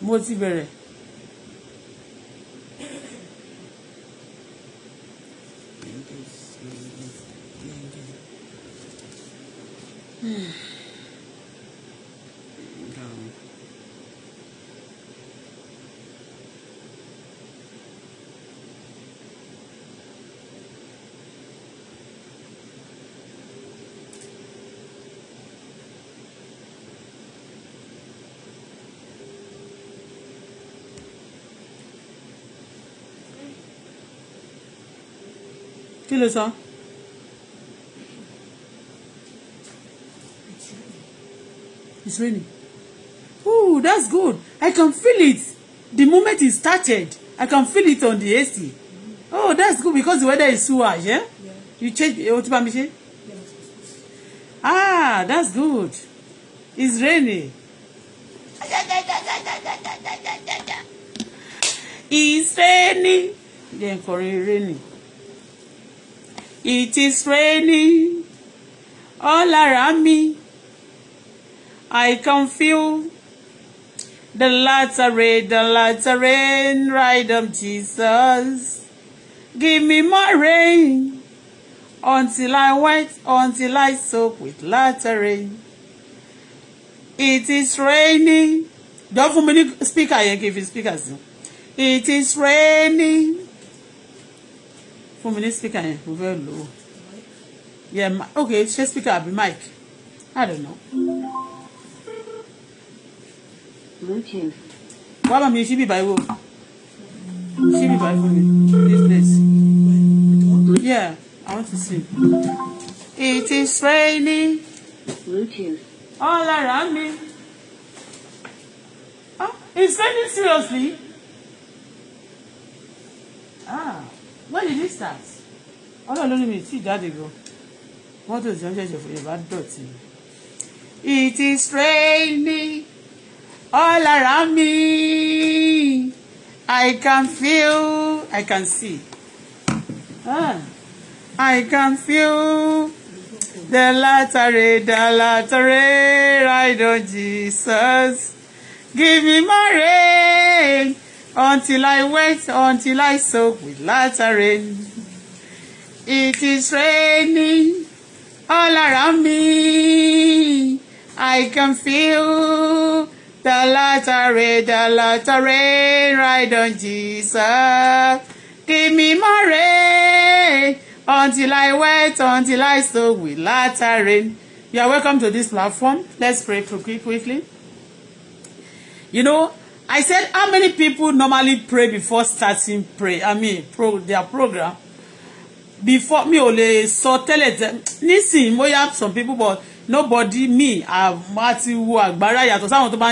mo ti bẹ̀rẹ̀ ló It's raining. Oh, that's good. I can feel it. The moment it started, I can feel it on the AC. Oh, that's good because the weather is so harsh, yeah? yeah. You change eh, what you Yeah. Ah, that's good. It's rainy. It's rainy. Then for rainy. It is raining all around me. I can feel the latter rain, the latter rain, right up Jesus. Give me my rain until I wet, until I soak with latter rain. It is raining. Don't for me speaker yẹn give n speakers. It is raining fún mi ní speaker yẹn mo fẹ́ lò ó yeah ok ṣé speaker àbí mic i don't know. bluetooth. wá bá mi ṣí bíbá ìwò ṣí bíbá ìwò mi this place yeah i want to see. it is raining. bluetooth. all around me. Oh, it's raining seriously. Ah when did it start ọlọ́run ló ní mi tí ì jáde gan mọ́tò tí wọ́n ṣẹ̀ṣẹ̀ fún yorùbá dọ̀tí. it is raining all around me i can feel i can see ah, i can feel the latare the latare ride on jesus give me more rain. Until I wait, until I soak with latter rain. It is raining all around me. I can feel the latter the latter rain, right on Jesus. Give me more rain until I wait, until I soak with latter rain. You are welcome to this platform. Let's pray quickly. You know, I said how many people normally pray before starting pray I mean pro their program before me ò So tell it tẹ́ nísìnyí mo yá some people but nobody me a ti wo àgbára yàtọ̀ sáwọn tó bá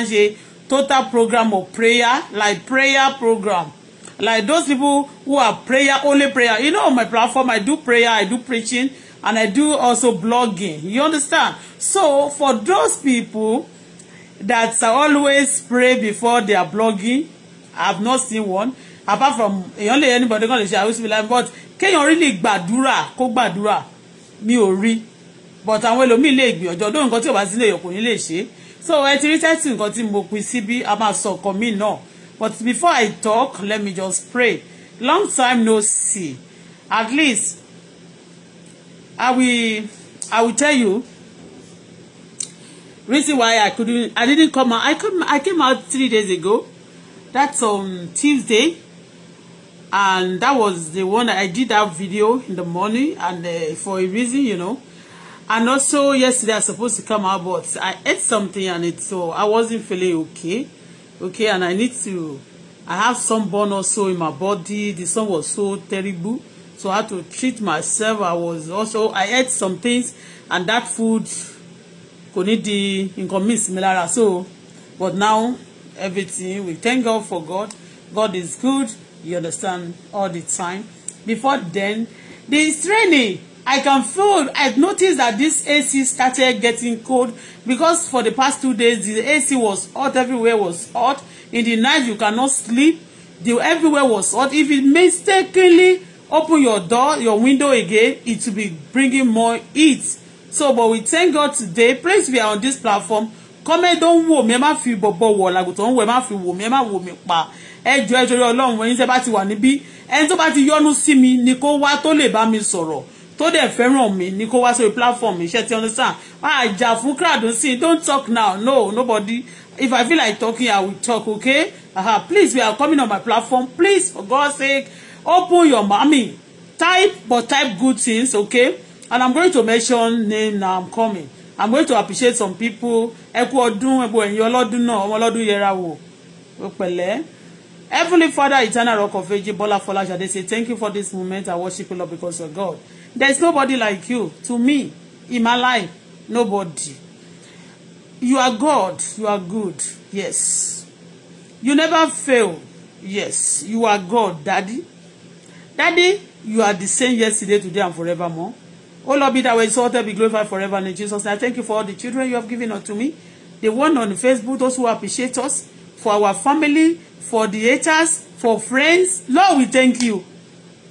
total program of prayer like prayer program like those people who are prayer only prayer you know on my platform I do prayer I do preaching and I do also blogging you understand so for those people that always pray before they are blogging I've not seen one apart from only anybody kan lè ṣe àwísí mi láì but kéèyàn rí lè gbàdúrà kó gbàdúrà mi ò rí but àwọn ẹlòmíì lè gbìyànjú ọdún nǹkan tí ò bá sílẹ̀ èèyàn kò ní lè ṣe so ẹ ti rí tẹ́tì nǹkan tí mo pin síbí a máa sọ ọkàn mi náà but before I talk let me just pray long time no see at least I will I will tell you reason why I couldn't I didn't come out I come I came out three days ago that's on Tuesday and that was the one I did that video in the morning and uh, for a reason you know and also yesterday I was supposed to come out but I ate something and it so I wasn't feeling okay okay and I need to I have some burn also in my body the sun was so terrible so I had to treat myself I was also I ate some things and that food kò ní di nǹkan míì mi lára so but now everything we thank God for God God is good you understand all the time before then this training I can feel I noticed that this AC started getting cold because for the past two days the AC was hot everywhere was hot in the night you cannot sleep the everywhere was hot if you mistakenly open your door your window again it will be bringing more heat so but we thank God today praise be on this platform comment don wò mí ẹ má fi bọ̀bọ̀ wọ̀ làgùtọ̀ ń wò ẹ má fi wò mí ẹ má wò mí pa ẹ jọ̀ọ́ ẹ jọ̀ọ́ ọlọ́run ẹ̀yin tẹ́ bá ti wà níbí ẹni tó bá ti yọ́nú sí mi ni kó wá tó lè bá mi sọ̀rọ̀ tó dẹ̀ fẹ́ràn mi ni kó wá sórí platform iṣẹ́ ti understand máa jà fún crowd sí don't talk now no nobody if I feel like talking I will talk okay aha please we are coming on my platform please for God's sake open your mouth type but type good things okay and i'm going to mention name now i'm coming i'm going to appreciate some people ẹ kú ọdún ẹ kú ẹ̀yin ọlọ́dún náà ọmọ ọlọ́dún yẹra wò ó pẹ̀lẹ́ heavenly father eternal rock of ages Bola Folashade say thank you for this moment i worship you lord because of god there is nobody like you to me in my life nobody you are god you are good yes you never fail yes you are god daddy daddy you are the same yesterday today and forevermore O oh, Lord, be thou exalted, be glorified forever. in Jesus' I thank you for all the children you have given unto me. The one on Facebook, those who appreciate us, for our family, for the haters, for friends. Lord, we thank you.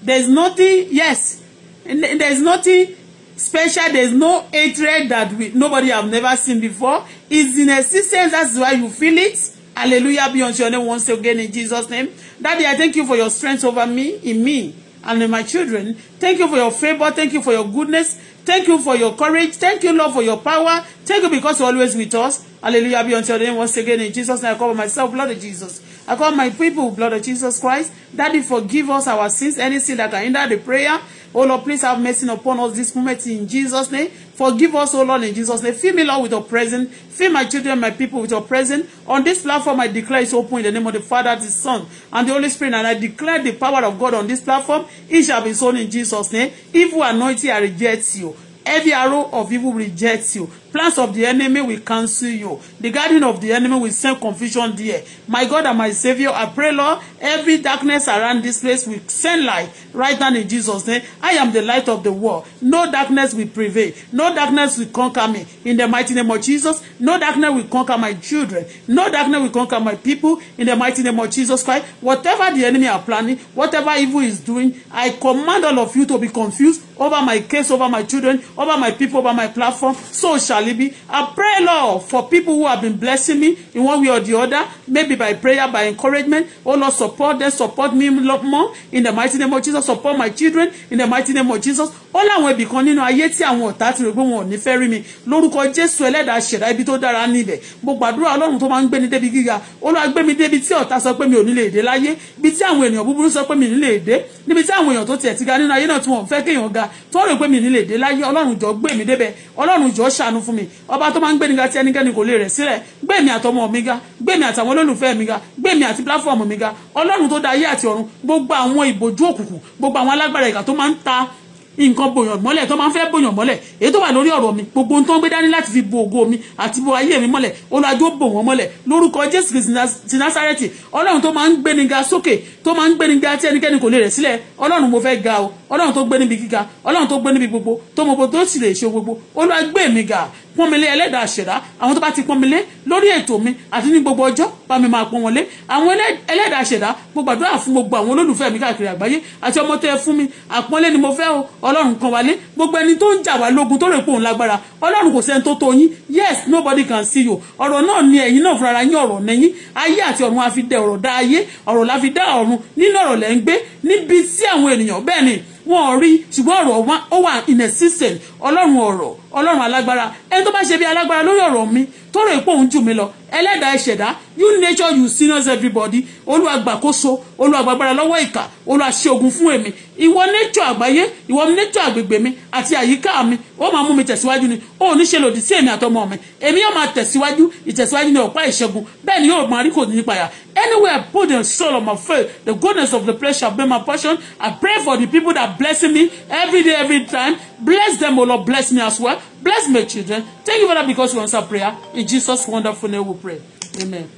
There's nothing, yes, there's nothing special. There's no hatred that we, nobody have never seen before. It's in existence. That's why you feel it. Hallelujah be unto your name once again in Jesus' name. Daddy, I thank you for your strength over me, in me and my children. Thank you for your favor. Thank you for your goodness. Thank you for your courage. Thank you, Lord, for your power. Thank you because you're always with us. Hallelujah. Be unto your name once again in Jesus' name. I call myself, blood of Jesus. I call my people, blood of Jesus Christ. Daddy, forgive us our sins, any sin that can hinder the prayer. Oh Lord, please have mercy upon us this moment in Jesus' name. Forgive us, O Lord, in Jesus' name. Fill me, Lord, with your presence. Fill my children, my people with your presence. On this platform, I declare it's open in the name of the Father, the Son, and the Holy Spirit. And I declare the power of God on this platform. It shall be sown in Jesus' name. Evil anointing, I reject you. Every arrow of evil rejects you. Plans of the enemy will cancel you. The garden of the enemy will send confusion there. My God and my Savior, I pray, Lord, every darkness around this place will send light right now in Jesus' name. I am the light of the world. No darkness will prevail. No darkness will conquer me. In the mighty name of Jesus, no darkness will conquer my children. No darkness will conquer my people. In the mighty name of Jesus Christ, whatever the enemy are planning, whatever evil is doing, I command all of you to be confused over my case, over my children, over my people, over my platform. So shall Alibi. I pray, Lord, for people who have been blessing me in one way or the other, maybe by prayer, by encouragement. Oh, Lord, support them, support me more in the mighty name of Jesus. Support my children in the mighty name of Jesus ó láwọn ibì kan nínú ayé tí àwọn ọ̀tá ti rò pé wọn ò ní fẹ́ rí mi lórúkọ jésù ẹlẹ́dàá ṣẹ̀dá ibi tó dára níbẹ̀ mo gbàdúrà ọlọ́run tó máa ń gbé ní débi gíga olúwa mi débi tí ọ̀tá sọ pé mi ò ní lè dé láyé ibi tí àwọn ènìyàn búburú sọ pé mi ò ní lè dé níbi tí àwọn èèyàn tó tiẹ̀ ti ga nínú ayé náà tí wọ́n fẹ́ kéèyàn ga tó rò pé mi ní lè dé láyé ọlọ́run jọ gbé mi débẹ̀ ọlọ́run jọ ṣàánú fún mi ọba tó máa ń gbé mi ga tí ẹnikẹ́ni kò lè rẹ̀ sílẹ̀ gbé mi àtọmọ mi ga gbé mi àtàwọn olólùfẹ́ mi ga gbé mi àti pláfọ́ọ̀mù mi ga ọlọ́run tó dá ayé àti ọ̀run gbogbo àwọn ìbòjú òkùnkùn gbogbo àwọn alágbára ìkà tó máa ń ta nǹkan bòyàn mọ́lẹ̀ tó máa ń fẹ́ bòyàn mọ́lẹ̀ èyí tó wà lórí ọ̀rọ̀ mi gbogbo ohun tó ń gbé dání láti fi bo ògo mi àti bo ayé mi mọ́lẹ̀ olùwàjò bò wọ́n mọ́lẹ̀ lórúkọ jésù kristi ti násárẹ́tì ọlọ́run tó máa ń gbéni ga sókè tó máa ń gbéni ga tí ẹnikẹ́ni kò lè rẹ̀ sílẹ̀ ọlọ́run mo fẹ́ ga o ọlọ́run tó gbé níbi gíga ọlọ́run tó gbé níbi gbogbo tó mọ gbogbo tó sì lè ṣe gbogbo olùwàgbé mi ga pọ́nmilé ẹlẹ́dàá àṣẹ̀dá àwọn tó bá ti pọ́nmilé lórí ètò mi àti ní gbogbo ọjọ́ bá mi máa pọ́n wọn àwọn ẹlẹ́dàá àṣẹ̀dá mo gbàdúrà fún gbogbo àwọn olólùfẹ́ mi káàkiri àgbáyé àti ọmọ tẹ́ fún mi àpọ́nlé ni mo fẹ́ o ọlọ́run kan wálé gbogbo ẹni tó ń jà wá lógun tó rè pòun lágbára ọlọ́run kò sẹ́ni tó tó yín yes nobody can see you ọ̀rọ̀ náà ni ẹ̀yin náà fúnra yín ọ̀rọ̀ nẹ́yìn ayé àti ọ̀run a dẹ ọ̀rọ̀ dá ayé ọ̀rọ̀ la fi dá ọ̀run nínú ọ̀rọ̀ lẹ́ ń gbé níbi tí àwọn ènìyàn bẹ́ẹ̀ ni wọ́n rí ṣùgbọ́n ọ̀rọ̀ ó wà in a system ọlọ́run ọ̀rọ̀ ọlọ́run alágbára ẹni tó bá ṣe bí alágbára lórí ọ̀rọ̀ mi tọrọ ìpò òun jù mí lọ ẹlẹ́dàá ẹ̀ṣẹ̀dá you nature you sinners everybody olúwa gbàkóso olúwa gbàgbára lọ́wọ́ ìkà olúwa ṣe ogun fún èmi ìwọ nature àgbáyé ìwọ nature àgbègbè mi àti àyíká mi ó máa mú mi tẹ̀síwájú ni ó ní ṣe lòdì sí èmi àtọmọ mi èmi yóò máa tẹ̀síwájú ìtẹ̀síwájú ní ọ̀pá ìṣẹ́gun bẹ́ẹ̀ ni yóò máa rí kò ní nípayà anywhere I put the soul of my faith the goodness of the place shall be my portion I pray for the people that blessing me every day every time Bless them, O Lord. Bless me as well. Bless my children. Thank you, Father, because you answer prayer. In Jesus' wonderful name we pray. Amen.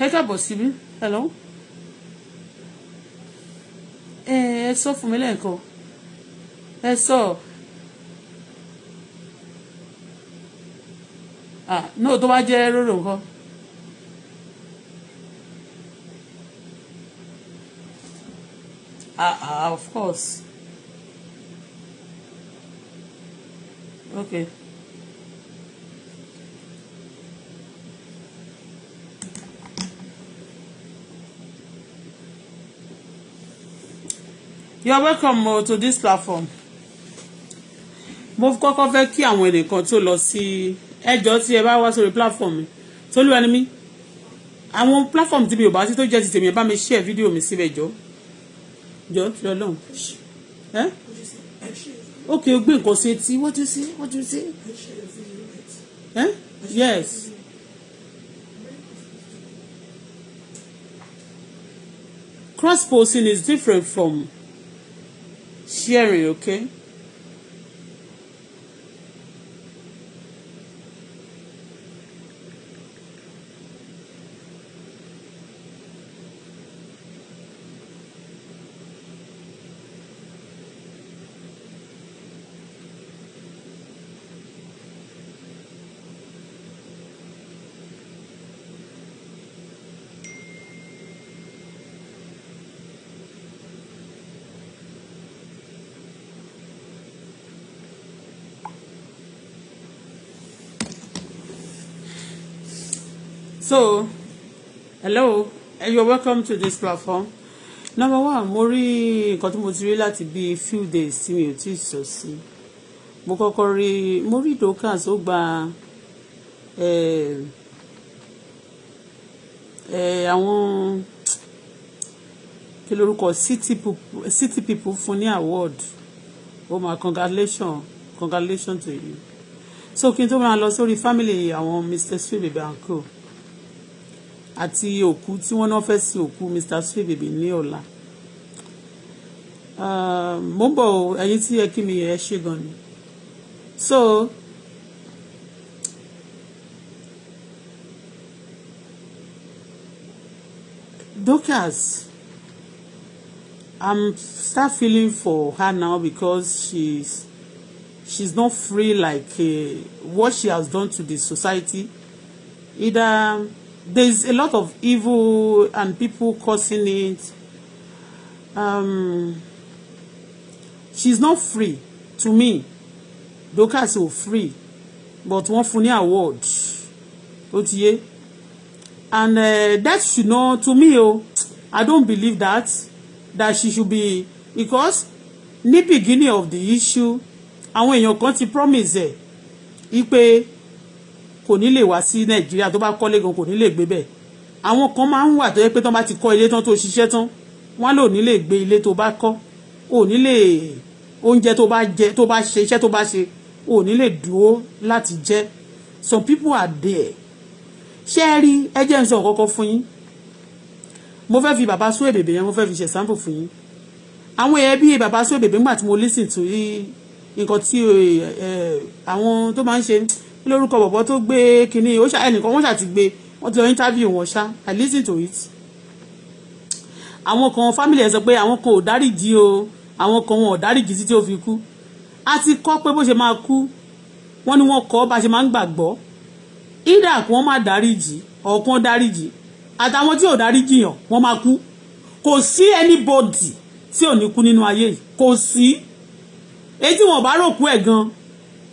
Ẹ káàbọ̀ síbí. Hello. Eh, ẹ sọ fún mi lẹ́ẹ̀kan. Eh, so. Ah, no, do I get róró nǹkan. Ah, ah, of course. Okay. You are welcome uh, to this platform. Mo kọ́kọ́ fẹ́ kí àwọn ẹnìkan tó lọ sí ẹjọ́ tí ẹ bá wá sórí platform mi. Tolúwa ni mí. Àwọn platform tí mi ò bá sí tó jẹ́ ti tèmi ẹ bá mi share fídíò mi síbẹ̀ jọ. Jọ tí lọ lọ́hùn. Ẹ́ ok gbé nǹkan sí etí what you see what you see eh? yes. cross posting is different from sharing okay. so hello you're welcome to this platform number one mo rí nǹkan tí mo ti rí láti bí few days tí mi ò tí ì sọ sí mo kọ́kọ́ rí mo rí Dorcas ó gba àwọn kí lorúkọ city people fún ní award Oh my, congratulation congratulation to you so kí n tó máa lọ sórí family àwọn Mr. Suebebe and àti òkú tí wọ́n náà fẹ́ sin òkú Mr Suebebe ní ọ̀la ah, mo ń bọ̀ ẹ̀yin tí ẹ kí mi ẹ ṣe gan ni so Doka's, I'm start feeling for her now because she's she's not free like uh, what she has done to the society either there's a lot of evil and people causing it. Um, she's not free to me. Dorcas ò free but wọ́n fún ní award ó ti yé and uh, that should not to me Oh, I don't believe that that she should be because ní beginning of the issue àwọn èèyàn your country promise ẹ̀ wípé kò ní lè wá sí nàìjíríà tó bá kọ́lé gan kò ní lè gbé bẹ́ẹ̀ àwọn kan máa ń wà tó yẹ pé tán bá ti kọ́ ilé tán tó ṣiṣẹ́ tán wọ́n lò ní lè gbé ilé tó bá kọ́ ò ní lè oúnjẹ tó bá jẹ tó bá ṣe iṣẹ́ tó bá ṣe ò ní lè dúró láti jẹ some people are there ṣé ẹ rí ẹ jẹ́ n sọ kọ́kọ́ fún yín mo fẹ́ fi bàbá sún èbèbè yẹn mo fẹ́ fi ṣe sample fún yín àwọn èèyàn bíi bàbá sún èbèbè ńgbà tí mo listen to eh, nǹkan tí eh, eh, àwọn tó máa ń ṣe lórúkọ bọ̀bọ̀ tó gbé kínní ó ṣá ẹnìkan wọ́n ṣá ti gbé wọ́n ti lọ interview wọn ṣá I listen to it. àwọn kan family ẹ̀ sọ pé àwọn kan ò dáríjì o àwọn kan wọn ò dáríjì títí ó fi kú a ti kọ́ pé bó ṣe máa kú wọ́n ní wọ́n kọ́ bá ṣe máa ń gbàgbọ́ ìdá kí wọ́n má dáríjì ọ̀kan dáríjì àtàwọn tí ò dáríjì yàn wọ́n máa kú kò sí anybody tí ò ní kú nínú ayé yìí kò sí èyí tí wọn bá rò kú ẹ̀ gan-an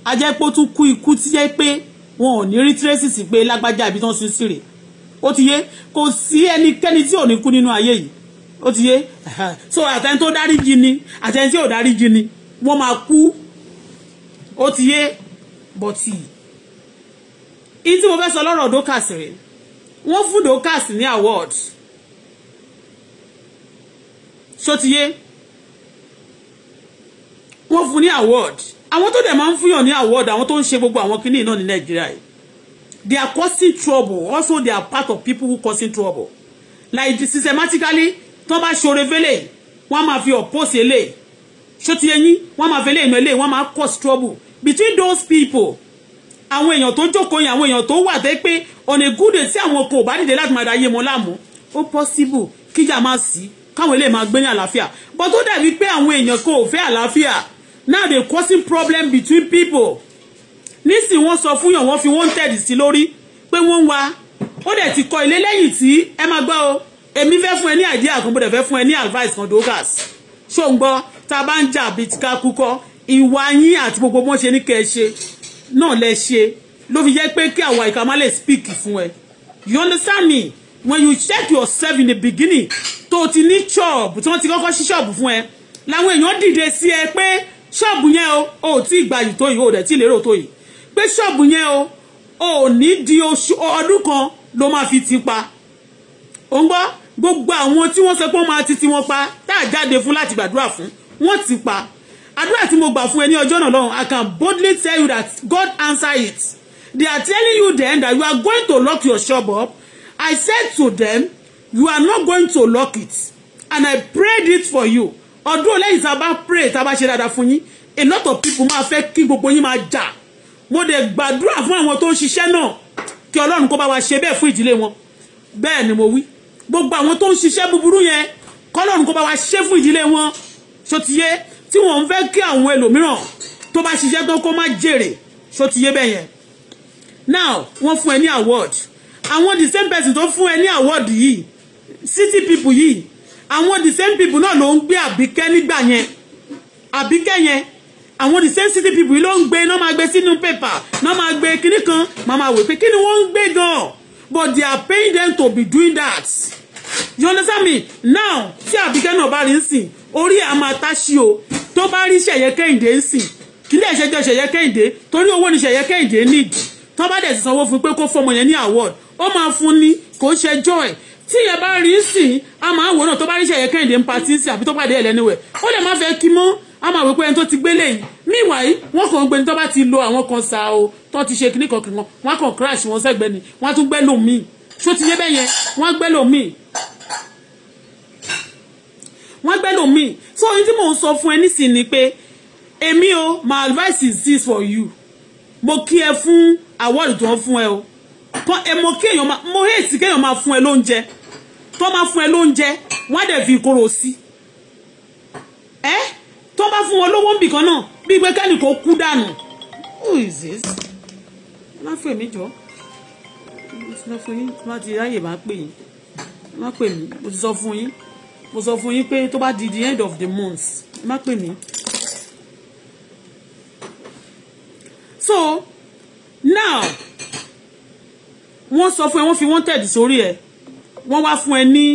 a jẹ́ pé ó tún kú ikú tí jẹ́ pé wọn ò ní rí tírẹ́sìsì pé lágbájá àbí tán sun síre ó ti yé kò sí ẹnikẹ́ni tí ò ní kú nínú ayé yìí ó ti yé so àtẹni tó dáríjì ni àtẹni tí ò dáríjì ni wọ́n máa kú ó ti yé bọ̀tì yìí tí mo fẹ́ sọ lọ́rọ̀ Dorcas rẹ̀ wọ́n fún Dorcas ní award ṣó ti yé wọ́n fún ní award. So, àwọn tó dẹ̀ máa ń fúnyàn ní award àwọn tó ń ṣe gbogbo àwọn kìíní náà ní nàìjíríà yìí they are causing trouble also they are part of people who causing trouble like systematically tó bá ṣoore fẹ́lẹ̀ wọ́n máa fi oppose eléyìí ṣó ti yẹyìn máa fẹ́lẹ̀ inú eléyìí wọ́n máa cause trouble between those people àwọn èèyàn tó jókòó yẹn àwọn èèyàn tó wà tẹ́ pé on a good day tí àwọn kò bá dìde láti máa da ayé wọn láàmú ó possible kíjà máa sí káwọn eléyìí máa gbé ní àlàáfíà but ó dàbí pé àwọn èèyàn kò fẹ́ àlàáfíà now they causing problem between people nísìnyí wọ́n sọ fún yàn wọ́n fi wanted sí lórí pé wọ́n wa ó dẹ̀ ti kọ́ ilé lẹ́yìn tí ẹ máa gbọ́ o èmi fẹ́ fún ẹ ní idea kan bó dẹ̀ fẹ́ fún ẹ advice kan dokas ṣó ń gbọ́ tá a bá ń jà bí ká kúkọ ìwà yín àti gbogbo bọ́n ṣe ní kẹ́ ẹ ṣe náà lẹ ṣe ló fi jẹ́ pé kí àwa ìka má lè speak fún ẹ you understand me when you check yourself in the beginning tó ti ní job, tí wọ́n ti kọ́kọ́ ṣí ṣọ́ọ̀bù fún ẹ làwọn èèyàn dìde sí ẹ pé ṣọ́ọ̀bù yẹn o ò tí ì gbayì tó yìí o ò dẹ̀ tí ì lérò tó yìí pé ṣọ́ọ̀bù yẹn o ò ní di oṣù ọdún kan ló máa fi ti pa ò ń gbọ́ gbogbo àwọn tí wọ́n sọ pé wọ́n máa ti ti wọn pa tá a jáde fún láti gbàdúrà fún wọ́n ti pa àdúrà tí mo gbà fún ẹ ní ọjọ́ náà lọ́hùn I can boldly tell you that God answer it they are telling you then that you are going to lock your shop up I said to them you are not going to lock it and I prayed it for you ọdún lẹ́yìn tá a bá pray tá a bá ṣe dáadáa fún yín a lot of people máa fẹ́ kí gbogbo yín máa jà mo dẹ̀ gbàdúrà fún àwọn tó ń ṣiṣẹ́ náà kí ọlọ́run kó bá wa ṣe bẹ́ẹ̀ fún ìdílé wọn bẹ́ẹ̀ ni mo wí gbogbo àwọn tó ń ṣiṣẹ́ búburú yẹn kọ́lọ́run kó bá wa ṣe fún ìdílé wọn sotiye tí wọ́n ń fẹ́ kí àwọn ẹlòmíràn tó bá ṣiṣẹ́ tó kó má jèrè sotiye bẹ́ẹ̀ yẹn now wọ́n fún ẹ ní award àwọn the same person tó fún ẹ ní award yìí city people yìí àwọn the same people náà ló ń gbé àbíkẹ́ nígbà yẹn àbíkẹ́ yẹn àwọn the same city people ló ń gbé náà máa gbé sínú pépà náà máa gbé kíní kan máa máa wò pé kí wọ́n ń gbé gan but they are paying them to be doing that you understand me now tí àbíkẹ́ náà bá rí ń sìn orí ẹ̀ á máa táṣí o tó bá rí ṣẹ̀yẹ kẹ́hìndé ń sìn kí lè ṣẹjọ́ ṣẹ̀yẹ kẹ́hìndé torí owó ni ṣẹ̀yẹ kẹ́hìndé need tó bá dẹ̀ ti sanwó fún pé kó fọmọ yẹn ní award ó máa fún ni kò ṣẹjọ́ ẹ̀ tí ìyẹn bá rí sí a máa wò náà tó bá rí iṣẹ́ yẹn kẹ́hìndé ń patí sí àbí tó pàdé ẹ̀ lẹ́nu ẹ̀ ó lè má fẹ́ kí mọ́ a máa wò pé ẹni tó ti gbélé yìí meanwhile wọ́n kàn ń gbé ní tó bá ti lo àwọn kan sa o tó ti ṣe kíní kan kìkan wọ́n kàn crash wọn sẹ́gbẹ́ ni wọ́n tún gbẹ́ lòmíì ṣó ti yé bẹ́ẹ̀ yẹn wọ́n gbẹ́ lòmíì wọ́n gbẹ́ lòmíì so ohun tí mò ń sọ fún ẹ nísìnyí ni pé èmi o my advice is this for you mo kí ẹ fún àwọ̀dù tó ń fún ẹ o mo kí èèyàn máa mo hate kéèyàn máa fún ẹ lóúnjẹ tó máa fún ẹ lóúnjẹ wọ́n á dẹ̀ fi ìkorò sí ẹ́ tó bá fún wọn lówó ń bì kan náà bíi pé kẹ́nì kò kú dànù. who is this? láfẹ̀ mi jọ mo ti sọ fún yín tí wọ́n ti ráyè máa pè yín má pè mí mo ti sọ fún yín mo sọ fún yín pé tó bá di the end of the month má pè mí. so now wọ́n sọ fún ẹ wọ́n fi wanted sórí ẹ̀ wọ́n wá fún ẹ ní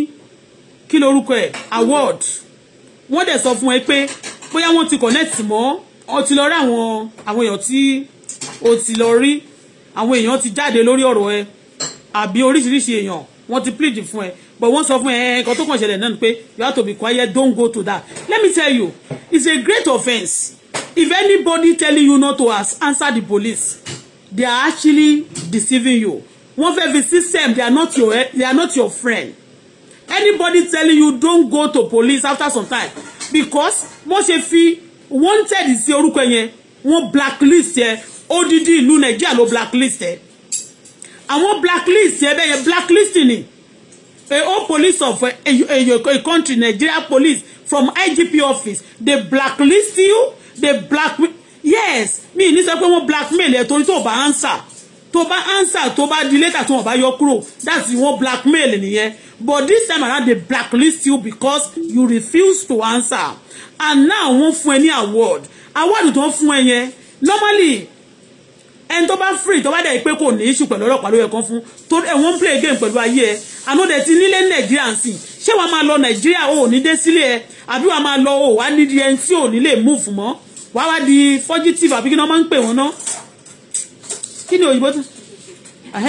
kí lorúkọ ẹ̀ award wọ́n dẹ̀ sọ fún ẹ pé bóyá wọ́n ti connect mọ́ ọ ti lọ rí àwọn àwọn èèyàn tí o ti lọ rí àwọn èèyàn ti jáde lórí ọ̀rọ̀ ẹ àbí oríṣiríṣi èèyàn wọ́n ti plead fún ẹ but wọ́n sọ fún ẹ nǹkan tó kàn ṣẹlẹ̀ náà ni pé you have to be quiet don't go to that let me tell you it's a great offence if anybody telling you not to answer the police they are actually deceiving you wọ́n fẹ́ fi system they are not your they are not your friend anybody telling you don't go to police after some time because wọ́n ṣe fi wanted sí orúkọ yẹn wọ́n blacklist yẹn odidi ìlú nàìjíríà ló blacklist yẹn àwọn blacklist yẹn bẹ́ẹ̀ yẹn blacklisting ni a whole police of a, a, a, a country Nigeria police from IGP office they blacklist you they black yes me. ní sọ pé wọ́n blackmail ẹ̀ torí tó bá answer tó bá answer tó bá di later tó wọn bá yọ kúrò that's the one blackmail nìyẹn but this time around they blacklist you because you refuse to answer and now wọ́n fún ẹ ní award award tó ń fún ẹ yẹn normally ẹni tó bá free tó bá dẹ̀ pé kò ní issue pẹ̀lú ọlọ́pàá ló yẹ kán fún tó ẹ̀ wọ́n ń play game pẹ̀lú ayé ẹ̀ ànódẹ̀ ti nílé nàìjíríà ń sìn ṣé wàá máa lọ nàìjíríà ò ní dé sílé ẹ àbí wàá máa lọ ò wá nídìí ẹni tí ò ní lè move mọ́ wàá wá di fugitive àbí kí ni wọ́n máa ń pè wọ́n náà kí ni òyìnbó tún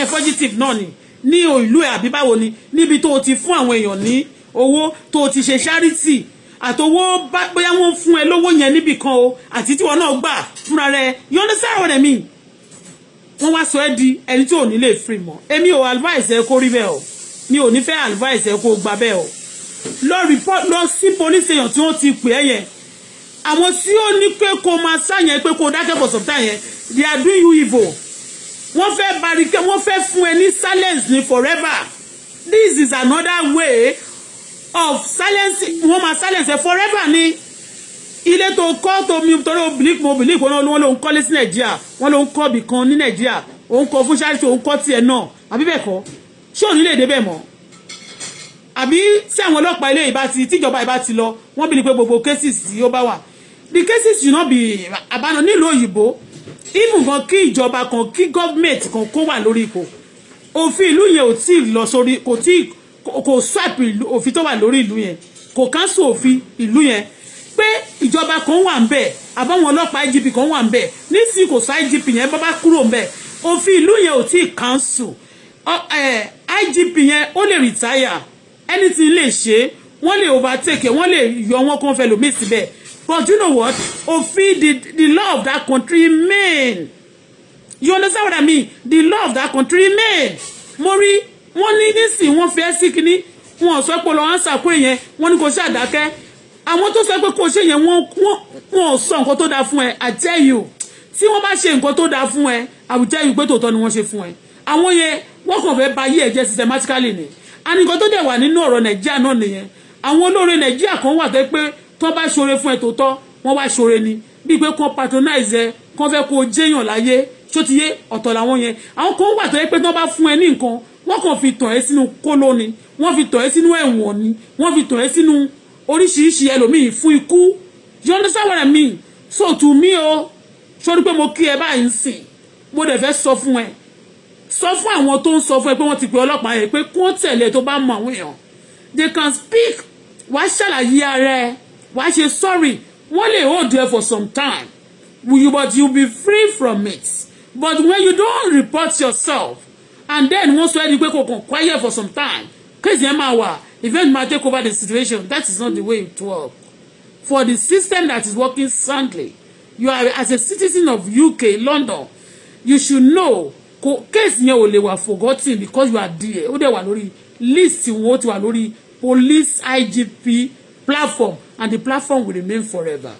fugitive náà ni ní ìlú ẹ̀ àbí báwo ni níbi tó o ti fún àwọn èèyàn ní owó tó o ti ṣe charity àtowó bóyá wọ́n fún ẹ lówó yẹn níbì kan o àti tíwọ náà gbà fúnra rẹ you understand what I mean wọ́n wá sọ ẹ́ di ẹni tí ò ní lè free mọ́ èmi ò advice ẹ kó rí bẹ́ẹ̀ o mi ò ní fẹ́ advice ẹ kó gba bẹ́ẹ̀ o lọ report lọ sí police èèyàn tí wọ́n ti pè é yẹn àwọn tí ó ní pé kó máa sá yẹn pé kó dákẹ́ for yẹn they are doing you evil wọ́n fẹ́ barricade wọ́n fẹ́ fún ẹ ní silence ní forever this is another way of silence wọ́n máa silence ẹ forever ni ilé tó kọ́ tó mi torí obìnrin mo obìnrin kan náà wọ́n ló ń kọ́lé sí nàìjíríà wọ́n ló ń kọ́ ibì kan ní nàìjíríà òun kọ́ fún ṣáàṣì òun kọ́ tiẹ̀ náà àbí bẹ́ẹ̀ kọ́ ṣé òní lè dé bẹ́ẹ̀ mọ́ àbí tí àwọn ọlọ́pàá ilé ìbá ti tíjọba ìbá ti lọ wọ́n bí ni pé gbogbo cases tí ó bá wà the cases should not be abandoned nílùú òyìnbó even gan kí ìjọba kan kí government kan kó wà lórí ipò òfin ìlú yẹn ò tí ì lọ sórí kò tí ì kò swap òfin tó wà lórí ìlú yẹn kò káńsù òfin ìlú yẹn pé ìjọba kan wà ń bẹ àbáwọn ọlọ́pàá IGP kan wà ń bẹ nísìnyí kò sọ IGP yẹn bá bá kúrò ń bẹ òfin ìlú yẹn ò tí ì káńsù IGP yẹn ó lè retire anything lè ṣe wọ́n lè overtake wọ́n lè yọ wọ́n kàn fẹ́ lòmíì síbẹ̀ But you know what? Ofi, the, the law of that country remain. You understand what I mean? The law of that country remain. Mori, one wọ́n ní nísìn, wọ́n fẹ́ sí kíní, wọ́n sọ pé lọ́wọ́ ń sàkó yẹn, wọ́n ní kò ṣe àdákẹ́. Àwọn tó sọ pé kò ṣe yẹn, wọ́n sọ I tell you. Tí one bá ṣe nǹkan tó dáa fún I will tell you to pé tòótọ́ ni wọ́n ṣe fún ẹ. Àwọn yẹn, wọ́n kàn fẹ́ ba yí ẹ̀ jẹ́ systematically one A ní nǹkan a dẹ̀ wà nínú ọ̀rọ̀ Nàìjíríà náà nìyẹn. Àwọn a Nàìjíríà kan what they pay tó bá ṣoore fún ẹ tọ́ wọ́n wá ṣoore ni bíi pé kó patronize ẹ kó fẹ́ kó jẹ́yàn láyé tó ti yé ọ̀tọ̀ làwọn yẹn àwọn kan wà tó yẹ pé tó bá fún ẹ ní nǹkan wọ́n kàn fi tàn ẹ́ sínú kóló ni wọ́n fi tàn ẹ́ sínú ẹ̀wọ̀n ni wọ́n fi tàn ẹ́ sínú oríṣiríṣi ẹlòmíì fún ikú you understand what I mean so to me o sọ́ni pé mo kí ẹ báyìí ń sìn mo dẹ̀ fẹ́ sọ fún ẹ sọ fún àwọn tó ń sọ fún ẹ pé wọ́n ti pe ọlọ́pàá yẹn pé kó tẹ̀lé tó bá mọ àwọn èèyàn they can speak wàá ṣàlàyé ara ẹ wàá ṣe sorry wọ́n lè hold there for some time you, but you be free from it but when you don't report yourself and then wọ́n sọ ẹni pé kò kàn quiet for some time case yẹn máa wà event máa take over the situation that is not the way it work for the system that is working soundly you are as a citizen of UK London you should know kò kéèsì yẹn ò lè wà forgotten because you are there ó dẹ̀ wà lórí list wọn ó ti wà lórí police IGP platform and the platform will remain forever.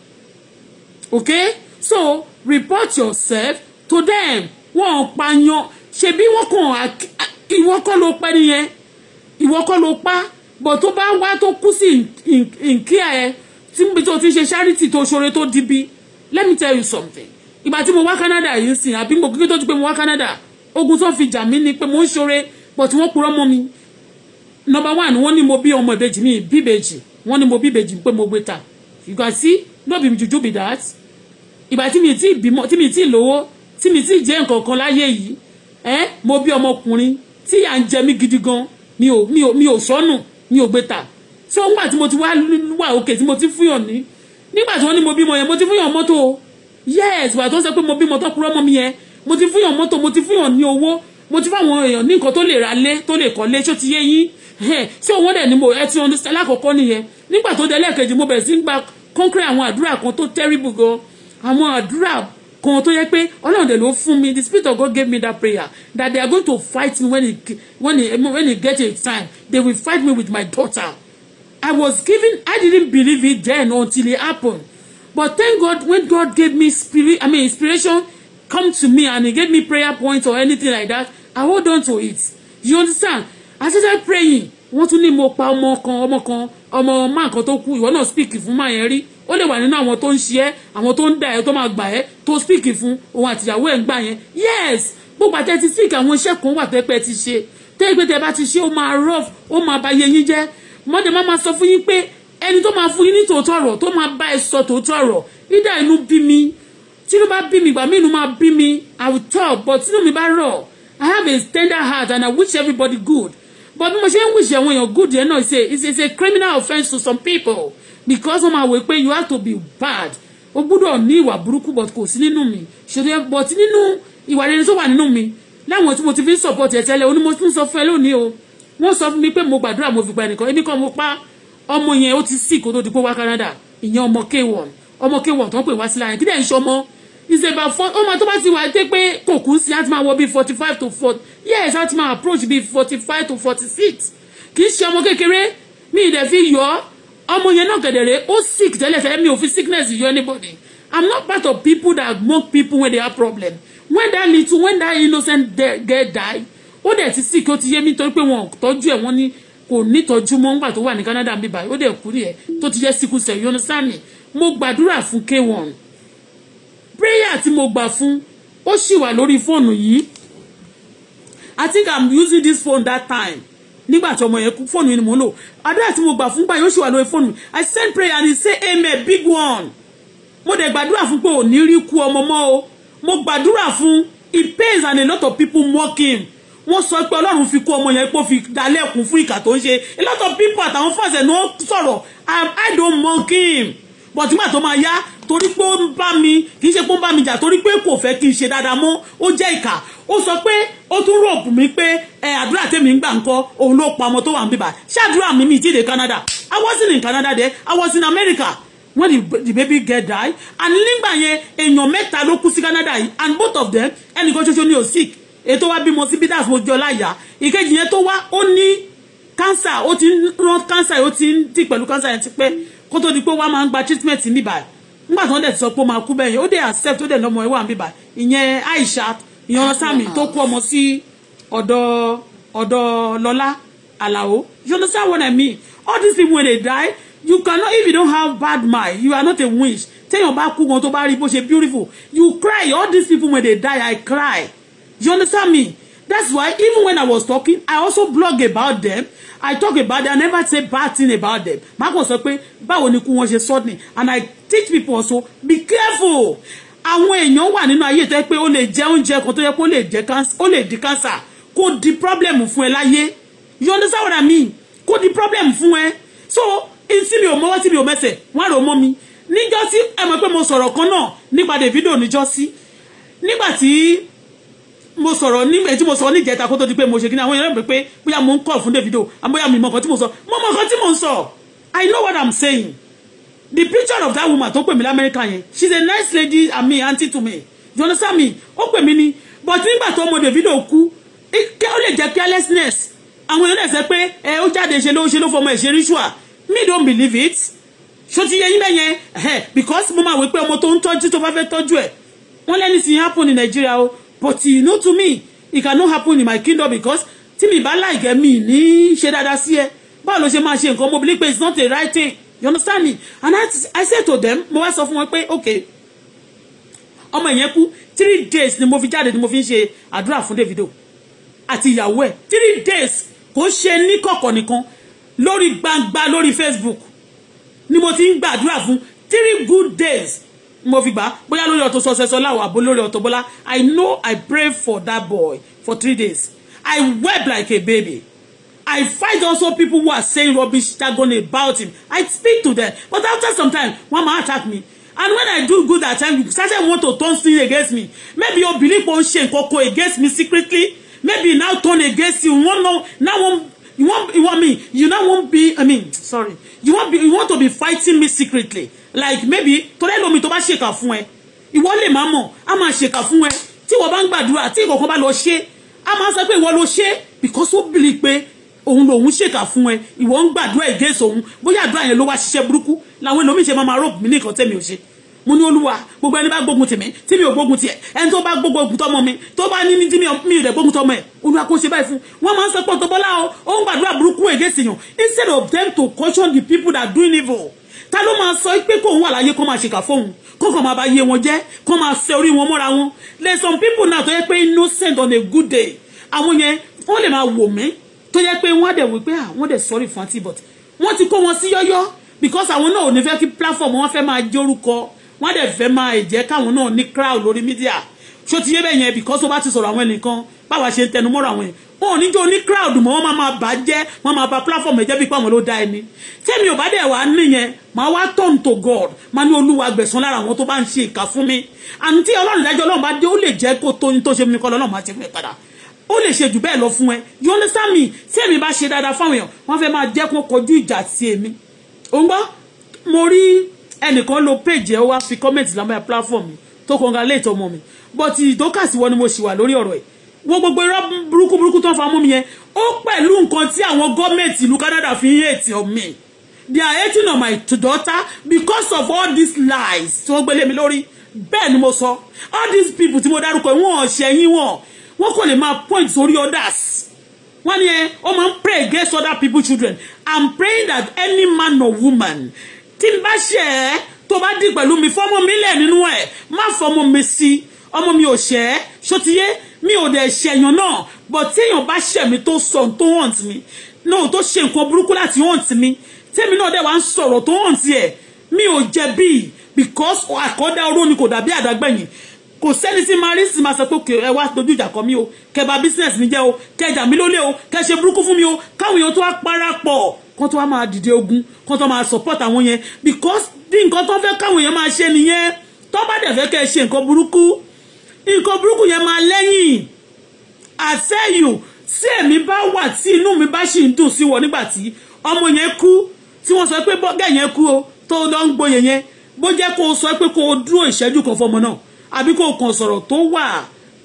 Okay? So report yourself to them. Wọ́n ò pààyàn ṣebí wọ́n kàn ìwọ kọ́ ló pa nìyẹn ìwọ kọ́ ló pa bọ̀ tó bá wá tó kú sí nkíà ẹ tí níbi tó ti ṣe charity tó ṣoore tó dibi let me tell you something ìgbà tí mo wá Canada yìí sìn àbí mo kíkẹ́ tó ti pé mo wá Canada ogun tó fi jà mí ni pé mo ń ṣoore bọ̀ tí wọ́n purọ́ mọ́ mi number one wọ́n ní mo bí ọmọ ìbejì mi ìbíbejì wọ́n ní mo bí ìbejì pé mo gbé ta you can see no be juju be that ìgbà tí mi ti bímọ tí mi ti lówó tí mi ti jẹ́ nǹkan kan láyé yìí ẹ́ mo bí ọmọkùnrin tí yà ń jẹ mí gidi gan mi ò mi ò mi ò sọnù mi ò gbé ta so nígbà tí mo ti wá wà òkè tí mo ti fúyàn ní nígbà tí wọ́n ní mo bímọ yẹn mo ti fúyàn mọ́tò o yes ìgbà tó sọ pé mo bímọ tó kúrọ́ mọ́ mi yẹn mo ti fúyàn mọ́tò mo ti fúyàn ní owó mo ti fáwọn èèyàn ní nǹkan tó lè ra lé tó lè kọ́ lé ṣó ti yé yín ṣé owó dẹ̀ ni mo ẹ ti understand lákòókò nìyẹn nígbà tó dé lẹ́ẹ̀kejì mo bẹ̀rẹ̀ sí ń gba kọ́ńkírẹ́ àwọn àdúrà kan tó terrible gan àwọn àdúrà kan tó yẹ pé ọlọ́run dẹ̀ ló fún mi the spirit of God gave me that prayer that they are going to fight me when he when he when he get a time they will fight me with my daughter I was given I didn't believe it then until it happened but thank God when God gave me spirit I mean inspiration come to me and he gave me prayer point or anything like that I hold on to it you understand I started praying wọ́n tún ní mo pa ọmọ kan ọmọ kan ọmọ máa kan tó kú ìwọ náà speak fún máa yẹn rí ó lè wà nínú àwọn tó ń ṣe ẹ́ àwọn tó ń dà ẹ́ tó máa gbà ẹ́ tó speak fún òun àtìyàwó ẹ̀ ń gbà yẹn yes gbogbo àti ẹ ti speak àwọn iṣẹ́ kan wà pẹ́pẹ́ ti ṣe tẹ́ ìgbé tẹ́ bá ti ṣe ó máa rough ó máa ba yẹ yín jẹ́ mọ́tẹ́ má máa sọ fún yín pé ẹni tó máa fún yín ní tòótọ́ ọ̀rọ̀ tó máa bá ẹ sọ tòótọ́ ọ̀rọ̀ ìdá inú bí mi I will talk but tínú mi bá rọ̀ I have a tender heart and I wish everybody good but bí mo ṣe ń wíṣẹ́ àwọn èèyàn good yẹn náà ṣe it's a criminal offence to some people because wọ́n máa wò pé you have to be bad o gbúdọ̀ ní ìwà burúkú but kò sí nínú mi ṣètò but nínú ìwà rere tó wà nínú mi láwọn tí mo ti fi ń support ẹ tẹ́lẹ̀ oní mo tún sọ fún ẹ lónìí o wọ́n sọ fún mi pé mo gbàdúrà mo fi gba ẹnìkan èmi kan mo pa ọmọ yẹn ó ti sí kó tó di pé wá Canada ìyẹn ọmọ K1 ọmọ K1 tó ń pè wá síláyẹn kí dẹ́ ń ṣọmọ Is about four ọmọ tó bá ti wà dé pé kò kú sí láti máa wọ bíi forty five to forty yes láti máa approach bíi forty five to forty six kì í ṣe ọmọ kékeré mi ì dẹ̀ fi yọ ọ́ ọmọ yẹn náà gẹ̀dẹ̀rẹ̀ ó sick tẹ́lẹ̀tẹ́lẹ̀ mi ò fi sickness yọ anybody i'm not part of people that mock people when they have problem when that little when that innocent girl die ó dẹ̀ ti sick ó ti yé mi torí pé wọn ò tọ́jú ẹ̀ wọ́n ní kò nítọ́jú mọ́ nígbà tó wà ní Canada mi báyìí ó dẹ̀ kú nìyẹn tó ti jẹ́ sickle cell you understand me mo gbàdúrà fún k1 prayer tí mo gbà fún ó sì wà lórí fóònù yìí i think i'm using this phone that time nígbà tí ọmọ yẹn kú fóònù yìí ni mò ń lò àdúrà tí mo gbà fún gbà yóò sì wà lórí fóònù i send prayer and he say amen big one mo dẹ̀ gbàdúrà fún pé ò ní rí kú ọmọ mọ́ o mo gbàdúrà fún he pays and a lot of people mock him wọ́n sọ pé ọlọ́run fi kú ọmọ yẹn pé ó fi dalẹ́kùn fún ìkà tó ń ṣe a lot of people àtàwọn fọ́ọ̀sẹ̀ ni wọ́n sọ̀rọ̀ i don't mock him but nígbà tó máa yá torí pé ó ń bá mi kì í ṣe pé ó ń bá mi jà torí pé kò fẹ́ kí n ṣe dáadáa mọ́ ó jẹ́ ìkà ó sọ pé ó tún rògbò mí pé ẹ àdúrà tèmi ń gbà ń kọ òun ló pa tó wà ń bíbà ṣé àdúrà mi mi ti Canada I wasn't in Canada there I was in America when the, baby girl die and nígbà yẹn èèyàn mẹ́ta ló kú sí Canada yìí and both of them ẹnìkan ṣoṣo ni ò sick ètò wa bímọ sí bidas mo jọ láyà ìkejì yẹn tó wá ó ní cancer ó ti ń rán cancer ó ti ń tì pẹ̀lú cancer yẹn ti pẹ́ kó tó di pé wá máa ń gba treatment níbàyìí nígbà tí wọ́n dẹ̀ ti sọ pé ó máa kú bẹ́ẹ̀ yẹn ó dẹ̀ accept ó dẹ̀ lọ́mọ ẹ̀ wà ń bíbà ìyẹn Aisha ìyẹn sami tó kú ọmọ sí ọ̀dọ̀ ọ̀dọ̀ Lọ́lá Àlàó you understand what I mean all these people when they die you cannot if you don't have bad mind you are not a witch téèyàn bá kú gan tó bá rí bó ṣe beautiful you cry all these people when they die I cry you understand me That's why even when I was talking, I also blog about them. I talk about them. I never say bad thing about them. Má kò sọ pé báwo ni kú wọn ṣe sọ ni. And I teach people also, be careful. Àwọn èèyàn wà nínú ayé tó yẹ pé ó lè jẹ oúnjẹ kan tó yẹ pé lè jẹ cancer, ó lè di cancer. Kò di problem fún ẹ láyé. You understand what I mean? Kò di problem fún ẹ. So, tí mi ò mọ́wọ́ tí mi ò mẹ́sẹ̀, wọ́n á rò mọ́ mi. Níjọ́ sí ẹ mọ̀ pé mo sọ̀rọ̀ kan náà nípa Davido níjọ́ sí. Nígbà tí mo sọ̀rọ̀ nígbà tí mo sọ níjẹta kó tó di pé mo ṣe kí ni àwọn èèyàn pé bóyá mo ń kọ̀ fún Davido àbóyá mi mọ̀ nǹkan tí mo sọ mo mọ̀ nǹkan tí mo ń sọ I know what I'm saying the picture of that woman tó pè mí lamẹ́ríkà yẹn she's a nice lady and me aunty to me you understand me ó pè mí ni but nígbà tó ọmọ Davido kú ó lè jẹ́ carelessness àwọn èèyàn ẹ̀sẹ̀ pé ẹ ó jáde ṣe ló ṣe ló fọmọ ẹ̀ ṣe ritual me don't believe it ṣó ti yẹ yín bẹ́yẹn because mo máa wí pé ọmọ tó ń tọ́jú tó bá fẹ́ tọ́jú ẹ̀ wọ́n lẹ́ni sì happen in Nigeria. o but you know to me it cannot happen in my kingdom because tí mi bá láìgẹ́ mi ní ṣe dáadáa sí ẹ báwo ló ṣe máa ṣe nǹkan mo believe pé it's not the right thing you understand me and I, I said to them mo wá sọ fún wọn pé okay ọmọ yẹn kú three days ni mo fi jáde ni mo fi ń ṣe àdúrà fún Davido àti ìyàwó ẹ̀ three days kò ṣe ní kọ̀kọ̀ nìkan lórí gbangba lórí Facebook ni mo ti ń gbàdúrà fún three good days mo fi gbà bóyá lórí Auto Success Ola àbó lórí Auto Bola I know I pray for that boy for three days I wept like a baby I fight also people who are saying rubbish jargon about him I speak to them but after some time one man attack me and when I do good at time you want to turn sin against me maybe your belief won ṣe nkoko against me secretly maybe now turn against you one now now one you want you want me you now won't be I mean sorry you want be you want to be fighting me secretly like maybe torí ẹlòmíì tó bá ṣèkà fún ẹ ìwọ lè má mọ̀ a máa ṣèkà fún ẹ tí wọ́n bá ń gbàdúrà tí ìkọ̀kan bá lọ ṣe á máa sọ pé ìwọ ló ṣe because ó bìlì pé òun lòun ṣèkà fún ẹ ìwọ ń gbàdúrà against òun bóyá àdúrà yẹn ló wá ṣiṣẹ́ burúkú làwọn ẹlòmíì ṣe máa máa rọ́ọ̀bù mí ní nǹkan tẹ́mi ò ṣe mo ní olúwa gbogbo ẹni bá gbógun tèmi tí mi ò gbógun tiẹ̀ ẹni tó bá gbogbo ogun tọmọ mi tó bá ní ní tí mi ò dẹ̀ gbógun tọmọ ẹ̀ olúwa kò ṣe báyìí fún wọn máa ń sọ pé ọtọ o ó ń gbàdúrà burúkú èdè sèyàn instead of them to caution the people that do evil ta ló máa sọ pé kóun wà láyé kó máa ṣèkà fóun kókò máa bá yé wọn jẹ́ kó máa ṣe orí wọn mọ́ra wọn there's some people now tó yẹ pé innocent on a good day àwọn yẹn wọ́n lè máa wò mí tó yẹ pé wọ́n dẹ̀ wí pé àwọn ah, dẹ̀ sorry fún àti but wọ́n ti kó wọn sí yọ́yọ́ because àwọn náà ò ní fẹ́ kí platform wọn fẹ́ máa jórúkọ wọ́n dẹ̀ fẹ́ máa jẹ́ káwọn náà ní crowd lórí media ṣó ti yé bẹ́ẹ̀ yẹn because tó bá ti sọ̀rọ̀ àwọn ẹnìkan báwa ṣe ń tẹnumọ́ra àwọn yẹn wọn ò ní jó ní crowd mọ́ wọ́n máa máa bà jẹ́ wọ́n máa bà platform ẹ̀jẹ̀ bí pé àwọn ló dá ẹni tẹ́mi ò bá dẹ̀ wá níyẹn máa wá turn to God máa ní olúwa gbẹ̀sán lára àwọn tó bá ń ṣe ìka fún mi àǹtí ọlọ́run dájọ́ ọlọ́run bá dé ó lè jẹ́ kó tó ní tó ṣe mí kọ́ lọ́nà máa ṣe fún ẹ padà ó lè ṣe jù bẹ́ẹ̀ lọ fún ẹ you understand me tẹ́mi bá ṣe dáadáa fáwọn èèyàn wọ́n fẹ́ máa jẹ́ kó kọjú ìjà sí èmi òǹgbọ́ mo rí ẹnìkan but ìdókàsí wọn ni mo ṣì wà wo gbogbo irọ́ burúkú burúkú tó ń fa mú mi yẹn ó pẹ̀lú nǹkan tí àwọn gọ́ọ̀mẹ̀ntì ìlú Canada fi ń hate on they are hating on my daughter because of all these lies tí wọ́n gbélé mi lórí bẹ́ẹ̀ ni mo sọ all these people tí mo dárúkọ wọn ò ṣẹ̀yìn wọn wọn kò lè máa point sórí others wọ́n ní ẹ ó máa ń pray against other people children i'm praying that any man or woman tí n bá ṣe ẹ tó bá dì pẹ̀lú mi fọ́mọ mi lẹ̀ nínú ẹ̀ má fọ́mọ mi sí i ọmọ mi ò ṣẹ́ ṣó ti yé mi ò dẹ̀ ṣẹ̀yàn náà but téèyàn bá ṣẹ̀ mi tó sọ tó hàn tì mí náà tó ṣe nǹkan burúkú láti hàn tì mí tèmi náà dẹ̀ wá ń sọ̀rọ̀ tó hàn tì ẹ̀ mi ò jẹ̀bi because àkọ́dá oró ni kò dàbí àdágbẹ̀yìn kò sẹ́ni tí máa rí sì máa sọ pé kò ẹ wá dojú ìjà kọ mí o kẹ bà business mi jẹ́ o kẹ jà mí lólè o kẹ ṣe burúkú fún mi o káwọn èèyàn tó wá parapọ̀ kán tó wá máa dìde ogun kán tó máa support àwọn yẹn because bí nǹkan tó fẹ́ káwọn èèyàn máa ṣe nìyẹn tó bá dẹ̀ fẹ́ kẹ ṣe nǹkan burúkú nǹkan burúkú yẹn máa lẹ́yìn àtẹ́yù tí èmi bá wà tí inú mi bá sì ń dùn sí wọn nígbà tí ọmọ yẹn kú tí wọ́n sọ pé bọ́gà yẹn kú o tó lọ ń gboyè yẹn bó jẹ́ kó o sọ pé kó o dúró ìṣẹ́jú kan fọmọ náà àbí kó o kàn sọ̀rọ̀ tó wà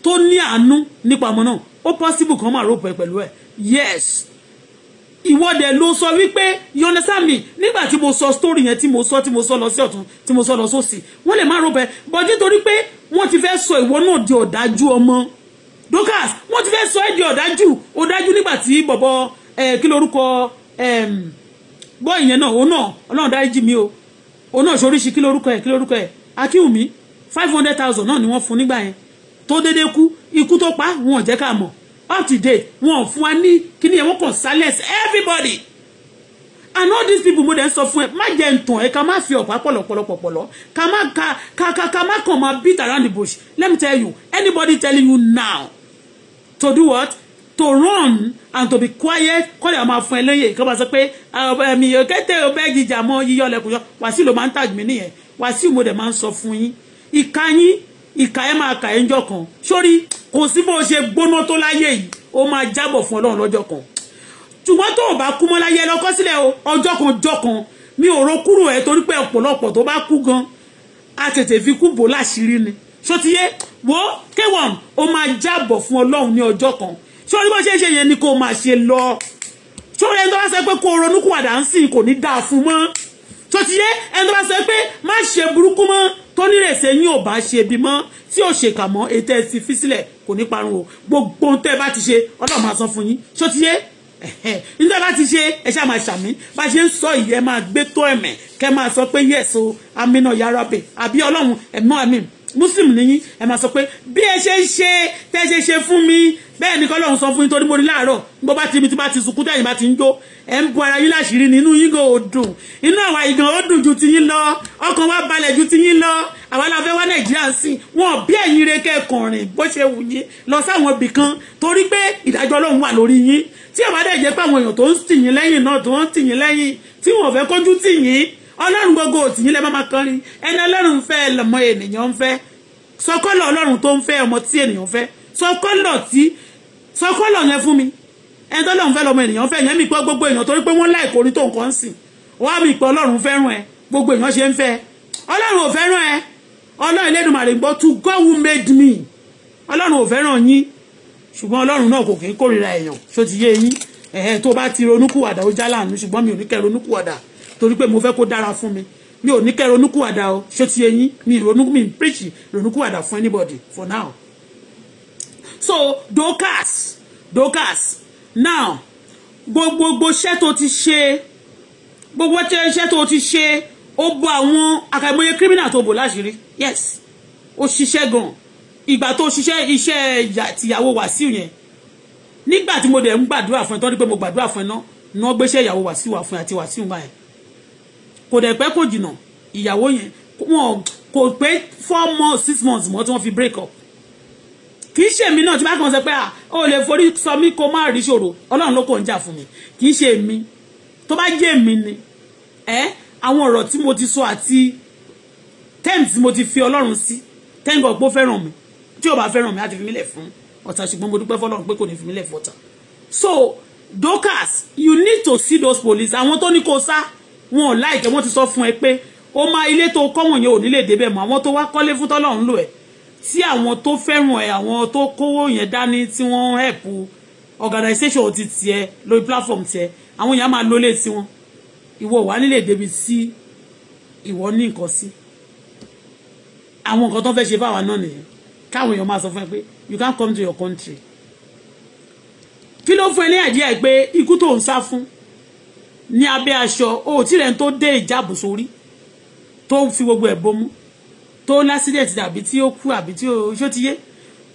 tó ní àánú nípa ọmọ náà ó possible kan máa rò pẹ̀ pẹ̀lú ẹ̀ yes ìwọ dẹ̀ ló sọ wípé you understand me nígbà tí mo sọ story yẹn tí mo sọ tí mo sọ lọ sí ọ̀tún tí mo sọ lọ sósì wọ́n lè má rò bẹ́ẹ̀ but nítorí pé wọ́n ti fẹ́ sọ ìwọ náà di ọ̀dájú ọmọ Dorcas wọ́n ti fẹ́ sọ ẹ́ di ọ̀dájú ọ̀dájú nígbà tí bọ̀bọ̀ kí lorúkọ bọ́ ìyẹn náà òun náà ọlọ́run dáríjì mi o òun náà ṣoríṣi kí lorúkọ ẹ̀ kí lorúkọ ẹ̀ akíwùmí five hundred thousand náà ni wọ́n fún nígbà yẹn tó déédéé kú ikú tó pa wọn ò jẹ́ ká mọ̀ up today, date wọn ò fún wa ní kíní ẹ̀ wọ́n kàn silence everybody and all these people mo dẹ̀ ń sọ fún ẹ má jẹ́ ntàn ẹ ká má fi ọ̀pá pọ̀lọ̀pọ̀lọpọ̀lọ̀ ká ka ka ka ká má kàn beat around the bush let me tell you anybody telling you now to do what to run and to be quiet kọ́lẹ̀ ọmọ afún ẹ lóye ìkọ́ bá sọ pé ẹ̀mí òkété ọbẹ̀ gíjà mọ́ yíyọ́ lẹ́kùnjọ́ wàsíù ló máa ń tàgbé nìyẹn wàsíù mo dẹ̀ máa ń sọ fún yín ìka yín ìkà ẹ máa kà ẹ ńjọ́ kan sórí kò sí bó ṣe gbóná tó láyé yìí ó máa jábọ̀ fún ọlọ́run lọ́jọ́ kan ṣùgbọ́n tó o bá kú mọ́ láyé lọ kọ́ sílẹ̀ ọjọ́ kan jọ́ kan mi ò ro kúrò ẹ torí pé ọ̀pọ̀lọpọ̀ tó bá kú gan a tètè fi kú bò láṣìírí ni ṣó ti yé wo k1 ó máa jábọ̀ fún ọlọ́run ní ọjọ́ kan sórí bó ṣe ń ṣe yẹn ni kó máa ṣe lọ sórí ẹni tó bá sọ pé kó ronúkú àdánsìn kò ní dáa fún mọ́ tó ti yé ẹni tó bá sọ pé má ṣe burúkú mọ́ tó nírèsè yín ò bá ṣe bí mọ́ tí ò ṣèkà mọ́ ètò ẹ̀ ti fi sílẹ̀ kò ní parun o gbogbo ohun tẹ́ ẹ bá ti ṣe ọlọ́run máa sọ fún yín ṣó ti yé nígbà bá ti ṣe ẹ ṣáà máa ṣàmì bá ṣe ń sọ ìyẹn máa gbé tó ẹ̀mẹ̀ kẹ́ máa sọ pé yẹ̀sọ́ amínà yàrá bẹ̀ àbí ọlọ́run ẹ̀mọ́ àmì muslim nìyí ẹ máa sọ pé bí ẹ ṣe ń ṣe tẹ́ ṣe ṣe fún mi bẹ́ẹ̀ ni kọ́lọ́run sọ fún yín torí mo ní láàárọ̀ bó bá ti mi ti bá ti sunkún tẹ̀yìn bá ti ń jó ẹ ń ara yín láṣìírí ni inú yín gan ò dùn inú àwa ju ti yín lọ ọkàn wa balẹ̀ ju ti yín lọ àwa la fẹ́ wá nàìjíríà sí wọn bí ẹ̀yin re kẹ́ẹ̀kan rìn bó ṣe wù yín lọ sáwọn ibì kan torí pé ìdájọ́ ọlọ́run wà lórí yín tí àwa dẹ̀ jẹ́ pé àwọn èèyàn tó ń tì yín lẹ́yìn náà tó ń tì yín lẹ́yìn tí wọn ò fẹ́ kójú tì yín ọlọ́run gbogbo òtìyín lẹ́ bá máa kọrin ẹni ọlọ́run fẹ́ lọ́mọ ènìyàn ń fẹ́ sọkọ́lọ̀ ọlọ́run tó ń fẹ́ ọmọ tí ènìyàn fẹ́ sọkọ́lọ̀ tí sọkọ́lọ̀ yẹn fún mi ẹni tó lọ́run fẹ́ lọ́mọ ènìyàn fẹ́ yẹn mi pọ́ gbogbo èèyàn torí pé wọ́n láìkó orin tó nǹkan ń sìn wá mi pọ́ ọlọ́run fẹ́ràn ẹ gbogbo èèyàn ṣe ń fẹ́ ọlọ́run ò fẹ́ràn ẹ ọlọ́run Elédùmarè gbọ́ to God who made me ọlọ́run ò fẹ́ràn yín ṣùgbọ́n ọlọ́run náà kò kí ń kórìíra èèyàn ṣó ti yé yín ẹ̀hẹ́ torí pé mo fẹ́ kó dára fún mi mi ò ní kẹ́ ronúkúwàdà o ṣé ti eyín mi ronú mi preach ronúkúwàdà fún anybody for now so Dorcas Dorcas now gbogbogbò iṣẹ́ tó ti ṣe gbogbo iṣẹ́ tó ti ṣe ó bọ àwọn àkàìmọye criminal tó bò láṣìírí yes ó ṣiṣẹ́ gan ìgbà tó ṣiṣẹ́ iṣẹ́ tìyàwó Wàsíù yẹn nígbà tí mo dẹ̀ ń gbàdúrà fún ẹ tó ní pé mo gbàdúrà fún ẹ náà náà gbéṣẹ́ ìyàwó Wàsíù wà fún ẹ àti Wàsíù báyẹn kò dẹ̀ pẹ́ kò jìnnà ìyàwó yẹn wọn kò pé four months six months mọ́ tí wọ́n fi break up kì í ṣe èmi náà tí bá kàn sọ pé ó lè forí sọ mí kó má rí ṣòro ọlọ́run ló kò ń jà fún mi kì í ṣe èmi tó bá jẹ́ èmi ni ẹ àwọn ọ̀rọ̀ tí mo ti sọ àti tẹ́ǹtì mo ti fi ọlọ́run sí thank pé ó fẹ́ràn mi tí ò bá fẹ́ràn mi á ti fi mí lẹ̀ fún ọ̀tá ṣùgbọ́n mo dúpẹ́ fọlọ́run pé kò ní fi mí lẹ̀ fún so Dorcas you need to see those police àwọn tó ní kó sá wọn ò láìkẹ wọn ti sọ fún ẹ pé ó máa ilé tó kọ́ wọ̀nyẹn ò nílè débẹ̀ mọ́ àwọn tó wá kọ́lé fún tọ́lọ́run lò ẹ̀ tí àwọn tó fẹ́ràn ẹ̀ àwọn tó kówó yẹn dání tí wọ́n ń help organisation ti tiẹ̀ lórí platform tiẹ̀ àwọn èèyàn máa lólé tiwọn ìwọ wà nílè débi tí ìwọ ní nǹkan sí àwọn nǹkan tó fẹ́ ṣe fáwa náà nìyẹn káwọn èèyàn máa sọ fún ẹ pé you can't come to your country kí ló fún ẹ ní àìdíyà pé ikú tó ń sá fún ní abẹ́ aṣọ o ò tí rẹ̀ ń tó dé ìjáàbò sórí tó fi gbogbo ẹ̀ bomú tó lásìdẹ̀tì àbí tí ó kú àbí tí ó ṣó ti yé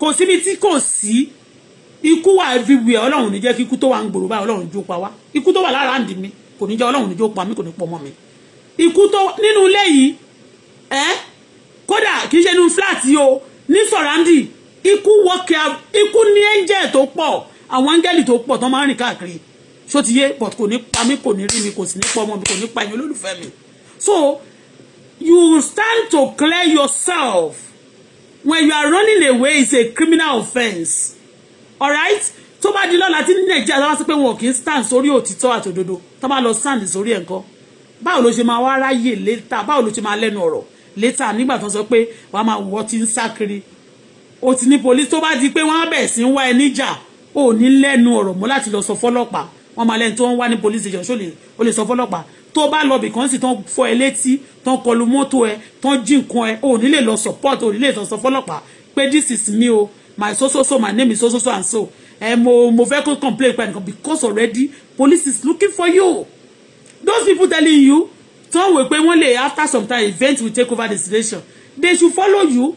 kò síbi tí kò sí ikú wà everywhere ọlọ́run ní jẹ́ kí ikú tó wà ń gbòòrò báyìí ọlọ́run jó pa wá ikú tó wà lára àǹdí mi kò ní jẹ́ ọlọ́run ní pa mí kò ní pọ̀ mọ́ mi ikú tó nínú ilé yìí ẹ́ kódà kì í ṣe nínú fúláàtì o ní sọ̀ráǹdì ikú wọ́kẹ́ ikú ní ẹ́ńjẹ́ tó pọ̀ àwọn áńgẹ́lì tó pọ̀ tó máa ń rìn káàkiri ṣó ti yé but kò ní pa mí kò ní rí mi kò sì ní pa ọmọ mi kò ní pa ẹ̀yin olólùfẹ́ mi so you stand to clear yourself when you are running away is a criminal offence alright tó bá di lọ́la tí ní nàìjíríà lọ́wọ́ sí pé wọn kì í stand sórí òtítọ́ àtòdodo tó bá lọ stand sórí ẹ̀ ńkọ́ báwo ló ṣe máa wá ráyè létà báwo ló ṣe máa lẹ́nu ọ̀rọ̀ létà nígbà tó sọ pé wàá máa wọ́ ti ń sá kiri o ti ní police tó bá di pé wọ́n á bẹ̀ sí ń wá ẹ níjà ò ní lẹ́nu ọ̀rọ̀ mọ́ láti lọ sọ fọ́lọ́pàá wọ́n máa lẹ́ni tó ń wá ní police station ṣó lè o lè sọ fọ́lọ́pàá tó bá lọ bìkan sì tán fọ́ ẹ létí tán kọlu mọ́tò ẹ tán jí nǹkan ẹ ò nílè lọ support ò nílè sọ fọ́lọ́pàá pé this is me o my so so so my name is so so so and so ẹ mo mo fẹ́ kó complain pa nìkan because already police is looking for you those people telling you tán wò pé wọ́n lè after some time event will take over the situation they should follow you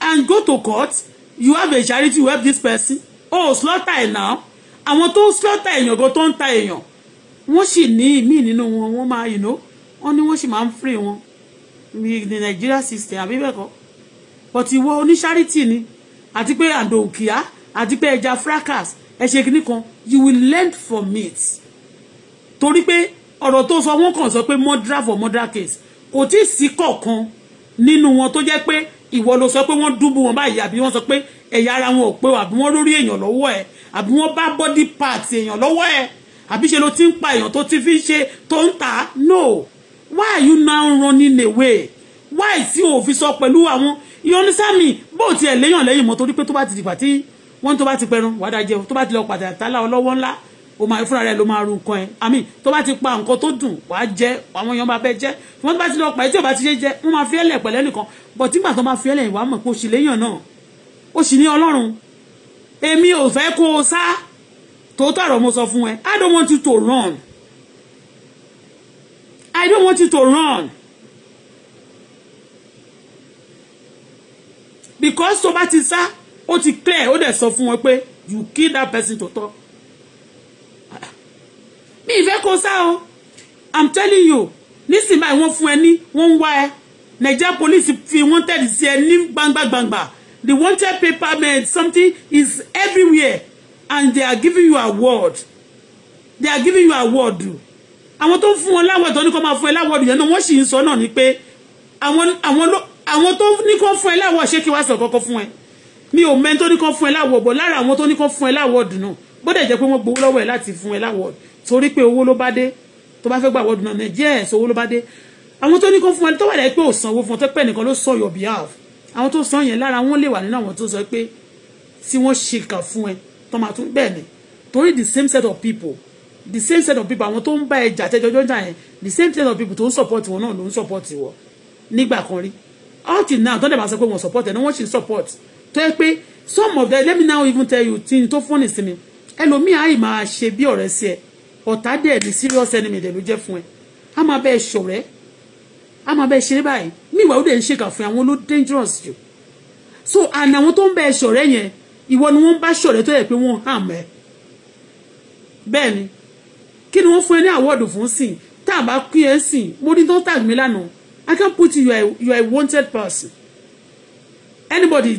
and go to court you have a charity to help this person oh slaughter ẹ now àwọn tó slọ́tà èèyàn gan tó ń ta èèyàn wọ́n sì ní ìmíì nínú wọn wọ́n máa yìnbó wọ́n ní wọ́n sì máa ń fìrì wọn ní the Nigeria system àbí bẹ́ẹ̀ kọ́ but ìwọ oníṣáárìtì ni àti pé àdòkìá àti pé ẹja fracas ẹ ṣe kinní kan you will learn from it torí pé ọ̀rọ̀ tó sọ wọ́n kàn sọ pé murder for murder case kò tí ì sí kọ̀ọ̀kan nínú wọn tó jẹ́ pé ìwọ ló sọ pé wọ́n dúbú wọn báyìí àbí wọ́n sọ pé ẹ̀yà ara wọn ò pé àbí wọ́n lórí èèyàn lọ́wọ́ ẹ̀ àbí wọ́n bá body part èèyàn lọ́wọ́ ẹ̀ àbí ṣe ló ti ń pa èèyàn tó ti fi ṣe tó ń tà no why are you now running away why tí o fi sọ pẹ̀lú àwọn ìyọnu sámi bó o tiẹ̀ léyàn lẹ́yìn mọ́ torí pé tó bá ti dìgbà tí wọ́n tó bá ti pẹrun wàá dájẹ́ tó bá ti lọ pàtàkì tálá ọlọ́wọ́ ńlá o máa fúnra rẹ ló máa ru nǹkan ẹ àmì tó bá ti pa nǹkan tó dùn wàá jẹ àwọn èèyàn máa bẹ jẹ wọn tó bá ti lọ pa ẹ tí ò bá ti ṣe jẹ wọn máa fi ẹlẹ pẹ̀lẹ́ nìkan bọ tígbà tó máa fi ẹlẹ ìwà mọ pé o sì léyàn náà o sì ní Ọlọ́run èmi ò fẹ́ kó o sá tòótọ́ ọ̀rọ̀ mo sọ fún ẹ I don't want you to run I don't want you to run because tó bá ti sá ó ti clear ó dẹ̀ sọ fún wọn pé you kill that person tòótọ́ mi ìfẹ́ kó o sá o I'm telling you nísìnyí báyìí wọ́n fún ẹ ní wọ́n ń wá ẹ Nigeria police fi wanted sí ẹ ní gbangba gbangba The wanted paper meant something is everywhere and they are giving you award. They are giving you award. Àwọn tó ń fún wọn láwọ̀ tó ní kó máa fún ẹ láwọ̀ yẹn náà wọ́n sì ń sọ náà ni pé àwọn tó ní kó fún ẹ láwọ̀ ṣé kí wá sọ kọ́kọ́ fún ẹ. Mi ò mẹ́ni tó ní kó fún ẹ láwọ̀ bọ̀ lára àwọn tó ní kó fún ẹ láwọ̀ dùn náà bó dẹ̀ jẹ́ pé wọ́n gbowó lọ́wọ́ ẹ̀ láti fún ẹ láwọ̀ torí pé owó ló bá dé tó bá fẹ́ gbà wọ́ọ̀dù náà yes owó ló bá dé àwọn tó ní kó fún ẹ tó wà láì pé ò sanwó fún ọ tó pẹ́ nìkan ló sọ your behalf àwọn tó sọ yẹn lára wọn lè wà nínú àwọn tó sọ pé tí wọ́n ṣe kà fún ẹ tó máa tún bẹ́ẹ̀ ni torí the same set of people the same set of people àwọn tó ń bá ẹjà tẹjọjọ jà yẹn the same set of people tó ń support wọn náà ló ń support wọn nígbà kan rí all till now tọ́jà máa sọ pé wọ́n support ẹ̀ ní wọ́n ṣe support tó yẹ pé some of them let me now even tell you tí n tó fún ní sinmi ẹlòmíì àì máa ṣe bí ọ̀rẹ́ sí ẹ ọ̀tá dẹ̀ ní serious enemy dẹ̀ ló jẹ́ fún ẹ á máa bẹ́ẹ̀ ṣọ̀rẹ́ á máa bẹ́ẹ̀ ṣeré báyìí meanwhile ó dẹ̀ ń ṣèkà fún àwọn ló dangerous jù so and àwọn tó ń bẹ ṣọ̀rẹ́ yẹn ìwọ ni wọ́n ń bá ṣọ̀rẹ́ tó yẹ pé wọ́n hàn mẹ́ bẹ́ẹ̀ ni kí ni wọ́n fún ẹ ní àwọ́ọ̀dù fún sìn tá a bá kí ẹ sìn mo ní tó tag mi lánàá I can put you are, you are a wanted person anybody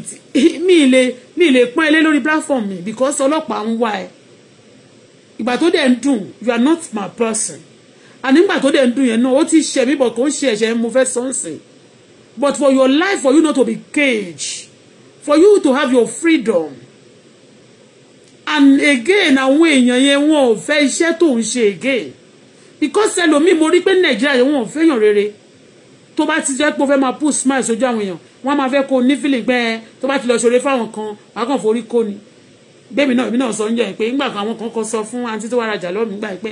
mi le mi le pọ́n ẹ lé lórí platform mi because ọlọ́pàá ń wá ẹ ìgbà tó dẹ̀ ń dùn you are not my person ànígbà tó dẹ̀ ń dùn yẹn náà ó ti ṣẹ̀ mí bọ̀ kó ń ṣe ẹ̀ṣẹ̀ mo fẹ́ sọ́nsìn But for your life, for you not to be caged, for you to have your freedom. And again, àwọn èèyàn yẹn wọn ò fẹ́ iṣẹ́ tó ń ṣe again. Because ẹlòmíì mo rí pé Nàìjíríà yẹn wọn ò fẹ́ yàn rere. Tó bá ti jẹ́ pé o fẹ́ máa put smile sójú àwọn èèyàn, wọ́n á máa fẹ́ kó o ní feeling pé ẹ eh, tó bá ti lọ ṣeré fáwọn kan, wàá kàn forí kó ni. Bẹ́ẹ̀mi náà, èmi náà sọ ń jẹ́ pé nígbà kan àwọn kan kan sọ fún àǹtí tó wá rajà lọ́mìí gbà pé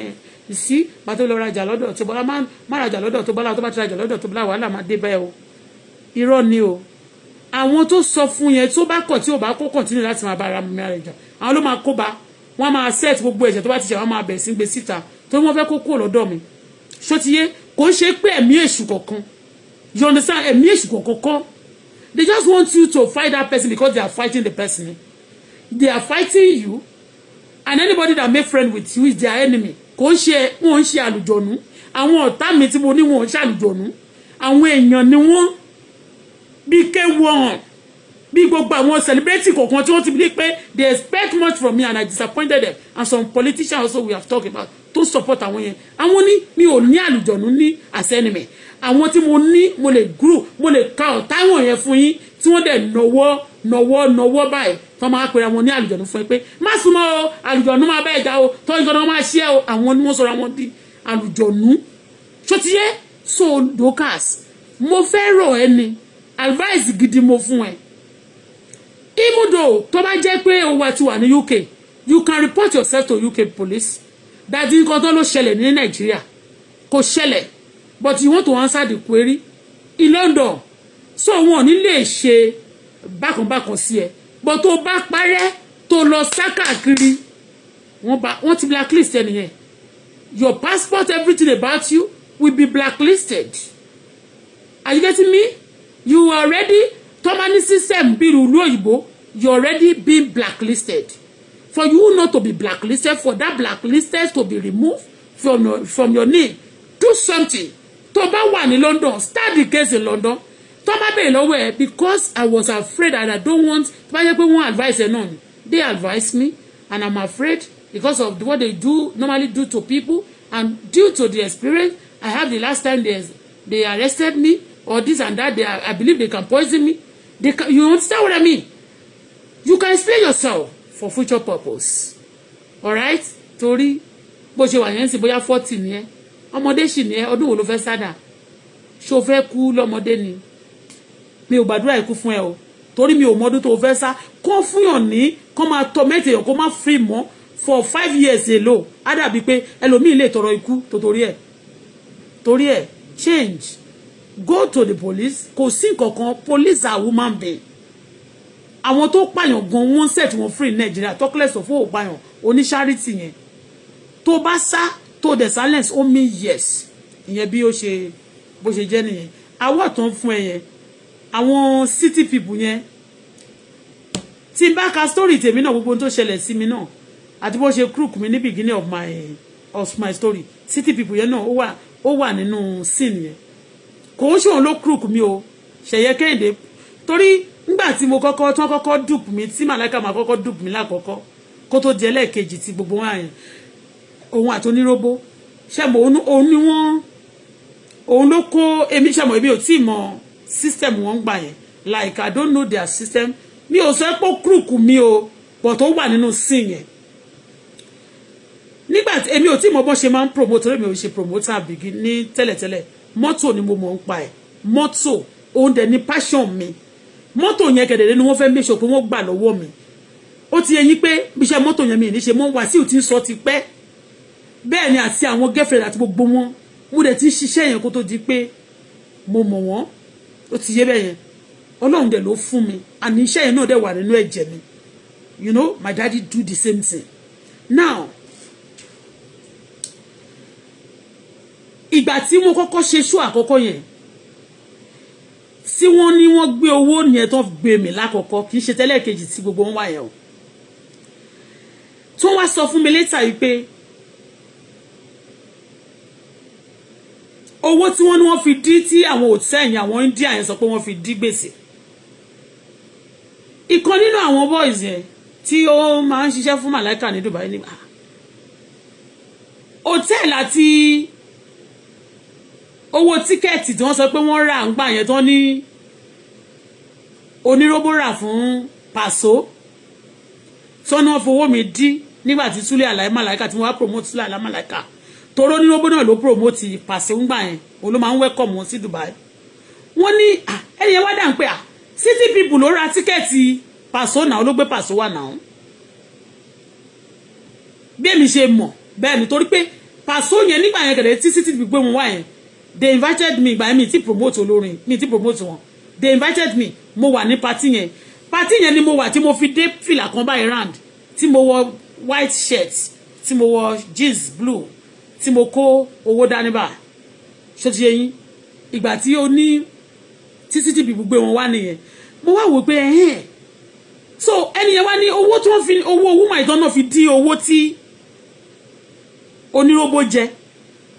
sí pàtó lọ rajà lọ́dọ̀ tó bọ́lá má rajà lọ́dọ̀ tó bọ́lá tó bá ti rajà lọ́dọ̀ tó bọ́lá wàhálà má dé bẹ́ẹ̀ o irọ́ ni o àwọn tó sọ fún yẹn tó bá kọ̀ tí ò bá kó kọ̀tínú láti máa bára mi ara ìjà àwọn ló máa kó ba wọ́n máa set gbogbo ẹ̀jẹ̀ tó bá ti jà wọ́n máa bẹ̀ sí gbé síta torí wọ́n fẹ́ kó kúrò lọ́dọ̀ mi ṣótiyé kò ń ṣe pé ẹ̀mí èṣù kọ̀ọ̀kan you understand ẹ̀mí èṣù kọ̀ọ̀kan kọ́ they just want you to fight that person because they are fighting the person they are fighting you and anybody that make friend with you is their enemy kò ń ṣe wọn ń ṣe àlùjọ̀nù àwọn ọ̀tá mi tí mo ní wọn ń ṣàlùjọ̀nù àwọn èèyàn ni wọ́n bí K1 bí gbogbo àwọn celebrity kọ̀ọ̀kan tí wọ́n ti bí pé they expect much from me and I disappointed them and some politicians also we have talked about to support àwọn yẹn àwọn ní mi ò ní àlùjọ̀nù ní àsẹ́nìmẹ̀ àwọn tí mo ní mo lè group mo lè ka ọ̀tá wọn yẹn fún yín tí wọ́n dẹ̀ nọwọ́ nọwọ́ nọwọ́ báyìí tọ́ máa pera wọn ní àlùjọ̀nù fún ẹ pé má súnmọ́ o àlùjọ̀nù máa bá ẹ̀dá o tọ́jú kan máa ṣí ẹ o àwọn ni wọ́n sọra wọn di àlùjọ̀nù tó ti yẹ so dokas mo fẹ́ rọ̀ ẹni advice gidi mo fún ẹ even though tó bá jẹ́ pé o wà ti wà ní UK you can report yourself to UK police that nǹkan tó ló ṣẹlẹ̀ ní Nàìjíríà kò ṣẹlẹ̀ but you want to answer the query in London so wọn ò ní lè ṣe bákanbákan sí ẹ but tó bá parẹ́ tó lọ sákàkiri wọ́n wọ́n ti blacklist ẹ nìyẹn your passport everything about you will be blacklisted are you getting me? you already tomani system bí ìlú òyìnbó you already been blacklisted for you not to be blacklisted for that blacklisted to be removed from your from your name do something tó bá wà ní London start the case in London tó bá bẹ̀rẹ̀ lọ́wọ́ ẹ̀ because I was afraid and I don't want tó bá yẹ pé wọ́n advice ẹ̀ náà ni they advise me and I'm afraid because of what they do normally do to people and due to the experience I have the last time they they arrested me or this and that they are, I believe they can poison me they can, you understand what I mean you can explain yourself for future purpose alright torí bó ṣe wà yẹn sì bóyá forty ni ẹ ọmọdé sì ni ẹ ọdún wo ló fẹ́ sádà ṣó fẹ́ kú lọ́mọdé ni mi ò gbàdúrà ikú fún ẹ o torí mi ò mọdún tó fẹ́ sá kó fúnyàn ní kó máa tọ mẹ́tẹ̀ yàn kó má fi mọ́ for five years èlò á dàbí pé ẹlòmíì lè tọrọ ikú tó torí ẹ̀ torí ẹ̀ change go to the police kò sí nǹkankan police are woman being àwọn tó pààyàn gan wọ́n set wọn free in Nigeria talk less of ó pààyàn oní charity yẹn tó bá sá to the silence ó mean yes ìyẹn bí ó ṣe bó ṣe jẹ́ nìyẹn awọ́ tó ń fún ẹ yẹn àwọn city people yẹn tí n bá ka story tèmi náà gbogbo ohun tó ṣẹlẹ̀ sí mi náà àti bó ṣe crook mi ní beginning of my of my story city people yẹn náà ó wà ó wà nínú scene yẹn kò ń ṣòun ló crook mi o ṣẹ̀yẹ kéde torí nígbà tí mo kọ́kọ́ tán kọ́kọ́ dùp mi tí màláìka máa kọ́kọ́ dùp mi lákọ́kọ́ kó tó di ẹlẹ́ẹ̀kejì tí gbogbo wọn àyàn òun àti oníróbó ṣẹ́mo òun ni wọ́n òun ló kó èmi ṣẹ́mo èmi ò tí ì mọ system wọn gbà yẹn like I don't know their system mi ò sọ pé crook mi o bọ̀ tó wà nínú sin yẹn nígbà tí èmi ò tí ì mọ bó ṣe máa ń promote torí mi ò ṣe promoter àbígí ní tẹ́lẹ̀tẹ́lẹ̀ mọ́tò ni mo mọ̀ ń pa ẹ̀ mọ́tò òun dẹ̀ ni passion mi mọ́tò yẹn kedere ni wọ́n fẹ́ make sure pé wọ́n gbà lọ́wọ́ mi ó ti yẹyin pé bíṣẹ́ mọ́tò yẹn mi ní ṣe mọ́ Wàsíù ti ń sọ ti pẹ́ bẹ́ẹ̀ ni àti àwọn girlfriend àti gbogbo wọn mo dẹ̀ ti ń ṣiṣẹ́ yẹn kó tó di pé mo mọ̀ wọ́n ó ti yé bẹ́ẹ̀ yẹn ọlọ́run dẹ̀ ló fún mi àní iṣẹ́ yẹn náà dẹ̀ wà nínú ẹ̀jẹ̀ mi you know my daddy do the same thing now ìgbà tí mo kọ́kọ́ ṣe ṣú àkọ́kọ́ yẹn tí wọ́n ní wọ́n gbé owó yẹn tó gbé mi lákọ̀ọ́kọ́ kì í ṣe tẹ́lẹ̀ kejì tí gbogbo wọn wà yẹn o tó wá sọ fún mi létà yìí pé owó tí wọ́n ní wọ́n fi dí tí àwọn òtẹ́ yẹn àwọn India yẹn sọ pé wọ́n fi dí gbèsè ìkan nínú àwọn boys yẹn tí ó máa ń ṣiṣẹ́ fún màláìka ní Dubai ní ah, hòtẹ́ẹ̀lì àti owó tíkẹ́ẹ̀tì tí wọ́n sọ pé wọ́n rà ń gbà yẹn tán ní oníròbó rà fún pàṣọ tọ́nà fowó mi dí nígbà tí súlẹ̀ àlàyémàláìka tí wọ́n á promote súlẹ̀ àlàyémàláìka tóró oníròbó náà ló promote pàṣọ ń gbà yẹn òun ló máa ń welcome wọn sí Dubai wọ́n ní ẹni yẹn wá dà pé à city people ló ra tíkẹ́ẹ̀tì pàṣọ náà ló gbé pàṣọ wà náà bí èmi ṣe mọ̀ bẹ́ẹ̀ ni torí pé pàṣọ yẹn nígbà yẹn kẹ̀dẹ̀ tí city people gbé wọn wá yẹn they invited me by me ti promote olórin mi ti promote wọn they invited me mo wa ni party yẹn party yẹn ni mo wa ti mo fi dé fìlà kan báyìí round Ti mo wọ white shirt Ti mo wọ jeans blue Ti mo kó owó dání bá ṣé ti yé yín ìgbà tí ó ní títí tí bìbù gbé wọn wá mo wa wò pé ẹhìn so ẹni wa ni owo owó fi owo woman ìtàn náà fi dí owó tí onírógbó jẹ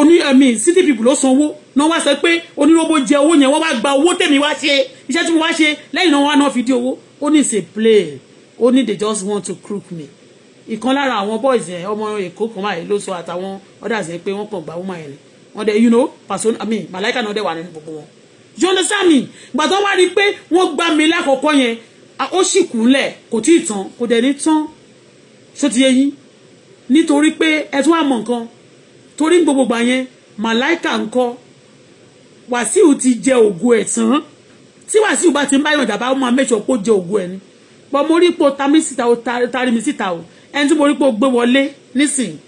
oní ẹ̀mí city people ló sanwó náà wá sọ pé oníròbó jẹ owó yẹn wọ́n wá gba owó tèmi wá ṣe iṣẹ́ tí mo wá ṣe lẹ́yìn náà wọ́n náà fi dí owó ó ní ṣe play ó ní they just want to crook me ìkan lára àwọn boys yẹn ọmọ èkó kan báyìí ló sọ àtàwọn others yẹn pé wọ́n kàn gba woman yẹn wọ́n dẹ̀ you know person i mean malaika náà dẹ̀ wà nínú gbogbo wọn you understand me wá rí i pé wọ́n gbá mi lákọ̀ọ́kọ́ yẹn ó sì kúnlẹ̀ kò tí ì tán kò dẹ̀ ní tán ṣó ti yẹ yín nítorí pé ẹ tún wà mọ̀ nǹkan torí gbogbo gbà yẹn màláìkà ń kọ́ wàsíù ti jẹ ògùn ẹ̀ tán tí wàsíù bá ti ń báyọ̀ dàbá ó máa mẹ́sọ̀ kó jẹ ògùn ẹ̀ ni pọ̀ mo rí po tami síta o tari mi síta o ẹni tí mo rí po gbé wọlé nísìnyí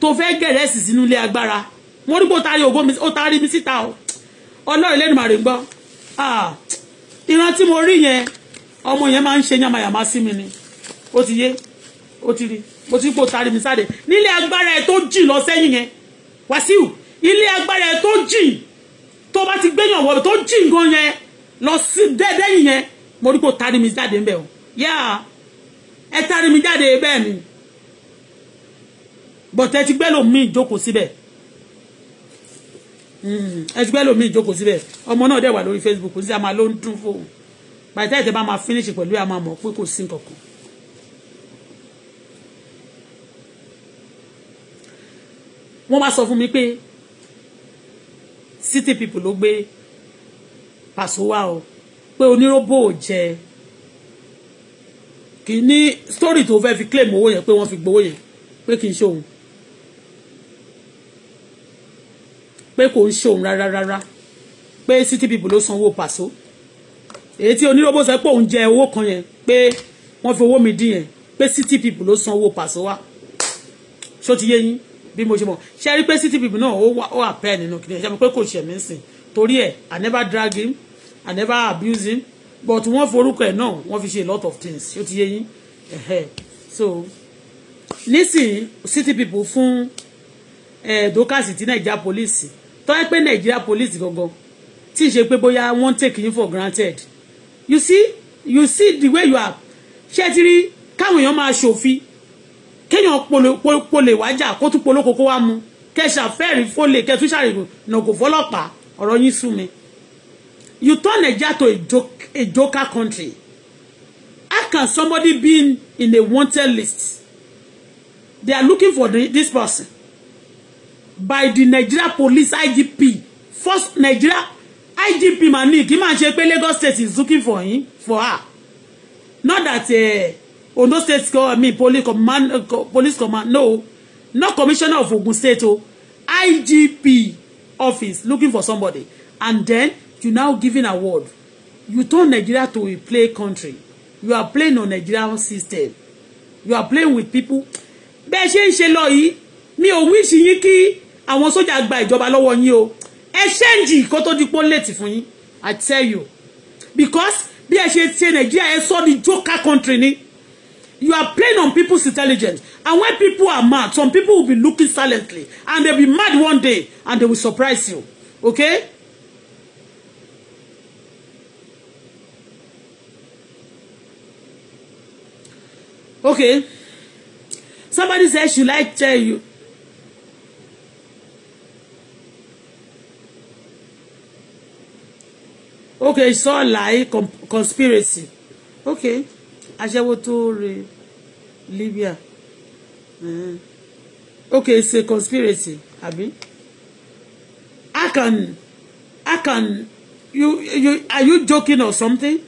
tó fẹ́ gẹ̀rẹ́sì sínú ilé agbára mo rí po tari ògùn mi ó tari mi síta o ọlọ́run lẹ́nu màrí gbọ́ ìran tí mo rí yẹn ọmọ yẹn máa ń ṣe yàmàyàmá sí mi ni ó ti yé ó ti rí i mo ti kó tari mi sáde nílé agbára ẹ tó jìn lọ sẹ́yìn yẹn Wàsíù ilé agbára ẹ tó jìn tó bá ti gbẹ̀yàn wọ̀ tó jìn gan yẹn lọ sí dẹ́dẹ́yìn yẹn mo rí kó tari mi jáde ń bẹ̀ o yá ẹ tari mi jáde bẹ́ẹ̀ ni bọ̀tẹ́ ti gbẹ́ lòmí ìjókòó síbẹ̀ ẹ ti gbẹ́ lòmí ìjókòó síbẹ̀ ọmọ náà dẹ̀ wà lórí Facebook ní sẹ́ a máa ló ń dún fóun pàtẹ́ ìtẹ́ bá máa finish pẹ̀lú ẹ̀ a máa mọ̀ pé kò sí nǹkan kan. wọ́n wá sọ fún mi pé city people ló gbé pàṣọ wá o pé oníròbó ò jẹ kì í ní story tó fẹ́ fi claim owó yẹn pé wọ́n fi gbowó yẹn pé kì í ṣe òun pé kò ń ṣe òun rárá rárá pé city people ló sanwó pàṣọ èyí tí oníròbó sọ pé òun jẹ owó kan yẹn pé wọ́n fi owó mi dín yẹn pé city people ló sanwó pàṣọ wá ṣó ti yé yín bí mo ṣe mọ̀ ṣe rí pé city people náà ó àpẹ́ nínú kìnìún ṣe mọ̀ pé kò ṣe mí sìn torí ẹ̀ I never drag him I never abuse him but wọ́n forúkọ ẹ̀ náà wọ́n fi ṣe a lot of things ó ti yé yín so nísìnyí city people fún dókàsì tí nàìjíríà police tó ẹ pé nàìjíríà police gangan tí ì ṣe pé bóyá wọ́n take you for granted you see you see the way you are ṣé ti rí káwọn èèyàn máa ṣòfin kéèyàn polè wájà kó tún polóko kó wá mu kẹsà fẹ́ẹ̀rí fólè kẹtù ṣàrìkù nàgò fọlọ́pàá ọ̀rọ̀ yín sú mi you turn Naija to a joke a joker country how can somebody be in a wanted list they are looking for the, this person by the Nigeria police IGP first Nigeria IGP mani kì í ṣe pé Lagos state is looking for him for her not that. Uh, Ondo State go me police command uh, police command no not commissioner of Ogun State o oh, IGP office looking for somebody and then you now giving award you turn Nigeria to a play country you are playing on Nigerian system you are playing with people bẹ́ẹ̀ ṣe ń ṣe lọ yìí mi ò wíṣì yín kí àwọn sójà gba ìjọba lọ́wọ́ yín o ẹ ṣẹ́ǹjì kó tó di pọ́ńlẹ̀tì fún yín I tell you because bí ẹ ṣe ṣe Nigeria ẹ sọ di joker country ni. You are playing on people's intelligence. And when people are mad, some people will be looking silently. And they'll be mad one day. And they will surprise you. Okay? Okay. Somebody says, should like tell you? Okay, it's all lie, conspiracy. Okay aṣẹ́wó tó re Libya mm. okay it's a conspiracy abi how can how can you you are you joking or something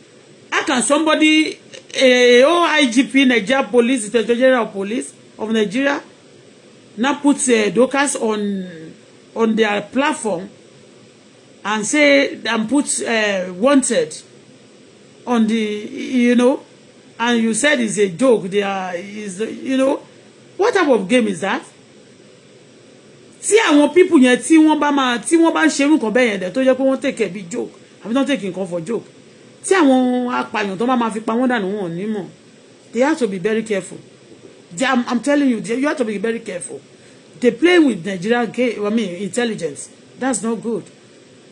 how can somebody a OIGP Nigeria Police Inspector General of Police of Nigeria now put uh, Dorcas on on their platform and say and put uh, wanted on the you know and you said it's a joke they are is you know what type of game is that tí àwọn people yẹn tí wọ́n bá máa tí wọ́n bá ń ṣerú nǹkan bẹ́ẹ̀ yẹn dẹ̀ tó jẹ́ pé wọ́n take bí joke àbí wọ́n take nǹkan for joke tí àwọn apààyàn tó bá máa fi pa wọ́n dànù wọn ò ní mọ̀ they have to be very careful they, I'm, I'm telling you they, you have to be very careful they play with Nigerian game I mean intelligence that's not good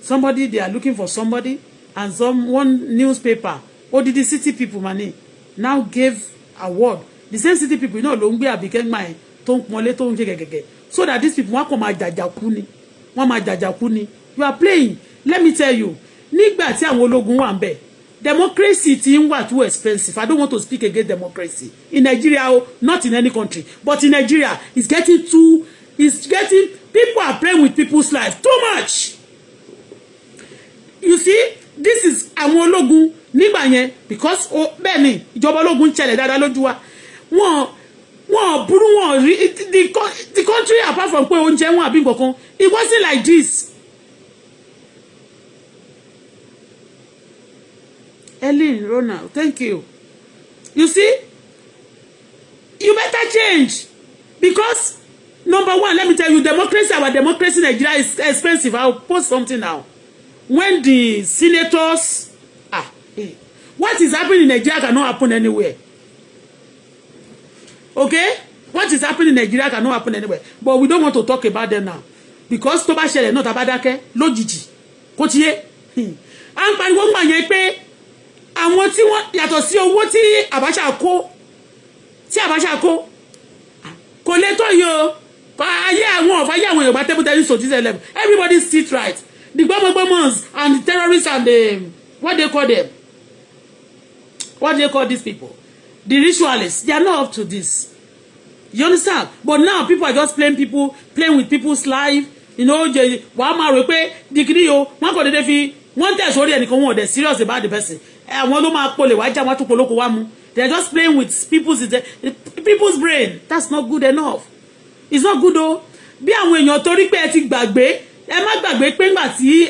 somebody they are looking for somebody and some one newspaper odidi city people money now gave award the same city people náà ló ń gbé àbíkẹ́ ńgbà yẹn tó ń pọnlé tó ń ṣe gẹ̀gẹ̀gẹ̀ so that these people wọn kàn máa jàjàkú ni wọn máa jàjàkú ni you are playing let me tell you nígbà tí àwọn ológun wà ń bẹ̀ democracy ti ń wà too expensive i don't want to speak against democracy in nigeria o oh, not in any country but in nigeria it's getting too it's getting people are playing with people's life too much you see this is àwọn ológun nígbà yẹn because bẹ́ẹ̀ ni ìjọba ológun ṣẹlẹ̀ dáadáa lójú wa wọn wọn burú wọn rí the country apart from pé oúnjẹ wọn àbí nǹkan it wasn't like this. Ellen Ronald thank you you see you better change because number one let me tell you democracy our democracy Nigeria is expensive I will post something now when the senators What is happening in Nigeria cannot happen anywhere. Okay? What is happening in Nigeria cannot happen anywhere. But we don't want to talk about them now. Because tó bá ṣẹlẹ̀ náà tá a bá dákẹ́ lójijì kó ti yé. À ń pariwo gbà yẹn pé àwọn tí wọ́n yàtọ̀ sí owó tí Abacha kó tí Abacha kó kò lè tó yìí o ayé àwọn ọ̀fà ayé àwọn Yorùbá table tennis to this level everybody sit right the gbọmọgbọmọ and the terrorists and the what they call them What do they call these people? The ritualists. They are not up to this. You understand? But now people are just playing people, playing with people's life. You know, one man rò pé dìgírí o, wọ́n kò dédé fi wọ́n tẹ̀ already ẹnìkan wọn ò dẹ̀ serious about the person. Àwọn ló máa polè wá já wọn tún polóko wá mu. They are just playing with people's people's brain. That's not good enough. It's not good o. Bí àwọn èèyàn torí pé ẹ ti gbàgbé, ẹ má gbàgbé pé ńgbà tí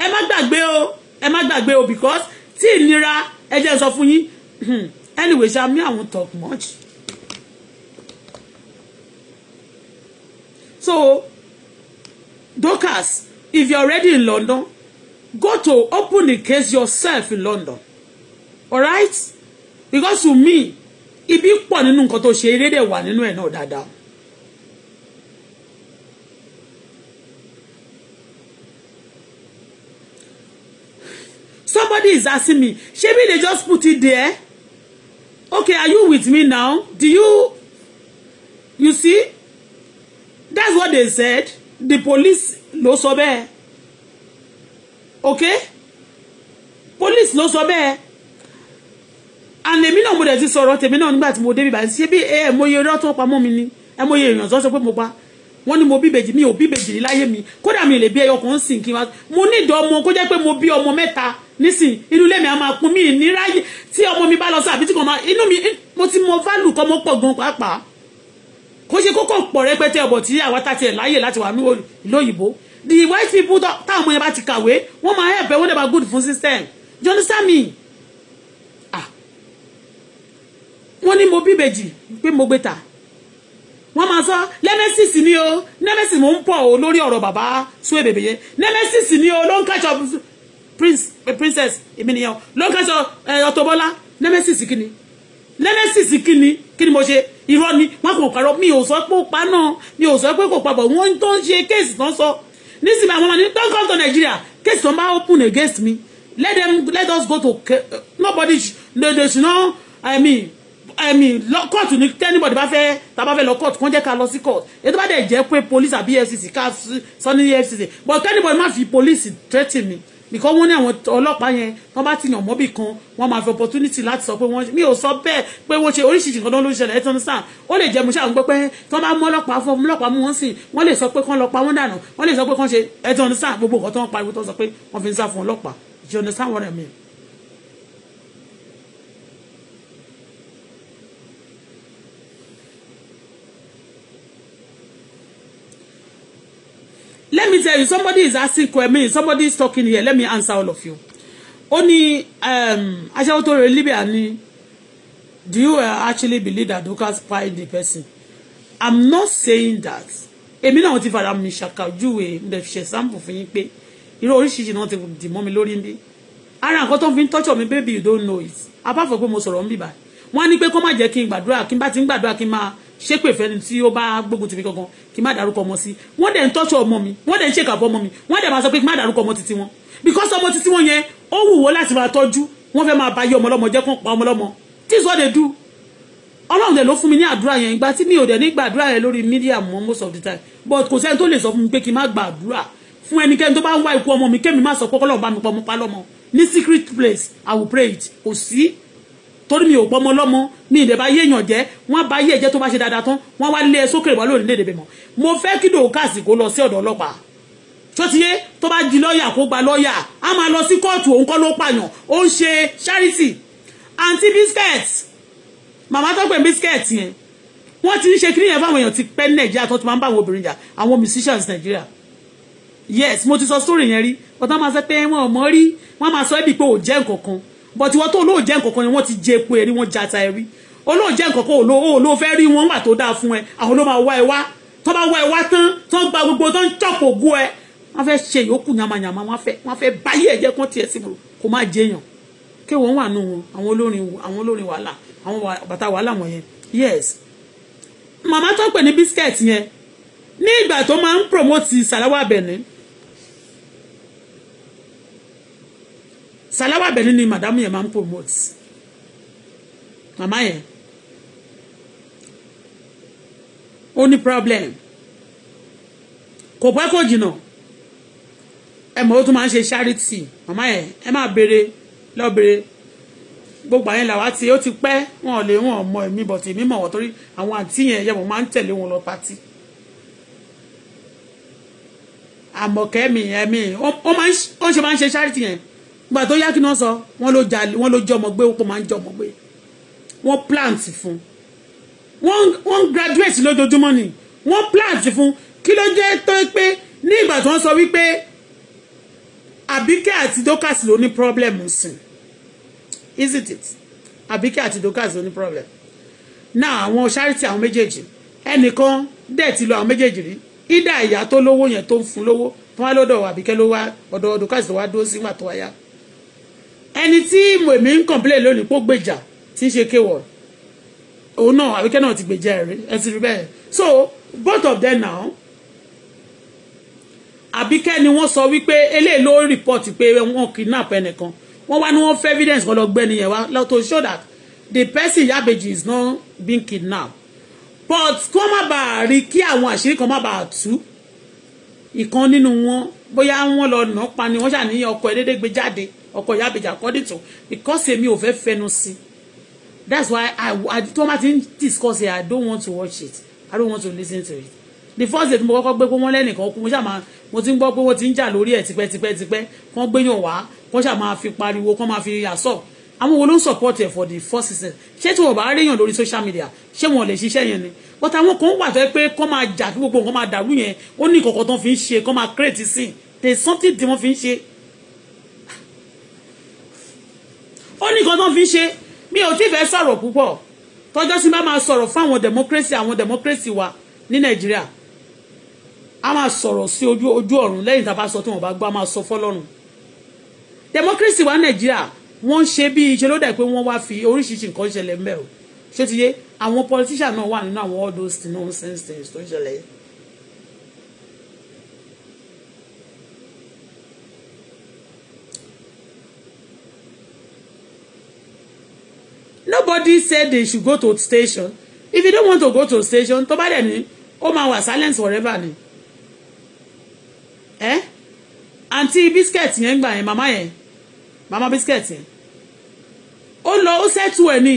ẹ má gbàgbé o, am I gbàgbé o because see, Nira ẹ jẹ́ sọ fún yín anyway ṣá mi àwọn talk much so Dorcas if you're already in London go to open the case yourself in London alright because to me ibi pọ̀ nínú nǹkan tó ṣe eré dẹ̀ wà nínú ẹ̀ náà dáadáa. somebody is asking me shebi they just put it there okay are you with me now do you you see that's what they said the police no sọ bẹ́ẹ̀ okay police no sọ bẹ́ẹ̀ and èmi náà mo dẹ̀ ti sọ̀rọ̀ tèmi náà nígbà tí mo débi báyìí ṣé bí ẹ mọye irọ́ tó pamọ́ mi ni ẹ mọye èèyàn tó sọ pé mo pa wọ́n ní mo bí ìbejì mi ò bí ìbejì láyé mi kódà mi lè bí ẹyọ kan sìn mo ní ìdọ̀ ọmọ kó jẹ́ pé mo bí ọmọ mẹ́ta nísìn inú ilé mi a máa kun mí ìníráyè tí ọmọ mi bá lọ sí àbí tí kò máa inú mi mo ti mọ fálù kọ́ mo pọ̀ gan pàápàá kó ṣe kókó pọ̀ rẹpẹtẹ ọ̀bọ̀ tí àwa ta tiẹ̀ láyè láti wà ní olóyìnbó the white people táwọn ọmọ yẹn bá ti kàwé wọ́n máa help ẹ wọ́n good fún system do you understand me wọ́n ní mo bíbejì pé mo gbé ta wọ́n máa sọ nemesis ni o nemesis mo ń pọ̀ o lórí ọ̀rọ̀ Baba. sún èbèbè yẹn nemesis ni o ló ń catch up prince eh, princess èmi nìyẹn lókè sọ Auto Bola nemesis kí ni nemesis kí ni kí ni mo ṣe irọ́ ni wọn kò parọ́ mi ò sọ pé ó pa náà mi ò sọ pé kò pa bọ̀ wọ́n tó ń ṣe kéèsì tán sọ nísìnyí àwọn ọmọ ní don come to Nigeria kéèsì tán bá open against me let them let us go to nobody they they should know i mean i mean court ni anybody bá fẹ́ tá bá fẹ́ lọ court kàn jẹ́ ká lọ sí court e tó bá dẹ̀ jẹ́ pé police àbí EFCC ká sọ ní EFCC but anybody má fi police threaten me because wọ́n ní àwọn ọlọ́pàá yẹn wọ́n bá ti yàn mọ́bì kan wọ́n máa fi opportunity láti sọ pé wọ́n mi ò sọ bẹ́ẹ̀ pé wọ́n ṣe oríṣiríṣi nǹkan ló ń ṣẹlẹ̀ ẹ̀tọ́ sàn ó lè jẹ́ mo ṣáà ń gbọ́ pé tí wọ́n bá mú ọlọ́pàá fún ọmọ ọlọ́pàá mú wọn sìn wọ́n lè sọ pé kán lọ pa wọ́n dànù wọ́n lè sọ pé kán ṣe ẹ̀tọ́ sàn gbogbo nǹkan tó ń pariwo tó sọ pé wọ́n fi ń sá fún ọlọ́pàá you understand what I mean let me tell you somebody is asking I me. somebody is talking here let me answer all of you ó ní aṣáájú tó rẹ Libya ni do you uh, actually believe that Dorcas find the person i'm not saying that èmi náà ti fara mi ṣàkàjúwe ǹdẹ̀ fi ṣe sample fún yín pé irú oríṣiríṣi náà ti dì mọ́ mi lórí bí ara nǹkan tó ń fi ń tọ́jọ́ mi baby you don't know it apart from pé mo sọ̀rọ̀ ń bìbà wọ́n á ní pé kó má jẹ́ kí n gbàdúrà kí n bá ti ń gbàdúrà kí n máa ṣépè fẹ́ni tí ó bá gbógun tì mí kankan kí má dárúkọ ọmọ sí wọ́n dẹ̀ ń tọ́jú ọmọ mi wọ́n dẹ̀ ń ṣèkà fún ọmọ mi wọ́n dẹ̀ máa sọ pé má dárúkọ ọmọ títí wọn because ọmọ títí wọn yẹn ó wù wọ́n láti máa tọ́jú wọ́n fẹ́ máa ba yé ọmọ lọ́mọ jẹ́ kán pa ọmọ lọ́mọ tí ìsọ́ de dú ọlọ́run dẹ̀ ló fún mi ní àdúrà yẹn ìgbà tí mi ò dẹ̀ ní gbàdúrà yẹn lórí most of the time but kò sẹ́ni tó lè sọ fún mi pé kí n má gbàdúrà fún ẹnikẹ́ni tó bá ń wá secret place I will pray it kò sí torí mi ò pọ́ ọmọ ọlọ́mọ mi ìdè bá yéèyàn jẹ́ wọ́n bá yé ẹ̀jẹ̀ tó bá ṣe dáadáa tán wọ́n wá lé ẹ e sókè ìwà lónìí lédè bẹ̀ mọ́ mo fẹ́ kí dòkàsì kó lọ sí ọ̀dọ̀ ọlọ́pàá tó ti yé tó bá di lọ́ọ̀yà kó gba lọ́ọ̀yà á máa lọ sí kóòtù òun kọ́ ló pààyàn ó ń ṣe charity àǹtí biscuit màmá tó pè biscuit yẹn wọ́n ti ń ṣe kíní yẹn fáwọn èèyàn ti pẹ́ ní nàìjíríà tó ti máa ń bá àwọn obìnrin jà àwọn musicians nàìjíríà yes mo ti sọ story yẹn rí ọ̀tá máa sọ pé wọ́n ò mọ̀ rí wọ́n máa sọ ẹ́bí pé ò jẹ́ nǹkan kan but ìwọ tó olóò jẹ́ nǹkankan ni wọ́n ti jẹ epo ẹ̀rí wọ́n jata ẹ̀rí olóò jẹ́ nǹkankan ò ló fẹ́ rí wọn wà tó dáa fún ẹ àwọn ló máa wá ẹ wá tó bá wá ẹ wá tán tó gba gbogbo tó ń chọ́pù ògú ẹ wọ́n fẹ́ ṣe yòókù yamayama wọ́n fẹ́ wọ́n fẹ́ báyé ẹ̀jẹ̀ kan tiẹ̀ sí wọn kò má jẹyàn kí wọ́n wà nù wọn àwọn olórin àwọn olórin wàhálà àwọn bàtà wàhálà wọn yes màmá tó pè ní biscuit yẹn ní ìgbà tó máa ń promote Salawa Benin. Salawa Abeni ni màdámù yẹn máa ń promote màmá yẹn ó ní problem kò pẹ́ kò jìnnà ẹ mọ̀ ó tún máa ń ṣe charity màmá yẹn ẹ máa béèrè lọ́ọ́ béèrè gbogbo àyẹn làwa ti ó ti pẹ́ wọn ò lè wọn ọmọ ẹ̀mí bọ̀tì èmi mọ̀ wọ́n torí àwọn àǹtí yẹn yẹ wọ́n máa ń tẹ̀lé wọn lọ pátì. àmọ̀kẹ́ ẹ̀mí ó ṣe máa ń ṣe charity yẹn gbà tó yá kí náà sọ wọ́n ló jalè wọ́n ló jọmọ gbé ó pọ̀ máa ń jọmọ gbé wọ́n plant fún wọ́n ń graduate lójoojúmọ́ ni wọ́n plant fún kí ló jẹ́ tó pé ní ìgbà tí wọ́n sọ wípé Àbíkẹ́ àti Dorcas ló ní problem sìn isn't it Àbíkẹ́ àti Dorcas ló ní problem now àwọn charity àwọn méjèèjì ẹnìkan dẹ̀ ti lọ àwọn méjèèjì rí ìdá ìyá tó lówó yẹn tó ń fún lówó tó wá lọ́dọ̀ Àbíkẹ́ ló wá ọ̀dọ̀ Dorcas tó wá dúró sí ìgbà tó wáyà ẹni tí èmi ń complain lónìí pó gbèjà tí ń ṣe kéwọ̀ òun náà àbíkẹ́ náà ti gbèjà ẹ̀rí ẹ ti rí bẹ́ẹ̀ so both of them now àbíkẹ́ ni wọ́n sọ wípé eléyìí ló report pé wọ́n kidnap ẹnìkan wọ́n wá ní wọ́n fẹ́ evidence kan lọ gbé nìyẹn wá to show that the person yabeji is not being kidnapped but kó má bàa rí kí àwọn àṣírí kan má bàa tú ìkan nínú wọn bóyá wọn lọ nà pa ni wọn ṣàníyàn ọkọ ẹ déédéé gbé jáde ọkọ ìyá àbèjà according to because èmi ò fẹ́ fẹnu sí that's why i i tó má ti ń discuss it i don't want to watch it i don't want to listen to it the first day tí mo kọ́kọ́ gbé pé wọ́n lẹ́nìkan kú mo ṣáà máa mo ti ń gbọ́ pé wọ́n ti ń jà lórí ẹ̀ tipẹ́tipẹ́tipẹ́ kán gbéyàn wá kán ṣáà máa fi pariwo kán máa fi àṣọ àwọn wo ló ń support ẹ̀ for the first season ṣé tí wọ́n bá réyàn lórí social media ṣé wọn lè ṣiṣẹ́ yẹn ni but àwọn kan wà fẹ́ pé kán máa jà kí gbogbo nǹkan máa dàrú yẹn ó ní ìkọ̀kọ̀ tán fi ń ṣe kán máa create sí there is something tí wọ́n fi ń ṣe ó ní nǹkan tó fi ṣe mi ò tí fẹ́ sọ̀rọ̀ púpọ̀ tọ́jọ́ sí bá máa sọ̀rọ̀ fún àwọn democracy àwọn democracy wa ní nàìjíríà a máa sọ̀rọ̀ sí ojú ojú ọ̀run lẹ́yìn tá a bá sọ tí wọ́n bá gbọ́ a máa sọ fọ́lọ́run democracy wa nàìjíríà wọ́n ń ṣe bí ìṣe ló dà pé wọ́n wá fi oríṣiríṣi nǹkan ṣẹlẹ̀ mẹ́ o ṣé ti yé àwọn politician náà wà nínú àwọn all those nonsense things tó ń ṣẹlẹ̀ yìí nobody said they should go to station if you don't want to go to station tó bá dẹ̀ ní ó máa wà silence forever ni ẹ eh? àǹtí biscuit yẹn gbà yẹn màmá yẹn màmá biscuit yẹn ó lọ ó ṣètò ẹ̀ ní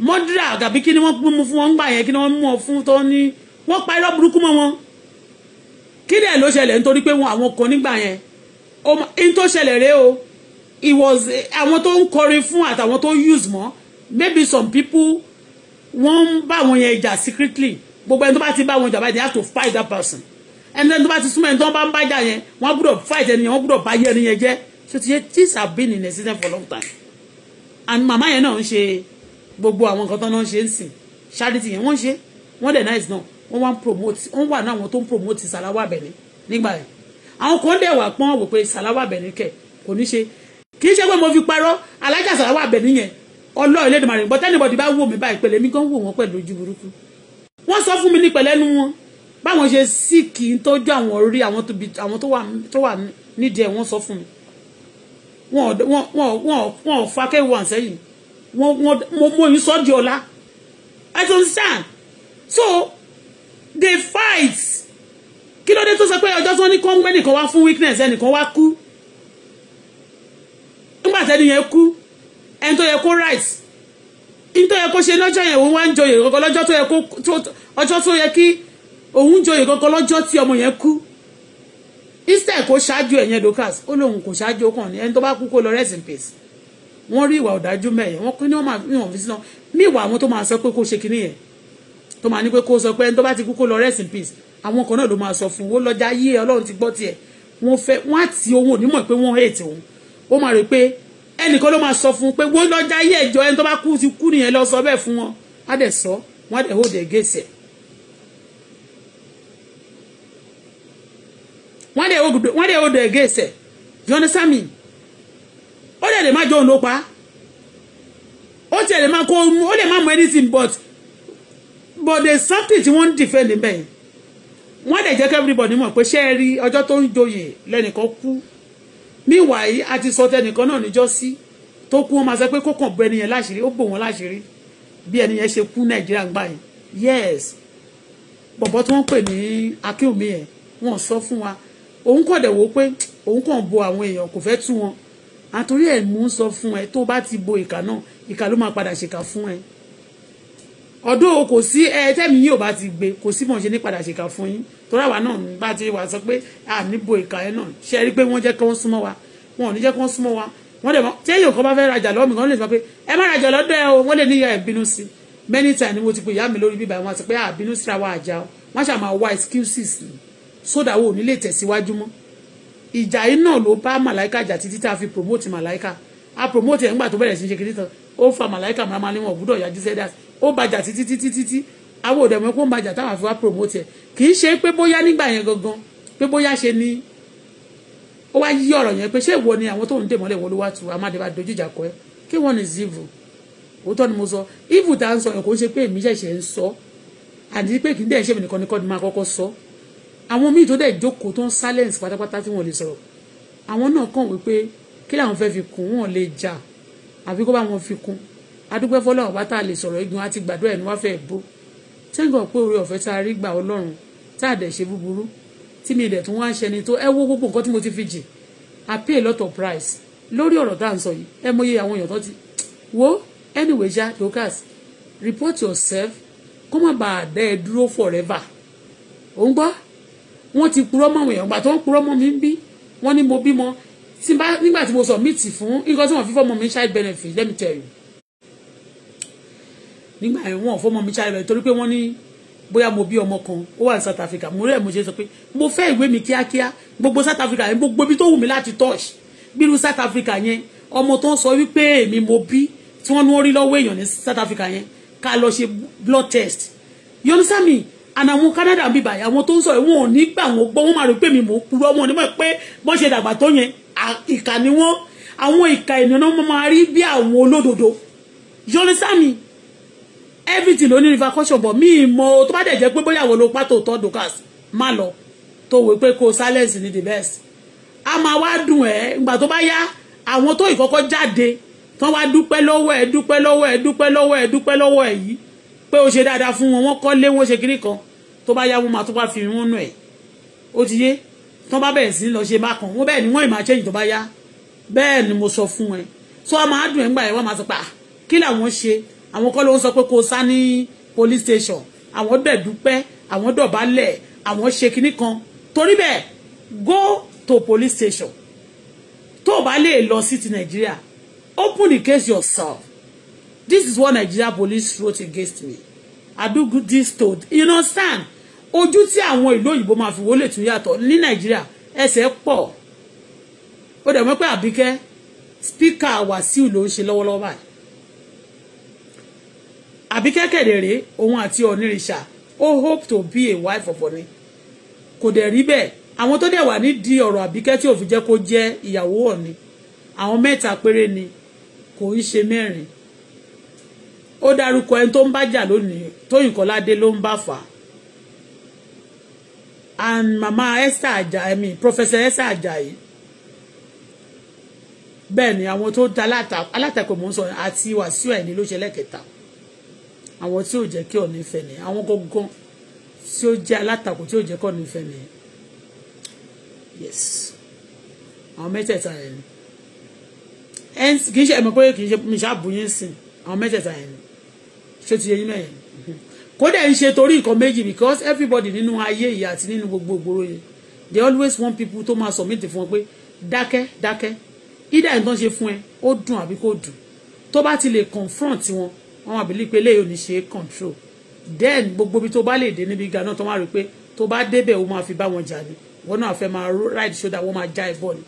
mọ́dúrà àgàbí kí ni wọ́n mú fún wọn gbà yẹn kí ni wọ́n mú ọ fún tó ní wọ́n pa irọ́ burúkú mọ́ wọn kí dẹ̀ ló ṣẹlẹ̀ nítorí pé wọn àwọn kan nígbà yẹn ohun tó ṣẹlẹ̀ rèé o it was eh, àwọn tó ń kọrin fún àtàwọn tó use mọ́ maybe some people wọ́n ń bá àwọn yẹn ìjà secretly gbogbo ẹni tó bá ti bá àwọn ìjà báyìí they have to fight that person ẹni tó bá ti súnmọ́ ẹni tó bá ń bá jà yẹn wọ́n gbọ́dọ̀ fight ẹni yẹn wọ́n gbọ́dọ̀ bá yẹ ẹni yẹn jẹ́ so ti yẹ things have been in existence for long time and mama, yẹn náà ń ṣe gbogbo àwọn nǹkan tó náà ń ṣe ń sìn charity yẹn wọ́n ń ṣe wọ́n dẹ̀ nice náà wọ́n wá ń promote wọ́n wà náà àwọn tó ń promote sàláwà bẹ̀rẹ̀ nígbà yẹn àwọn kan dẹ̀ wà pọ́n wò pé sàláwà bẹ̀rẹ̀ kẹ̀ kò ní ṣe kì í ṣe pé mo fi parọ́ alájà sàláwà bẹ̀rẹ̀ yẹn ọlọ́ọ̀ Elédùmarè but anybody bá wò mí báyìí pẹ̀lẹ́ mi gan wò wọ́n pẹ̀lú ojú burúkú wọ́n sọ fún mi ní pẹ̀lẹ́nu wọn báwọn ṣe sì kì í tọ́jú àwọn orí àwọn tó wà nídìí ẹ̀ wọ́n sọ fún mi wọn ò fakẹ́ wọn sẹ́yìn mo mọyìn sọ́ọ́dì ọ̀la I don't understand so they fight kí ló dé tó sọ pé ọjọ́ tí wọ́n ní kọ́ńgbẹ́ nìkan wá fún weakness ẹnìkan wá kú nígbà tẹ́ni yẹn kú ẹni tó yẹ kó right ẹni tó yẹ kó ṣe lọ́jọ́ yẹn òun wá ń joyè kankan lọ́jọ́ tó yẹ kó ọjọ́ tó yẹ kí òun joyè kankan lọ́jọ́ tí ọmọ yẹn kú instead kó ṣáájú ẹ̀yẹn Dorcas ó lóun kò ṣáájú ọkàn ẹni tó bá kú kó lọ rest in peace wọ́n rí ìwà ọ̀dájú mẹ́yẹ̀ wọ́n kí ni wọ́n máa fi hàn fi sí náà mí ìwà àwọn tó máa sọ pé kó ṣe kinní yẹn tó máa ní pé kó sọ pé ẹni tó bá ti kú kó lọ rest in peace àwọn kan náà ló máa sọ fún wọn lọ́jà yí ẹ ọlọ́run ti gbọ́ tiẹ̀ wọ́n fẹ́ wọ́n á ti ohun onímọ̀ pé wọ́n hate òun ó máa rè pé ẹnìkan ló máa sọ fún un pé wọ́n lọ́jà ayé ẹ̀jọ́ ẹni tó bá kú ti kú nìyẹn lọ sọ bẹ́ẹ̀ fún wọn á dẹ̀ sọ wọ́n á dẹ̀ hold against ẹ̀. wọ́n dẹ̀ wọ́n dẹ̀ hold against ẹ̀ you understand me ó dẹ̀ lè má jọ òun ló pa ó tiẹ̀ lè má kó ó lè má mọ anything but but the is something tí wọ́n ń defend níbẹ̀ yẹn wọ́n dẹ̀ jẹ́ kí everybody mọ̀ pé ṣé ẹ rí ọjọ́ tó ń joyè lẹ́nìkan kú meanwhile a ti sọ tẹnìkan náà níjọ́ sí tó kú wọn máa sọ pé kó kàn bọ ẹni yẹn láṣìírí ó bò wọn láṣìírí bí ẹni yẹn ṣe kú nàìjíríà ń gbà yẹn yes bọ̀bọ̀ tí wọ́n pè ní akínwùmí yẹn wọ́n sọ fún wa òun kọ̀ dẹ̀ wò pé òun kàn bo àwọn èèyàn kò fẹ́ tú wọn àtòrí ẹ̀ mú sọ fún ẹ tó bá ti bo ìkà náà ìkà ló máa padà ṣèkà fún ẹ ọdún kò sí ẹ tẹ́mi yìí bá ti gbé kò sí mọ̀ ṣe ní padà ṣèkà fún yín torí àwa náà bá ti wà sọ pé à níbo ìka ẹ náà ṣe rí pé wọ́n jẹ́ kí wọ́n súnmọ́ wa wọn ò ní jẹ́ kí wọ́n súnmọ́ wa wọ́n dẹ̀ mọ́ tí èèyàn kan bá fẹ́ rajà lọ́wọ́ mi kan lè sọ pé ẹ má rajà lọ́dọ̀ ẹ o wọ́n lè níyà ẹ̀ bínú sí many times ni mo ti pe ìyá mi lórí bíbá wọn sọ pé à bínú síra wa àjà o wọ́n ṣàmà wá excuses sódà wo ò ní lè tẹ̀síwájú mọ́ ìjà yìí náà ló bá màláìka jà títí tá a fi promote màláìka a promote ẹ̀ ńgbà tó bẹ̀rẹ̀ sí ṣe kiri tán ó fa màláìka màmá ni wọn ò gbúdọ̀ yájú sẹ́dá ó bàjà títí títí títí àwọn òdẹ̀mọ́ kó bàjà táwọn àfi wá promote ẹ̀ kì í ṣe pé bóyá nígbà yẹn gangan pé bóyá ṣe ni ó wá yí ọ̀rọ̀ yẹn pé ṣé ìwọ ni àwọn tó ń dè mọ́lẹ̀ wọn ló wá tu amádébá dojú ìjà kọ ẹ́ kí wọ́n ní zivu òótọ́ ni mo sọ ivu tá à ń sọ yẹn kò ń ṣe pé èmi ṣẹ̀ṣẹ̀ ń sọ àti pé kì í dẹ̀ ṣe èmi nìkan nìkan ni máa kọ́kọ́ sọ àwọn míì tó dẹ̀ jókòó tó ń silence pátápátá tí wọ́n lè sọ̀rọ̀ àwọn náà kàn wípé kí làwọn fẹ́ fi kún wọn lè jà àfi bá wọn fi kún adúgbẹ́fọ́lọ́wọ́ bá tá lè sọ̀rọ̀ igun àti gbàdúrà ẹ̀ ní wọ́n fẹ́ bó thank God pé oore ọ̀fẹ́ tá a rí gbà ọlọ́run tá a dẹ̀ ṣe búburú tí mi dẹ̀ tún wá ń ṣẹni tó ẹ wo gbogbo nǹkan tí mo ti fi jì I pay a lot of price lórí ọ̀rọ̀ tá à ń sọ yìí ẹ mọyé àwọn èèyàn tó ti wo anyway ja Dorcas report yourself kó má bàa dẹ́ ẹ dúró forever ò ń gbọ́ wọ́n ti purọ́ mọ́ àwọn èèyàn gbà tó ń purọ́ mọ́ mi ń bí wọ́n ní mo bímọ nígbà tí mo submit fún nǹkan tí wọ́n fi fọ́ mọ́ mi child benefit let me tell you nígbà yẹn wọn fọmọ mi child torí pé wọ́n ní bóyá mo bí ọmọ kan ó wà ní South Africa mo rẹ̀ mo ṣe sọ pé mo fẹ́ ìwé mi kíákíá gbogbo South Africa yẹn gbogbo ibi tó wù mí láti touch bírú South Africa yẹn ọmọ tó ń sọ wípé èmi mo bí tí wọ́n ní wọ́n rí lọ́wọ́ èèyàn ní South Africa yẹn ká lọ ṣe blood test you understand me and àwọn Canada bíbà àwọn tó ń sọ wọn ò ní gbà wọn gbọ́ wọn máa rò pé mi mò ń purọ́ wọn ò ní mọ̀ pé bọ́n ṣe dàgbà tó yẹn ìkà ni wọ́n àwọn ìkà ènìyàn máa rí bí àwọn olódodo you everything ló ní river culture but mi mọ̀ tó bá dẹ̀ jẹ́ pé bóyá àwọn olópá tó tọ́ dukas má lọ tó wò pé kó silence ni the best a máa wá dùn ẹ́ ìgbà tó bá yá àwọn tó ìkọ́kọ́ jáde tán wá dúpẹ́ lọ́wọ́ ẹ̀ dúpẹ́ lọ́wọ́ ẹ̀ dúpẹ́ lọ́wọ́ ẹ̀ dúpẹ́ lọ́wọ́ ẹ̀ yìí pé o ṣe dáadáa fún wọn wọ́n kọ́lé wọ́n ṣe kiri kan tó bá yá wọn máa tó bá fi wọn nù ẹ̀ ó ti yé tán bá bẹ̀rẹ̀ sí lọ ṣe bákan wọn bẹ́ẹ̀ ni wọ́n ìmọ̀ àṣẹ́yìn tó bá yá bẹ́ẹ̀ ni mo sọ fún ẹ tó a máa dùn ẹ̀ ńgbà ẹ̀ wọ́n máa sọ pé ah, kí làwọn ṣe àwọn kọ́ ló ń sọ pé kò sá ní police station àwọn dẹ̀ dúpẹ́ àwọn dọ̀bálẹ̀ àwọn ṣe kinní kan torí bẹ́ẹ̀ go to police station tó o bá lè lọ sí ti Nàìjíríà open the case yourself this is what Nigeria police wrote against me I do good this to you understand ojú tí àwọn ìlú òyìnbó máa fi wò lè tún yàtọ̀ ní Nàìjíríà ẹsẹ̀ pọ̀ ó dẹ̀ mọ̀ pé Àbíkẹ́ spíkà Wàsíù ló ń ṣe lọ́wọ́lọ́wọ́ báyìí àbí kẹ́kẹ̀dẹ̀ rèé òun àti onírìṣà ó hope to be a wife of Ọọ̀ni kò dẹ̀ rí bẹ́ẹ̀ àwọn tó dẹ̀ wà nídìí ọ̀rọ̀ àbíkẹ́ tí òfin jẹ́ kó jẹ́ ìyàwó Ọọ̀ni àwọn mẹ́ta péré ni kò ń ṣe mẹ́rin ó dárúkọ ẹni tó ń bá jà lónìí Tóyìn Kọ́ládé ló ń bá fà and mama Esther Ajayi I mean professor Esther Ajayi bẹ́ẹ̀ ni àwọn tó ta alátakò mò ń sọ àti Wàsíù Àyìndé ló ṣe lẹ́kẹ̀ta àwọn tí ò jẹ́ kí ọ̀nà ìfẹ́ ni àwọn gangan tí ó jẹ́ alátakò tí ò jẹ́ kí ọ̀nà ìfẹ́ ni yes àwọn mẹ́tẹ̀ẹ̀ta rẹ̀ ni kì í ṣe ẹ̀mọ́ pé kì í ṣe mi ṣàbùyín sìn àwọn mẹ́tẹ̀ẹ̀ta rẹ̀ ni ṣé ti yẹ yín mẹ́yẹn kódà ń ṣe torí nǹkan méjì because everybody nínú ayé yìí àti nínú gbogbo ìgboro yìí they always want people tó máa submit fún ọ pé dákẹ́ dákẹ́ either nǹkan ṣe fún ẹ ó dùn àbí kò dùn tó bá ti lè confront wọn wọ́n wà bílí pé eléyìí ò ṣe control then gbogbo ibi tó bá lè dé níbi gíga náà tó wá rí pé tó bá débẹ̀ ó máa fi bá wọn jà ní wọn náà fẹ́ máa ride shoulder wọ́n máa já ẹ̀bọ̀ ni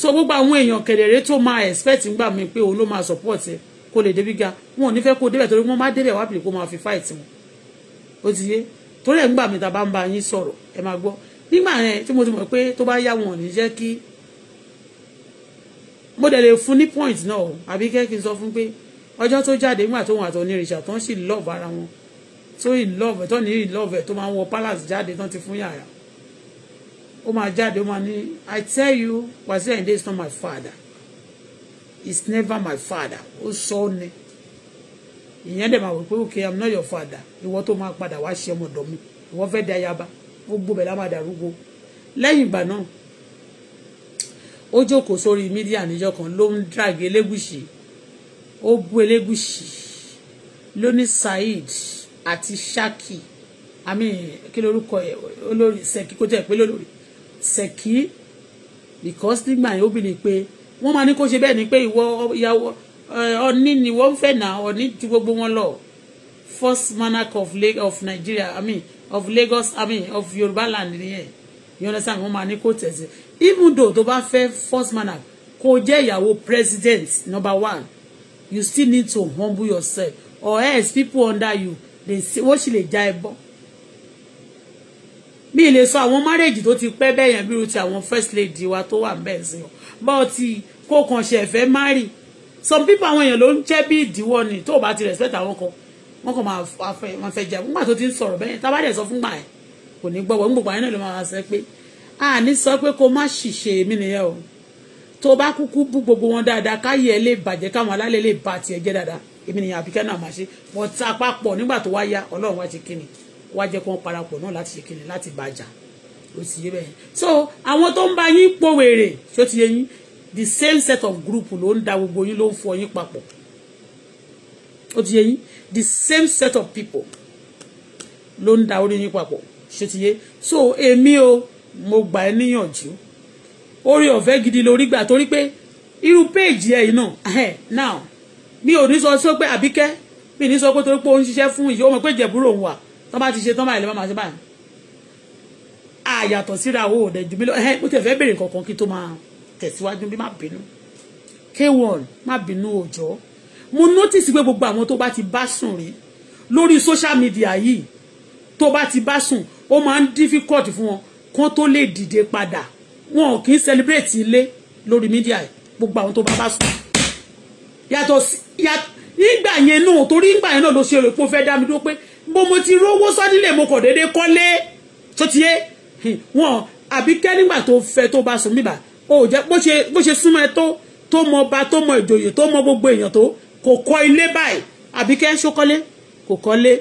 so gbogbo àwọn èèyàn kẹ̀dẹ̀rẹ́ tó máa expect ńgbà mí pé òun ló máa support ẹ kó lè débi ga wọn ò ní fẹ́ kó débẹ̀ torí wọ́n má débẹ̀ wá pè kó máa fi fight wọn ó ti yé torí ẹ̀ ń gbà mí ta bá ń ba yín sọ̀rọ̀ ẹ máa gbọ́ nígbà yẹn tí mo ti mọ̀ pé tó bá yá wọn ò ní jẹ́ kí mo dẹ̀ lè fún ní point náà àbí kẹ́ kí n sọ fún pé ọjọ́ tó jáde nígbà tó wọn àtọ̀ ní ìrìnsà tó ń sì lọ́ọ̀bù ara wọn tó ìlọ́ọ̀bù tó ní ìlọ́ọ̀bù tó máa ń wọ palace jáde tó ti fún yàrá ó máa jáde ó máa ní I tell you Wasiu Ayinde is not my father he's never my father ó sọ ọ́ ni ìyẹn dẹ̀ máa wò pé okay I'm not your father ìwọ tó máa padà wá ṣe ọmọdọ̀ mi ìwọ fẹ́ di ayaba ó gbóbẹ̀ lá máa dàrúgbó lẹ́yìn ìgbà náà ó jókòó sórí mídíà níjọ́ kan ló ń drag Elégùṣì ó bú Elégùṣì lóní Saheed àti Shaki àmì kí lórúkọ ẹ olórí Ṣèkí kó tẹ̀ pé lórí Ṣèkí because nígbà yẹn obìnrin pé wọ́n máa ní kó ṣe bẹ́ẹ̀ ni pé ìwọ ìyàwó eh, ọ̀ní ni wọ́n fẹ́ nà ọ̀ní ju gbogbo wọn lọ first monarch of Lagos of Nigeria I mean of Lagos I mean of Yorùbá land nìyẹn you understand wọ́n máa ní kó tẹ̀sí even though tó bá fẹ́ first monarch kó jẹ́ ìyàwó president number one you still need to humble yourself or else people under you they say wọ́n sì lè já ẹ bọ́. mi lè sọ àwọn márèèjì tó ti pẹ́ bẹ́ẹ̀ yẹn ti àwọn first lady wa tó wà bẹ́ẹ̀ sí ọ bọ́ọ̀ ti kó kan ṣe ẹ̀fẹ́ márì some people àwọn èèyàn ló ń jẹ́ bí ìdíwọ́ ni tó o ti respect àwọn kan wọ́n kàn máa fẹ́ jẹ́ nígbà tó ti ń sọ̀rọ̀ bẹ́ẹ̀ yẹn tábà dẹ̀ sọ fún gbà ẹ̀ kò ní gbọ́wọ́ nígbà yẹn náà ló máa sọ pé a ní sọ pé kó má ṣìṣe èmi nìyẹn o tó bá kúkú bú gbogbo wọn dáadáa káyé ẹ lè bàjẹ́ káwọn alálẹ̀ lè bà tiẹ̀ jẹ́ dáadáa èmi nìyẹn àbíkẹ́ náà máa ṣe wọ́n ta papọ̀ nígbà tó wá yá ọlọ́run wá ṣe kíni wá jẹ́ kó ń parapọ̀ náà láti ṣe kíni láti bàjà ó ti yé bẹ́ẹ̀ so àwọn tó ń bá yín po wèrè ṣó ti yé yín the same set of group ló ń da gbogbo yín ló ń fọ yín papọ̀ ó ti yé yín the same set of people ló ń da orí yín papọ̀ ṣó ti yé so èmi o mo gbà ẹ́ níyànjú orí ọ̀fẹ́ gidi lórí gbà torí pé irú péèjì ẹ̀ iná now mi ò ní sọ sọ pé àbíkẹ́ mi ní sọ pé torí pé ó ń ṣiṣẹ́ fún ìyá ọmọ pé ìjẹ̀búrò òun wà tó bá ti ṣe tán báyìí lè má máa ṣe báyìí àyàtọ̀ síra owó ọ̀dẹ̀ jù mí lọ mo tẹ̀ fẹ́ béèrè kankan kí tó máa tẹ̀síwájú bí má bínú k1 má bínú òjọ́ mo notice pé gbogbo àwọn tó bá ti bá sùn rí lórí social media yìí tó bá ti bá sùn ó máa ń difficult fún wọn kán tó lè dìde padà wọn ò kì í celebrate ilé lórí mídíà yìí gbogbo àwọn tó bá bá sùn yàtọ̀ sí yàtọ̀ nígbà yẹn náà torí nígbà yẹn náà ló ṣe rò pé ó fẹ́ dá mi dúró pé bó mo ti rówó sọ́dílé mo kọ̀ déédéé kọ́lé tó ti yé wọn àbíkẹ́ nígbà tó fẹ́ tó bá sùn bíbà ó jẹ́ bó ṣe súnmọ́ ẹ tó tó mọ ọba tó mọ ìjòyè tó mọ gbogbo èèyàn tó kò kọ́ ilé báyìí àbíkẹ́ ṣókọ́lé kò kọ́lé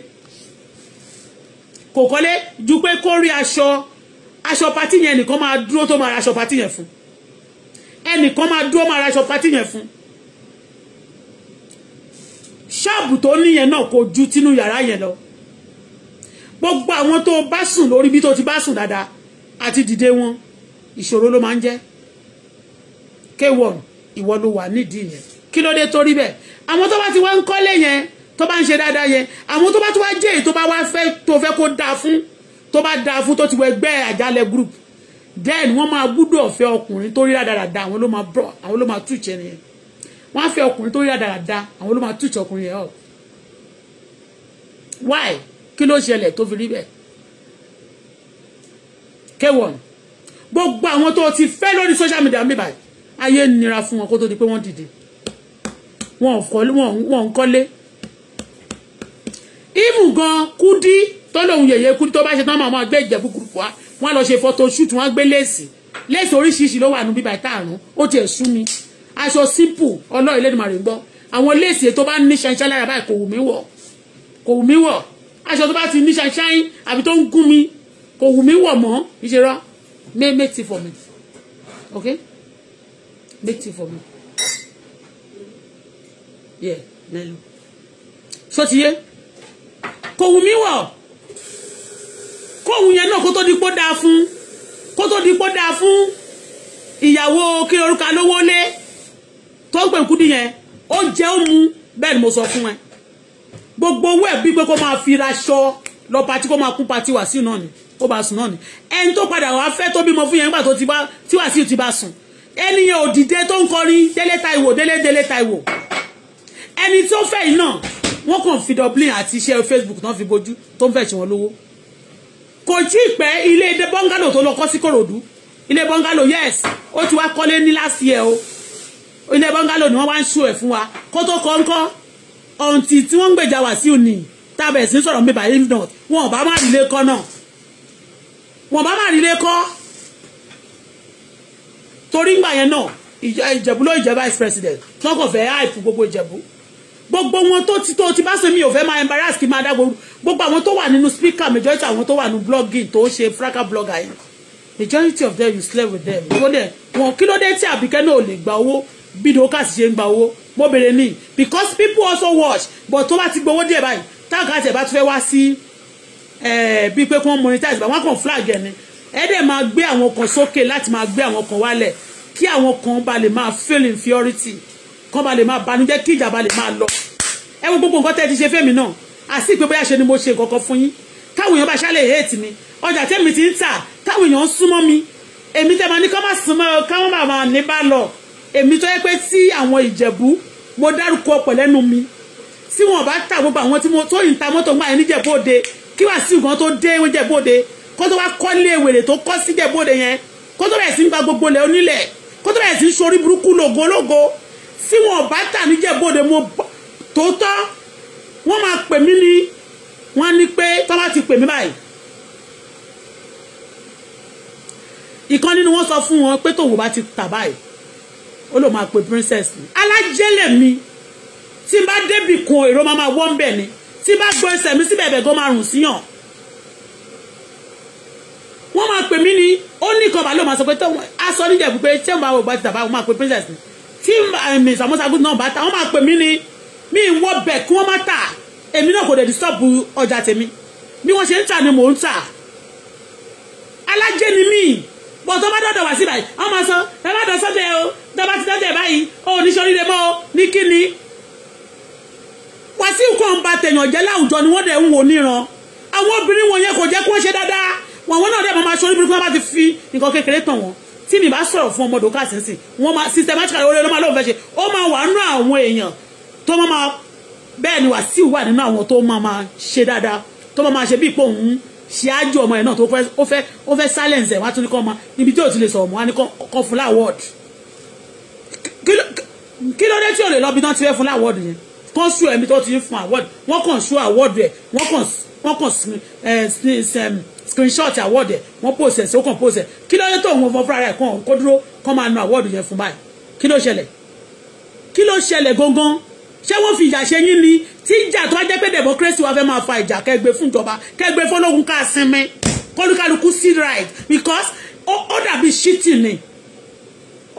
kò kọ́lé ju pé kó rí aṣọ aṣọ pati yẹn ẹnìkan máa dúró tó máa ra aṣọ pati yẹn fún ẹnìkan máa dúró máa ra aṣọ pati yẹn fún ṣọ́ọ̀bù tó níyẹn náà kò ju tínú yàrá yẹn lọ gbogbo àwọn tó bá sùn lórí bí tó ti bá sùn dáadáa àti dìde wọn ìṣòro ló máa ń jẹ́ kéwọ̀n ìwọ ló wà nídìí yẹn kí ló dé torí bẹ́ẹ̀ àwọn tó bá ti wá ń kọ́lé yẹn tó bá ń ṣe dáadáa yẹn àwọn tó bá tó wá jẹ́ èyí tó bá wá fẹ́ tó fẹ́ kó dáa fún tó bá dáa fún tó ti wọ ẹgbẹ́ àjálẹ̀ group then wọ́n máa gbúdọ̀ fẹ́ ọkùnrin tó rí rádaràda àwọn ló máa bọ̀ àwọn ló máa túùchẹ́ nìyẹn wọ́n á fẹ́ ọkùnrin tó rí rádaràda àwọn ló máa túùchẹ́ ọkùnrin yẹn ọ̀ why kí ló ṣẹlẹ̀ tó fi rí bẹ́ẹ̀ kẹwọn gbogbo àwọn tó ti fẹ́ lórí social media mi báyìí ayé nira fún wọn kó tó di pé wọ́n dìde wọn ò kọ́lé wọn ò ń kọ́lé even gan Kudi tó lóun yẹ̀yẹ́ kú tó bá ṣe tán màmá gbé ìjẹ̀bú kúrúkú wa wọ́n lọ ṣe photo shoot wọ́n gbé léèsì léèsì oríṣiríṣi ló wà nù bíbá ìta àrùn ó tiẹ̀ sún mi aṣọ simple ọlọ́ọ̀ ilé ìdìmọ̀ rẹ̀ ń gbọ́ àwọn léèsì tó bá ní ṣanṣẹ́ lára báyìí kò wù mí wọ̀ kò wù mí wọ̀ aṣọ tó bá ti ní ṣanṣẹ́ àbí tó ń gún mi kò wù mí wọ̀ mọ́ ìṣerọ́ make tea for me okay make tea for me yeah nelo so ti ye kò wù mí wọ̀ kóhun yẹn náà kó tó di pó dáa fún kó tó di pó dáa fún ìyàwó kí orúkọ alówó lé tó ń pè kúdí yẹn ó jẹ ó mu bẹ́ẹ̀ ni mo sọ fún ẹ gbogbo owó ẹ̀ bí pé kó máa fi raṣọ lọ pati kó máa kú pati wà sí náà ni ó bá sùn náà ni ẹni tó padà wá fẹ́ tó bímọ fún yẹn nígbà tó ti bá tí wà sí ti bá sùn ènìyàn òdìdé tó ń kọrin délé Táíwò délé délé Táíwò ẹni tó fẹ́ yìí náà wọ́n kàn fi dublin àti iṣẹ́ Facebook náà fi bojú tó ń fẹ̀ ṣe wọn lówó kò tí ì pẹ́ ilé bọ́ngálò tó lọ kọ́ sí kòròdú ilé bọ́ngálò yes ó ti wá kọ́lé ní last year o ilé bọ́ngálò ni wọ́n wá ń ṣú ẹ̀ fún wa kó tó kọ́ ńkọ́ ọ̀ǹtì tí wọ́n ń gbèjà wá sí òní tábẹ̀ sí sọ̀rọ̀ mi báyìí náà wọn ò bá má rí ilé kọ́ náà wọn ò bá má rí ilé kọ́ torí ngbà yẹn náà ìjẹ̀bú ló ìjẹ̀bú vice president tọkọ̀ fẹ́ àìpù gbogbo ìjẹ̀bú gbogbo wọn tó ti tó ti bá ṣe mi ò fẹ́ máa embarrass kí máa dágbo gbogbo àwọn tó wà nínú speaker majority àwọn tó wà nínú blogging tó ṣe fraka blogger yẹn majority of them you slept with them wọ́n dẹ̀ wọ́n kí ló dé tí àbíkẹ́ náà ò lè gba owó bí dókàsì ṣe ń gba owó mo bèrè ní because people also watch but tó bá ti gbowó díẹ̀ báyìí táàgà àti ẹ̀bá tó fẹ́ wá sí eh, bíi pé kí wọ́n monetize bá wọ́n kàn flag ẹ̀ ni ẹ̀ dẹ̀ máa gbé àwọn kan sókè láti máa gbé àwọn kan wálẹ̀ kí àwọn kan ba máa feel inferiority kán ba lè máa banújẹ́ kí ìjà ba lè máa lọ ẹ wo gbogbo nǹkan tẹ́ ti ṣe fẹ́mi náà àti ìpè bóyá ṣe ni mo ṣe nǹkan fún yín táwọn èèyàn bá ṣálẹ̀ hate mi ọjà tẹ́mi ti ń tà táwọn èèyàn ń súnmọ́ mi èmi tẹ́ máa ní kán má súnmọ́ káwọn bá máa ní bá lọ èmi tó yẹ pé tí àwọn ìjẹ̀bú mo dárúkọ pẹ̀lẹ́nu mi tí wọn bá tà gbogbo àwọn tí mo tó ìta mọ́tò gbà yẹn níjẹ̀bóde kí wàá sí nǹkan tó dé níjẹ̀bóde kó tó wá kọ́lé wèrè tó kọ́ síjẹ̀bóde yẹn kó tó bẹ̀rẹ̀ sí ń gba gbogbo ilẹ̀ onílẹ̀ kó tó bẹ̀rẹ̀ sí ń sorí burúkú lògo lògo tí wọn bá tà níjẹ̀bọ́dẹ mo tòótọ́ wọ́n máa pè mí ní wọ́n ní pé tọ́lá ti pè mí báyìí ìkan nínú wọn sọ fún wọn pé tòun bá ti tà báyìí ó lò máa pè princess ni alájẹ́lẹ̀ mi tí n bá débì kun èrò máa máa wọ́n bẹ̀ ni tí n bá gbọ́ ẹsẹ̀ mi síbẹ̀ ẹ̀bẹ̀ gan máa rùn síyàn wọ́n máa pè mí ní ó ní kan bá ló máa sọ pé tòun aṣọ níjẹ̀bù pé tí òun bá wọ̀ bá ti tà báyìí máa pè princess ni tí sàmúsàgùn náà bá ta wọ́n máa pè mí ni mi ń wọ́ bẹ̀ kí wọ́n má tà èmi náà kò dẹ̀ disturb ọjà tèmi bí wọ́n ṣe ń tà ni mò ń tà alájẹ́ ni mí bọ̀ tó bá dọ̀dọ̀ wá sí báyìí wọ́n máa sọ ẹ má dọ̀ sọ́dẹ̀ o tó bá ti dọ̀dẹ̀ báyìí o ò ní sọ oríire mọ́ o ní kí ni wá sí nǹkan ń ba tèèyàn jẹ́ láwùjọ ni wọ́n dẹ̀ ń wò níran àwọn obìnrin wọ̀nyẹn kò jẹ́ kí wọ́n ṣe dáadáa wọn náà dẹ̀ máa ṣorí burúkú wọn bá ti fi nǹkan kékeré tàn wọ́n tí mi bá sọ̀rọ̀ fún ọmọdé ká sí sìn wọ́n máa systematically orí ló máa lóun fẹ́ ṣe ó máa wà nínú àwọn èèyàn tó máa máa bẹ́ẹ̀ ni Wàsíù wà nínú àwọn tó máa máa ṣe dáadáa tó máa máa ṣe bí ipò òun ṣe ájú ọmọ ẹ̀ náà tó fẹ́ ó fẹ́ ó fẹ́ silence ẹ̀ wá tún ní kọ́ ọmọ níbi tí ò ti lè sọ̀rọ̀ mọ́ wá ní kọ́ fún láwọ́ọ̀dù kí ló dé tí ò lè lọ bí náà ti fẹ́ fún láwọ́ọ̀dù yẹn kán sú ẹ̀mí tó ti ń fún àwọ́ọ̀dù wọ́n kàn sú àwọ́ọ̀dù ẹ̀ wọ́n kàn eh, screenshot award ẹ̀ wọ́n post ẹ̀ sí ó kàn post ẹ̀ kí ló dé tó òun ọmọ fúnra rẹ̀ kàn kó dúró kán máa nu award yẹn fún báyìí kí ló ṣẹlẹ̀ kí ló ṣẹlẹ̀ gangan ṣé wọ́n fi ìjà ṣe yín ni tí ìjà tó wá jẹ́ pé democracy wa fẹ́ máa fa ìjà kẹgbẹ́ fún ìjọba kẹgbẹ́ fọlọ́gun ká sinmi kọlùkálùkù sí right because ó dàbí shitting ni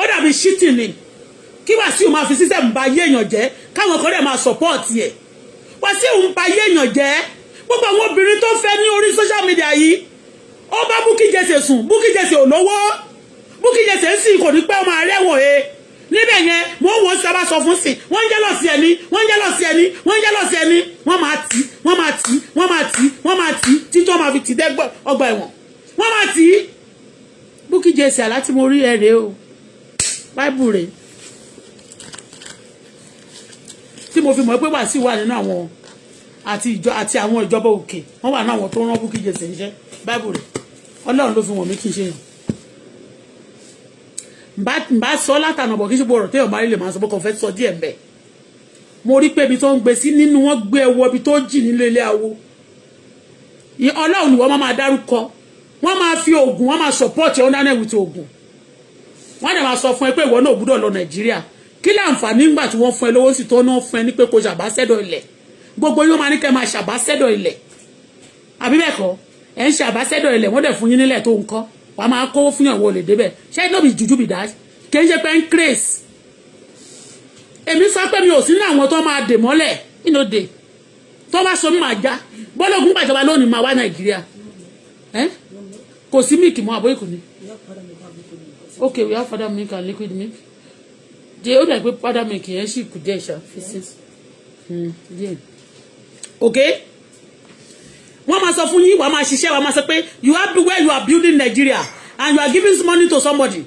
ó dàbí shitting ni kí Wàsíù máa fi system ba yéèyàn jẹ́ káwọn kan dẹ̀ máa support yẹ Wàsíù ń ba yéèyàn jẹ́ gbogbo àwọn obìnrin tó fẹ́ ní orí social media yìí ó bá Bukky Jesse sùn Bukky Jesse ò lówó Bukky Jesse sì kò ní pẹ́ ọmọ arẹ́wọ̀n e níbẹ̀ yẹn wọ́n wọ́n sábà sọ fún sí wọ́n ń jẹ́lọ̀ sí ẹni wọ́n ń jẹ́lọ̀ sí ẹni wọ́n ń jẹ́lọ̀ sí ẹni wọ́n máa tì wọ́n máa tì wọ́n máa tì wọ́n máa tì títọ́ máa fi tì dẹ́gbọ́ ọgbà ẹ̀wọ̀n wọ́n máa tì í Bukky Jesse mo rí ẹ̀rẹ́ o báìbù rẹ̀ tí mo fi mọ̀ pé wàásù wà nínú àwọn àti ìjọ àti àwọn ìjọba òkè wọ́n wà ní àwọn tó rán Bukky Jesse níṣẹ́ báìbù rẹ̀ ọlọ́run ló fi wọ̀n mí kí n ṣe yàn bá sọ látànà bọ̀ kí n ṣe gbọ́dọ̀ téèyàn bá rí lè máa sọ bó kàn fẹ́ sọ díẹ̀ mbẹ́ mo rí pé ibi tó ń gbé sí nínú wọn gbé ẹwọ ibi tó jì nílé ilé awo ọlọ́run ìwọ máa dárúkọ wọ́n máa fi oògùn wọ́n máa support ẹ̀ ọ́nà ẹ̀wù oògùn wọ́n dẹ̀ máa sọ fún ẹ pé ìwọ náà gbúdọ̀ lọ nàìjíríà kí láǹfààní ńgbà tí wọ́n fún ẹ lówó sí tó náà fún ẹ ní pé kò ṣàbáṣẹ́dọ̀ ilẹ̀ gbogbo yóò máa ní kẹ́ máa ṣàbásẹ́dọ̀ ilẹ̀ àbí bẹ́ẹ̀ kọ́ ẹ̀ ń ṣàbásẹ́dọ̀ ilẹ̀ wọ́n dẹ̀ fún yín nílẹ̀ tó ń kọ́ wà á máa kówó fún ìyàwó olè débẹ̀ ṣé iná bí jùjú bì dá kì í ṣe pé ń craze èmi sọ pé mi ò sí ní àwọn tó máa dè mọ́lẹ̀ nínú dè tó bá so mi máa já bọ́lọ́gùn gbàjọba lónìí máa wá nàìjíríà kò sí míìkì mọ́ àbóyè kò ní. okay we have father milk and liquid milk jẹ́ ó dà pé father milk yẹn sì kù díẹ̀ ṣàfihàn hmm, díẹ̀ okay wọ́n máa sọ fún yín wàá máa ṣiṣẹ́ wàá máa sọ pé you have to where you are building Nigeria and you are giving money to somebody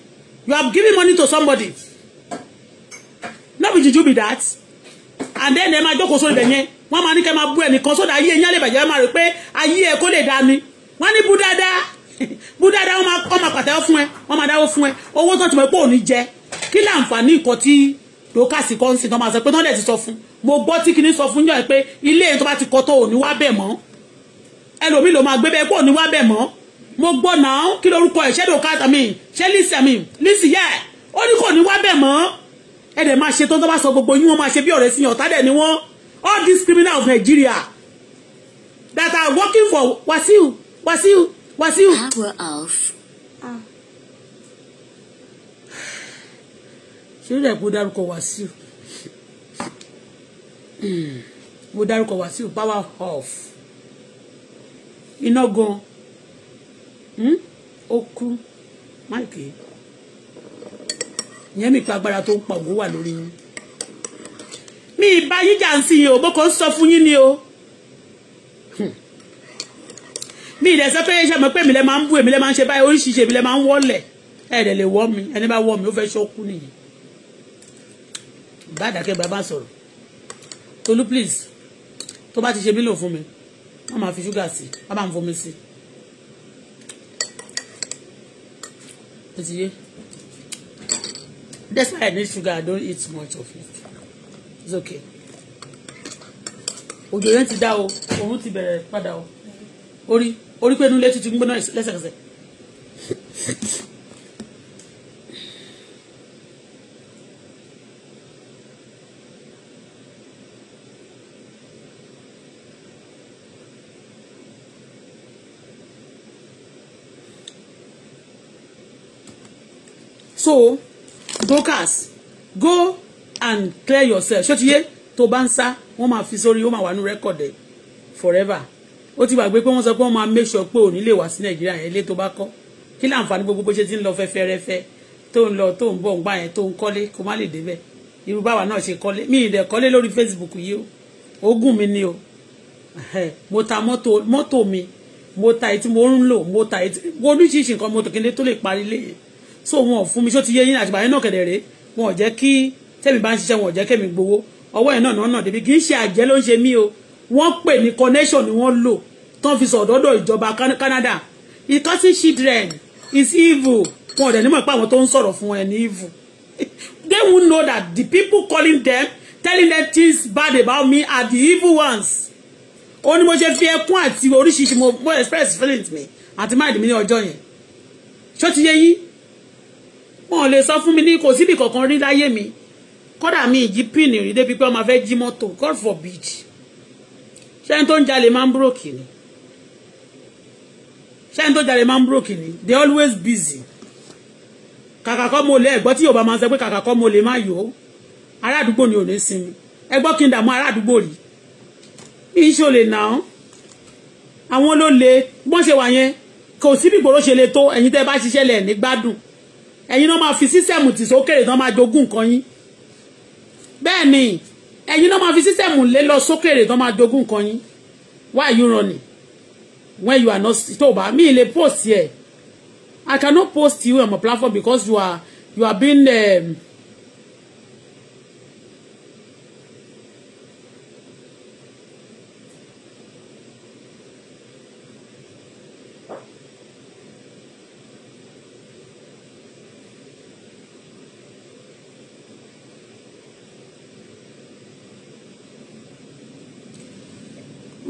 you are giving money to somebody no be juju be that and then ẹ máa jókòó sórí ibẹ̀ yẹn wọ́n máa ní kẹ́ máa bú ẹnìkan sódà ayé yẹn lè bàjẹ́ máa rò pé ayé ẹ kó lè dá ni wọ́n ní bú dáadáa bú dáadáa wọ́n máa pàtẹ́wọ́ fún ẹ wọ́n máa dáwọ́ fún ẹ owó tó ti mọ̀ pé òní jẹ kí láǹfààní nǹkan tí lókàsì kan sí tán máa sọ pé tán dẹ̀ ti sọ fún mo gbọ́ tí kinní sọ fún yàn pé ilé yẹn tó bá ti kọ́ tó òní wá bẹ̀ mọ́ ẹlòmíì ló máa gbé bẹ́ẹ̀ pé òní wá bẹ̀ mọ́ mo gbọ́ náà kí lorúkọ ẹ̀ ṣẹ́dọ̀ káàtà mi ṣẹ́ lísì àmì lísì yá ẹ̀ ó ní kò ní wá bẹ̀ mọ́ ẹ dẹ̀ máa ṣe tó ń tọ́ bá sọ gbogbo yín wọ́n máa ṣe bí ọ̀rẹ́ sí yàn ọ̀tá dẹ̀ ni wọ́n all these criminals of Nigeria that are working for Wasiu Wasiu Wasiu. power off. Uh. Ah. ṣé ó dẹ̀ kó dárúkọ Wàsíù mo dárúkọ Wàsíù hmm. power off iná gan hmm? ó kú máìkì ìyẹn mi pa agbára tó ń pa ògùn wà lórí yín mi ìbá yín jà ń sìn yín o bó kàn ń sọ fún yín ni o hmm. mi ìdẹ̀ sọ pé ṣe mọ̀ pé èmi lẹ máa ń bú èmi lẹ máa ń ṣe báyìí oríṣiríṣi èmi lẹ máa ń wọ́lẹ̀ ẹ̀ẹ́dẹ̀ lè wọ́ mi ẹni bá wọ́ mi ó fẹ́ ṣọ́kú nìyẹn ìbádàkẹ́ bàbá sọ̀rọ̀ Tolú please tó bá ti ṣe mílò fún mi wọ́n máa fi ṣúgà sí wọ́n máa ń fomi sí ó ti yé that's why I need sugar I don't eat much of it it's okay òjò yẹn ti dá o òun ti bẹ̀rẹ̀ padà o orí orí pé inú ilé tuntun gbóná lẹ́sẹ̀kẹsẹ̀. so brokers. go and clear yourself ṣé o ti yé tó bá ń sá wọ́n máa fi sórí wọ́n máa wà ní rẹ́kọ̀dì forever ó ti gbàgbé pé wọ́n sọ pé wọ́n máa make sure pé òní lè wá sí nàìjíríà yẹn ilé tó bá kọ́ kí láǹfààní gbogbo bó ṣe ti ń lọ fẹ́fẹ́rẹ́fẹ́ tó ń lọ tó ń bọ̀ ńgbà yẹn tó ń kọ́lé kó má lè débẹ̀ irú báwa náà ṣe kọ́lé mi ìdẹ̀ kọ́lé lórí Facebook yìí o ogún mi ni o mo ta mọ́tò mi mo ta èyí tí mo ń lò mo ta èyí tí oríṣiríṣi nǹkan mo tòkìndé tó lè parí léyìn so wọn ò fún mi ṣó ti yé yín àtìgbà yẹn náà kẹ̀dẹ̀ rèé wọn ò jẹ́ kí tẹ́mi bá ń ṣiṣẹ́ wọn ò jẹ́ kẹ́mi gbowó ọwọ́ ẹ̀ náà náà náà débi kì í ṣe àjẹ́ ló ń ṣe mí o wọ́n pè ní connection ni wọ́n lò tán fi sọ̀dọ́dọ̀ ìjọba Canada ìkọ́sí children is evil wọn ò dẹ̀ nímọ̀ pé àwọn tó ń sọ̀rọ̀ fún ẹ ní evil they will know that the people calling them telling them things bad about me are the evil ones ó ní mo ṣe fi ẹkún àti oríṣiríṣi mo express feelings mi àti mind mi ní ọjọ́ yẹn ṣó ti yé yín wọn ò lè sọ fún mi ní kò síbi kankan rí láyé mi kódà mi ìjí pin rí débi pé ọmọ fẹ́ jí mọ́tò god forbid ṣẹ́ni tó ń jalè máa ń búròkì ni ṣẹ́ni tó jalè máa ń búròkì ni they always busy kàkà kọ́ mo lé ẹ̀gbọ́n tí yorùbá máa ń sọ pé kàkà kọ́ mo lè má yò ó ará àdúgbò ni ò ní sinmi ẹgbọ́n kí n dààmú ará àdúgbò rí mi ń ṣòlè náà àwọn ló le bọ́n ṣe wà yẹn kò síbi ìgboro ṣe le tó ẹ̀yin tẹ́ bá ṣiṣẹ́ lẹ̀ ní gbádùn ẹ̀yin náà máa fi sísẹ̀mù tì sókèrè náà máa jogún nǹkan yín bẹ́ẹ̀ ni ẹ̀yin náà máa fi sísẹ̀mù lé lọ sókèrè náà máa jogún nǹkan yín why you running when you are not tó bá mi lè post here I cannot post you on my platform because you are you are being. Um,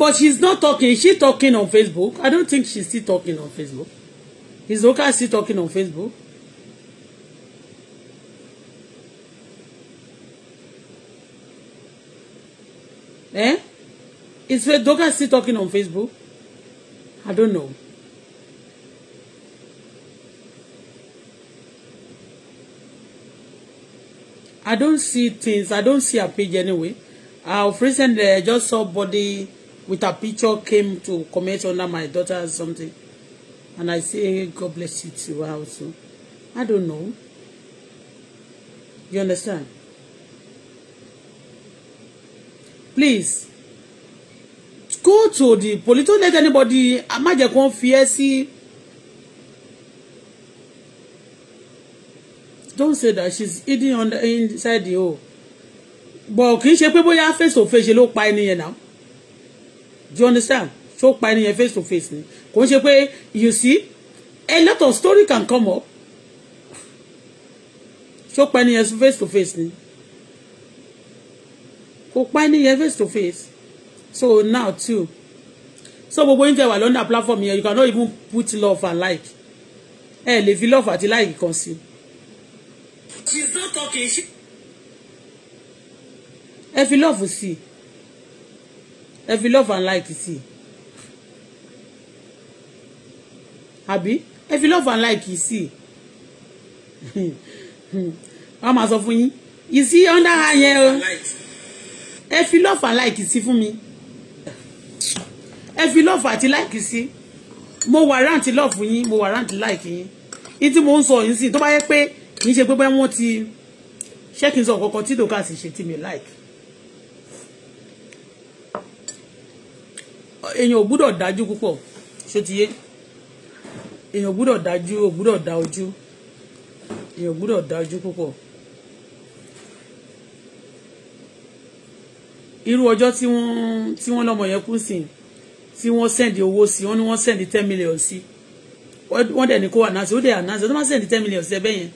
But she's not talking. She talking on Facebook. I don't think she's still talking on Facebook. Is Oka still talking on Facebook? Eh? Is Doka still talking on Facebook? I don't know. I don't see things. I don't see a page anyway. Uh, of recent, I eh, just saw body with a picture came to comment under my daughter or something. And I say, God bless you too also. I don't know. You understand? Please, go to the police. Don't let anybody, má jẹ́ kó fi Don't say that she's eating on the inside the hole. But kì í ṣe pé face to face ló pa ẹni yẹn náà do you understand tó pa ẹni yẹn face to face ni kò ń ṣe pé you see a lot of story can come up tó pa ẹni yẹn face to face ni kò pa ẹni yẹn face to face so now too so gbogbo yín tẹ́ wà lọ́nà platform yẹn you cannot even put love and like ẹ lè fi love àti like kan sí. not talking she. ẹ fi love sí ẹ fi love and light sí àbí ẹ fi love and light sí wọ́n máa sọ fún yín see under her yẹn o ẹ love and light see fún mi ẹ fi love àti like you see. mo wà rántí love yín mo wà rántí like yín ìtí mo ń sọ yín sí tó bá yẹ pé kì í ṣe pé wọ́n ti ṣé kí n sọ kọ̀ọ̀kan tí dòkà sì ṣe tí mi like èèyàn ò gbúdọ̀ dájú púpọ̀ ṣó ti yé èèyàn ò gbúdọ̀ dájú ò gbúdọ̀ dá ojú èèyàn ò gbúdọ̀ dá ojú púpọ̀. irú ọjọ́ tí wọ́n tí wọ́n lọ́mọ yẹn kú sí tí wọ́n sẹ́ndì owó sí wọ́n ní wọ́n sẹ́ndì ten million sí wọ́n dẹ̀ ní kó announce ó dẹ̀ announce wọ́n máa sẹ́ndì ten million sí ẹbẹ́ yẹn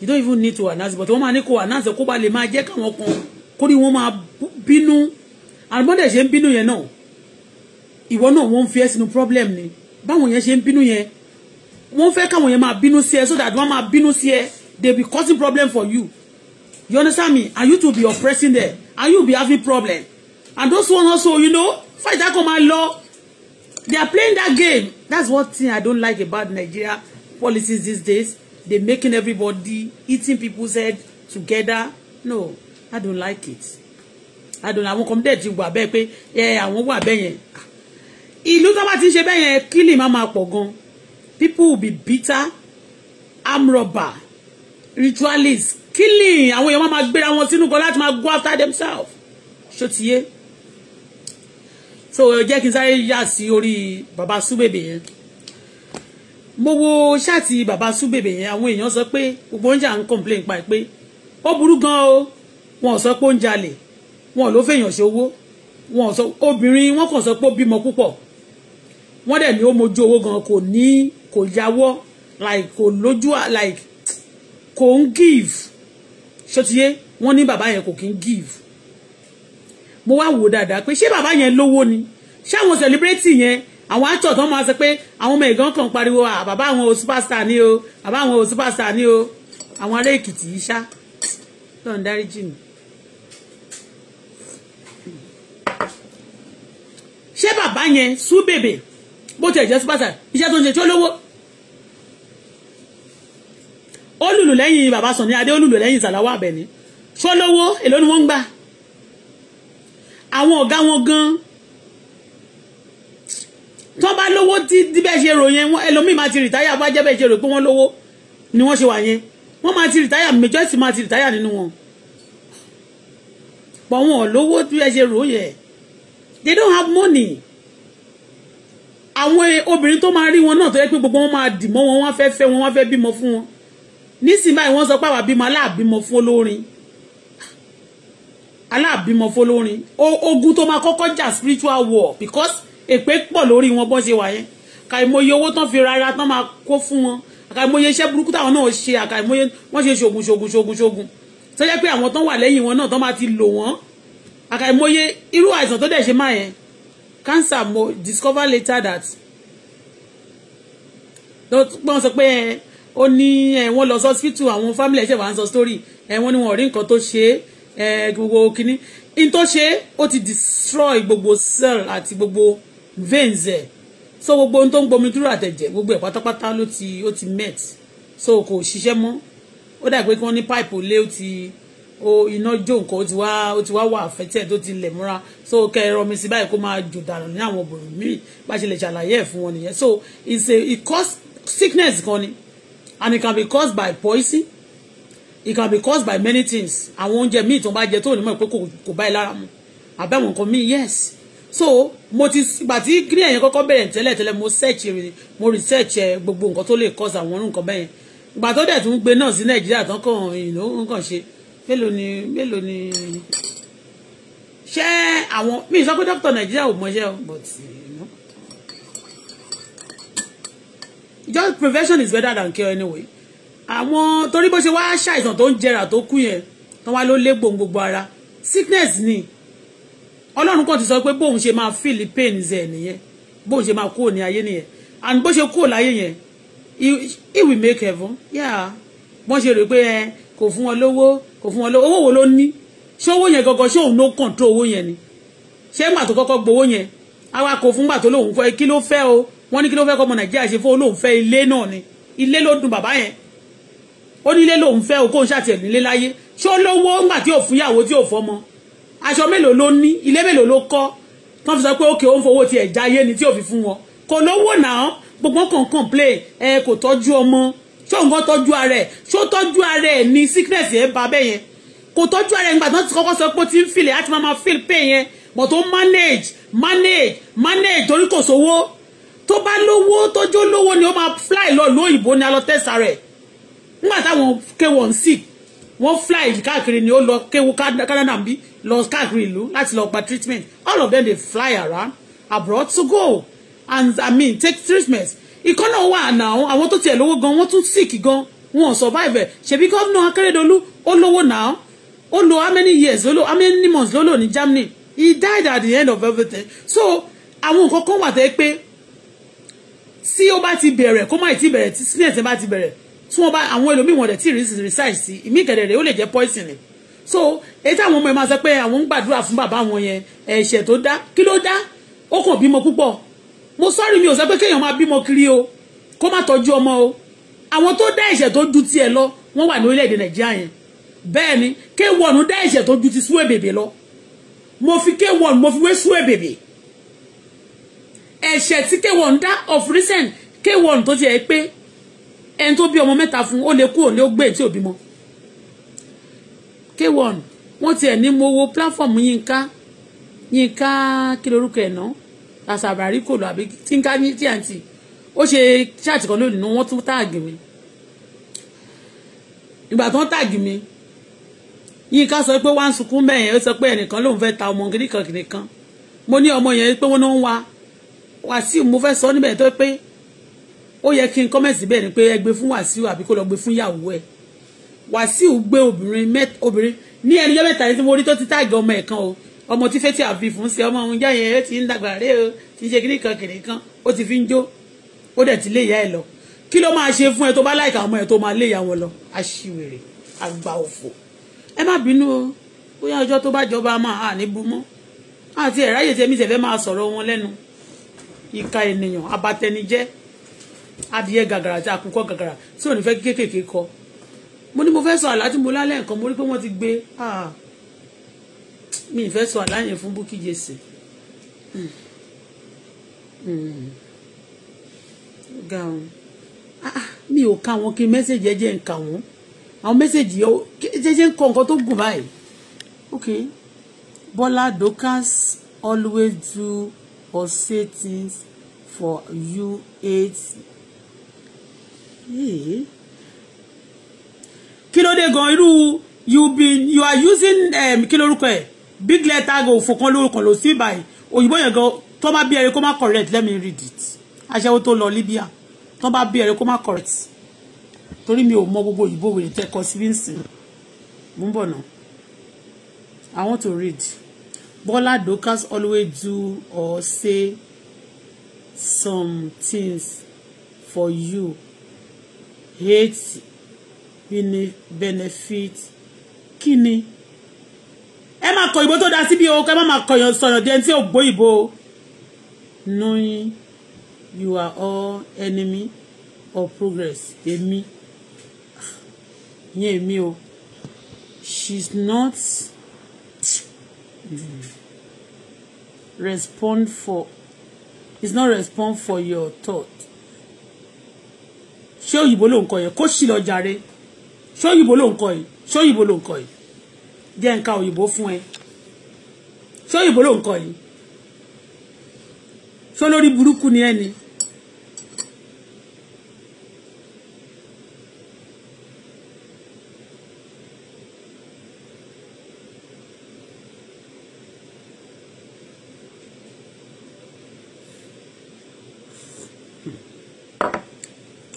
you don't even need to announce but wọ́n máa ní kó announce kó ba lè máa jẹ́ káwọn kan kó ní wọ́n máa bínú àmọ́ dẹ̀ ṣe ń bínú yẹn náà ìwọ náà wọ́n ń fi ẹ́ problem ni báwọn yẹn ṣe ń bínú yẹn wọ́n fẹ́ káwọn yẹn máa bínú sí ẹ so that wọ́n máa bínú sí ẹ they be causing problem for you you understand me and you to be oppressing them and you be having problem and those ones also you know fight that come law they are playing that game that's one thing I don't like about Nigeria policies these days they making everybody eating people's head together no I don't like it I don't àwọn kan dẹ̀ ti wà bẹ́ẹ̀ pé ẹ eh, àwọn wà bẹ́ẹ̀ yẹn ìlú tó bá ti ń ṣe bẹ́ẹ̀ yẹn kílì máa máa pọ̀ gan people will be bitter arm robber ritualist killing àwọn èèyàn máa gbéra wọn sínú kan láti máa go after themselves ṣó ti yé so jẹ́ kí n sáré yà sí orí bàbá súbèbè yẹn mo wo ṣáàtì bàbá súbèbè yẹn àwọn èèyàn sọ pé gbogbo oúnjẹ à ń complain pa ẹ pé ó burú gan o wọn ò sọ pé ó ń wọn ò ló fèèyàn ṣòwò wọn ò sọ obìnrin wọn kàn sọ pé ó bímọ púpọ̀ wọ́n dẹ̀ ní ó mojú owó gan kò ní kò yáwọ́ like kò lójú like kò ń give ṣótiyé wọ́n ní bàbá yẹn kò kí ń give mo wá wò dáadáa pé ṣé bàbá yẹn lówó ni ṣé àwọn celebrity yẹn àwọn actor tó máa sọ pé àwọn ọmọ ẹ̀gán kan pariwo à bàbá àwọn o superstar ni o bàbá àwọn o superstar ni o àwọn ará èkìtì yìí ṣá lọ́n ń dárí jìnnà. ṣé bàbá yẹn sú bèbè bó tẹ̀ jẹ́ sípàtà iṣẹ́ tó ń ṣe tí ó lówó ó lùlù lẹ́yìn bàbá Sànní Adé ó lùlù lẹ́yìn ìsàláwọ̀ Àbẹ̀ní tí ó lówó èló ni wọ́n ń gbà àwọn ọ̀gá wọn gan tó bá lówó tí bẹ́ẹ̀ ṣe rò yẹn ẹlòmíì máa ti rìtáyà bá jẹ́ bẹ́ẹ̀ ṣe rò pé wọ́n lówó ni wọ́n ṣe wà yẹn wọ́n máa ti rìtáyà majority máa ti rìtáyà nínú wọn pọ̀ wọn ò lówó tí bẹ́ẹ̀ ṣe rò yẹn they don't have money àwọn obìnrin tó máa rí wọn náà tó yẹ pé gbogbo wọn máa dì mọ́ wọn wọ́n fẹ́ fẹ́ wọn wọ́n fẹ́ bímọ fún wọn nísìnyí báyìí wọ́n sọ pé àwa bímọ aláàbímọ fún olórin aláàbímọ fún olórin ogun tó máa kọ́kọ́ jà spiritual war because èpè pọ̀ lórí wọn bọ́n ṣe wà yẹn àkàìmọye owó tán fi rárá tán máa kó fún wọn àkàìmọye iṣẹ́ burúkú táwọn náà ṣe àkàìmọye wọ́n ṣe ṣoògùn ṣoògùn ṣoògùn ṣoògùn tó jẹ́ pé àwọn tán wà lẹ́yìn wọn náà tán máa ti lò wọ́n àkàìmọye irú àìsàn tó dẹ̀ ṣe máa yẹn cancer mo discover later that wọ́n sọ pé ẹ ó ní ẹ eh, wọ́n lọ hospital àwọn family ẹ̀ṣẹ̀ wà ń sọ story ẹ eh, wọ́n ní wọn ò rí nǹkan tó ṣe é eh, gbogbo kínní in tó ṣe é ti destroy gbogbo cell àti gbogbo veins ẹ̀ so gbogbo ohun tó ń gbomi dúró àtẹ̀jẹ̀ gbogbo ẹ̀ pátápátá ló ti ó ti met so kò ṣiṣẹ́ mọ́ ó dà pé kí wọ́n ní pipe lé ó ti o iná jó nǹkan ó ti wá ó ti wá wà affected tó ti lẹ̀ múra so kẹ́ ẹ rọ mi sí báyìí kó máa jò dànù ní àwọn obìnrin míì bá ṣe lè ṣàlàyé ẹ̀ fún wọn nìyẹn so it's a it cause sickness kan ni and it can be caused by poison it can be caused by many things àwọn oúnjẹ míì tó ń bá jẹ tó ní mọ̀ pé kò bá lára mu àbẹ̀wò nǹkan míì yes so mo ti ìgbà tí green ẹ̀yẹn kọ́kọ́ bẹ̀rẹ̀ tẹ́lẹ̀ tẹ́lẹ̀ mo search mo research eh, gbogbo nǹkan tó lè cause àwọn nǹkan bẹ́yẹn ìgbà tó dẹ̀ tún gbé náà sí nàìjíríà tán kàn ìnáwó nǹkan ṣe mélòó ni mélòó ni ṣé àwọn mi sọ pé dókítà nàìjíríà ò mọṣẹ́ o but just prevention is better than cure anyway àwọn torí bó ṣe wá ṣàìsàn tó ń jẹrà tó kú yẹn tán wá ló lé gbòǹgbò ara sickness ni ọlọ́run kan ti sọ pé bóun ṣe máa feel pain ẹ̀ nìyẹn bóun ṣe máa kúrò ní ayé nìyẹn and bó ṣe kúrò láyé yẹn it will make heaven yeah wọ́n ṣe rò pé ẹ eh, kò fún wọn lówó kò fún wọn lówó owó wo ló ní ṣé owó yẹn gangan ṣé òun ló kọ̀ǹtró owó yẹn ni ṣé ńgbà tó kọ́kọ́ gbowó yẹn àwa kò fún gbà tó lóun fẹ́ kí ló fẹ́ o wọ́n ní kí ló fẹ́ kọ́ ọmọ nàìjíríà ṣe fún olóun fẹ́ ilé náà ni ilé ló dùn bàbá yẹn ó ní ilé lòun fẹ́ o kóun ṣàtìyàn nílé láyé ṣé ó lówó ńgbà tí ò ìyàwó tí ò fọmọ aṣọ mélòó ló ní ilé mélòó ló kọ́ tán fi sọ pé ókè ó fowó tiẹ̀ jáyé ni tí ò fi fún wọn kò lówó náà gbogbo kan complain ẹ kò tọ́jú ọmọ ṣé òun kan tọ́jú ara ẹ̀ ṣé ó tọ́jú ara ẹ̀ ní sickness yẹn ba bẹ́ẹ̀ yẹn kò tọ́jú ara ẹ̀ nígbà tí wọ́n ti kọ́kọ́ sọ pé ó ti ń fìlẹ̀ láti máa feel pain yẹn but ó manage manage manage torí kò sówó tó bá lówó tọ́jú lówó ni ó máa fly lọ lóyìnbó ni a lọ tẹ̀sà rẹ̀ nígbà táwọn kéwọ̀n sick wọ́n fly káàkiri ni ó lọ kéwu Canada bí lọ káàkiri ìlú láti lọ gba treatment all of them dey fly around abroad to go and I mean take treatment ikọ́ náà wà náà àwọn tó tiẹ̀ lówó gan wọ́n tún sick gan wọn ò survive ẹ̀ ṣebí gómìnà akérèdọ́lù ó lówó náà ó lo how many years ló lò how many months ló lò ní Germany he died at the end of everything so àwọn nǹkan kan wà tẹ́ pé tí ó bá ti bẹ̀rẹ̀ kó má ti bẹ̀rẹ̀ tí sinet bá ti bẹ̀rẹ̀ tí wọ́n bá àwọn ẹlòmíì wọn dẹ̀ tí research sí ìmí kẹ̀dẹ̀rẹ̀ ó lè jẹ́ poison ni so èyí táwọn ọmọ ẹ máa sọ pé àwọn ń gbàdúrà fún bàbá wọn yẹn ẹ̀ṣẹ̀ tó dá kí ló dá ó kàn bímọ púpọ̀ mo sọ́rí mi ò sọ pé kéèyàn máa bímọ kiri o kó má tọ́jú ọmọ o àwọn tó dá ẹ̀ṣẹ̀ tó ju tiẹ̀ lọ wọ́n wà ní orílẹ̀-èdè nàìjíríà yẹn bẹ́ẹ̀ ni kéwọ̀nù dá ẹ̀ṣẹ̀ tó ju ti súwé bèbè lọ mo fi kéwọ̀nù mo fi wé súwé bèbè ẹ̀ṣẹ̀ tí kéwọ̀nù dá of recent kéwọ̀nù tó ti ẹ̀ pé ẹni tó bí ọmọ mẹ́ta fún ó lè kú òní ó gbé e tí ò bímọ kéwọ̀nù wọ́n ti ẹ̀ ní mo wo platform yínká yínká kí lorúkọ ẹ̀ náà àṣàbàrí kò lọ àbí tí n ká ní tí àǹtí ó ṣe ṣáàtì kan lónìí wọ́n tún táàgì mi ìgbà tó ń táàgì mi Yínká sọ pé wá ń sunkún mẹ́yẹn ó sọ pé ẹnìkan lòun fẹ́ ta ọmọ kìnìkan kìnìkan mo ní ọmọ yẹn pé wọ́n ń wá Wàsíù mo fẹ́ sọ níbẹ̀ tó pé ó yẹ kí n kọ́mẹ̀sì bẹ́ẹ̀ ni pé ẹ gbé fún Wàsíù àbí kó lọ gbé fún ìyàwó ẹ̀ Wàsíù gbé obìnrin mẹ́ta obìnrin ní mẹ́ta yẹn tí mo rí tó ti táàgì ọmọ ẹ̀ kan o ọmọ tí fẹ́tí àfi fún sí ọmọ òun jáyẹn ó ti ń dàgbà rẹ o ti ń ṣe kíní kan kìnìún kan ó ti fi ń jó ó dẹ̀ ti lé ìyá ẹ̀ lọ kí ló máa ṣe fún ẹ tó bá láìka ọmọ ẹ tó máa lé ìyá wọn lọ aṣiwèrè àgbà òfò ẹ má bínú o bóyá ọjọ́ tó bá jọba máa hà ní bumọ́ àti ẹ̀ráyè tèmi tẹ̀fẹ́ máa sọ̀rọ̀ wọn lẹ́nu ìka ènìyàn abatẹnijẹ́ adìyẹ gàgàrà àti àkùkọ gàgàrà tí ò ní fẹ́ kéékèèké kọ mo ní mo fẹ́ sọ àlá tí mo lálẹ́ nǹkan mo rí pé wọ́n ti gbé ah mi ìfẹ́ sọ àláyẹn fún Bukky Jesse hmm. ga o ah, ah, mi ò ka wọn kí mẹ́sẹ̀jì ẹ jẹ́ ń ka wọn àwọn mẹ́sẹ̀jì jẹ́jẹ́ ń kọ nǹkan tó gùn báyìí ok Bola Dorcas always do or say things for you eight kí ló dé gan irú you been you are using um, kí lórúkọ ẹ̀ big letter go fọkàn lórúkọ ló sí báyìí òyìnbó yẹn gan to bá bí ẹrẹ kó má correct let me read it aṣẹ́wó tó lọ Libya tó bá bí ẹrẹ kó má correct torí mi ò mọ gbogbo òyìnbó wèrè tẹ́kọ̀ sí bíǹsì mú bọ̀ náà I want to read Bola Dorcas always do or say some things for you hate benefit kini ẹ máa kọ ìbò tó da síbi o kẹ má máa kọyàn sọ̀rọ̀ di ẹni tí ò gbó ìbò knowing you are all enemy of progress èmi yẹn èmi o she is not respond for is not respond for your thought ṣé òyìnbó ló ń kọ yẹn kó sì lọ jàre ṣé òyìnbó ló ń kọ yìí ṣé òyìnbó ló ń kọ yìí jẹ́ nǹkan òyìnbó fún ẹ ṣé òyìnbó ló ń kọ yìí ṣó lórí burúkú ni ẹni.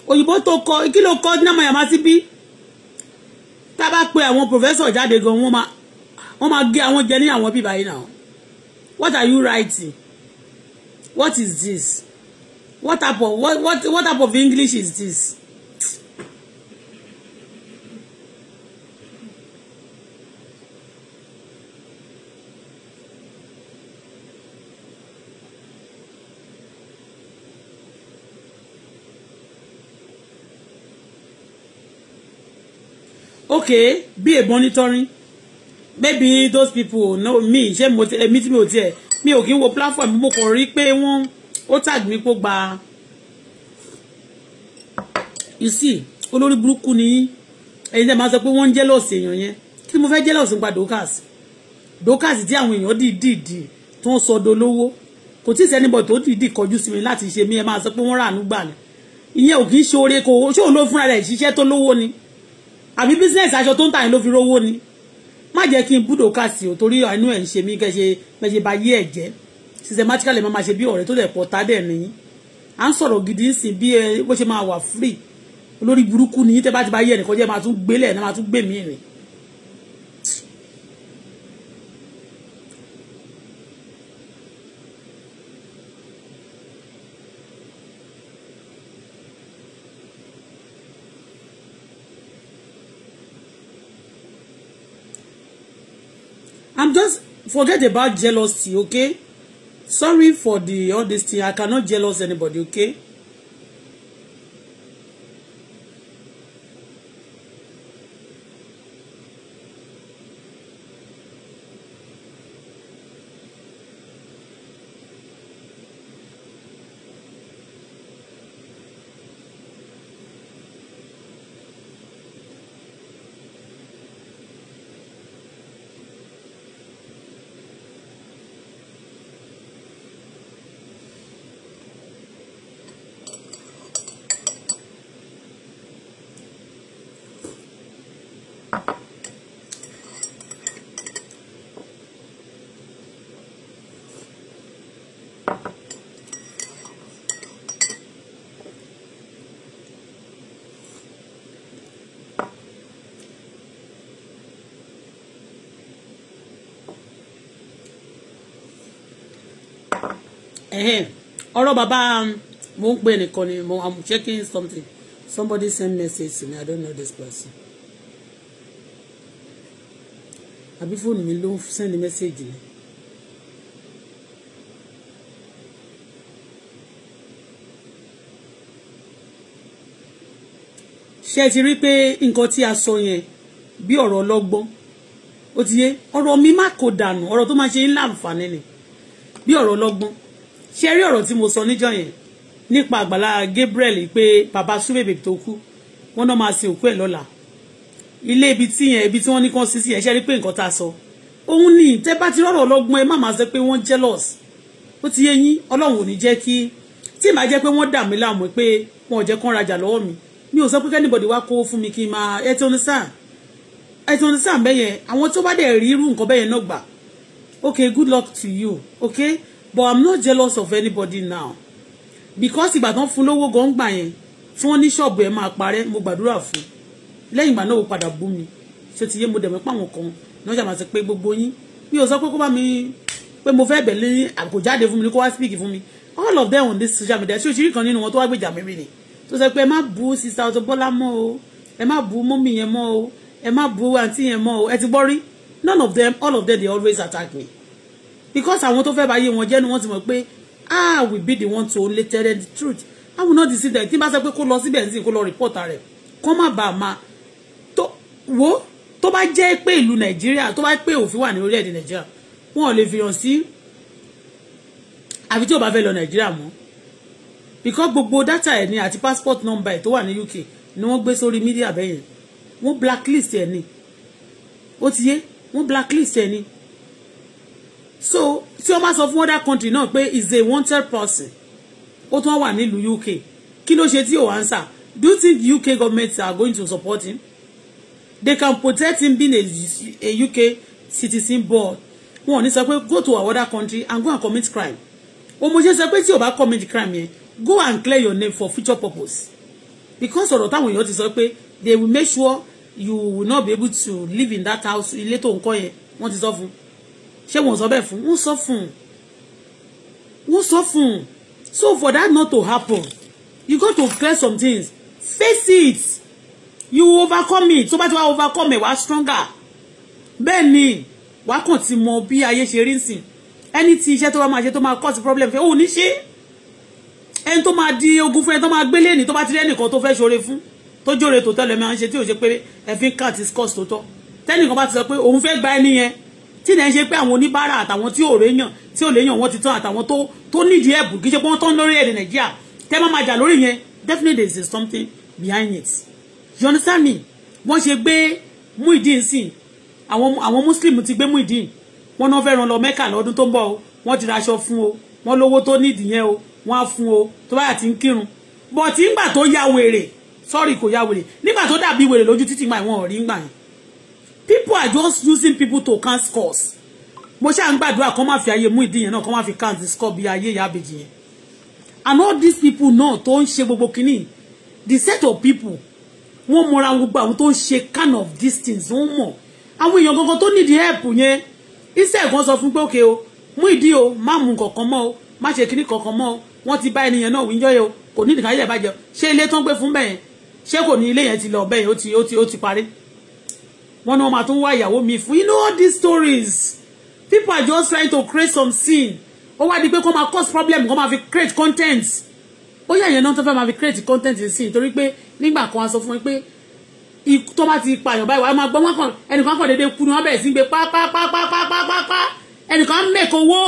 òyìnbó tó kọ kí ló kọ ní àmọ́ yàrá sí bí tá a bá pe àwọn professor jáde gan wọ́n máa wọ́n máa gé àwọn jẹ ní àwọn bíbá yìí náà what are you writing what is this what type of what what what type of English is this okay be a monitoring maybe those people know me ṣé mo ti èmi tí mi ò tiẹ̀ mi ò kí ń wo platform mo kàn rí pé wọ́n ó tag mi kó gba you see olórí burúkú ni ẹ̀yin tẹ́ máa sọ pé wọ́n ń jealous èèyàn yẹn kí ni mo fẹ́ jealous nípa Dorcas Dorcas tí àwọn èèyàn dìídì dì tó ń sọ dolówó kò tí ì sẹ́nibọ̀ tó dìídì kọjú sí mi láti ṣe mí ẹ máa sọ pé wọ́n rà ánú gbà ni ìyẹn ò kì í ṣe oore kò ṣé òun ló fúnra rẹ̀ ṣiṣẹ́ tó lówó ni àbí business aṣọ tó ń tà yín ló fi rówó ni má jẹ́ kí n búdò kà sí o torí àánú ẹ̀ ń ṣe mí kẹ́ ṣe kẹ́ ṣe ba yé ẹ̀ jẹ́ systematically máa ma ṣe bí ọ̀rẹ́ tó lẹ̀ pọ̀ tá dẹ̀ nìyí à ń sọ̀rọ̀ gidi sí bí ẹ eh, bó ṣe máa wà free olórí burúkú ni yín tẹ́ bá ti bá yé ẹnìkan jẹ́ máa tún gbélé ẹ̀ náà máa tún gbèmí rẹ̀ I'm just forget about jealousy okay sorry for the all this thing I cannot jealous anybody okay ọ̀rọ̀ bàbá um, mo ń pè nìkan ni mo am checking something somebody send message to me i don't know this person àbí fóònù mi ló ń send message ni. ṣé ẹ ti rí pé nǹkan tí a sọ yẹn bí ọ̀rọ̀ ọlọ́gbọ́n ó ti yé ọ̀rọ̀ mi má kó dànù ọ̀rọ̀ tó máa ṣe ń láǹfààní ni bí ọ̀rọ̀ ọlọ́gbọ́n ṣe rí ọ̀rọ̀ tí mo sọ níjọ́ yẹn nípa àgbàlá Gabriel pé bàbá súbèbè tó kú wọ́n náà máa sin òkú ẹ̀ lọ́la ilé ibi tí yẹn ibi tí wọ́n ní kàn sí sí yẹn ṣe rí pé nǹkan tá a sọ òun ni tẹ́ bá ti rọ̀rọ̀ ọlọ́gbọ́n ẹ má máa sọ pé wọ́n jealous ó ti yé yín ọlọ́run ò ní jẹ́ kí tí màá jẹ́ pé wọ́n dà mí láàmú pé wọn ò jẹ́ kán rajà lọ́wọ́ mi mi ò sọ pé kẹ́nìbọ̀dì wá kó fún mi kí n máa ẹ ti understand ẹ ti understand bẹ́yẹn àwọn tó bá dẹ̀ rí irú nǹkan bẹ́yẹn náà gbà okay good luck to you okay but i'm not jealous of anybody now because ìbàdàn fún lówó gan gbà yẹn tí wọ́n ní ṣọ́ọ̀bù ẹ̀ máa parẹ́ mo gbàdúrà fún lẹ́yìn ìgbà náà ó padà bú mi ṣé ti yé mo dẹ̀mọ́ páwọn kan náà ṣàmà sí pé gbogbo yín mi ò sọ pé kó bá mi pé mo fẹ́ bẹ̀lẹ́ ní àkójáde fún mi ní kó wá speak fún mi all of them on this social media tí òṣìṣẹ́ kan nínú wọn tó wá gbèjà mímì ni tó sọ pé ẹ má bú sista Auto Bola mọ́ o ẹ má bú mọ́mì yẹn mọ́ o ẹ má bú àǹtí yẹn mọ́ o ẹ ti gbọ́ rí none of them all of them they always attack me because àwọn tó fẹ́ bá yé wọn jẹ́ ni wọ́n ti mọ̀ pé ah we be the one to only tell them the truth i will not deceive them tí n bá sọ pé kó lọ síbẹ̀ ní kó lọ report rẹ̀ kó má bàa ma tó wo tó bá jẹ́ pé ìlú nàìjíríà tó bá pé òfin wà ní orílẹ̀-èdè nàìjíríà wọn ò lè fi hàn sí àfi tí o bá fẹ́ lọ nàìjíríà mọ́ because gbogbo data ẹ̀ ni àti passport number ẹ̀ tó wà ní uk ni wọ́n gbé sórí mídíà bẹ́yẹn wọ́n blacklist ẹ̀ ni ó ti yé wọ́n blacklist ẹ̀ ni so tí wọ́n bá sọ fún other country náà pé is a wanted person ó tún wà nílùú UK kí ló ṣe tí ò answer do you think UK government are going to support him they can protect him being a, a UK citizen but wọn ò ní sọ pé go to our other country and go and commit crime o mo ṣe sọ pé tí o bá commit crime yẹn go and clear your name for future purpose because ọ̀rọ̀ táwọn èèyàn ti sọ pé they will make sure you will not be able to live in that house ilé tó ń kọ́ yẹn wọ́n ti sọ fún un ṣé wọ́n sọ bẹ́ẹ̀ fún wọ́n sọ fún wọ́n sọ fún so for that not to happen you got to clear some things face it you overcome it So bá ti wá overcome it wá stronger bẹ́ẹ̀ ni wàá kàn ti mọ bí ayé ṣe rí nsìn ẹni tí iṣẹ́ tó bá máa ṣe tó máa cause problem fẹ́ òun ní ṣe ẹni tó máa di ogun fún ẹni tó máa gbélé ní tó bá ti rí ẹnìkan tó fẹ́ ṣoore fún tó jóore tòótọ́ lẹ́mọ̀ à ń ṣe tí ò ṣe pé ẹ̀fín cat is cause tòótọ́ tẹ́nìkan bá ti sọ pé òun fẹ́ gba ẹni yẹn tí ìdẹ́ ń ṣe pé àwọn oníbàárà àtàwọn tí ò réyàn tí ò léyàn wọ́n ti tán àtàwọn tó tó nídìí ẹ̀bùn kì í ṣe pé wọ́n tán lórí èdè nàìjíríà tẹ́ má máa jà lórí yẹn definitely there is something behind it you understand me wọ́n ṣe gbé Muyideen sí àwọn àwọn muslim ti gbé Muyideen wọ́n náà fẹ́ràn lọ mẹ́kà lọ́dún tó ń bọ̀ o wọ́n ti raṣọ fún o wọ́n lówó tó nídìí yẹn o wọ́n á fún o tó báyà ti ń kírun bọ̀tí ńgbà tó ya wèrè sọ́ọ̀rì kò ya wèrè nígbà tó dàbí wèrè lójú títì máa ìwọ̀n ò rí ńgbà yẹn people are just using people to count scores mo ṣáà ń gbàdúrà kó má fi ayé mú ìdí yẹn náà kó má fi count the score bí ayé ìyá yẹn and all these people náà tó ń ṣe gbogbo kínní the set of people wọ́n mọra gbogbo àwọn tó ń ṣe kind of these things wọ́n mọ̀ àwọn èèyàn kankan tó need help yẹn iṣẹ́ kan sọ fún pé òkè o mú ìdí o má mú kankan mọ́ o má ṣe kíní kankan mọ́ o wọ́n ti bá ènìyàn náà wíjọ́ yẹn o kò ní ìdíkan ayé ìbàjẹ́ ṣé ilé tó ń gbé fún bẹ́ẹ̀ ṣé kò ní ilé yẹn ti lọ bẹ́ẹ̀ ó ti ó ti ó ti parí wọ́n ní wọ́n máa tún wá ìyàwó mi fún you know all these stories people are just trying to create some scene ó wá di pé kó máa cause problem kó máa fi create content ó yẹ ìyẹn náà tó fẹ́ máa fi create content sí i torí pé nígbà kan a sọ fún mi pé tó bá ti pààyàn báyìí wàá máa gbọ́ wọn kàn ẹnìkan kàn déédéé kú ni wọ́n bẹ̀rẹ̀ sí gbé pápápápápápá ẹnìkan mẹ́kọ̀ owó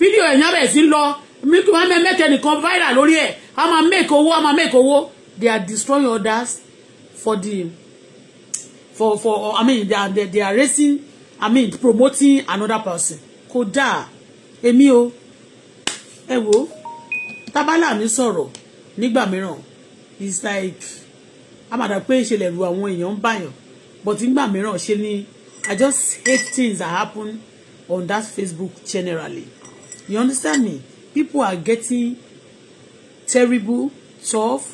fídíò ẹ̀yàn bẹ̀rẹ̀ sí lọ wọ́n mẹ́ mẹ́kẹ̀ nìkan viral lórí ẹ̀ a máa mẹ́kọ̀ owó a máa mẹ́kọ̀ owó they are destroying others for the for for I mean they are they, they are racing I mean promoting another person kódà èmi o ẹ wo tábàlà mi sọ̀rọ̀ nígbà mìíràn it's like a máa dà pé ìṣẹ̀lẹ̀ ru àwọn èèyàn ń bàyàn but Nigba mìíràn ṣe ni I just hate things that happen on that Facebook generally you understand me people are getting terrible tough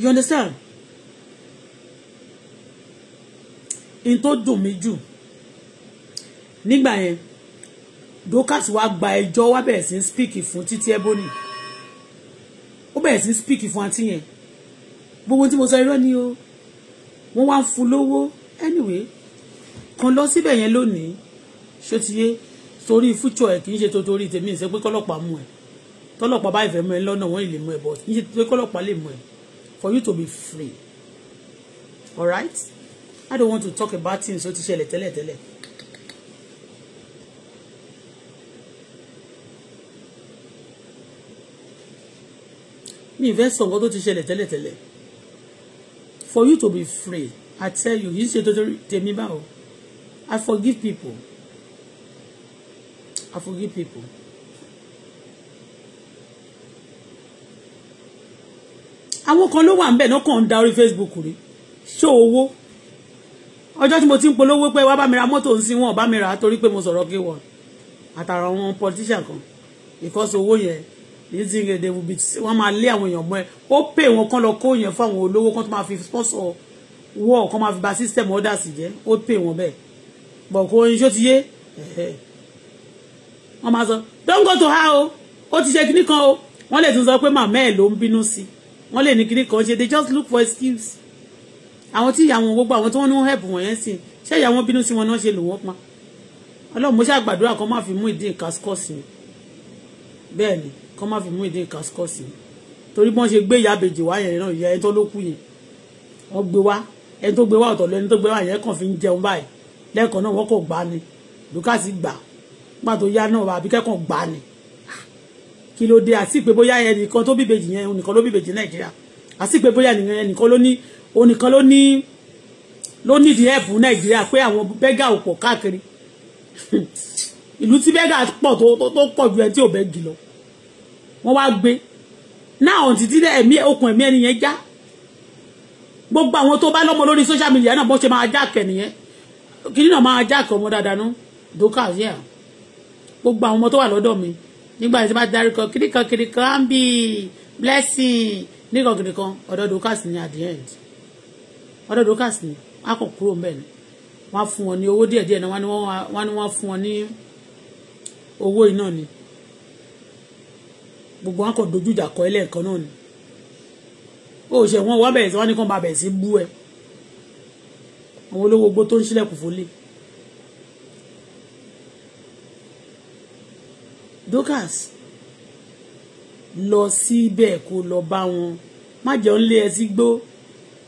you understand in tó dùn mí jù nígbà yẹn Dorcas wa gba ẹjọ́ wa bẹ̀rẹ̀ sí speak fún títí Ebony ó bẹ̀rẹ̀ sí speak fún àǹtí yẹn gbogbo tí mo sọ irọ́ ni o wọ́n wá ń fún anyway kan lọ síbẹ̀ yẹn lónìí ṣó ti yé torí fújọ ẹ̀ kì í ṣe torí tèmi ìṣe pé kọ́lọ́pàá mú ẹ tọ́lọ́pàá bá ìfẹ́ mú ẹ lọ́nà wọ́n lè mú ẹ bọ̀ kì í ṣe for you to be free all right i don't want to talk about things So tell it, tell it. Me, mi fẹ́ sọ nǹkan tó tell it, tell it. for you to be free i tell you yìí ṣe tó tèmi báwo i forgive people i forgive people. àwọn kan ló wà ń bẹ̀ náà kàn ń da orí Facebook rí ṣó owó ọjọ́ tí mo ti ń polówó pé wá bá mi ra mọ́tò ń sin wọn bá mi rà á torí pé mo sọ̀rọ̀ kéwọ̀n àtàrà àwọn politician kan because owó yẹn ní ti ń they will be wọ́n máa lé àwọn èèyàn mọ́ ẹ ó pè wọ́n kán lọ kó yẹn fún àwọn olówó kán tó máa fi sponsor wọ́ kán máa fi ba system orders jẹ́ ó pè wọ́n bẹ́ẹ̀ bọ̀ kó iṣó ti yé wọ́n máa sọ don't go to her o ó ti ṣe kíní kan o wọ́n lè tún sọ pé màmá ẹ̀ ló ń bínú sí i wọ́n lè ní kíní kan ṣe they just look for skills àwọn tí ìyá wọn gbogbo àwọn tí wọ́n ní help wọn yẹn sìn ṣé ìyá wọn bínú sí wọn náà ṣe lò wọ́n pa ọlọ́run mo ṣàgbàdúrà kó má fi mú ìdí nǹkan skọ́ sí i bẹ́ẹ̀ ni kó má fi mú ìdí nǹkan skọ́ sí i torí bọ́n ṣe gbé ìyá àbèjì wá yẹn náà ìyá ẹni tó ló kú yẹn wọ́n gbé wá ẹni tó gbé wá ọ̀tọ̀ lẹ́ni tó gbé wá yẹn kàn fi ń jẹun báyìí lẹ́ẹ̀kan náà wọ́n kò gbá ni lukasi gbà pàtó yá náà àbíkẹ́kàn gbá ni kí ló dé àti pé bóyá ẹnìkan tó bíbejì yẹn ònìkan ló bíbejì nàìjíríà àti pé bóyá ẹnìkan ló ní ònìkan ló ní ló nídìí ẹ̀bùn nàìjíríà pé àwọn bẹ́gà ò pọ̀ káàkiri ìlú tí bẹ́gà pọ̀ tó tó pọ̀ ju ẹni tí ò bẹ́gì lọ wọ́n wá gbé náà ọ̀n títí dẹ́ ẹ̀mí okùn ẹ̀mí ẹni yẹn já gbogbo àwọn tó bá lọ́mọ lórí social media náà bó ṣe máa já kẹ̀ nìyẹn kí nínà máa já kẹ̀ ọmọ dáadáa nú dókà yẹ́ gbogbo àwọn ọmọ tó wà lọ́dọ̀ mi nígbà tí wọ́n bá dárúkọ kìnìkan kìnìkan ambi blessing níkan kìnìkan ọ̀dọ̀ dukas ni at the end ọ̀dọ̀ dukas ni wọ́n á kàn kúrò mbẹ́ ni wọ́n á fún wọn ní owó díẹ̀díẹ̀ náà wọ́n ní wọ́n fún wọn ní owó iná ni gbogbo wọn kàn dojú ìjà kọ ilé náà ni ó ṣe wọn wọ́n bẹ̀rẹ̀ sí wọ́n ní kàn bá bẹ̀rẹ̀ sí bú ẹ àwọn olówó gbó tó ń sílẹ̀kùn fólè. Dokas, lọ síbẹ̀ kó lọ bá wọn má jẹ́ ń lé ẹ sí gbó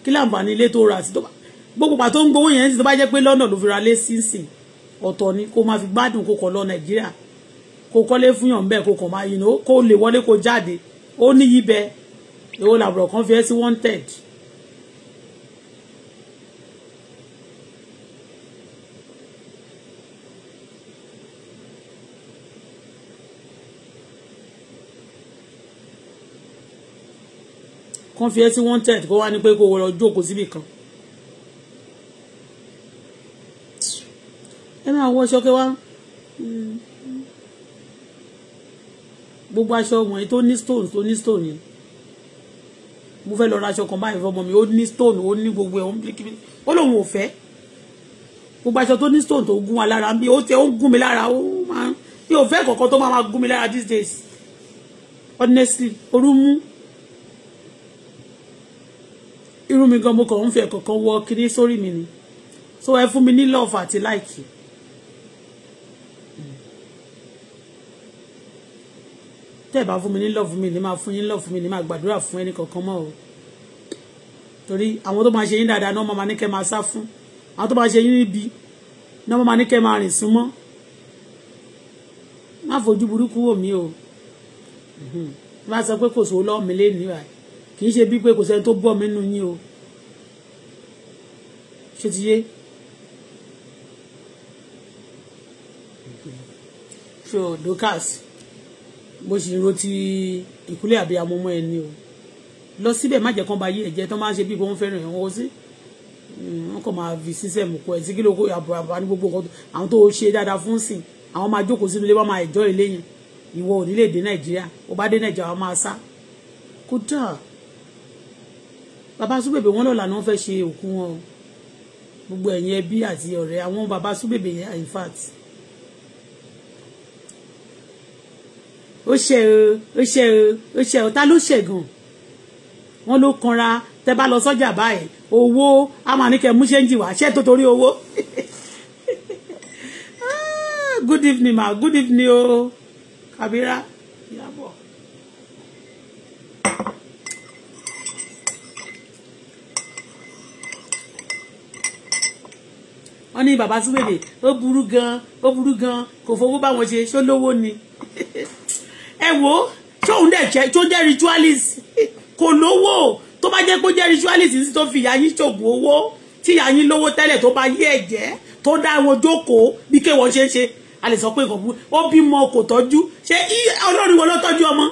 kí láǹfààní ilé tó ra sí tó bá gbogbo pàtó ń gbowó yẹn sí tó bá jẹ́ pé lọ́nà ló fi ra lé sínsìn ọ̀tọ̀ ni kó máa fi gbádùn kó kọ̀ lọ Nàìjíríà kó kọ́lé fún yàn bẹ́ẹ̀ kó kọ̀ máa yìnbọn kó lè wọlé kó jáde ó níyí bẹ́ẹ̀ èwo làbùrọ̀ kan fi ẹ́ sí wanted kan fi ẹ́ sí wanted kó wá ní pé kó wọ́n lọ jókòó síbì kan. ẹ máa wọ aṣọ kẹwàá gbogbo aṣọ wọ̀nyí tó ní stone tó ní stone yẹn mo fẹ́ lọ ra aṣọ kan báyìí fọmọ mi ó ní stone ó ní gbogbo ẹ̀ ó ń bíkíbí ó lóun ò fẹ́ gbogbo aṣọ tó ní stone tó gún wa lára bí ó tẹ ó ń gún mi lára ó máa ń mi ò fẹ́ kọ̀ọ̀kan tó máa gún mi lára these days honestly orú mú irú mi gan mo kàn ń fi ẹ̀kọ̀ kan wọ kiri sórí mi ni so ẹ fún mi ní love àti like. tẹ́ ẹ̀ bá fún mi ní love mi ní máa fún yín love mi ní máa gbàdúrà fún ẹnì kankan mọ́ o torí àwọn tó máa ṣe yín dáadáa náà máa ní kẹ́ máa sá fún àwọn tó máa ṣe yín níbi náà máa ní kẹ́ máa rìn súnmọ́ má fojú burúkú wò mí o bá sọ pé kò sówó lọ́wọ́ mi lé níwáyé kì í ṣe bí pé kò sẹ́ni tó gbọ́ mi nínú yín o ṣé ti yé ṣe ò Dorcas mo sì ro ti ìkúlẹ̀ àbí amọ́mọ́ ẹ ní o lọ síbẹ̀ má jẹ́ kán bá yí ẹ̀jẹ̀ tán máa ń ṣe bí wọ́n fẹ́ràn ẹ̀wọ̀n sí mm, wọn kàn máa fi sísẹ̀ mú kọ ẹ̀ sí kí ló kó àbúrò ní gbogbo nǹkan àwọn tó ṣe dáadáa fún sìn àwọn máa jókòó sínú ilé wọn máa ẹ̀jọ́ ilé ìwọ ò ní lè Nàìjíríà ó bá dé Nàìjíríà wọn máa sá kódà bàbá súbèbè wọn lọ́la ni wọ́n fẹ́ ṣe òkú wọn o gbogbo ẹ̀yin ẹbí àti ọ̀rẹ́ àwọn bàbá súbèbè yẹn in fact ó ṣe o ó ṣe o ó ṣe o ta ló ṣe gan wọn ló kanra tẹ bá lọ sọ́jà báyìí owó a máa ní kẹ mú ṣéǹjì wá ṣé tó torí owó ah, good evening ma good evening o Kabira. Yeah, wọ́n ní bàbá Súwèrè ó burú gan ó burú gan kò fowó báwọn ṣe ṣó lówó ni ẹ wo ṣé òun dẹ̀ jẹ́ tó jẹ́ ritualist kò lówó tó bá jẹ́ pé ó jẹ́ ritualist ní tó fi ìyá yín ṣògùn owó tí ìyá yín lówó tẹ́lẹ̀ tó bá yé ẹ̀jẹ̀ tó dá wọn jókòó bí kéwọn ṣe ń ṣe a lè sọ pé nǹkan burú ó bímọ kò tọ́jú ṣé ọlọ́run wo ló tọ́jú ọmọ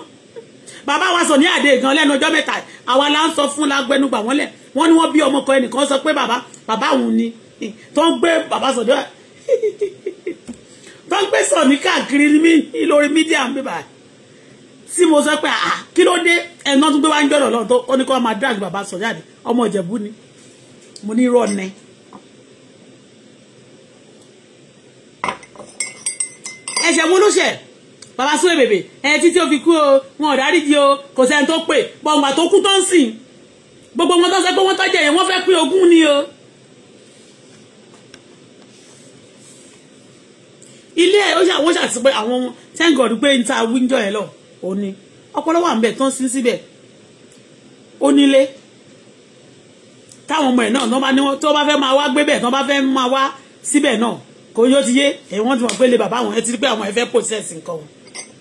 bàbá wa sọ ní àdé gan lẹ́nu ọjọ́ mẹ́ta àwa la ń sọ fún lágbẹnugbà wọ́n lẹ̀ wọ́n ní wọ́n bí ọmọ kan ẹnìkan sọ pé bàbá bàbá òun ni tó ń gbé bàbá sọ̀dọ̀ tó ń gbé sọ̀ní káàkiri lórí mídíà ń bíbà tí mo sọ pé ah kí ló dé ẹ̀nà tó gbé wá ń jọ̀rọ̀ lọ́wọ́ tó ó ní kó máa drag bàbá sọ̀dọ̀ àdé ọmọ ìjẹ̀bú ni mo ní irọ́ ni. ẹ̀ṣẹ̀ wo ló ṣẹ̀ bàbá súwé bèbè ẹ̀ títí ó fi kú o wọn ò dáríji o kò sẹ́ni tó pè bọ̀ǹgbà tó kú tó ń sìn gbogbo wọn tó sọ pé wọ́n tọ́jú ẹ̀yẹ wọ́n fẹ́ pín ogún ni o. ilé ẹ̀ ó ṣe àwọn ṣàti pé àwọn thank God pé n ta wíńjọ ẹ̀ lọ ò ní ọpọlọ wà ń bẹ̀ tán sí síbẹ̀ ó nílé táwọn ọmọ ẹ̀ náà tó bá ní wọn tó bá fẹ́ máa wá gbé bẹ̀ tó bá fẹ́ máa wá síbẹ̀ náà kò yóò ti yé ẹ̀yìn wọ́n ti mọ̀ pé lè bàbá àwọn ẹ̀ ti rí pé àwọn ẹ̀ fẹ́ process nǹkan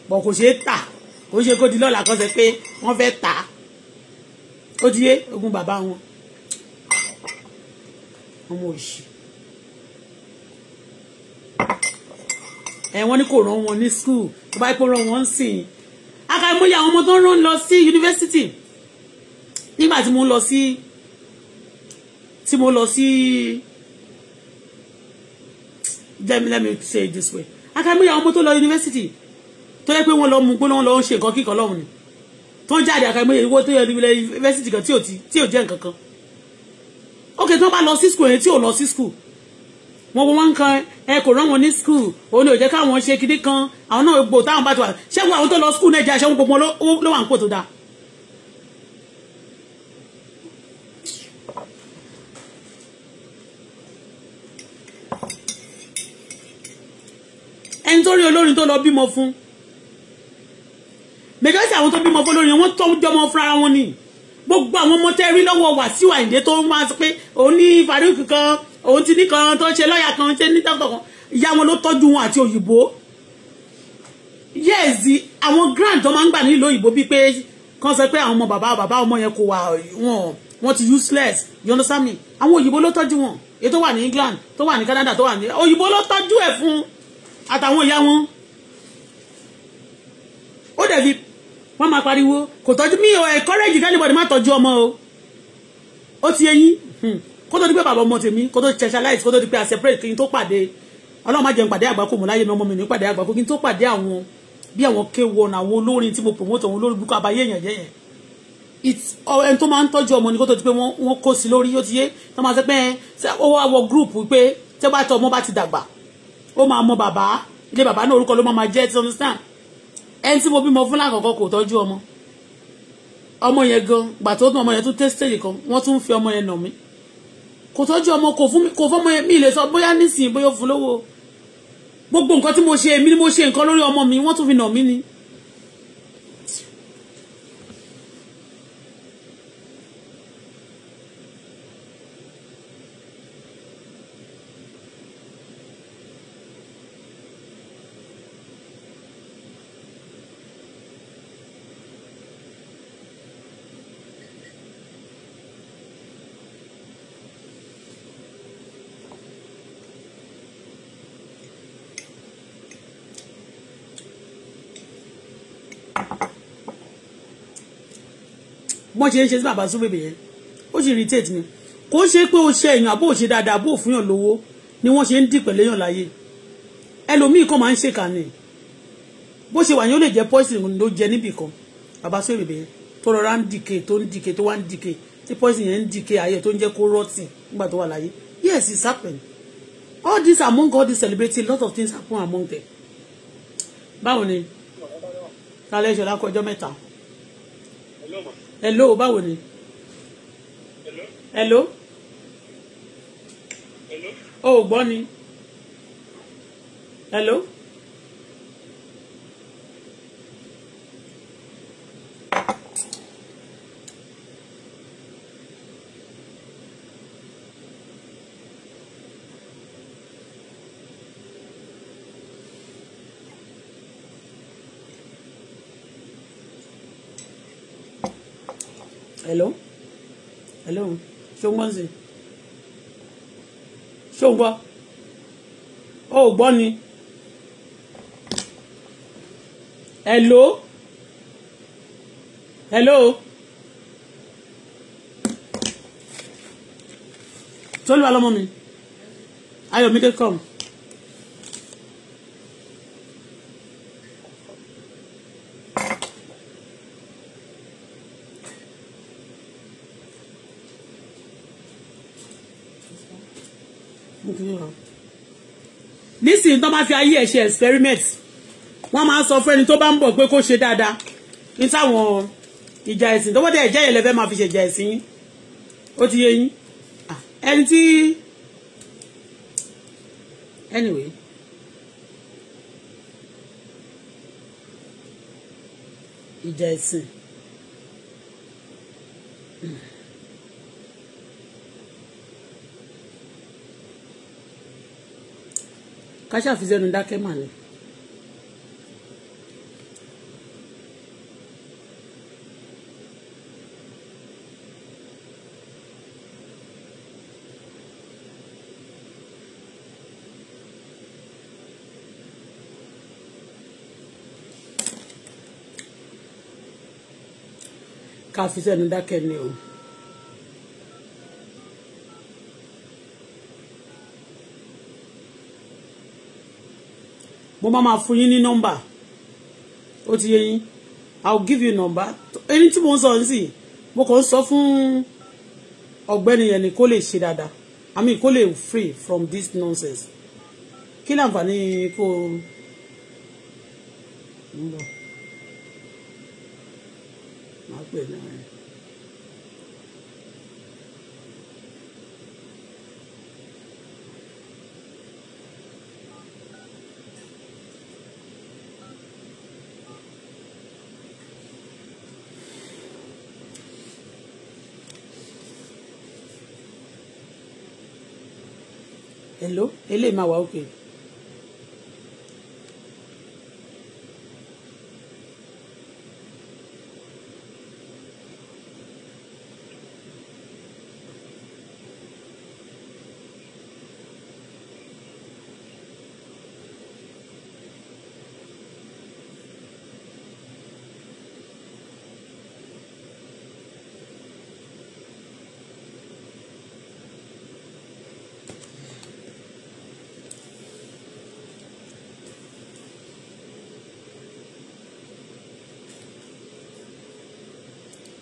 bọ̀ kò ṣeé tà kò ṣe kó di lọ́la kan ṣe pé wọ́n fẹ́ tà á ó ti yé ogún bàbá wọn ọmọ òṣì ẹ eh, wọ́n ní kò rán wọn ní school tó bá yẹ kó rán wọn sìn akáyọmọye àwọn ọmọ tó ń rán lọ sí yunifásitì nígbà tí mo lọ sí tí mo lọ sí let me let me say it this way akáyọmọye àwọn ọmọ tó lọ yunifásitì tó yẹ pé wọ́n lọ mú gbóná wọn lọ ń ṣe nǹkan kíkan lọ́hùn ni tó ń jáde akáyọmọye ìwọ tó yẹ yunifásitì kan tí ò jẹ́ nǹkan kan ok tí wọ́n bá lọ sí school yẹn tí ò lọ sí school wọn wọ́n wọ́n kan ẹ kò rán wọn ní skul òun ni ò jẹ́ káwọn ṣe kiri kan àwọn náà gbò táwọn bá ti wà ṣẹ́gun àwọn tó lọ skul náà jẹ́ aṣẹ́gun gbogbo ló wà ń pò tó dáa. ẹni tó rí olórin tó lọ bímọ fún mẹjọ́sí àwọn tó bímọ fún olórin wọn tó jọmọ fúnra wọn ni gbogbo àwọn ọmọ tẹ́ rí lọ́wọ́ Wàsíù Àyìndé tó ń wá sí pé òun ní Farouk kan òun ti ní kan tó ń ṣe lọ́ọ̀yà kan ṣe ní dọ́kítọ̀ kan ìyá wọn ló tọ́jú wọn àti òyìnbó yes àwọn grand tó máa ń gbà nílùú òyìnbó bíi pé kan sọ pé àwọn ọmọ bàbá bàbá ọmọ yẹn kò wà wọn wọn ti useless you understand me àwọn òyìnbó ló tọ́jú wọn èyí tó wà ní England tó wà ní Canada tó wà ní òyìnbó ló tọ́jú ẹ̀ fún àtàwọn ìyá wọn ó dẹ̀ fi wọ́n máa pariwo kò tọ́jú mi ò encourage anybody má tọ́jú ọmọ o ó ti eyín kó tó di pé bàbá ọmọ tèmi kó tó specialize kó tó di pé a separate kí n tó pàdé ọlọ́run má jẹun pàdé àgbákò mọ́ láyé mi ọmọ mi ní pàdé àgbákò kí n tó pàdé àwọn bí àwọn kéwọ́n àwọn olórin tí mo promote àwọn olórin búkọ abayé èèyàn jẹ́ yẹn ẹni tó máa ń tọ́jú ọmọ ni kó tó di pé wọ́n kó sí lórí yóò ti yé tó máa sọ pé ó wá wọ group pé tẹ́ bá tọ́ ọmọ bá ti dàgbà ó máa mọ bàbá ilé bàbá náà orúkọ ló máa jẹ́ ti understand ẹni tí mo bímọ fún lákọ̀ọ́kọ́ kò tọ́jú ọmọ ọmọ yẹn gan gbà tó tún ọmọ yẹn tún tẹ́ stage kan wọ́n tún fi ọmọ yẹn nà mí kò tọ́jú ọmọ kò fún mi kò fọ́mọ mi lè sọ bóyá nísìnyí bóyá ó fún lówó gbogbo nǹkan tí mo ṣe èmi ni mo ṣe nǹkan lórí ọmọ mi wọ́n tún fi nà mí ni. wọ́n ṣe ń ṣe sí bàbá Suebebe yẹn ó sì irritate mi kò ṣe pé o ṣe èèyàn àbó òṣè dáadáa àbó òfúnyàn lówó ni wọ́n ṣe ń dìpẹ̀ léyàn láyé ẹlòmíì kan máa ń ṣèkà ni bó ṣe wà yẹn ó lè jẹ́ poison ló jẹ níbì kan bàbá Suebebe yẹn tó rọra ń dìke tó ń dìke tó wá ń dìke tí poison yẹn ń dìke ayé tó ń jẹ́ kó rọ́ọ̀tì nígbà tó wà láyé yes it's happened all this among all this celebrity lot of things happen among them báwo ni kálẹ̀ ìṣọ̀lá kọjọ́ mẹ́ta hello báwo ni. hello. hello. hello. o ò gbọ́ ni. hello? hello hello ṣé o ń gbọ́ ń sè ṣé o ń gbọ́ o ò gbọ́ ni hello hello tolu alọmọ mi ayọ̀mídé come. hàn nísìnyí tó bá fi ayé ẹ̀ ṣe experiment wọ́n máa ń sọ fún ẹni tó bá ń bọ̀ pé kó ṣe dáadáa ní táwọn ìjà ẹ̀sìn tó bọ́dẹ̀ ìjà ìlẹ̀fẹ́ máa fi ṣe ìjà ẹ̀sìn ó ti yé yín ẹni tí anyway ìjà ẹ̀sìn. ká ṣàfisẹ́nu dákẹ́ mà ní. ká fi sẹ́nu dákẹ́ ni o. mo máa ma fún yín ní nọ́mbà ó ti yé I'll give you number ẹni tí mo ń sọ nísìnyí mo kàn ń sọ fún ọ̀gbẹ́ni yẹn ni kó lè ṣe dáadáa i mean kó lè free from this nonsense kí láǹfààní kó ń bọ̀ máa pè náà. hello eléyìí máa wà òkè.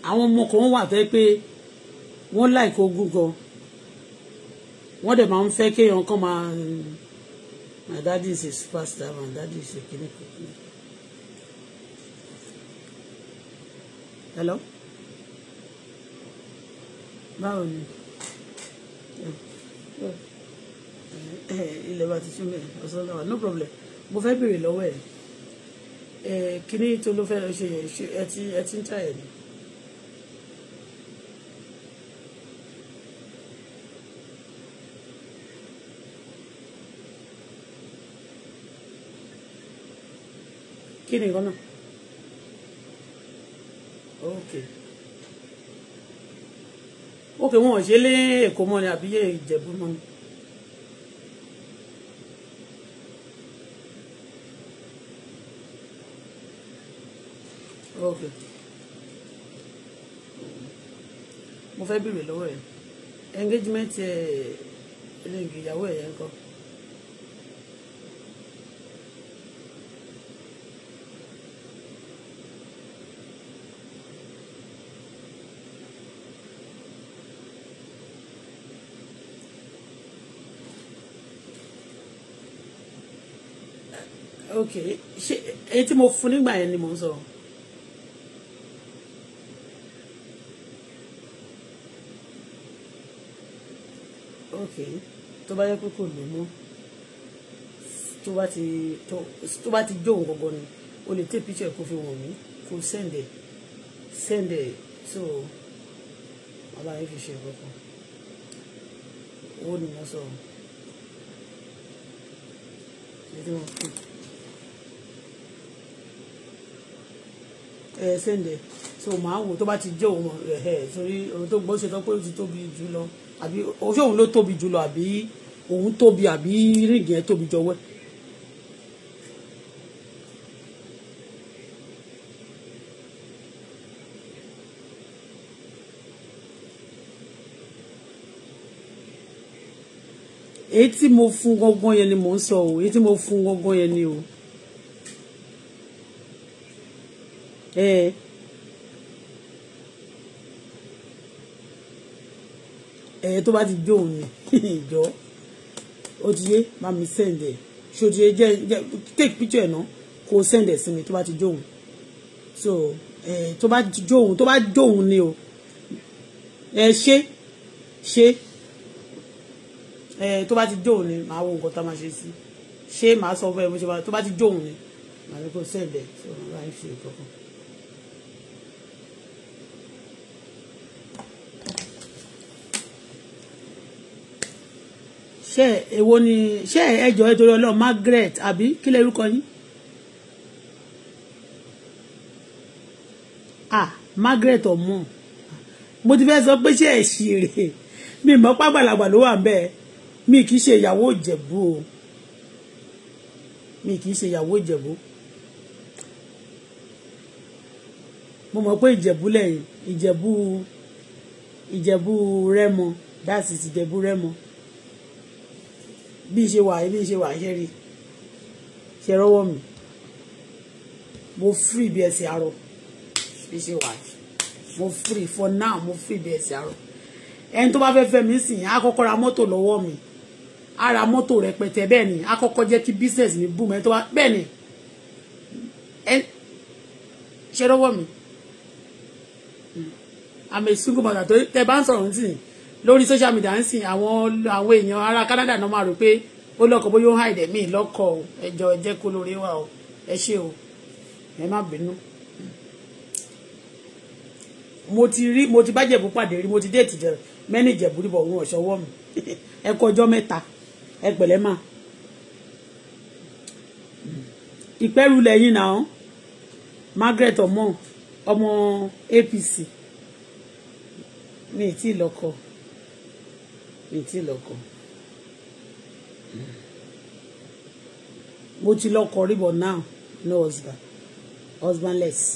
àwọn ọmọ kan wà tẹ́ pé wọ́n láìkó gúgọ wọ́n dẹ̀ máa ń fẹ́ kéèyàn kan máa my daddy is a superstar my daddy is a kìnnì kìnnì. hello báwo ni ilẹ̀ bá ti sún mi ọ̀sán náà no problem mo fẹ́ béèrè lọ́wọ́ ẹ̀ kìnnì tó ló fẹ́ ṣe ẹ ti ń tà ẹ̀ ni. kí ni nǹkan okay okay wọn ò ṣe lé èkó mọ́ ni okay mo fẹ́ béèrè engagement ẹ̀ ẹ̀ lè gbìyàwó ok ṣe èyí tí mo fún nígbà yẹn ni mò ń sọ. ok tó bá yẹ pé kò lè mú tó bá ti tó bá ti jó òun ni o lè tẹ picture kó fi wọ̀n mí kó send ẹ̀ send ẹ̀ so bàbá yẹn fi ṣe ìkọ̀kọ̀ owó ni wọ́n sọ ọ́ ẹ̀ ẹ sẹ́ǹdẹ̀ so màá wò tó bá ti jẹ́ òun ẹ̀ torí òun tó gbọ́ ṣe tán pé ó ti tóbi jù lọ àbí oṣù òun ló tóbi jù lọ àbí òun tóbi àbí ríngì yẹn tóbi jọwẹ́. èyí tí mo fún gangan yẹn ni mò ń sọ o èyí tí mo fún gangan yẹn ni o. é é tu vai ti jó òun ìjọ ó ti yé má mi send ẹ ṣó ti yé jẹ jẹ take picture ẹ náà kó o send ẹ sí mi tó bá ti jó òun so ẹ eh, tó bá jó òun um bá jó òun ni o ẹ ṣe ṣe eh, ẹ tó bá ti jó òun ni màá wo nǹkan tá a máa ṣe sí ṣé màá sọ fún ẹ bó ṣe bá tó bá ti jó òun ni màá ní kó send ẹ so ṣé èwo ni ṣé ẹjọ́ nítorí ọlọ́run Margaret àbí kí lè rúkọ yín ah Margaret ọmọ mo ti fẹ́ sọ pé ṣé ẹ̀ ṣì rè mi mọ́ pàgbàlagbà ló wà ń bẹ́ẹ̀ mi kì í ṣe ìyàwó ìjẹ̀bú o mi kì í ṣe ìyàwó ìjẹ̀bú mo mọ̀ pé ìjẹ̀bú lẹ́yìn ìjẹ̀bú ìjẹ̀bú rẹ́mọ dáàsì ìjẹ̀bú rẹ́mọ bí ṣe wà bí ṣe wà ṣe rí ṣe rọ́wọ́ mi mo free bí ẹsẹ̀ arọ bí ṣe wà mo free for now mo free bí ẹsẹ̀ arọ ẹni tó bá fẹ́ fẹ́ mi sìn á kọ́kọ́ ra mọ́tò lọ́wọ́ mi á ra mọ́tò rẹpẹtẹ bẹ́ẹ̀ ni á jẹ́ kí business mi boom ẹni tó bá bẹ́ẹ̀ ni ṣe rọ́wọ́ mi àmì hmm. single mother tó tẹ bá ń sọ̀rọ̀ nísìnyí lórí social media ń sìn àwọn àwọn èèyàn ará Canada náà máa rò pé ó lọ́kọ bóyá ó ń hàìdẹ̀ míì lọ́kọ o ẹjọ́ ẹ jẹ́ kó lórí wa o ẹ ṣe o ẹ má bínú. mo ti rí mo ti bájẹ̀bú pàdé rí mo ti déètì jẹ mẹ́ni ìjẹ̀bú rí bọ̀ òun ọ̀ṣọ́wọ́ mi ẹ kọjọ́ mẹ́ta ẹ pẹ̀lẹ́ mà. ìpẹ́rù lẹ́yìn náà Margaret ọmọ ọmọ APC mi ì tí ì lọ́kọ mi ti lọ́kọ mo ti lọ́kọ rí but now no husband husbandless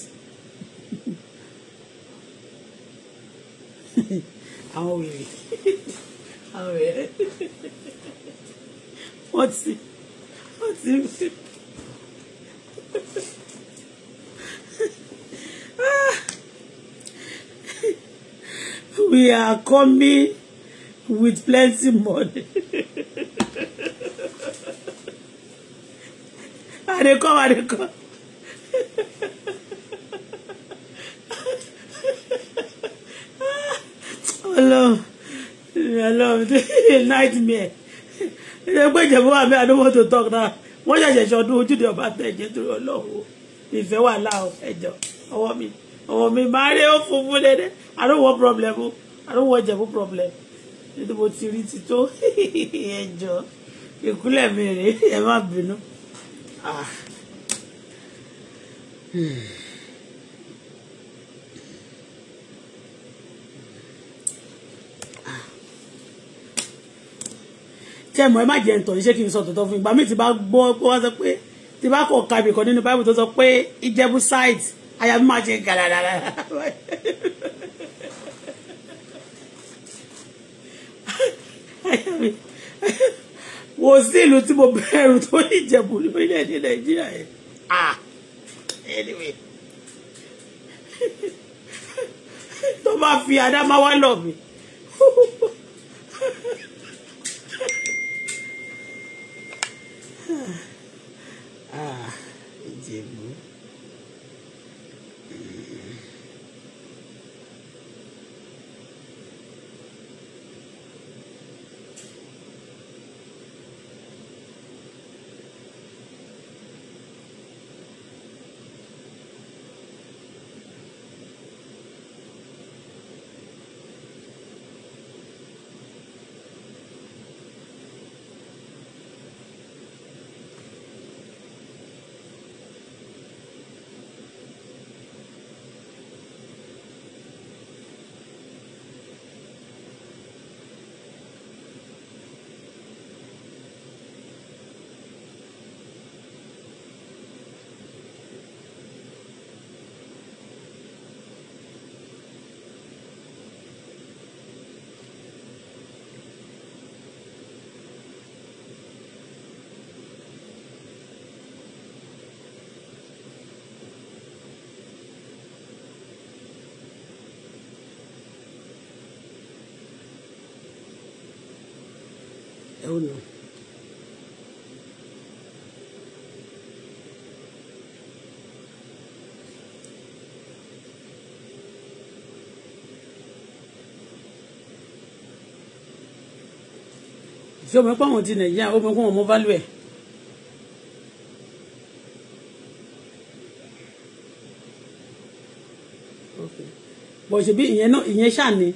àwọn wèrè àwọn wèrè wọ́n ti wọ́n ti ah! we are coming with plenty money. I dey come, I dey come. Hello, hello, nightmare. Ṣé pé ìjẹ̀bú I don't want to talk now. Wọ́n ṣẹ̀ṣẹ̀ ṣọdún ojúde you tẹ̀ ẹ̀jẹ̀ torí ọlọ́run. Ìfẹ́ wà láò ẹ̀jọ̀ ọwọ́ mi. Ọwọ́ mi máa rí ó funfun lédè. I don't want problem I don't want ìjẹ̀bú problem nítorí mo ti rí ti tó ẹjọ́ ìkúlẹ̀ mi rèé ẹ má bínú. tẹ ah. hmm. ah. mọ ẹ má jẹ ntọ iṣẹ́ kí n sọ tòótọ́ fún ìgbà míì tí bá gbọ́ pé wọ́n sọ pé tí bá kọ ka ibìkan nínú báyìí tó sọ pé Ìjẹ̀bú site àyà mi ṣe gàdàdàdà wò sí ìlú tí mo bẹ̀rù tó ní ìjẹ̀bù lórílẹ̀ ní nàìjíríà yẹn anyway tó bá fi adámáwá lọ mi ah, ìjẹ̀bù. Hold on. ṣé o mọ̀ pé àwọn ti nàìjíríà ó mọ̀ pé wọn mọ value ẹ̀. bọ̀ ṣe bí ìyẹn náà ìyẹn ṣáà ni.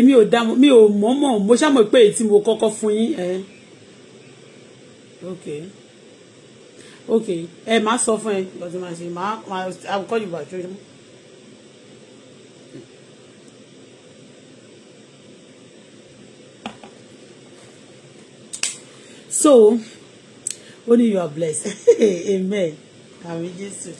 èmi ò dá mi ò mọ̀ọ́mọ̀ mo ṣàmọ̀ pé èyí tí mo kọ́kọ́ fún yín ẹ ok ok ẹ máa sọ fún ẹ lọ́tí máa ṣe máa máa kọ́ ìgbà tó yẹ. so only you are blessed amen àmì jésù.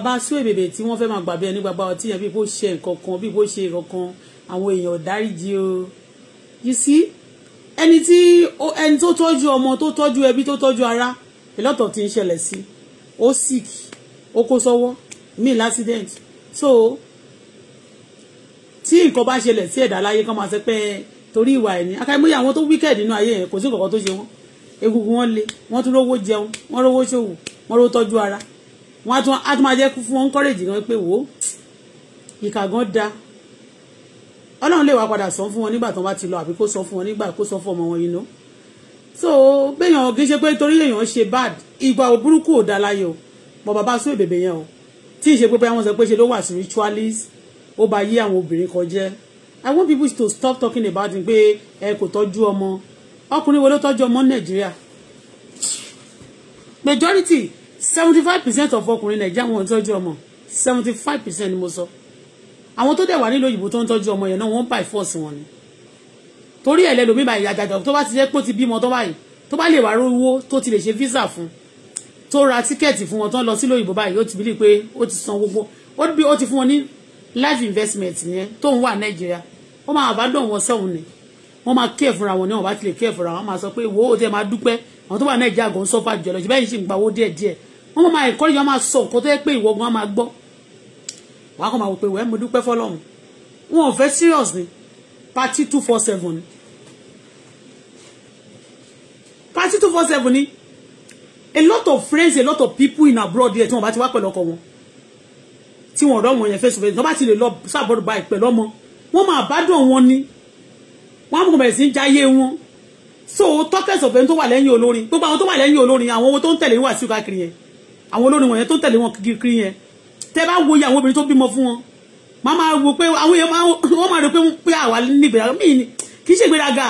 bàbá sú èbèbè tí wọ́n fẹ́ máa gbàgbé ẹni bàbá ọtí yẹn bí bó ṣe nǹkan bí bó ṣe nǹkan àwọn èèyàn dáríjì o you see ẹni tí ẹni tó tọ́jú ọmọ tó tọ́jú ẹbí tó tọ́jú ara ìlọ́tọ̀ ti ń ṣẹlẹ̀ sí ó sick ó kó sọ́wọ́ mi l'accident so tí nǹkan bá ṣẹlẹ̀ sí ẹ̀dá láyé kan máa ṣe pé torí ìwà ẹni akáyémóyè àwọn tó wicked nínú ayé yẹn kò sí nǹkan kan tó ṣe wọn egungun wọn le wọn tún rówó jẹun wọn rówó ṣòwò wọn rówó tọ́jú ara wọn á tún á tún máa jẹ́ kú fún wọn kọ́rẹ́jì gan pé wò ó ìkà gan da ọlọ́run lè wá padà sọ fún wọn nígbà tó bá ti lọ àbí kó sọ fún wọn nígbà kó sọ fún ọmọ wọn yìí ná so béèyàn kì í ṣe pé torí èèyàn ṣe bad ìgbà òburúkú ò da láyé o mọ bàbá sún ìbèbè yẹn o tí ì ṣe pé báyà wọn sọ pé ṣe ló wà spiritualist ó bá yí àwọn obìnrin kan jẹ́ I want people to stop talking about it pé ẹ kò tọ́jú ọmọ ọkùnrin wo ló tọ́jú ọmọ Nàìjíríà majority seventy five percent of ọkùnrin nàìjíríà wọn tọ́jú ọmọ seventy five percent ni mo sọ àwọn tó dẹ̀ wà nílò òyìnbó tó ń tọ́jú ọmọ yẹn náà wọ́n by force wọn ni torí ẹ̀ lẹ́lòmí báyìí àjàjà tó bá ti jẹ́ pé ó ti bímọ tó báyìí tó bá lè wá rówó tó ti lè ṣe visa fún tó ra tíkẹ́ẹ̀tì fún wọn tó ń lọ sílò òyìnbó báyìí ó ti bílí pé ó ti san gbogbo ó bí ó ti fún wọn ní life investment yẹn tó ń wà nàìjíríà ó máa bá dùn wọn sẹ́wọ̀n ni wọ́n máa kí ẹ̀fúnra wọn ni wọ́n bá ti lè kí ẹ̀fúnra wọn máa sọ pé wo ó tẹ́ máa dúpẹ́ àwọn tó wà nàìjíríà gan sọ́fà jọlọ́jọ́ báyìí sì ń gbawó díẹ̀díẹ̀ wọ́n máa encourage wọ́n máa sọ nǹkan tó yẹ pé ìwọ gan máa gbọ́ wàá kàn máa wò pé wẹ́ẹ́ mo dúpẹ́ fọlọ́run wọn ò fẹ́ serious ni party two four seven ni party two four seven ni a lot of friends a lot of people in abroad yẹ tí wọ́n bá ti wá pẹ̀lú ọkọ wọn tí wọ́n rọ́ wọn yẹn face to face tí wọ́n bá ti lè lọ sábọ́dọ̀ báyìí pẹ̀lú ọmọ wọ́n máa bá dùn wọn ni wọ́n á mú bẹ̀rẹ̀ sí jáyé wọn so tọ́kẹ́sọ̀fẹ́ tó wà lẹ́yìn olórin gbogbo àwọn tó wà lẹ́yìn olórin àwọn owó tó ń tẹ̀lé wà sí káàkiri yẹn àwọn olórin wọ̀nyẹn tó tẹ̀lé wọn kiri yẹn tẹ́ bá wo iye àwọn obìnrin tó bímọ fún wọn máa máa wo pé àwọn èèyàn máa wọ́n máa rò pé pé àwa nígbèrágà míì ni kì í ṣe ìgbéraga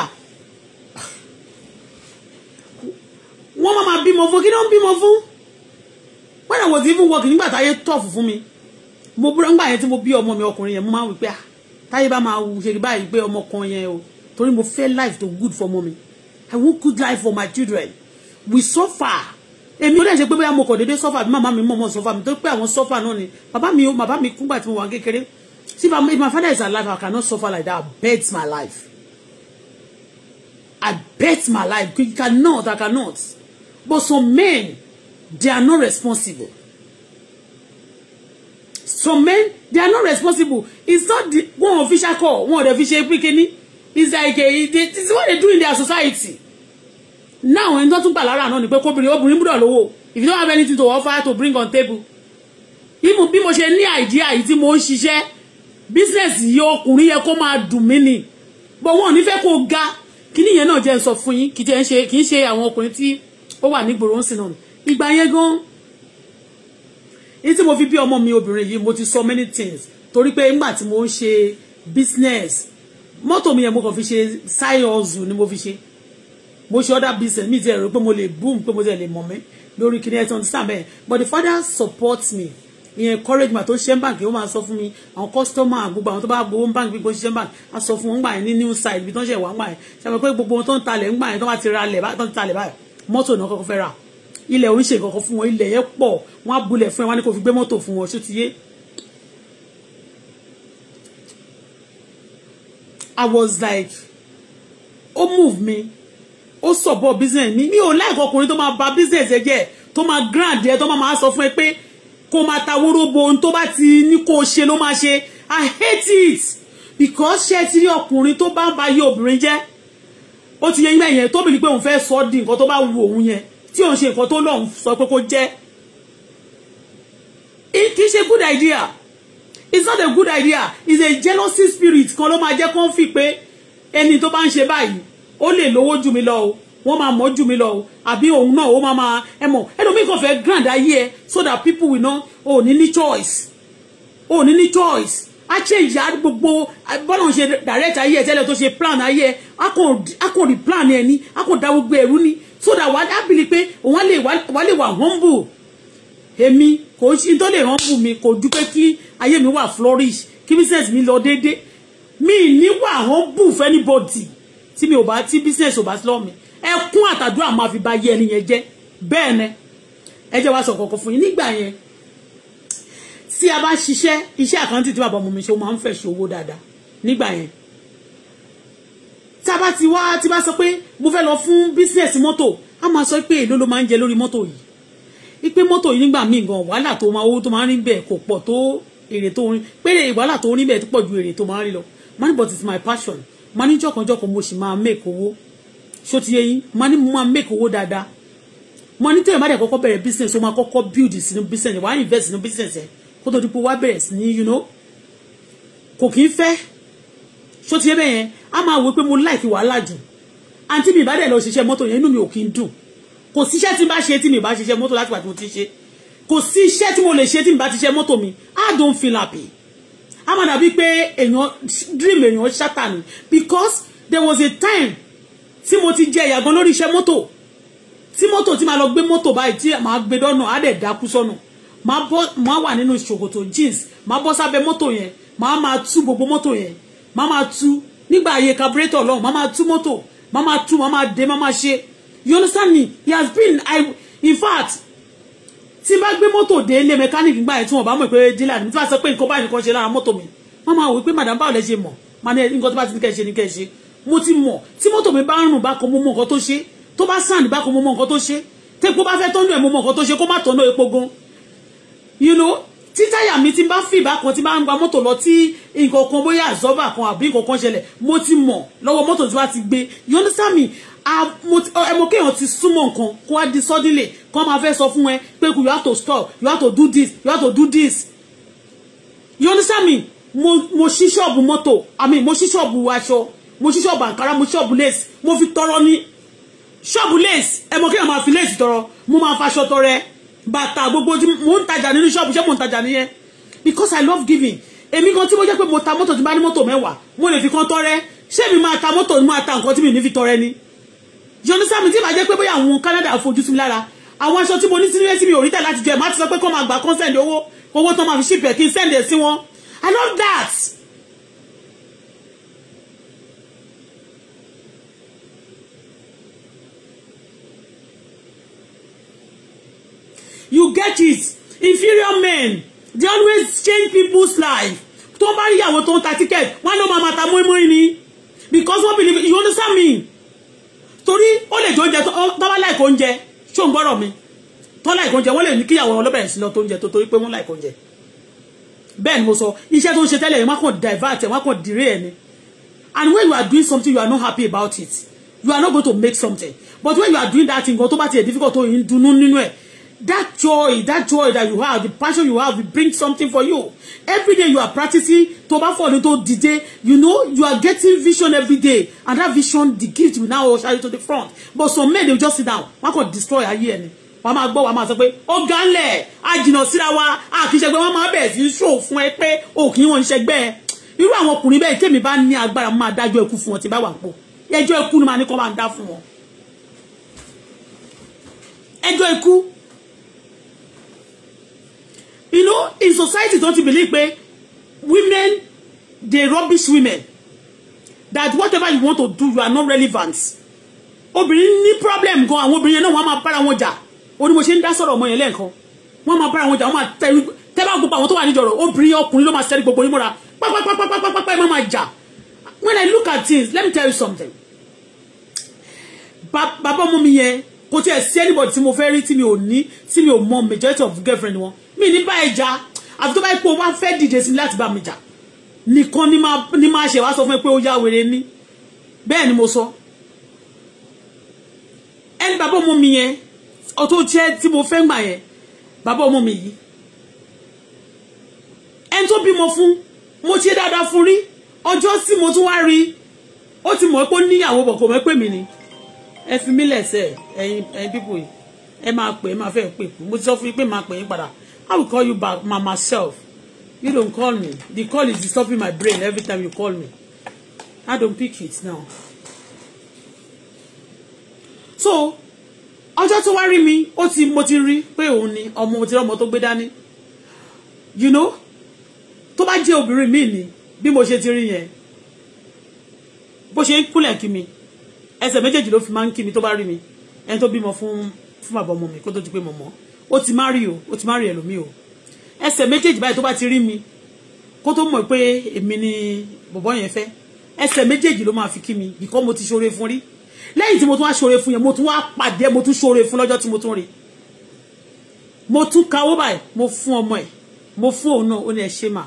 wọ́n máa máa bímọ fún kí ni wọ́n bímọ fún when I was even working nígbà táyé tọ̀fù fún mi mo búra ńgbà yẹn tí mo bí ọmọ mi ọkùnrin yẹn mo máa wí pé ah táyé bá máa wù ṣe báyìí pé ọmọ kan yẹn o torí mo fẹ́ life to good for ọmọ mi I want good life for my children we suffer. So èmi ó dẹ̀ ṣe pé bóyá mo kọ̀ déédéé sọ́fà mi màmá mi mọ̀mọ́ sọ́fà mi tó pé àwọn sọ́fà náà ni bàbá mi ó bàbá mi kúgbà tí mo wà kékeré see if my, father is alive I cannot suffer like that I bet my life I bet my life you cannot I cannot but some men they are not responsible some men they are not responsible it's not the one official call one of the official pé kíní it's like a, it, it's what they do in their society now ẹni tó tún gbà lára náà ni pé kóbìnrin obìnrin gbúdọ̀ lówó if you don't have anything to offer to bring on table even bí mo ṣe ní idea, yìí tí mo ń ṣiṣẹ́ business yìí ọkùnrin yẹ kó máa dùn mí ni but wọn ò ní fẹ́ kó ga kíní yẹn náà jẹ́ ń sọ fún yín kì í ṣe àwọn ọkùnrin tí ó wà nígboro ń sìn náà ìgbà yẹn gan-an ní tí mo fi bí ọmọ mi obìnrin yìí mo ti sọ many things torí pé nígbà tí mo ń ṣe business mọ́tò mi yẹn mo kàn fi ṣe side ni mo fi ṣe mo ṣe other business mi ti ẹ̀rọ pé mo lè boom pé mo ti ẹ̀ lè mọ̀ mí lórí kí ni ẹ ti understand bẹ́ẹ̀ but the father support me ìyẹn encouragement tó ṣiṣẹ́ bank ó máa sọ fún mi àwọn customer gbogbo àwọn tó bá gbowó bank gbogbo ṣiṣẹ́ bank á sọ fún wọn gbà yẹn ní new side ibi tó ń ṣe wà gbà yẹn ṣàmì pé gbogbo wọn tó ń talẹ̀ gbà yẹn tó bá ti ra lẹ̀ tó ń talẹ̀ báyìí mọ́tò náà kọ́kọ́ fẹ́ ra ilẹ̀ ò ń ṣe kankan fún wọn ilẹ̀ yẹn pọ̀ wọn á bulẹ̀ fún ẹ wọn ni kò fi gbé mọ́tò fún wọn ṣó ti yé. I was like ó move me ó support business mi mi ò like ọkùnrin tó máa ba business ẹ tó máa grand ẹ tó máa sọ fún ẹ pé kó máa ta wóróbo ohun tó bá ti ní kó o ṣe ló máa ṣe i hate it because ṣé ti rí ọkùnrin tó bá ń ba yé obìnrin jẹ́ ó ti yẹ yín bẹ́ẹ̀ yẹn tóbi ni pé òun fẹ́ sọ ọ́ di nǹkan tó bá wu òun yẹn tí òun ṣe nǹkan tó lọ́hùn sọ pé kó jẹ́ kì í ṣe good idea it's not a good idea it's a jealousy spirit kan ló máa jẹ́ kó ń fi pé ẹni tó bá ń ṣe báyìí ó lè lówó jù mí lọ o wọ́n máa mọ̀ jù mí lọ o àbí òun náà ó máa máa ẹ mọ̀ ẹlòmíì kò fẹ́ grand ayé ẹ so that people will know ò ní choice ò ní choice a change ya gbogbo bọ́lá ń ṣe direct ayé ẹ tẹ́lẹ̀ tó ṣe plan ayé ẹ a kò rí plan ẹ ní a kò da gbogbo ẹ̀rú ní so that wàá dábìlì pé wọ́n lè wà lè wà humble èmi kò sí tó lè humble mi kò ju pé kí ayé mi wà flourish kí business mi lọ déédéé mi ní wà humble for anybody tí mi ò bá tí business ò bá sí lọ́wọ́ mi ẹkún àtàdúrà máa fi ba yé ẹni yẹn jẹ́ bẹ́ẹ̀ ni ẹ jẹ́ wá sọ kọ̀ọ̀kan fún yín nígbà yẹn tí a bá ṣiṣẹ́ iṣẹ́ àkáǹtì tí bàbá ọmọ mi ṣe ó máa ń fẹ́ ṣe owó dáadáa nígbà yẹn tá a bá ti wá tí bá sọ pé mo fẹ́ lọ fún business mọ́tò a máa sọ pé èló ló máa ń jẹ lórí mọ́tò yìí ipe mọ́tò yìí nígbà míì gan wàhálà tó máa owó tó máa ń rí bẹ́ẹ̀ kò pọ̀ tó èrè tó rí pé wàhálà tó rí bẹ́ẹ̀ tó pọ̀ ju èrè tó máa ń rí lọ money but it's my passion máa ní jọ̀kanjọ̀kan mo sì máa make owó ṣó ti yẹ yín máa ní mo máa make owó dáadáa máa ní tẹ̀yìn bá dẹ̀ kọ́kọ́ bẹ̀rẹ̀ business o máa kọ́kọ́ build sínú business wàá invest sínú business ẹ̀ kó tó di pé wàá bẹ̀rẹ̀ sí ní you know kò kí ń fẹ́ ṣó ti yẹ bẹ́ẹ̀ yẹn á máa wò pé mo like wàhálà jù àǹtí mi ìbádẹ́ lọ ṣiṣẹ́ mọ́tò yẹn inú mi ò kí ń dùn kò síṣẹ́ tí n bá ṣe tí mi ìbá ṣiṣẹ́ mọ́tò láti pàtó ti ṣe kò sí tí mo lè ṣe tí mi bá ti ṣe mọ́tò mi I don't feel happy a máa dàbí pé èèyàn dream èèyàn ṣátà ni because there was a time tí mo ti jẹ ìyàgàn lórí iṣẹ́ mọ́tò tí mọ́tò tí máa lọ gbé mọ́tò báyìí tí màá gbé dọ́nà á dẹ̀ dákú sọ́nà màá wà nínú ṣòkòtò jeans màá bọ́ sábẹ́ mọ́tò yẹn màá máa tú gbogbo mọ́tò yẹn màá máa tú nígbà ayé carburetor lọ́hùn màá máa tú mọ́tò màá máa tú màá máa dé màá máa ṣe you understand me he has been I in fact tí bá gbé mọ́tò dé ilé mẹkáníìkì gbà yẹn tí o bá mọ̀ pé dílà ni tí wọ́n sọ pé nǹkan báyìí nǹkan ṣe lára mọ́tò mi wọ́n máa wí pé madam báwo lẹ ṣe mọ̀ máa ní nǹkan tó bá ti ní kẹ́ ṣe ní kẹ́ ṣe mo ti mọ̀ tí mọ́tò mi bá ń rùn bákan mo mọ̀ nǹkan tó ṣe tó bá sàn bákan mo mọ̀ nǹkan tó ṣe tẹ́pọ̀ bá fẹ́ tọ́nú ẹ̀ mo mọ̀ nǹkan tó ṣe kó má tọ́nú epo you know tí táyà mi ti bá ń fìbá kan tí bá ń gba mọ́tò lọ tí nǹkan kan bóyá àzọ́bà kan àbí nǹkan kan ṣẹlẹ̀ mo ti mọ̀ lọ́wọ́ mọ́tò tí wá ti gbé you understand me ẹmọ kéèyàn ti súnmọ́ nǹkan kó wá di suddenly kó máa fẹ́ sọ fún ẹ pé you have to stop you have to do this you have to do this you understand me mo mo ṣí ṣọ́ọ̀bù mọ́tò àmì mo ṣí ṣọ́ọ̀bù aṣọ mo ṣí shop, àǹkárá mo ṣọ́ọ̀bù lace mo fi tọrọ ní ṣọ́ọ̀bù lace ẹmọ kéèyàn máa fi lace tọrọ mo máa faṣọ tọrẹ bàtà gbogbo tí mò ń tajà nínú ṣọ́ọ̀bù ṣé mò ń tajà nìyẹn because I love giving èmi kan tí mo jẹ́ pé mo ta mọ́tò tí bá ní mọ́tò mẹ́wàá mo lè fi kan tọrẹ ṣé mi máa ta mọ́tò ni máa ta nǹkan tí mi ní fi tọrẹ ni yọnu sáàmì tí màá jẹ́ pé bóyá àwọn Canada fojú sí mi lára àwọn aṣọ tí mo ní sínú ẹsìn mi ò rí tẹ̀ láti jẹ màá ti sọ pé kó máa gbà consent owó owó tó máa fi ṣìpẹ̀ kí n send ẹ̀ sí wọn I love that you get it inferior men they always change people's life tó bá rí ìyàwó tó ń ta ticket wọn ló máa ma ta mọ́ínmọ́ín ni because wọ́n believe you understand me torí ó lè jẹ oúnjẹ tó bá láìkó oúnjẹ ṣó ń gbọ́rọ̀ mi tó láìkó oúnjẹ wọ́n lè ní kíyàwó wọn lọ́bẹ̀rẹ̀ sí lọ tó oúnjẹ tó torí pé wọ́n láìkó oúnjẹ bẹ́ẹ̀ ni mo sọ iṣẹ́ tó ń ṣe tẹ́lẹ̀ wọ́n kàn divert wọ́n kàn dìrẹ́ ẹ̀ ni and when you are doing something you are not happy about it you are not going to make something but when you are doing that thing gan tó bá tiẹ̀ difficult tó yín dunú nínú ẹ̀ that joy that joy that you have the passion you have it brings something for you every day you are practicing toba for fọ̀ ní tó you know you are getting vision every day and that vision the gift will now show you to the front but some men dey just sit down wọn kò destroy a year? wọn máa gbọ́ wọn máa sọ pé ó gánlẹ̀ àjìnà síra wa àkìṣẹ́gbẹ́ wọn máa bẹ̀rẹ̀ sí í ṣòwò fún ẹ pé òkì wọn ń ṣẹgbẹ́ irú àwọn ọkùnrin bẹ́ẹ̀ tèmi bá ní agbára máa dájọ́ ikú fún wọn tí bá wà pọ̀ ẹjọ́ ikú ni màá ní kó máa dá fún wọn ẹjọ́ ikú you know in society don't you believe pé women dey rubbish women that whatever you want to do you are not relevant obìnrin ní problem gan àwọn obìnrin yẹn náà wọ́n máa bára wọn jà ó ní mo ṣe ń dá sọ̀rọ̀ ọmọ yẹn lẹ́ẹ̀kan wọ́n máa bára wọn jà wọ́n máa tẹ̀rí tẹ́lá gbogbo àwọn tó wà níjọ̀rọ̀ obìnrin ọkùnrin ló máa ṣẹ́rí gbogbo yín mọ́ra pápápápápápá ẹ̀ máa jà when I look at things let me tell you something bàbá ọmọ mi yẹn kò tiẹ̀ sí anybody tí mo fẹ́ rí tí mi ò ní tí mi ò mọ majority of girlfriend wọn mi ní bá ẹ jà àfi tó bá pé o wá fẹ́ dìde sí láti bá mi jà nìkan ni ma ṣe wá sọ fún mi pé ó yá wèrè ní ni mo sọ ẹni bàbá ọmọ mi yẹn ọtọ́ jẹ́ tí mo fẹ́ gbà yẹn bàbá ọmọ mi yìí ẹni tó bímọ fún mo ṣe dáadáa fún rí ọjọ́ tí mo tún wá rí ó ti mọ̀ pé ó níyàwó bọ̀ kò mọ̀ pé mi ni ẹ fi mí lẹ̀sẹ̀ ẹ̀yin ẹ̀yin bíbò yìí ẹ máa pè é máa mo ti sọ fún yín pé máa pè yín I will call you back Mama. Self, You don't call me. The call is disturbing my brain every time you call me. I don't pick it now. So, ọjọ́ tó wá rí mi, ó ti mo ti rí pé òun ni ọmọ mo ti rí tó gbé dání. You know, tó bá jẹ́ obìnrin mi ni bí mo ṣe ti rí yẹn. Bó ṣe ń kúnlẹ̀ kí mi, ẹsẹ̀ méjèèjì ló fi máa ń kí mi tó bá rí mi. Ẹni tó bímọ fún fún bàbá ọmọ mi kó tó ti pé mọ̀ ọ́ ó ti má rí o ó ti má rí ẹlòmíì o ẹsẹ̀ méjèèjì báyìí tó bá ti rí mi kó tó mọ̀ pé èmi ni bọ̀bọ́ yẹn fẹ́ ẹsẹ̀ méjèèjì ló máa fi kí mi ìkọ́ mo ti ṣoore fún rí lẹ́yìn tí mo tún wá ṣoore fún yẹn mo tún wá pàdé mo tún ṣoore fún lọ́jọ́ tí mo tún rí mo tún kawó báyìí mo fún ọmọ ẹ̀ mo fún òun náà ó ní ẹ ṣe mà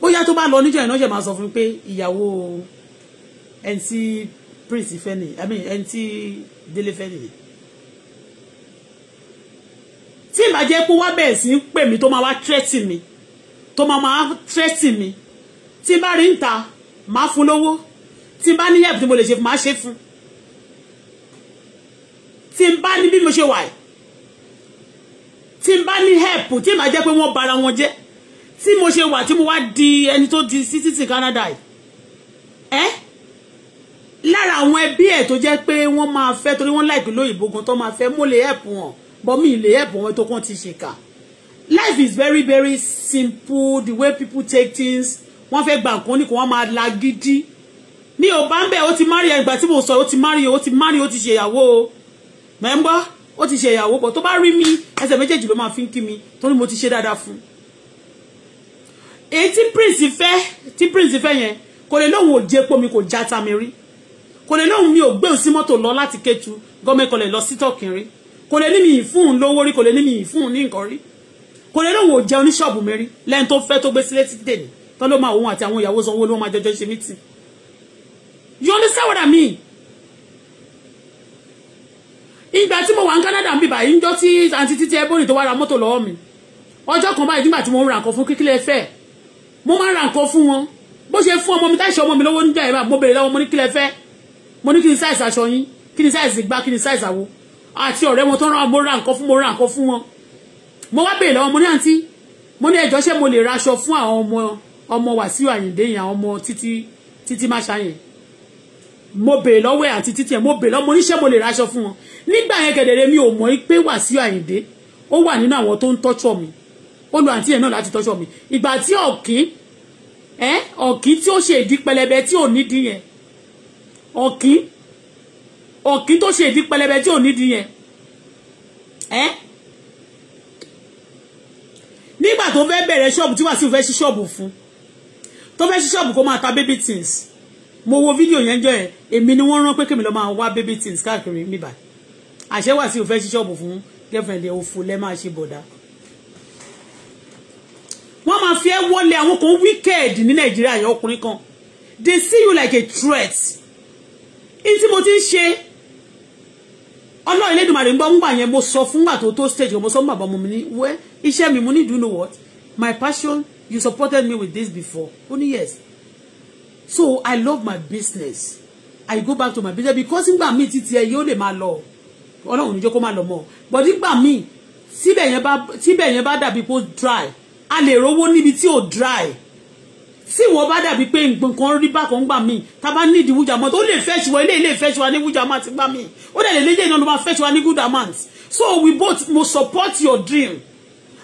bóyá tó bá lọ níjọ ìnáwó máa sọ fún mi pé ìyàwó ẹni tí prince fẹ́ nìyí ẹni tí délé fẹ́ nìyí tí ìbá jẹ́ pé wá bẹ̀rẹ̀ sí ń pè to tó máa wá tírẹ́tì mi tó máa máa tírẹ́tì mi tí bá rí ń ta máa fún lówó tí bá ní yẹ̀bù tí mo lè ṣe fún máa ṣe fún tí bá ní mo ṣe wà tí bá ní help tí ìbá jẹ́ pé wọ́n bara wọn jẹ́ tí mo ṣe wà tí mo wá di ẹni tó di citizen Canada Eh? ẹ́ lára àwọn ẹbí ẹ̀ tó jẹ́ pé wọ́n máa fẹ́ torí wọ́n láìpẹ́ lóyìnbó gan tó máa fẹ́ mo lè help wọn but me, lè help wọn tó kàn ti ṣèkà life is very very simple the way people take things wọ́n fẹ́ gba nǹkan ní kò wọ́n máa lagídí mi ò bá ń bẹ̀ ó ti márì ẹgbà tí mo sọ ó ti márì ó ti márì ó ti ṣèyàwó o mẹ́ ń gbọ́ ó ti ṣèyàwó pọ̀ to bá rí mi ẹsẹ̀ méjèèjì ló máa fi ń kí mi torí mo ti ṣe dáadáa fún un èyí tí prince fẹ́ tí prince fẹ́ yẹn kò lè lóhun ò jẹ́pọ̀ mi kò já ta mi rí kò lè lóhun mi ò gbé òsí mọ́tò lọ láti Kétu gọ́mẹ́kọlẹ̀ lọ sí tọ̀kìnrin kò lè ní mi ìfún un lówó rí kò lè ní mi ìfún un ní nǹkan rí kò lè lóun ò jẹ oníṣọ́ọ̀bù mi lẹ́yìn tó fẹ́ tó gbé sílé títí dèní tán ló máa òun àti àwọn ìyàwó sanwó ló máa jọjọ ṣe mítì you understand what I mean ìgbà tí mo wà ní Canada bíbà yìí ń jọ tí àǹtí títí ẹbọnì tó wá ra mọ́tò lọ́wọ́ mi ọjọ́ kan báyìí nígbà tí mo ń ra nǹkan fún kíkílẹ̀ fẹ́ mo máa ń ra nǹkan fún wọn bó ṣe fún ọmọ mi táìsì ọmọ mi lówó níjà ìbá mo béèrè lọ́wọ́ mo ní kílẹ̀ fẹ́ mo ní kí ni size aṣọ yín kí ni size gbá kí ni size àwo àti ọ̀rẹ́ wọn tó rán mo ra nǹkan fún mo ra nǹkan fún wọn mo wá bèèrè lọ́wọ́ mo ní àǹtí mo ní ẹjọ́ ṣé mo lè raṣọ fún àwọn ọmọ ọmọ Wàsíù Àyìndé yẹn àwọn ọmọ títí títí má ṣàyẹn mo bèèrè lọ́wọ́ àti títí ẹ̀ mo bèèrè lọ́wọ́ mo ní ṣé mo lè raṣọ fún wọn nígbà yẹn kedere mi ò mọ̀ pé Wàsíù Àyìndé ó wà nínú àwọn tó ń tọ́jọ́ mi ó lo àǹtí yẹn náà láti tọ́jọ́ mi ìgbà tí ọ̀kín ọ̀kín tí ó ṣe ìdí pẹlẹbẹ tí ò nídìí yẹn ọ̀kín ọ̀kín tó ṣe ìdí pẹlẹbẹ tí ò nídìí yẹn nígbà tó fẹ́ bẹ̀rẹ̀ ṣọ́ọ̀bù tí Wàsíù fẹ́ ṣí ṣọ́ọ̀bù fún tó fẹ́ ṣí ṣọ́ọ̀bù kó máa ta baby things mo wo fídíò yẹn jọ ẹ èmi ni wọ́n rán pé kèmi lọ máa wá baby things káàkiri mi báyìí àṣẹ Wàsíù fẹ́ ṣí ṣọ́ọ̀bù fún girlfriend òfu lẹ́ máa ṣe bọ̀dá wọ́n máa fi ẹ́ wọlé àwọn kan wicked ní Nàìjíríà yẹn ọkùnrin kan they see you like a threat ní tí mo ti ń ṣe ọlọ́run elédùnmarè ń gbọ́ ńgbà yẹn mo sọ fúngbà tó tó stage mo sọ fún bàbá mo ní wẹ́ iṣẹ́ mi mo ní do you know what my passion you supported me with this before ó ní yes so i love my business i go back to my business because ngbà míì títí ẹ yóò lè máa lọ ọlọ́run níjọ́ kó máa lọ mọ́ but nígbà míì tíbẹ̀ yẹn bá tíbẹ̀ yẹn bá dàbí kó dry a lè rówó níbi tí ò dry tí ìwọ bá dàbí pé nǹkan rí bákan gbà mí ta bá nídìí wújà mọ́ tó lè fẹ́ ṣùwọ́ ilé ilé fẹ́ ṣùwọ́ ní wújà máa ti gbà mí ó dẹ̀ lè léjẹ́ iná ló máa fẹ́ ṣùwọ́ ní good amount so we both mo support your dream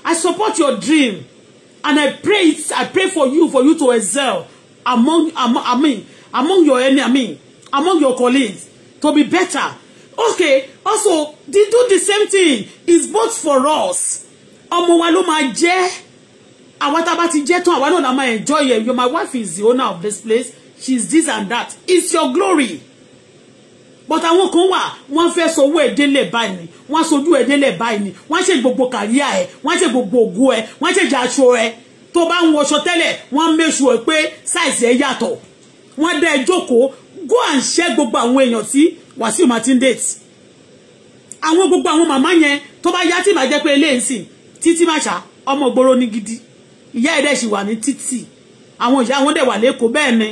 I support your dream and I pray it I pray for you for you to excel among among I mean among your enemy I mean among your colleagues to be better okay also they do the same thing it's both for us ọmọ wa ló máa jẹ́ àwa tá a bá ti jẹ́ tán àwa náà la máa enjoy yẹ your my wife is the owner of this place she is this and that it's your glory but àwọn kan wà wọ́n fẹ́ sọwọ́ èdè lẹ̀ báyìí ni wọ́n sojú èdè lẹ̀ báyìí ni wọ́n ṣe gbogbo kàríà ẹ̀ wọ́n ṣe gbogbo ògùn ẹ̀ wọ́n ṣe jàṣọ ẹ̀ tó bá ń wọṣọ tẹ́lẹ̀ wọ́n méṣù ẹ̀ pé sáìsì ẹ̀ yàtọ̀ wọ́n dá ẹ jókòó go and share gbogbo àwọn èèyàn tí Wàsíù máa ti date àwọn gbogbo àwọn màmá yẹn tó bá yá tí màá jẹ́ pé eléyìí sìn títí màṣá ọmọ ìgboro ní gidi ìyá ẹ̀dẹ̀ sì wà ní títì àwọn ìyá wọn dẹ̀ wà lẹ́kọ̀ọ́ bẹ́ẹ̀ ni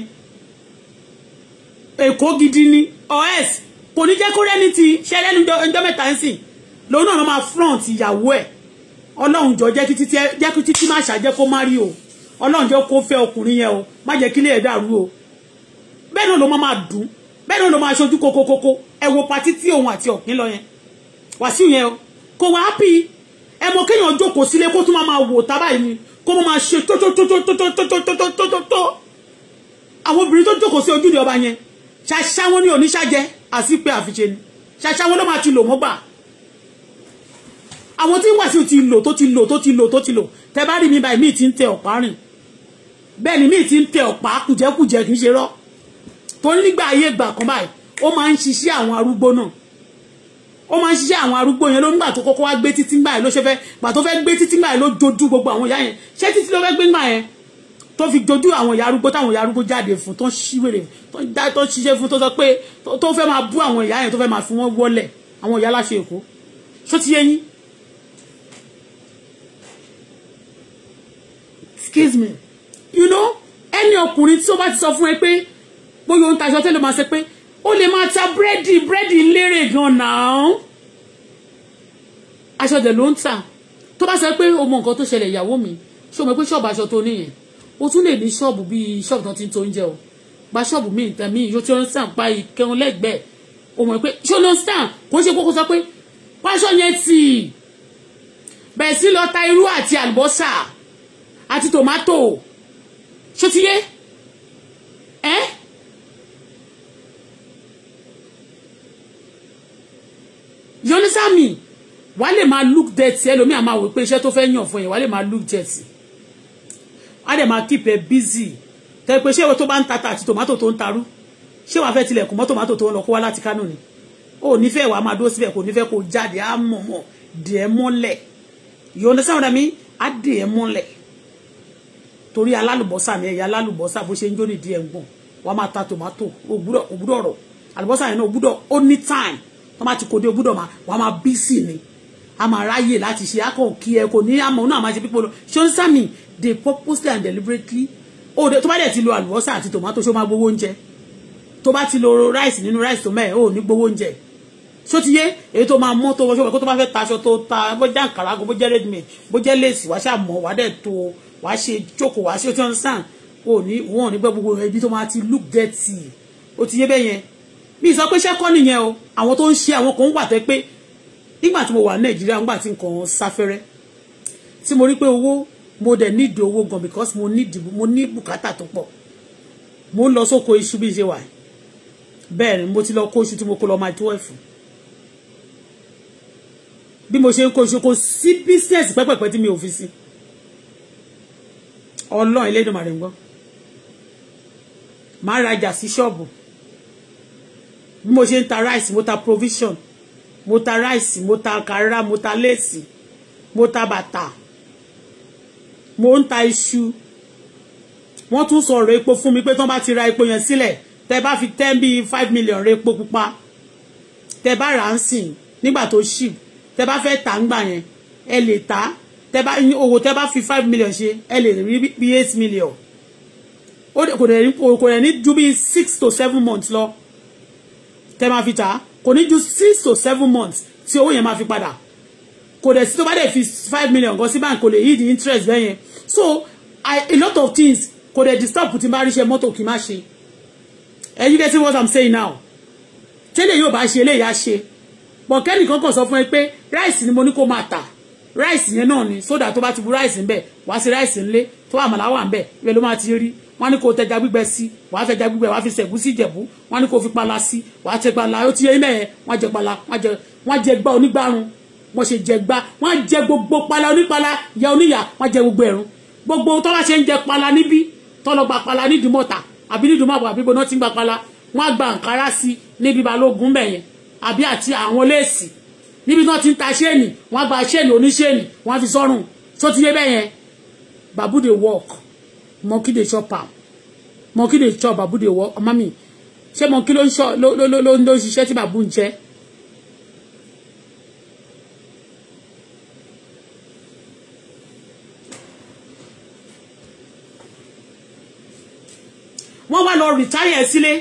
èkó gidi ni os kò ní jẹ́ kó rẹ́ni ti ṣe lẹ́nu ọjọ́ mẹ́ta ń sìn lòun náà máa front ìyàwó ẹ̀ ọlọ́run jọ jẹ́ kí títí jẹ́ kí títí má ṣàjẹ́ kó má rí o ọlọ́run jọ kó fẹ́ ọkùnrin yẹn o má jẹ́ kílé ẹ̀ dàrú o bẹ́ẹ̀ náà ló máa dùn bẹ́ẹ̀ náà ló máa ṣojú kókókókó ẹ wo patí tí òun àti ọ̀kín lọ yẹn wàsíù yẹn o kò wá pí ẹ mọ kéèyàn jókòó sílé kó tún máa wò tábàyí ni kó mọ́ máa ṣe tótótótótótótótótótótótó àwọn obìnrin tó jókòó sí ojúde ọba yẹn ṣaṣá wọn ní oníṣàjẹ àsìpé àfiṣe ni ṣaṣá wọn ló máa ti lò mọ́gbà àwọn tí wàásù ti lò tó ti lò tó ti lò tó ti lò tẹ bá rí mi báyìí míì ti ń tẹ ọ̀pá rìn bẹ́ẹ̀ ni míì ti ń tẹ ọ̀pá kùjẹ́kùjẹ́ kì í ṣe rọ́ torí nígbà ayé ìgbà kan báyìí ó máa ń ṣiṣẹ́ àwọn arúgbó náà ó máa ń ṣiṣẹ́ àwọn arúgbó yẹn ló nígbà tó kọ́kọ́ wá gbé títí ńgbà yẹn ló ṣe fẹ́ gbà tó fẹ́ gbé títí ńgbà yẹn ló jojú gbogbo àwọn ìyá yẹn ṣé títí ló fẹ́ gbé ńgbà yẹn tó fi jojú àwọn ìyá arúgbó táwọn ìyá arúgbó jáde fún tó ń ṣíwèrè tó ń ṣiṣẹ́ fún tó sọ pé tó fẹ́ máa bú àwọn ìyá yẹn tó fẹ́ máa fi wọ́n wọlẹ̀ àwọn ìyá aláṣẹ èkó ṣó ti yé yín excuse me you know ẹni ọkùnrin tí ó bá ti sọ fún ẹ pé bóyá ó ń taṣọ tẹ́lẹ̀ máa ṣe pé ó lè máa ta búrẹ́dì búrẹ́dì lérè gan náà aṣọ dẹ̀ ló ń tà tó bá sọ pé o mọ nǹkan tó ṣẹlẹ̀ ìyàwó mi ṣé o mọ̀ pé ṣọ́ọ̀bù aṣọ tó níyẹn o tún lè ní ṣọ́ọ̀bù bíi ṣọ́ọ̀bù tó ti ń to oúnjẹ o gba ṣọ́ọ̀bù míì tẹ̀ míì yóò tí ó ń sàn pa ìkẹun lẹ́gbẹ̀ẹ́ o mọ̀ pé ṣé o lọ sàn kò ń ṣe kókó sọ pé pàṣọ yẹn tì bẹ̀rẹ̀ sí lọ ta irú àti àlùbọ́sà àti tòmátò ṣó ti yé ẹ́ eh? you understand me wàá lè máa look dirty ẹlòmíà máa wò pé iṣẹ́ tó fẹ́ yàn fún yẹn wàá lè máa look dirty wàá dẹ̀ máa keep ẹ busy tẹ́ pé ṣé ìwé tó bá ń tata àti tòmátò tó ń tarú ṣé wàá fẹ́ tilẹ̀kùn mọ́ tòmátò tó ń lọ kó wá láti Kánò ni ò nífẹ̀ẹ́ wàá máa dúró síbẹ̀ kò nífẹ̀ẹ́ kó jáde á mọ̀ mọ̀ dìẹ́ mọ́lẹ̀ you understand what I mean á dìẹ́ mọ́lẹ̀ torí alálùbọ́sà ni ẹ̀yà alálùbọ́sà bó ṣe ń jó nídìí ẹ̀ ń gbọ̀n wàá máa ta tòmátò ògbúdọ̀ ọ̀rọ̀ àlùbọ́sà yẹn náà ògbúdọ̀ ó ní time tó bá ti kò dé gbúdọ̀ máa wà máa bí sí ni a máa ráyè láti ṣe akọ kí ẹ kò ní àmọ́ náà máa ṣe pípọ̀ lọ ṣé ń sàmì they purposely and deliberately òde tó bá dẹ̀ ti lo àlùbọ́sà àti tòmátò ṣó máa gbowó oúnjẹ tó bá ti lo rice nínú rice tó mẹ́ẹ̀ ò ní gbowó oúnjẹ ṣó ti yé èyí tó máa mọ́ tó wọ́ṣọ́ kó tó bá fẹ́ taṣọ tó ta bó jẹ́ àǹkàrà bó jẹ́ red meat bó jẹ́ lace wàá ṣàmọ́ wàá dẹ̀ tó wàá ṣe jókòó wàá ṣe ó ti ń sàn ò ní wọ́n ò ní gbẹ́ gbogbo ẹbí tó máa ti look dirty ti yé bẹ́yẹn mi sọ pé ṣẹ́kọ́ nìyẹn o àwọn tó ń ṣe àwọn kan wà tẹ́ pé nígbà tí mo wà ní nàìjíríà nígbà tí nǹkan sáfẹ́rẹ́ tí mo rí pé owó mo dẹ̀ nídìí owó gan because mo nídìí mo ní bùkátà tó pọ̀ mo ń lọ sóko iṣu bí ṣe wà bẹ́ẹ̀ ni mo ti lọ kó iṣu tí mo kó lọ máa tó ẹ̀fọ́ bí mo ṣe ń kó iṣu kó sí bísíǹsì pẹ́pẹ́pẹ́ tí mi ò fi sí ọlọ́run ilé ìdùnmọ̀ rẹ̀ ń gbọ́ máa rajà sí ṣọ́ọ̀bù bí mo ṣe ń ta rice mo ta provision mo ta rice mo ta àkàrà mo ta léèsì mo ta bàtà mo ń ta iṣu wọ́n tún sọ̀rọ̀ epo fún mi pé tí wọ́n bá ti ra epo yẹn sílẹ̀ tẹ́ bá fi ten bíi five million rẹ epo pupa tẹ́ bá rà á ń sìn nígbà tó ṣì tẹ́ bá fẹ́ tà ń gbà yẹn ẹ lè tà á bá owó tẹ́ bá fi five million ṣe ẹ lè rí bíi eight million ó kò dẹ̀ ní ju bíi six to seven months lọ tẹ́ máa fi ta kò ní ju six to seven months tí owó yẹn máa fi padà kò dẹ̀ sí tó bá dẹ̀ fi five million gan sí bank kò lè yí di interest bẹ́ẹ̀ yẹn so I, a lot of things kò dẹ̀ disturb tí n bá ríṣẹ́ mọ́tò kì í má ṣe and you get what I'm saying now tẹ́lẹ̀ yóò bá ṣe eléyìí ṣe but kẹ́nìkan kàn sọ fún ẹ pé ráìsì ni mo ní kó máa tà rice yẹn náà ni sódà tó bá ti bu ráìsì ń bẹ̀ wá sí ráìsì ńlé tó àmàlà wà ń bẹ̀ ibẹ̀ ló máa ti rí wọ́n ní kò tẹja gbígbẹ sí wàá tẹja gbígbẹ wàá fi sẹ̀gún sí ìjẹ̀bú wọ́n ní kò fi pala sí wàá tẹ pala ó ti yé mẹ́ẹ̀ wọ́n jẹ pala wọ́n jẹ gbá onígbárun wọ́n ṣe jẹ gbá wọ́n jẹ gbogbo pala onípala ya oníyà wọ́n jẹ gbogbo ẹ̀rún gbogbo tọ́lá ṣe ń jẹ pala níbí tọ́lọ́gba pala nídùúmọ̀tà àbí nídùúmọ̀bọ̀ àbí gbóná ti ń gba pala wọ́n gba nkárá sí níbi balógun bẹ̀yẹn àbí àti àwọn léèsì níbi tí wọ́n ti ń ta ṣéènì wọ́n gba ṣéènì oníṣéènì wọ́n fi sọ́rùn tó ti babu dey work monkey dey chop am monkey dey chop babu dey work mami ṣé monkey ló ń ṣọ ló ló ló ló ń ṣiṣẹ́ tí babu ń jẹ. wọ́n wá lọ retire sílé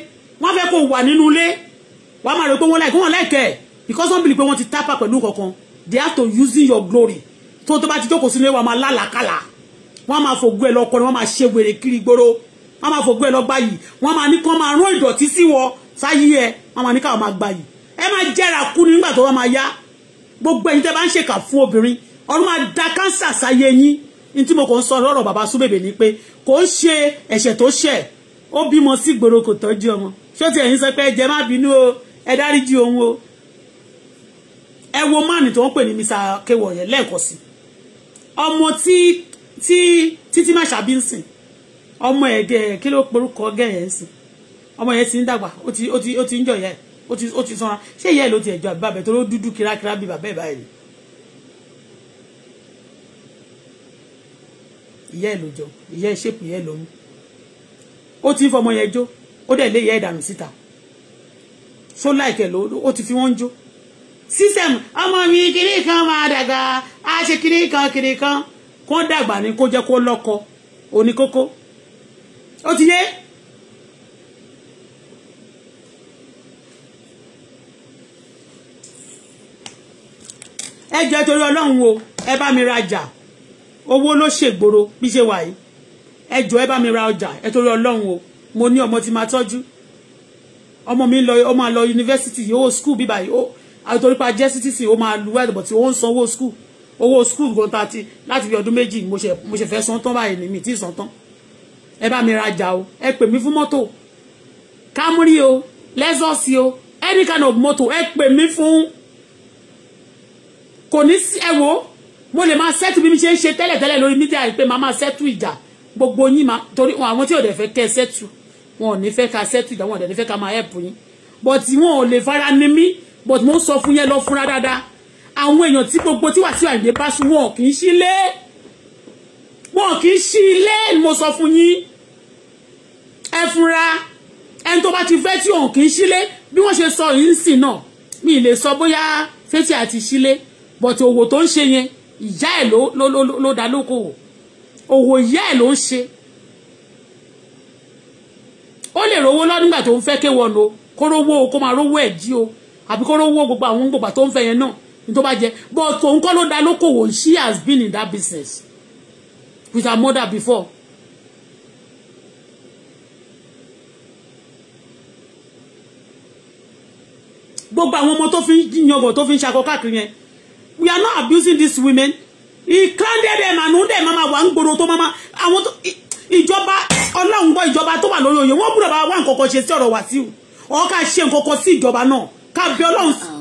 wọ́n fẹ́ kó wà nínú ilé wàá máa rò pé wọ́n láì kó wọ́n láì kẹ́ ẹ̀ because wọ́n bìlì pé wọ́n ti tápà pẹ̀lú kankan they have to using your glory tó tó bá ti jókòó sílé wàá máa lálàkàlà wọ́n máa fògbó ẹ̀ lọ́kọ ni wọ́n máa ṣe wèrè kiri gbòòrò wọ́n máa fògbó ẹ̀ lọ́gbà yìí wọ́n máa ní kán máa rán ìdọ̀tí sí wọ sáyé ẹ̀ wọ́n máa ní káwọn máa gbà yìí ẹ máa jẹ́ra kú ni nígbà tó wọ́n máa yá gbogbo ẹ̀yin tẹ́ bá ń ṣèkà fún obìnrin ọdún máa da kánsà sáyé yín ní tí mo kò ń sọ lọ́rọ̀ bàbá súbèbè ni pé kò ń ṣe ẹ̀ṣẹ̀ tó ṣẹ̀ ó bímọ sí gbòòrò kò tọ́jú ọmọ ṣó ti ẹ̀yin sọ pé ẹ jẹ́ má bínú tí títí má ṣàbí ń sìn ọmọ ẹ̀dẹ̀ kí ló porúkọ gẹ̀yẹ̀ ń sìn ọmọ yẹn ti ń dàgbà ó ti ó ti ó ti ń jọ yẹ ó ti ó ti sanra ṣé ìyá ẹ̀ ló ti ẹ̀jọ̀ àbí bàbẹ̀ tó ló dúdú kírákírá bí bàbá ẹ̀ lo. ìyá ẹ̀ ló jọ ìyá ẹ̀ ṣépù ìyá ẹ̀ ti ń fọmọ yẹn jó ó dẹ̀ lé ìyá ẹ̀ dànù síta ṣó láìkẹ̀ ti fi wọ́n jó sísẹ̀mù ọmọ mi kiri kan máa dàgbà á ṣe kiri kan kiri kan kó dàgbà ni kó jẹ́ kó lọ́kọ oníkókó ó ti yé. ẹ jẹ́ torí ọlọ́run o ẹ bá mi rajà owó ló ṣègboro bí ṣe wà yìí ẹ jọ ẹ bá mi ra ọjà ẹ torí ọlọ́run o mo ní ọmọ tí máa tọ́jú ọmọ mi lọ ó máa lọ yunifásitì owó skul bíbá yìí ó àtòrípa jẹ́ citizen ó máa lu ẹ̀dọ̀bọ̀ tí ó ń sanwó skul owó school gan ta ti láti fi ọdún méjì mo ṣe fẹ́ san tán báyìí ni mi tí ì san tán ẹ bá mi rajà o ẹ pè mí fún mọ́tò Camry o Lexus o any kind of motor ẹ pè mí fún kò ní ẹ wò mo lè máa settle bí mi ṣe ń ṣe tẹ́lẹ̀tẹ́lẹ̀ lórí mídíà pé màá máa settle ìjà gbogbo yín máa torí àwọn tí ò dẹ̀ fẹ́ kẹ́ settle wọn ò ní fẹ́ ká settle ìjà wọn ò dẹ̀ ní fẹ́ ká máa help yín but wọn ò lè fara ni mí but mo ń sọ fún yẹn lọ fúnra dáadáa àwọn èèyàn tí gbogbo tí Wàsíù Àyìndé bá ṣu wọn kì í ṣí ilé wọn kì í ṣí ilé mo sọ fún yín ẹ fura ẹni tó bá ti fẹ́ tí òun kì í ṣílé bí wọ́n ṣe sọ yìí ń sìn náà mi lè sọ bóyá fétí àti ṣílé bọ̀tì òwò tó ń ṣe yẹn ìyá ẹ̀ ló ló ló ló dá lókòwò òwò ìyá ẹ̀ ló ń ṣe ó lè rówó lọ nígbà tó ń fẹ́ kéwọ́n o kó rówó o kó máa rówó ẹ̀ dí o àbí kó rówó gbogbo àwọn gbogbo tó ń fẹ́ yẹn náà tó bá jẹ but òun kọ́ ló da lókòwò she has been in that business with her mother before. gbogbo àwọn ọmọ tó fi ń yànbọ̀ tó fi ń ṣakọ káàkiri yẹn we are not abusing these women ìkàndé dem àánú dem máa wà ń gbòòrò tó máa àwọn ìjọba ọlọ́run gbọ́ ìjọba tó wà lórí oyè wọ́n gbúdọ̀ bá wà nǹkan kan ṣe sí ọ̀rọ̀ wàsíù ọ̀ọ́ ká ṣe nǹkan kan sí ìjọba náà ká bẹ ọlọ́run sí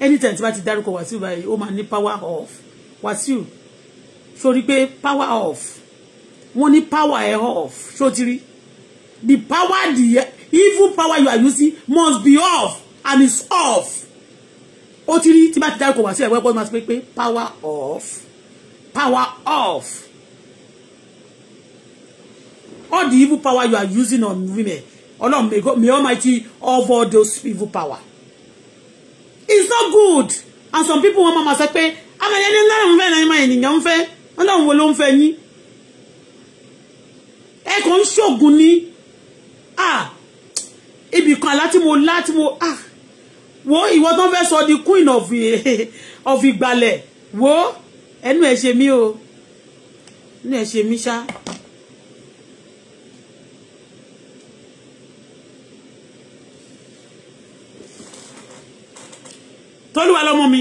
anytime tí bá ti dárúkọ Wàsíù báyìí ó máa ní power off Wàsíù sórí pé power off wọ́n ní power ẹ̀ off sótìrí the power the evil power you are using must be off and it's off ó ti rí tí bá ti dárúkọ Wàsíù ẹ̀wọ́ ẹ̀kọ́ máa sọ pé power off power off all the evil power you are using on women ọlọ́run may, may almighty over those evil power it's not good and some people wọn mama ma sọ pé ọmọ yẹn ní ọlọ́run fẹ́ náà ènìyàn ń fẹ́ ọlọ́run wo ló ń fẹ́ yín ẹ kàn ń ṣògùn ni ah ibì kan àlá mo lá mo ah wo ìwọ tó ń fẹ́ sọ di queen of ìgbàlẹ̀ wo ẹnu ẹ̀ ṣe mí o ẹnu ẹ̀ ṣe mí ṣá. tolúwa lọ́mọ mi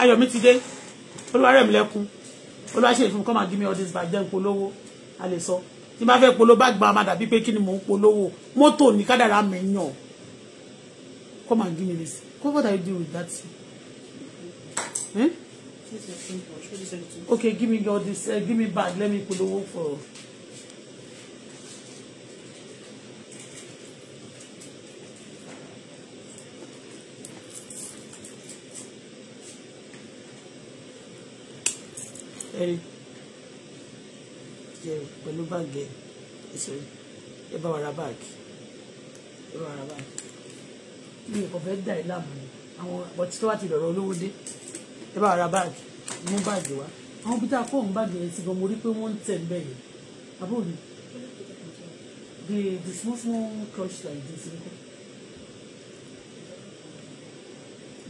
ayọ̀ mi ti dé olúwa rẹ̀ mi lẹ́kún olúwa ṣe ìfún come and give me all this bag jẹ́ polówó a lè sọ tí n bá fẹ́ polówó bá gba àmàdà bíi pé kí ni mò ń polówó mọ́tò ní kádàrá mi yàn come and give me this what are you doing with that thing? Hmm? Okay, give me all this uh, give me bag let me polówó for. ẹrí jẹ pẹ̀lú báàgì ìṣòro ẹ bá wa ra báàgì ẹ bá wa ra báàgì mi ò kàn fẹ́ dà ẹ́ láàmú àwọn ọtí tó wà ti lọ̀rọ̀ olówó dé ẹ bá wa ra báàgì mú báàgì wá àwọn bí tá a kó òun báàgì yẹn ti gan mo rí pé wọ́n ń tẹ̀ ń bẹ̀ yẹn àbúrò mi the the small small clutch like this nǹkan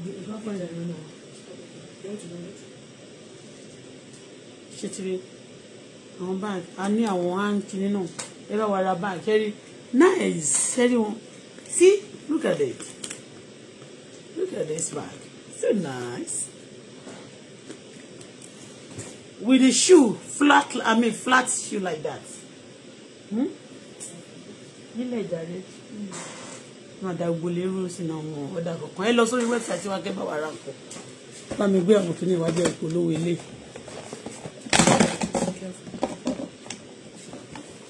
the ìgbà pẹ̀lú ẹ̀rọ náà ṣe àwọn báàgì a ní àwọn hanky nínú ẹ bá wa ra báàgì ẹ nice ẹ rí wọn see look at it look at this bag so nice with the shoe flat I mean flat shoe like that. Hmm? ilé ìjàre máa da gbogbo lérú sínú àwọn ọ̀dà kọ̀ọ̀kan ẹ lọ sórí wẹ́bsáìtì wa kẹ́ bá wa ra nǹkan bá mi gbé àwọn kìnìún ìwájú ẹ̀ polówó ilé yìí.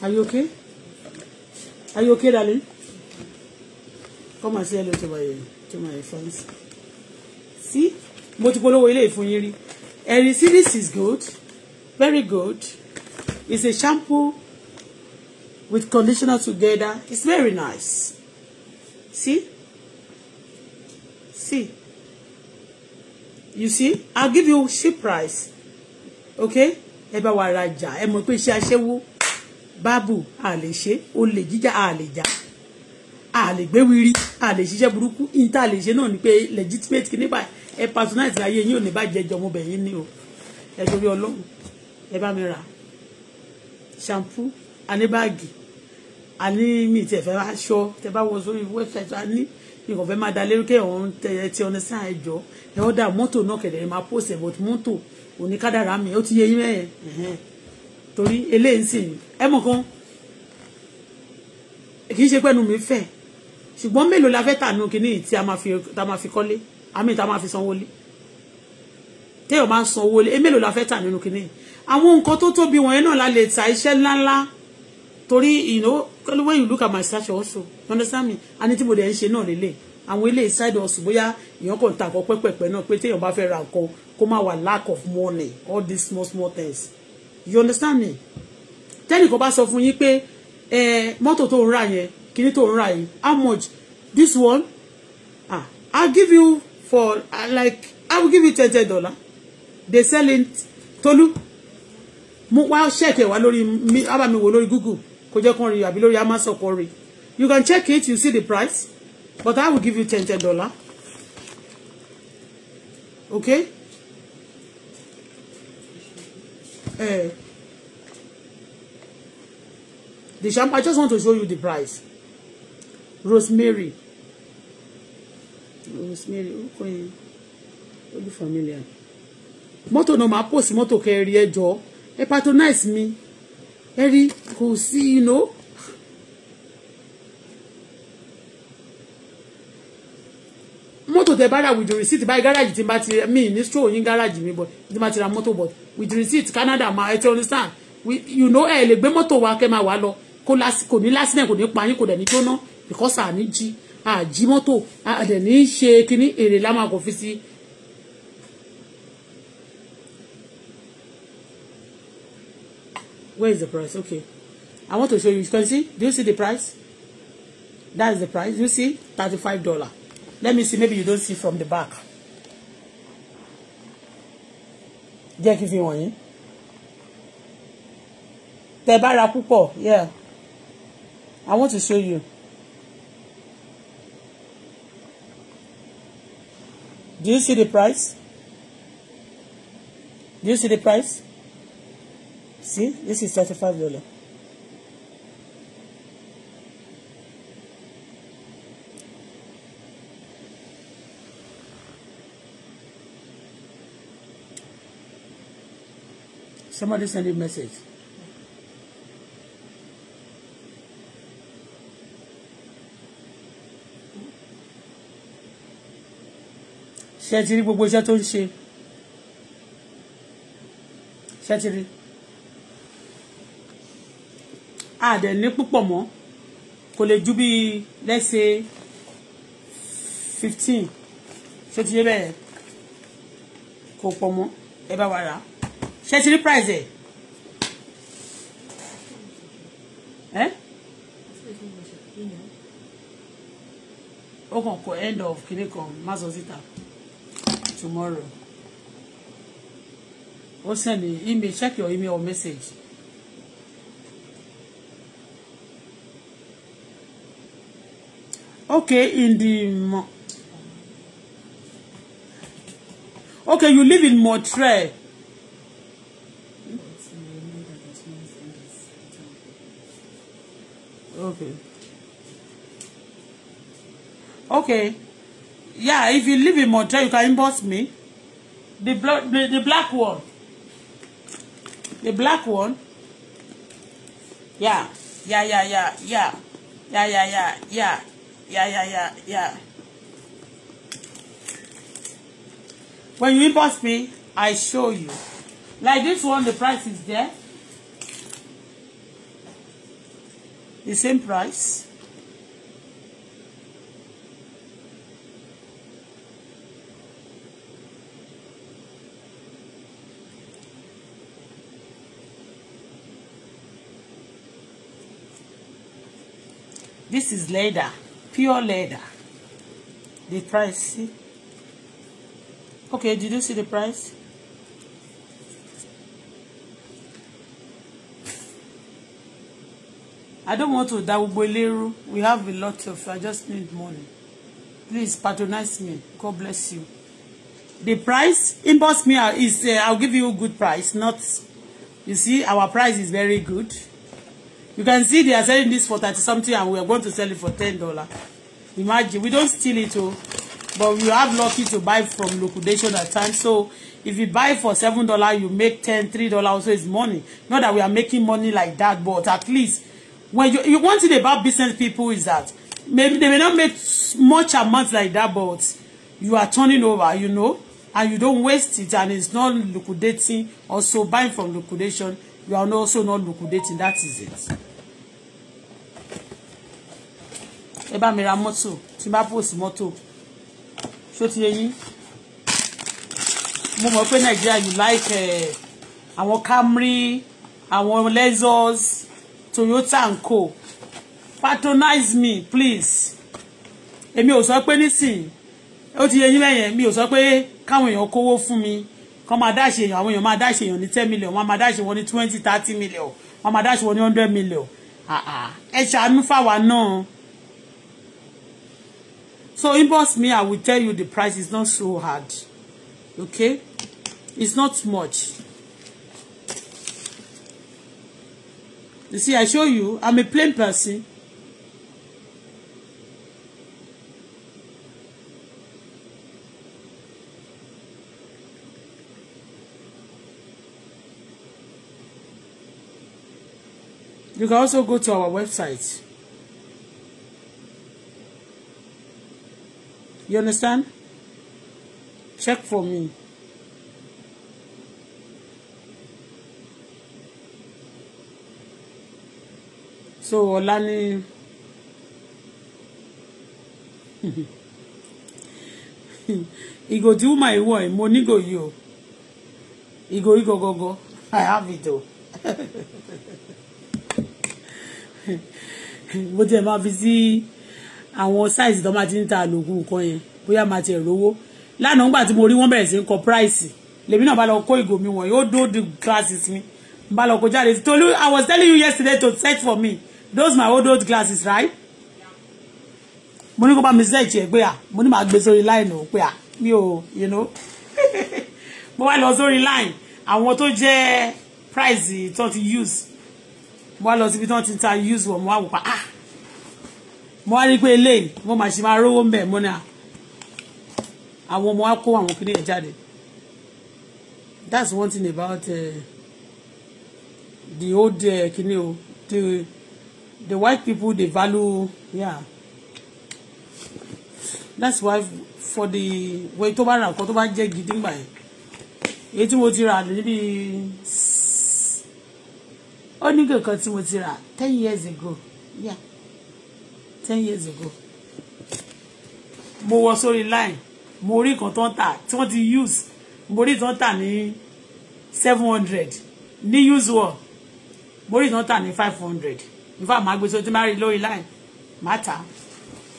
Are you okay? Are you okay, darling? Come and say hello to my to my friends. See? Mo ti polówó ilé And you see this is good. Very good. It's a shampoo with conditioner together. It's very nice. See? See? You see? I'll give you cheap price. Okay? ẹ bá wa rajà ẹ mọ̀ pé iṣẹ́ aṣẹ́wó báàbù a lè ṣe olè jíjà a lè jà a lè gbé wiri a lè ṣiṣẹ́ burúkú níta a lè ṣe náà ni pé legitimate kì ní báyìí ẹ patronize ayé yín ò ní bá jẹjọ ọmọbìnrin ní o ẹ torí ọlọ́run ẹ bá mi rà shampoo anibáàgì ani mi tẹ fẹ́ aṣọ tẹ bá wọ sórí website wa ní nǹkan fẹ́ máa da lérú kẹ ọhún tẹ ẹ ti ọ̀nẹ́sàn ẹjọ́ ẹ ọ́ dà mọ́tò náà kẹ̀dẹ̀ ẹ máa post ẹ̀ but mọ́tò òní kádàrá mi ó ti yẹ yín mẹ́yẹn mhm. torí eléyìí sì ni ẹ mọ̀ kan kì í ṣe pẹ́nu mi fẹ̀ ṣùgbọ́n mélòó la fẹ́ tànú kínní tí a máa fi kọ́lé àmì tá a máa fi sanwó lé téèyàn bá ń san lé mélòó la fẹ́ tà nínú kínní àwọn nǹkan tó tóbi wọ̀nyẹn náà la lè ta iṣẹ́ ńláńlá torí you know when you look at my stature also you understand me àní tí mo dẹ̀ ń ṣe náà lélẹ̀ àwọn ilé side hustle bóyá èèyàn kàn ta àkọ́ pẹ́pẹ́pẹ́ náà pé téèyàn bá fẹ́ ra nǹkan kó má wà lack of money all these small small things you understand me tẹ́nìkan you sọ fún yín pé eh, mọ́tò tó ń rà yẹn kíní tó ń rà yìí how much this one ah I'll give you for uh, like I will give you twenty dollar they sell it tolu mo wa check ẹ̀ wá lórí mi ábà mi wò lórí Google kò jẹ́ kán rí àbí lórí Amazon kan rí you can check it you see the price but I will give you twenty dollar okay. uh, the shampoo. I just want to show you the price. Rosemary. Rosemary, okay. Ó di familiar. Mọ́tò náà máa post mọ́tò kẹrin ẹjọ́. Ẹ patronize mi. Ẹ rí kò you know. mọ́tò tẹ bá rà with the receipt by garage tí n bá ti mi ní stroll yín garage, mi but tí n bá ti ra mọ́tò but with the receipt Canada ma ẹ ti understand you know ẹ lè gbé mọ́tò wa kẹ́ máa wà last, kó kò ní lásìlẹ̀ kò ní pa yín kò dẹ̀ ní jóná because àní jí àjí mọ́tò àdẹ̀ ní ṣe kíní èrè lá máa kò fi sí. Where is the price? Okay. I want to show you. You can see. Do you see the price? That is the price. You see? $35 let me see maybe you don't see from the back jẹ́ kí n fi wọ̀nyí tẹ́ yeah I want to show you do you see the price do you see the price see this is thirty-five dollars. Somebody send a message. ṣe ti rí gbogbo iṣẹ́ tó ń ṣe ṣe ti rí àdẹ̀ ní púpọ̀ mọ́ kò lè ju bí let's say fifteen ṣe ti yé bẹ́ẹ̀ kò pọ̀ mọ́ ẹ bá wa rà á ṣe the price ẹ̀ ẹ́ ó kàn end of kìnnì kan tomorrow ó send me email check your email or message. okay in the okay you live in Montreal okay okay yeah if you live in Montreal you can inbox me the blood the, the black one the black one yeah yeah yeah yeah yeah yeah yeah yeah yeah yeah yeah yeah yeah when you inbox me I show you like this one the price is there the same price. This is leather, pure leather. The price, see? Okay, did you see the price? I don't want to da gbogbo We have a lot of, I just need money. Please patronize me. God bless you. The price, inbox me uh, is, uh, I'll give you a good price. Not, you see, our price is very good. You can see they are selling this for 30 something and we are going to sell it for $10. Imagine, we don't steal it all. Oh. But we have lucky to buy from liquidation at times. So if you buy for $7, you make $10, $3 also is money. Not that we are making money like that, but at least when you, you one thing about business people is that maybe they may not make much amount like that, but you are turning over, you know, and you don't waste it, and it's not liquidating. Also, buying from liquidation, you are also not liquidating. That is it. Eba bá mi ra mọ́tò, tí n bá post mọ́tò. Ṣó ti yé yín? Mo mọ̀ pé Nàìjíríà you like eh, àwọn Camry, àwọn Lexus. Toyota and Co patronize me please èmi ò sọ pé nísìn ó ti yẹ yín lẹ́yìn mi ò sọ pé káwọn èèyàn kówó fún mi kán máa dáṣe èèyàn àwọn èèyàn máa dáṣe èèyàn ní ten million wọn máa dáṣe wọn ní twenty thirty million wọn máa dáṣe wọn ní hundred million ah, ah, ẹ ṣàánú fáwa náà so inbox me I will tell you the price is not so hard okay it's not much You see, I show you, I'm a plain person. You can also go to our website. You understand? Check for me. so ọlá ní ìgò tí wúmà ìwọ ẹ mo nígò yìí o ìgò ìgò gọgọ i have it o bó tiẹ̀ máa fi sí àwọn sáìsì tó máa ti ń ta àlògùn nǹkan yẹn bóyá máa tiẹ̀ rówó lánàá nígbà tí mo rí wọ́n bẹ̀rẹ̀ sí ń kọ price lèmi náà bá lọ kó ìgò mi wọ̀nyí ó dó the glasses mi bá lọ kó jáde Tolu i was telling you yesterday to set for me those my old old glasses right mo ní kó bá mi ṣe ìtì ẹ̀ pé à mo ní màá gbé sórí line ò pé à mi ò you know mo wá lọ sórí line àwọn tó je price tó ti use mo wá lọ síbi tó ti ta use wọ̀ mo wá wò pa ah mo wá rí pé eléyìí mo mà ṣe máa rówó mbẹ̀ mo ní à àwọn ọmọ wa kó àwọn kiri ẹ̀ jáde that's one thing about uh, the old uh, eh, kini o the the white people they value yeah that's why for the way tó bá ra nǹkan tó bá by. gidi ńgbà yẹn èyí tí mo ti rà níbi ó ní ten years ago yeah ten years ago mo wọ sórí line mo rí nǹkan tó ń use mo is tó ń tà ní seven hundred ní use wọ mo is tó ń tà five hundred nífà máa gbé so tí máa rí lórí láì máa tà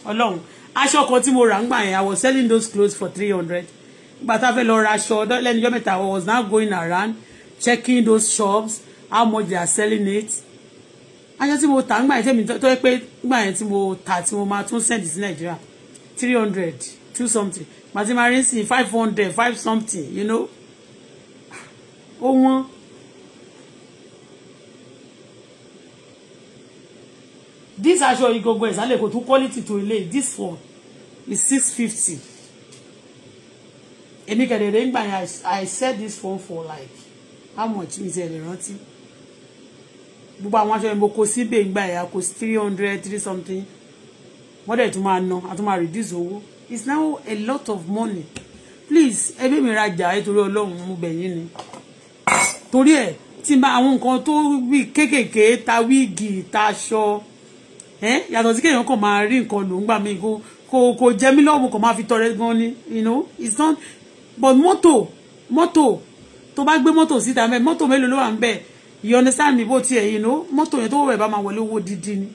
ọlọ́run aṣọ kan tí mo rà ń gbà yẹn I was selling those clothes for three hundred nígbà tá a fẹ́ lọ ra aṣọ lẹ́nu mẹ́ta I was now going around checking those shops how much they are selling it aṣọ tí mo tà ń gbà yẹn tẹ́mi tó yẹ pé gbà yẹn tí mo tà tí mo máa tún send sí Nàìjíríà three hundred two something màtí máa rí sí five hundred five something you know ó wọ́n. this aṣọ yìí gbogbo ìsàlẹ̀ kò tún quality to ilé this one is six fifty èmi kẹ̀dẹ̀dẹ̀ ń gbà yẹn I sell this phone for like how much is it ẹ̀ lè rántí gbogbo àwọn aṣọ yẹn mo kó síbẹ̀ ń gbà yẹn kó three hundred three something wọ́n dẹ̀ tún máa ná a tún máa reduce owó it's now a lot of money please ẹ bẹ̀ mi rajà ẹ torí ọlọ́run mo be yín ni torí ẹ̀ tí n bá àwọn nǹkan tó wí ta wíìgì ta aṣọ. Eh? yàtọ̀ sí kéèyàn kàn máa rí nǹkan lò ń gbà mí kó kò kò jẹ́ mí lọ́wọ́ kò máa fi tọrẹ gan ni you know it's not but mọ́tò mọ́tò tó bá gbé mọ́tò síta mẹ́ mọ́tò mélòó ló wà ń bẹ̀ you understand mi bó tiẹ̀ you know mọ́tò yẹn tó wọ̀ ẹ̀ bá máa wọlé owó dídí ni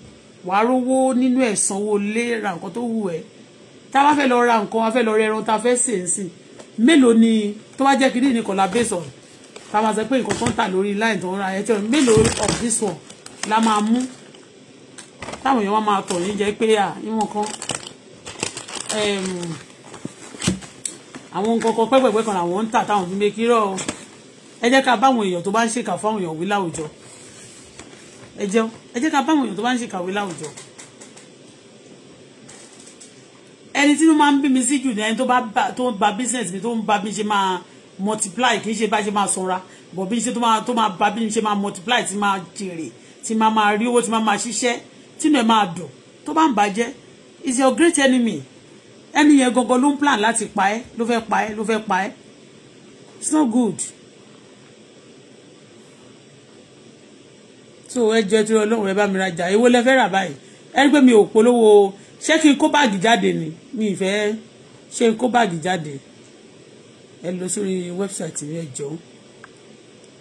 wàá rówó nínú ẹ̀ sanwó lé ra nǹkan tó wù ẹ́ tá a bá fẹ́ lọ ra nǹkan a fẹ́ lọ rẹ ẹran tá a fẹ́ sè ń sìn mélòó ni tó bá jẹ́ kí ní nìkan la bẹ́ẹ̀ sọ̀rọ̀ tá a máa sọ pé nǹkan tó ń tà lórí láì tó ń ra ẹ̀ tẹ́ mélòó of this one la máa mú táwọn èèyàn wá máa tọ̀ yín jẹ́ pé à ìwọ̀n kan àwọn nǹkan kan pẹ́pẹ́pẹ́ kan làwọn ń tà táwọn fi mékì rọ̀ o ẹ jẹ́ ká báwọn èèyàn tó bá ń ṣèkà fáwọn èèyàn wí láwùjọ ẹ jẹun ẹ jẹ́ ká báwọn èèyàn tó bá ń ṣèkà wí láwùjọ ẹni tí mo máa ń bí mi sí jù ní ẹni tó ba business mi tó ń ba bí ṣe máa multiply kì í ṣe bá ṣe máa sanra bọ̀ bí ṣe tó máa ba bí ṣe máa multiply ti máa jèrè ti máa máa rí owó ti máa máa ṣiṣẹ́ tínú ẹ máa dùn tó bá ń bàjẹ́ is your great enemy ẹni yẹn gangan ló ń plan láti pa ẹ́ ló fẹ́ pa ẹ́ ló fẹ́ pa ẹ́ it's not good. so ẹjọ tí Ọlọ́run ẹ bá mi rajà èwo lẹ fẹ́ rà báyìí ẹni pé mi ò polówó ṣé kí n kó báàgì jáde ni mi ì fẹ́ ṣé n kó báàgì jáde ẹ lọ sórí wẹ́bsáìtì mi ẹjọ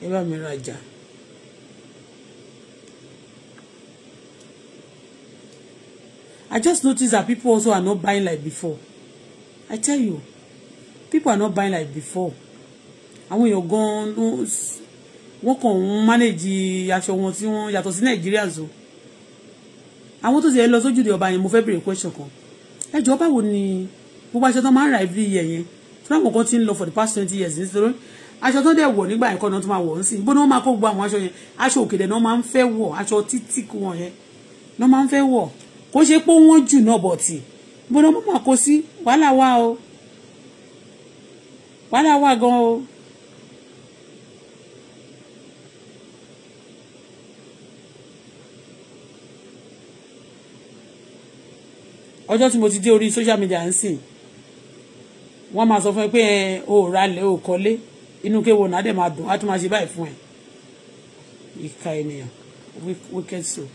ẹ bá mi rajà. I just noticed that people also are not buying like before. I tell you, people are not buying like before. And when you're gone, what can manage the actual tí You have sí Nàìjíríà zo. Àwọn tó ti ẹ lọ sójúde ọba yẹn mo fẹ́ béèrè question kan. Ẹ jọ báwo ni gbogbo aṣọ tán máa ń every year yẹn? Tí wọ́n kàn ti ń for the past 20 years This aṣọ tán dẹ̀ wọ̀ nígbà ẹ̀kọ́ náà tó máa wọ̀ ń sìn. Bó ni wọ́n máa kó gbogbo àwọn aṣọ yẹn? Aṣọ òkèdè náà máa ń fẹ́ wọ̀ aṣọ títí wọn one. náà máa ń fẹ́ wọ̀ kó ṣe pé wọ́n jù náà bọ̀tì bọ́dọ̀ mọ́ mà kó sí wàhálà wà o wàhálà wà gan o. ọjọ́ tí mo ti dé orí social media ń sìn wọ́n máa sọ fún ẹ pé o ò ralẹ̀ o ò kọ́lé inú kéwòn náà dẹ̀ máa dùn á tún máa ṣe báyìí fún ẹ ìka ènìyàn wicked soul.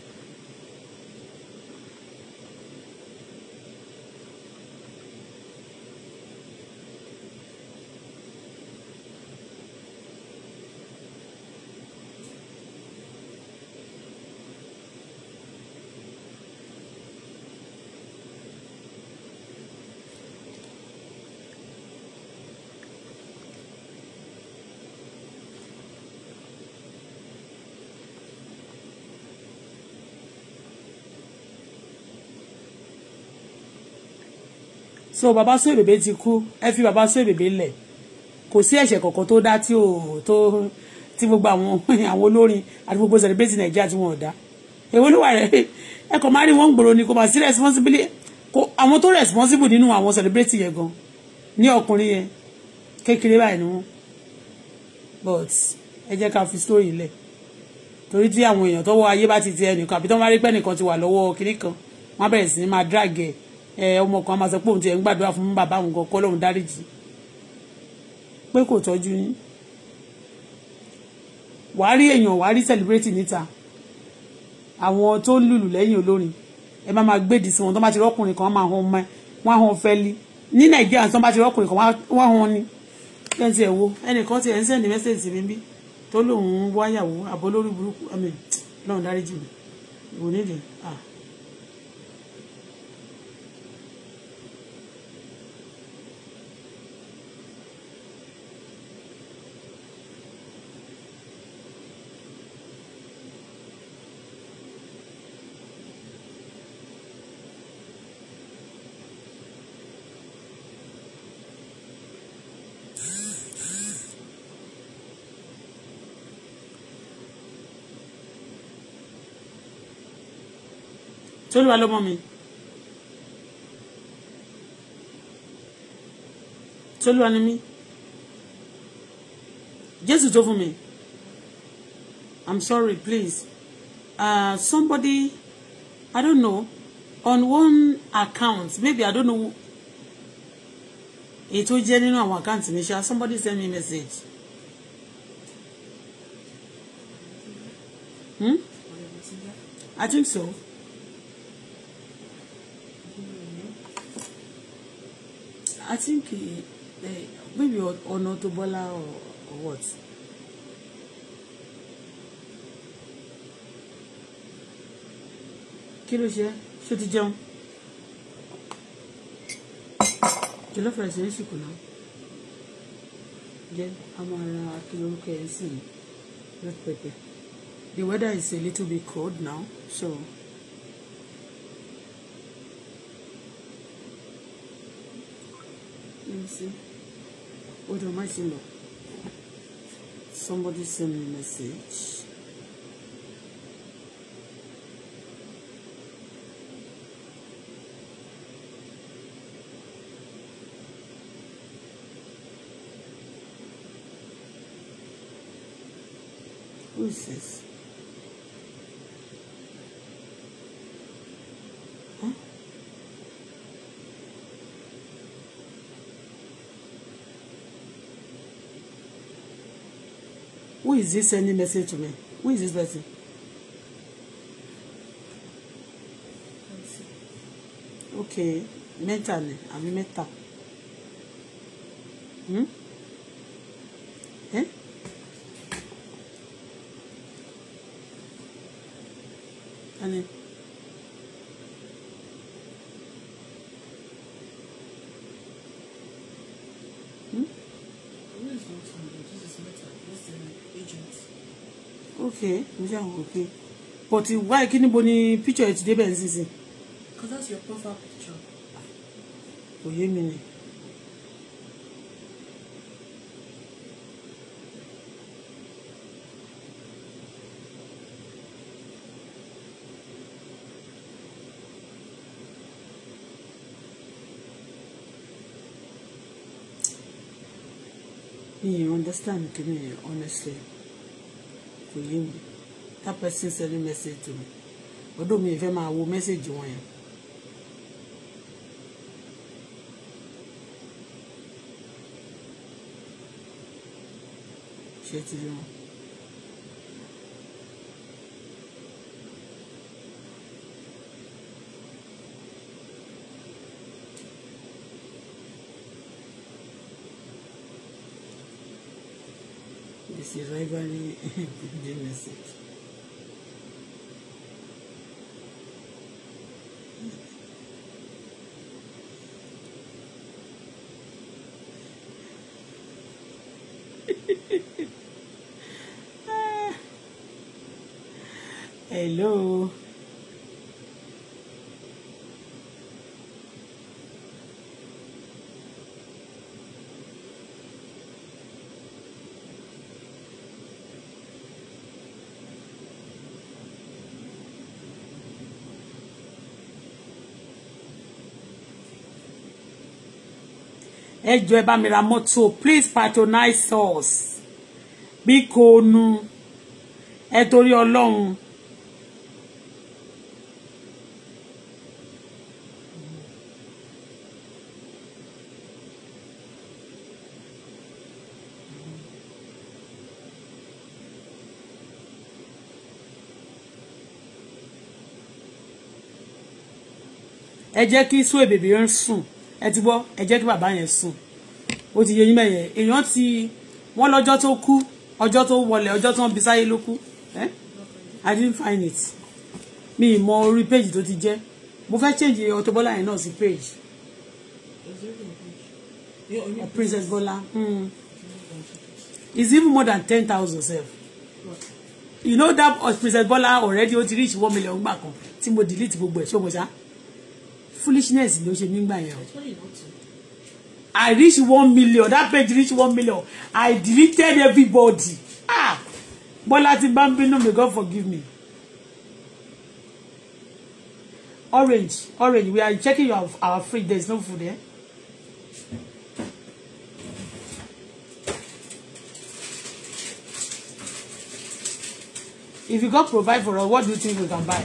so bàbá Suebebe ti kú ẹ fi bàbá bebe le, kò sí ẹ̀ṣẹ̀ kọ̀ọ̀kan tó dá tí ò tó tí gbogbo àwọn àwọn olórin àti gbogbo celebrate Nàìjíríà tí wọn ò dá èwo ló wà rẹ ẹ kàn máa rí wọn ni kò máa sí responsibility kò àwọn tó responsible nínú àwọn celebrate yẹn gan ní ọkùnrin yẹn kékeré báyìí ni wọn but ẹ jẹ́ ká fi story lẹ̀ torí tí àwọn èèyàn tọ́wọ́ ayé bá ti ti ẹnìkan àbí tó máa rí pẹ́ nìkan ti wà lọ́wọ́ kiri kan wọ́n á bẹ̀rẹ̀ sí drag ẹ̀ Eh, ọmọ kan máa sọ pé òun ti ẹ̀ ń gbàdúrà fún bàbá òun kan kọ́ lóun dáríjì pé kò tọ́jú yín wàá rí èèyàn wàá rí celebrate níta àwọn tó ń lùlù lẹ́yìn olórin ẹ má máa gbèdì sí wọn tó bá ti rọ́kùnrin kan máa hàn ọmọ ẹ wọ́n á hàn fẹ́lí ní nàìjíríà tó bá ti rọ́kùnrin kan wọ́n á hàn ni bẹ́ẹ̀ tiẹ̀ wo ẹnìkan tiẹ̀ ń sẹ́ndì mẹ́sẹ̀jì mi bí tó lóun wáyàwó àbólórí burúkú àmì lọ́run dáríjì mi ìwò nídìí ah Tolúwa lọ́mọ mi Tolúwa ni mí Jésù tó fún mi I'm sorry please uh, somebody I don't know on one account maybe I don't know èyí tó jẹ́ nínú àwọn àkáǹtì mi ṣá somebody send me message. Hmm? I think so. I think he, eh, they, maybe Ono Tobola or, or what. Kí ló ṣe? Ṣé o ti jẹun? Kí ló fẹ̀rẹ̀ sí ní ṣùkú náà? Jẹ́ a máa ra red pepper. The weather is a little bit cold now, so. see? am I seeing Somebody sent me a message. Who is this? is this sending message to me? Who is this person? Okay, mẹ́ta ni àbí mẹ́ta. Hmm? ṣáà wò pé but why kí níbo ni picture yẹn ti débẹ̀ nísinsìnyí. because that's your profile picture. kò yé mi ni. You understand to me, honestly. For you that person sending message to me ọdún me if máa wo message you yẹn. ṣe ti rí wọn. This is rivalry video message. hello. ẹ jọ̀ọ́ ẹ bá mi ra mọ́tò please patronize us bí kò nu ẹ torí ọlọ́run. ẹ jẹ́ kí sún èbèbè yẹn sùn ẹ ti gbọ́ ẹ jẹ́ kí bàbá yẹn sùn ó ti yẹ mẹ́yẹ èèyàn ti wọ́n lọ́jọ́ tó kú ọjọ́ tó wọlé ọjọ́ tó ń bi sáyé ló kú I didn't find it mi ì mọ orí page tó ti jẹ́ mo fẹ́ change Auto Bola yẹn náà sí page Princess Bola mm. it's even more than ten thousand sef you know that Princess Bola already ó ti reach one million gbà kan tí mo delete gbogbo ẹ̀ ṣé o mọ̀ ṣá richness ló ṣe nígbà yẹn o i reach one million that page reach one million i deleted everybody ah bọ́lá ti bá ń bínú may god forgive me orange orange we are checking your, our fridge there is no food there. Eh? If you God provide for us, what do you think we can buy?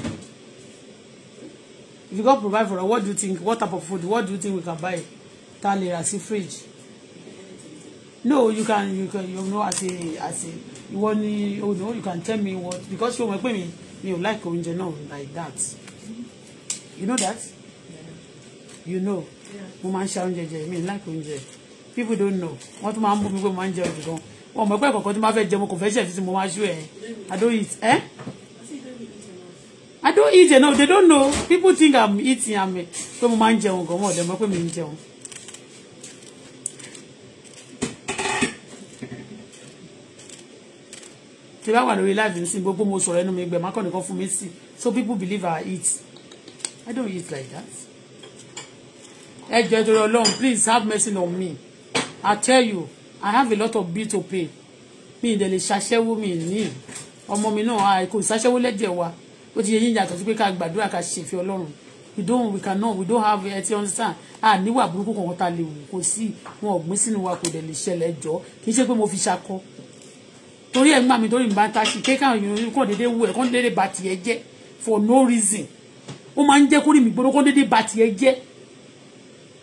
if you go provide for us what do you think what type of food what do you think we can buy ta lè rà sí fridge no you can you can you know as a as You want? ni you oh know you can tell me what because ṣé my mọ̀ you like mi ò like like that you know that you know mo máa ń ṣe oúnjẹ like oúnjẹ people don't know What my máa ń bú mi pé mo máa ń jẹ oúnjẹ gan wọ́n mọ̀ pé ẹ̀kọ̀ọ̀kan tí mo máa fẹ́ jẹ mo kò fẹ́ ṣẹ̀fí tí mo máa I don't eat Eh? I don't eat enough. They don't know. People think I'm eating. I'm so my máa ń jẹun gan wọn ọ̀dẹ̀ mọ̀ pé mi ń jẹun. Tí live in Singapore mo sọ̀rọ̀ ẹnu mi gbẹ̀ máa kàn nìkan fún mi sí. So people believe I eat. I don't eat like that. Ẹ jẹ́ torí please have mercy on me. I tell you I have a lot of bill to pay. Mi ì dẹ̀ lè ṣaṣẹ́wó mi ní. Ọmọ mi náà kò let lẹ́jẹ̀ wa ó ti yẹ yín yàtọ̀ sí pé ká gbàdúrà ká ṣèfẹ́ ọlọ́run we don't we know. we don't have ẹ ti understand a níwà burúkú kan ta lè wù kò sí wọn ọ̀gbìn sínú wa kò dẹ̀ lè ṣẹlẹ̀ jọ kì í ṣe pé mo fi ṣakọ torí ẹ̀ ń gbà mí torí mi bá ń taṣì pé káwọn èèyàn kàn déédéé wù ẹ̀ kàn déédéé bà tiẹ̀ jẹ́ for no reason ó máa ń jẹ́ kórè mi gbọ́dọ̀ kàn déédéé bà tiẹ̀ jẹ́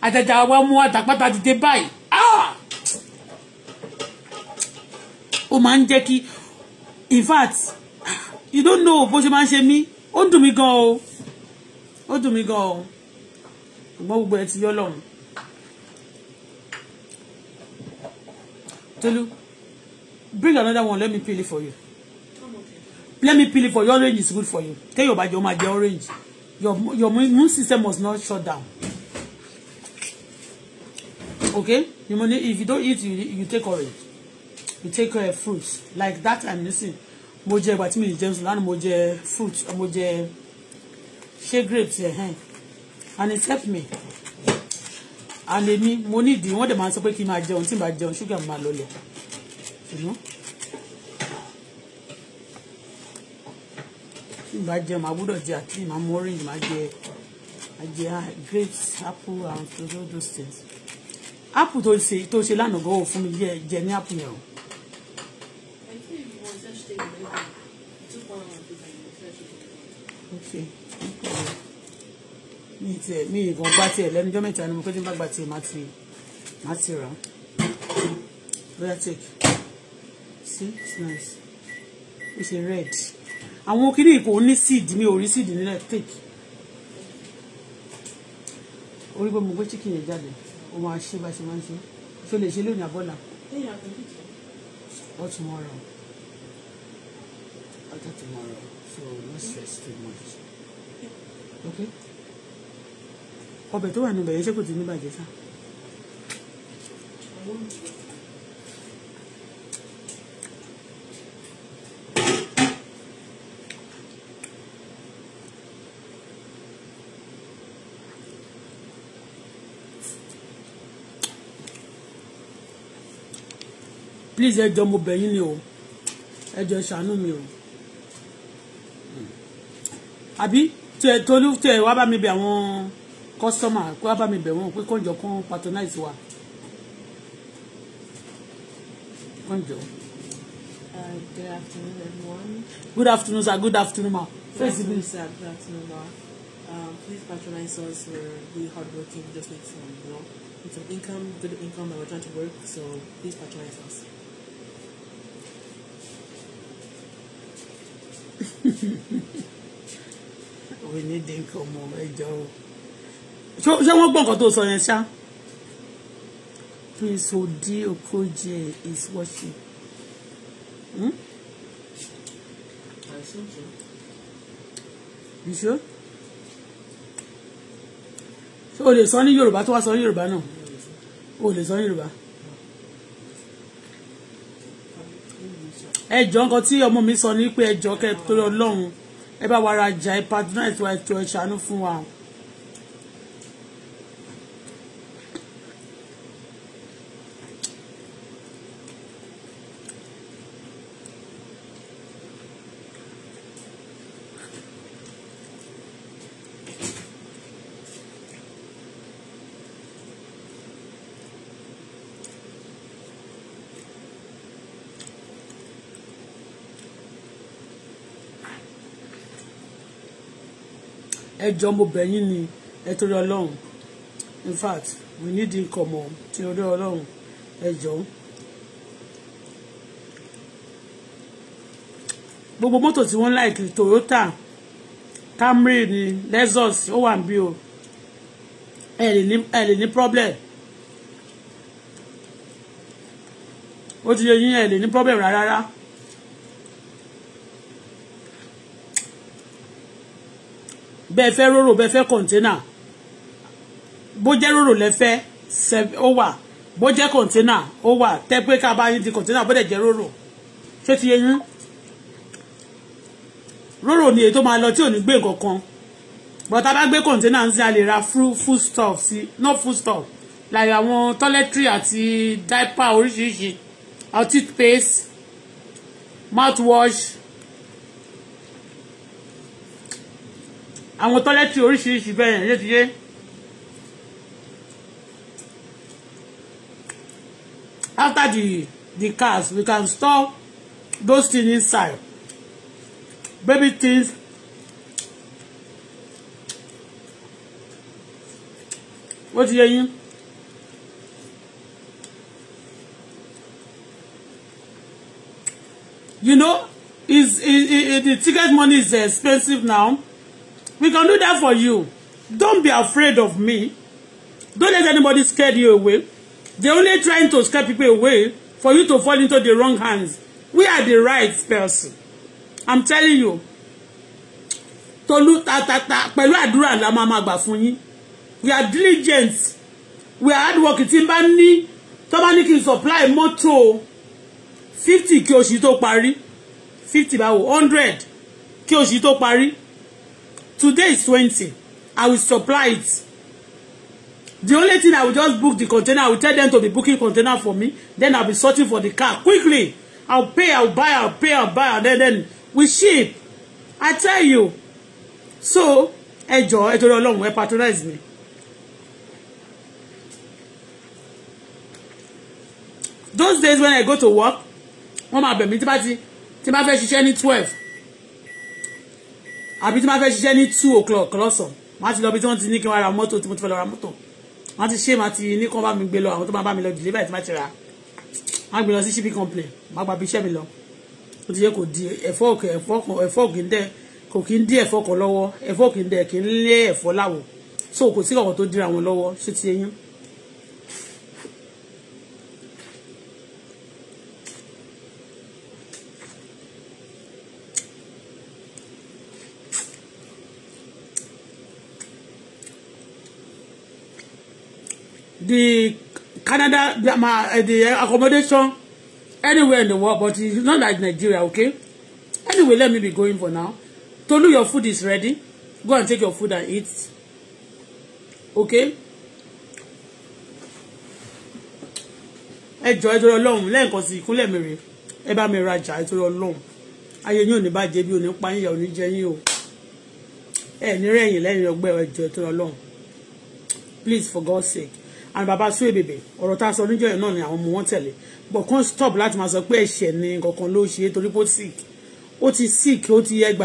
àjàjà wa mú àtàpátá dìde báyìí ah! ó máa ń jẹ́ kí in fact you don't know bó ṣe máa ń ṣe mí ó dùn mí gan o ó dùn mí gan o ṣùgbọ́n gbogbo ẹ ti yọ lọ́run Tolu bring another one let me peel it for you let me peel it for you orange is good for you kéèyàn bá jẹ ọmọ àjẹ orange your your immune system must not shut down okay you money if you don't eat you, you take orange you take uh, fruits like that I'm using mo jẹ ìgbà tí mi ì jẹun sùn lánàá mo jẹ fruit mo jẹ ṣé grapes ẹ̀hẹ́n and it helped me and èmi mo nídìí wọ́n dẹ̀ máa ń sọ pé kí n máa jẹun tí n bá jẹun ṣúgà mi máa lọlẹ̀ ṣùgbọ́n tí n bá jẹun màá gbọ́dọ̀ jẹ àti màá mú orange màá jẹ màá jẹ ah, grapes apple and all those things apple tó ṣe tó ṣe lánàá gan-an fún mi jẹ ní apple yẹn o. okay mi ti ẹ mi ìbọn gba tiẹ lẹ́nu jọ mẹ́ta ni mo kọjú bá gba tiẹ má ti má ti rà bóyá take see it's nice it's a red àwọn kìíní kò ní seed mi ò rí seed nílẹ̀ take orí pé mo gbé chicken yẹn jáde ó máa ṣe bá ṣe máa ń ṣe ṣe lè ṣe lónìí àbọ̀là or tomorrow after tomorrow so no stress too much okay ọbẹ̀ tó wà níbẹ̀ yẹn ṣé kò ti ní bàjẹ́ sá. please ẹ jọ̀ọ́ mo bẹ̀ ni o ẹ jọ̀ọ́ ṣàánú mi o àbí tẹ tolú tẹ wá bá mi bẹ àwọn kọ́sọ́mà wá bá mi bẹ wọn pé kọ́njọ kan patronize wa kọ́njọ. Uh, good afternoon, everyone. Good afternoon, sir. Good afternoon, ma. Good afternoon, sir. Good afternoon, ma. Um, please patronize us. We're really hardworking. We just need some, you know, need some income, good income, and we're trying to work. So please patronize us. we need income o ẹjọ́ o ṣé wọ́n gbọ́ nǹkan tó sọ yẹn ṣá Prince Odi Okoje is watching. Hmm? I think You sure? ṣé o lè sọ ní Yorùbá tó wá sọ ní Yorùbá náà o lè sọ ní Yorùbá. ẹjọ́ nǹkan tí ọmọ mi sọ ni pé ẹjọ́ kẹ́ torí Ọlọ́run ẹ bá wa rajà ẹ patronize wa ẹ tó ẹ ṣàánú fún wa ẹ jọ mo bẹ̀ yín ni ẹ torí ọlọ́run in fact we need income o ti orí ọlọ́run ẹ jọ. gbogbo mọ́tò tí wọ́n láìkì Toyota Camry ni Lexus ó wà níbí o ẹ lè ní problem ó ti yẹ yín ẹ lè ní problem rárá. Rárá. bẹ́ẹ̀ fẹ́ róró bẹ́ẹ̀ fẹ́ kọ̀ǹténà bó jẹ́ róró lẹ́fẹ́ ó wà bó jẹ́ kọ̀ǹténà ó wà tẹ́ pé ká bá yín di kọ̀ǹténà bó dẹ̀ jẹ́ róró ṣé ti yé yín róró ni èyí tó máa lọ tí ò ní gbé nǹkan kan but a bá gbé kọ̀ǹténà ń sin a lè ra food stuff sí not food stuff like àwọn toiletry àti diaper oríṣiríṣi àwọn toothpaste mouthwash àwọn tọ́lẹ́tì oríṣiríṣi bẹ́ẹ̀ yẹn yéjiyé. after the the cars we can store those things inside baby things ó ti yé yín. you know is, is, is the ticket money is expensive now We can do that for you. Don't be afraid of me. Don't let anybody scare you away. They're only trying to scare people away for you to fall into the wrong hands. We are the right person. I'm telling you. Tolu ta ta ta pẹ̀lú àdúrà la máa máa We are diligent. We are hardworking. Tí n bá ní tó bá ní supply mọ́tò fifty kí pari, tó parí fifty báwo hundred kí oṣù Today is 20. I will supply it. The only thing I will just book the container. I will tell them to be booking container for me. Then I'll be searching for the car quickly. I'll pay, I'll buy, I'll pay, I'll buy. And then, then we ship. I tell you. So, enjoy, jọ̀ọ́, along. torí patronize me. Those days when I go to work, wọ́n máa bẹ̀ mí tí bá ti tí bá fẹ́ ṣiṣẹ́ ní twelve àbí tí máa fẹ́ ṣiṣẹ́ ní two o'clock lọ́sàn-án máa ti lọ bí tí wọ́n ti ní kí wọ́n ra mọ́tò tí mo ti fẹ́ lọ ra mọ́tò wọ́n ti ṣe máa ti ní kí wọ́n bá mi gbé lọ àwọn tó máa bá mi lọ dìlé báyìí tí máa ti rà máa gbé lọ sí shipping company máa gba bí iṣẹ́ mi lọ ó ti yẹ kò di ẹ̀fọ́ ẹ̀fọ́ kì í dẹ̀ kò kì í dí ẹ̀fọ́ kan lọ́wọ́ ẹ̀fọ́ kì so kò sí kọ̀ọ̀kan tó dira wọn lọ́wọ́ ṣé ti yẹn the Canada, my, eh, the accommodation anywhere in the world, but it's not like Nigeria, okay? Anyway, let me be going for now. Tolu, your food is ready. Go and take your food and eat. Okay? Ẹ jọ̀ọ́ ìtorí Ọlọ́run lẹ́ẹ̀kan sí ìkúnlẹ̀ mi rè ẹ bá mi rajà ìtorí Ọlọ́run ayé yín ò ní bàjẹ́ bí ò ní pa yín ìyà ò ní jẹ yín o ẹ ní rẹ̀yìn lẹ́yìn ọgbẹ́ ẹ jọ̀ọ́ ìtorí please for God's sake and baba Suebebe ọ̀rọ̀ tá a sọ níjọ́ yẹn náà ni àwọn ọmọ wọn tẹ̀lé but kan stop láti máa sọ pé ẹ̀ṣẹ̀ ni kankan ló ṣe torí pé sick ó ti sick ó ti yẹ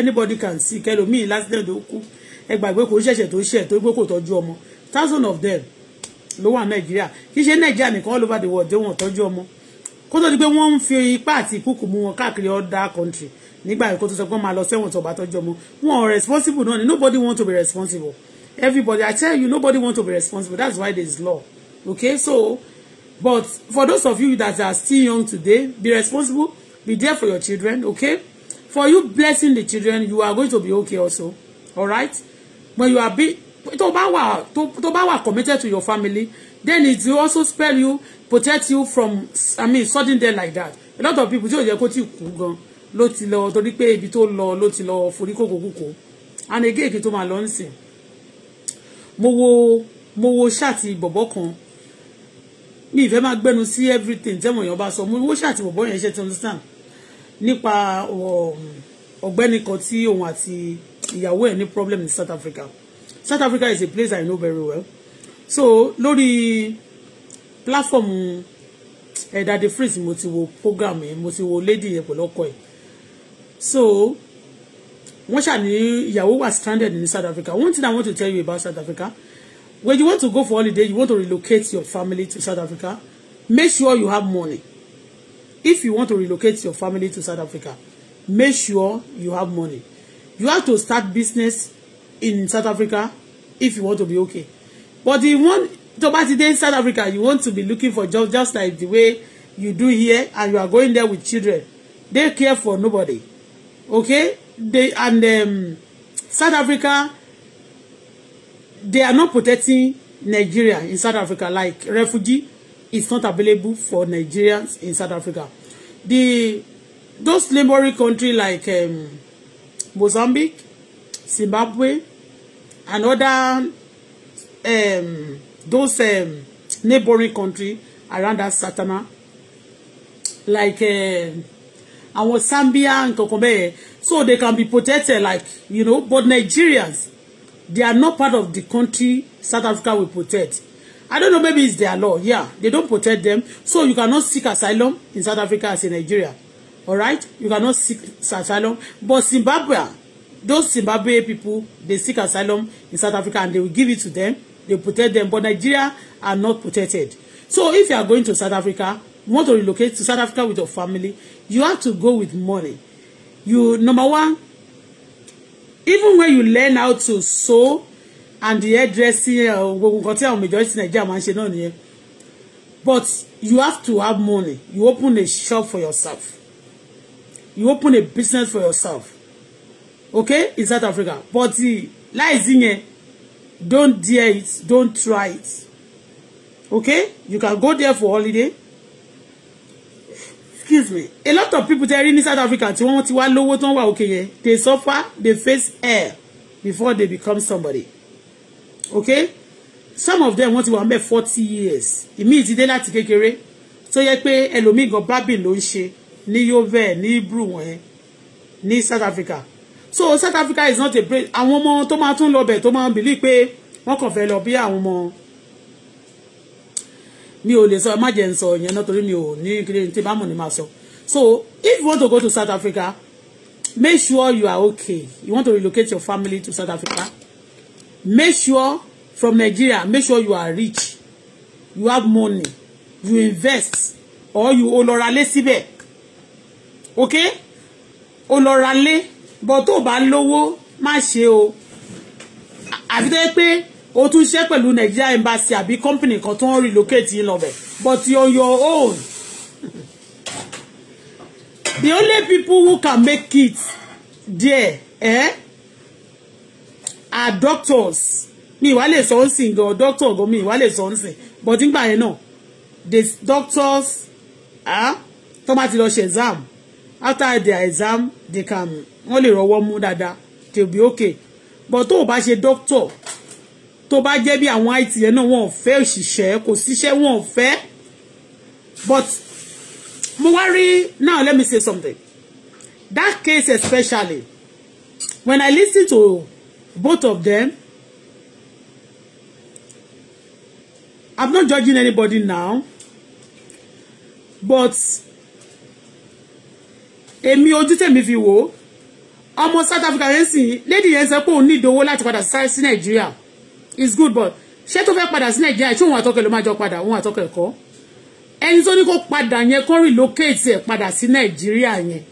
anybody can sick ẹlòmíì lásìlẹ̀ tó kú ẹ gbàgbé kò ṣẹ̀ṣẹ̀ tó ṣẹ̀ torí pé kò tọ́jú ọmọ thousand of them ló wà Nigeria. kì í Nigeria. nàìjíríà nìkan all over the world dé wọn tọ́jú ọmọ kó tó di pé wọ́n ń fi ipá àti ìkúkù mú wọn káàkiri other country nígbà yìí kó tó sọ pé wọ́n máa lọ sẹ́wọ̀n tó bá tọ́jú responsible náà ni nobody want to be responsible everybody i tell you nobody want to be responsible that's why there's law okay so but for those of you that are still young today be responsible be there for your children okay for you blessing the children you are going to be okay also all right when you are be tó bá wà tó bá wà committed to your family then it will also spell you protect you from i mean sudden death like that a lot of people tí ò yẹ kó ti kú gan ló ti lọ torí pé ibi tó lọ ló ti lọ forí kókó and again kí to máa lọ ń mo wo mo wo ṣáàtì bọ̀bọ̀ kan mi ìfẹ́ máa gbẹnu sí everything tẹ́wọ̀n èèyàn bá sọ mo wo ṣáàtì bọ̀bọ̀ yẹn ṣe ti understand nípa um, ọ̀gbẹ́ni kan tí òun àti ìyàwó ẹ̀ ní problem in South Africa South Africa is a place I know very well so lórí platform ẹ̀dá the freeze mo ti wo program yẹn mo ti wo lady yẹn pẹ̀lú ọkọ ẹ̀ so wọ́n ṣà ní ìyàwó wà stranded in South Africa one thing I want to tell you about South Africa when you want to go for holiday you want to relocate your family to South Africa make sure you have money if you want to relocate your family to South Africa make sure you have money you have to start business in South Africa if you want to be okay but the one tó bá ti dé South Africa you want to be looking for job just like the way you do here and you are going there with children they care for nobody okay they and um, South Africa they are not protecting Nigeria in South Africa like refugee is not available for Nigerians in South Africa the those neighboring country like um, Mozambique Zimbabwe and other um, those um, neighboring country around that satana like uh, àwọn Zambia nǹkan kan so they can be protected like you know but Nigerians they are not part of the country South Africa will protect I don't know maybe it's their law yeah they don't protect them so you cannot seek asylum in South Africa as in Nigeria all right you cannot seek asylum but Zimbabwe those Zimbabwe people they seek asylum in South Africa and they will give it to them they protect them but Nigeria are not protected so if you are going to South Africa you want to relocate to South Africa with your family you have to go with money you number one even when you learn how to sew and the hairdressing uh, gbogbo nǹkan tí àwọn majority Nigeria but you have to have money you open a shop for yourself you open a business for yourself okay in South Africa but láìsí yẹn don't dare it don't try it okay you can go there for holiday excuse me a lot of people tẹ́ rí ní South Africa tí wọ́n ti wá lówó tán wà okay? yẹn they suffer they face hell before they become somebody okay some of them wọ́n ti wà be bẹ̀ forty years ìmíì ti dé láti kékeré tó yẹ pé ẹlòmíì gan bábìn ló ń ṣe ní Yobe ní Hebrew ni South Africa so South Africa is not a place àwọn ọmọ tó máa tún lọ bẹ̀ tó máa ń bìlí pé wọ́n kàn fẹ́ lọ bí àwọn mi ò lè sọ ẹ má jẹ́ ń sọ yẹn náà torí mi ò ní kílé tí bá mọ̀ ní máa sọ so if you want to go to South Africa make sure you are okay you want to relocate your family to South Africa make sure from Nigeria make sure you are rich you have money you invest or you ó lọ ra lé okay ó lọ ra lé but tó o bá lówó má ṣe o àfi tó pé o tún ṣe pẹ̀lú Nigeria embassy àbí company kan tó relocate yín lọ but on your own the only people who can make it there eh, are doctors mi ìwà lè sọ ń sìn doctor gan mi ìwà lè sọ ń sìn but nígbà yẹn náà the doctors ah, tó bá ti lọ ṣe exam after their exam they can only lè mu mú dáadáa they be okay but to o bá doctor tó bá jẹ́ bí àwọn IT yẹn náà wọn ò fẹ́ òṣìṣẹ́ kò síṣẹ́ wọn fẹ́ but mo wá rí now let me say something that case especially when I listen to both of them I'm not judging anybody now but èmi ojú tèmi fi wò ọmọ South Africa yẹn sì lady yẹn sọ pé òun ní ìdówó láti padà sí Nàìjíríà it's good but ṣé tó fẹ́ padà sí nàìjíríà ṣé òun àtọkẹ́ ló máa jọ padà òun àtọkẹ́ kọ́ ẹni tó ní kó padà yẹn kó relocate ẹ̀ padà sí nàìjíríà yẹn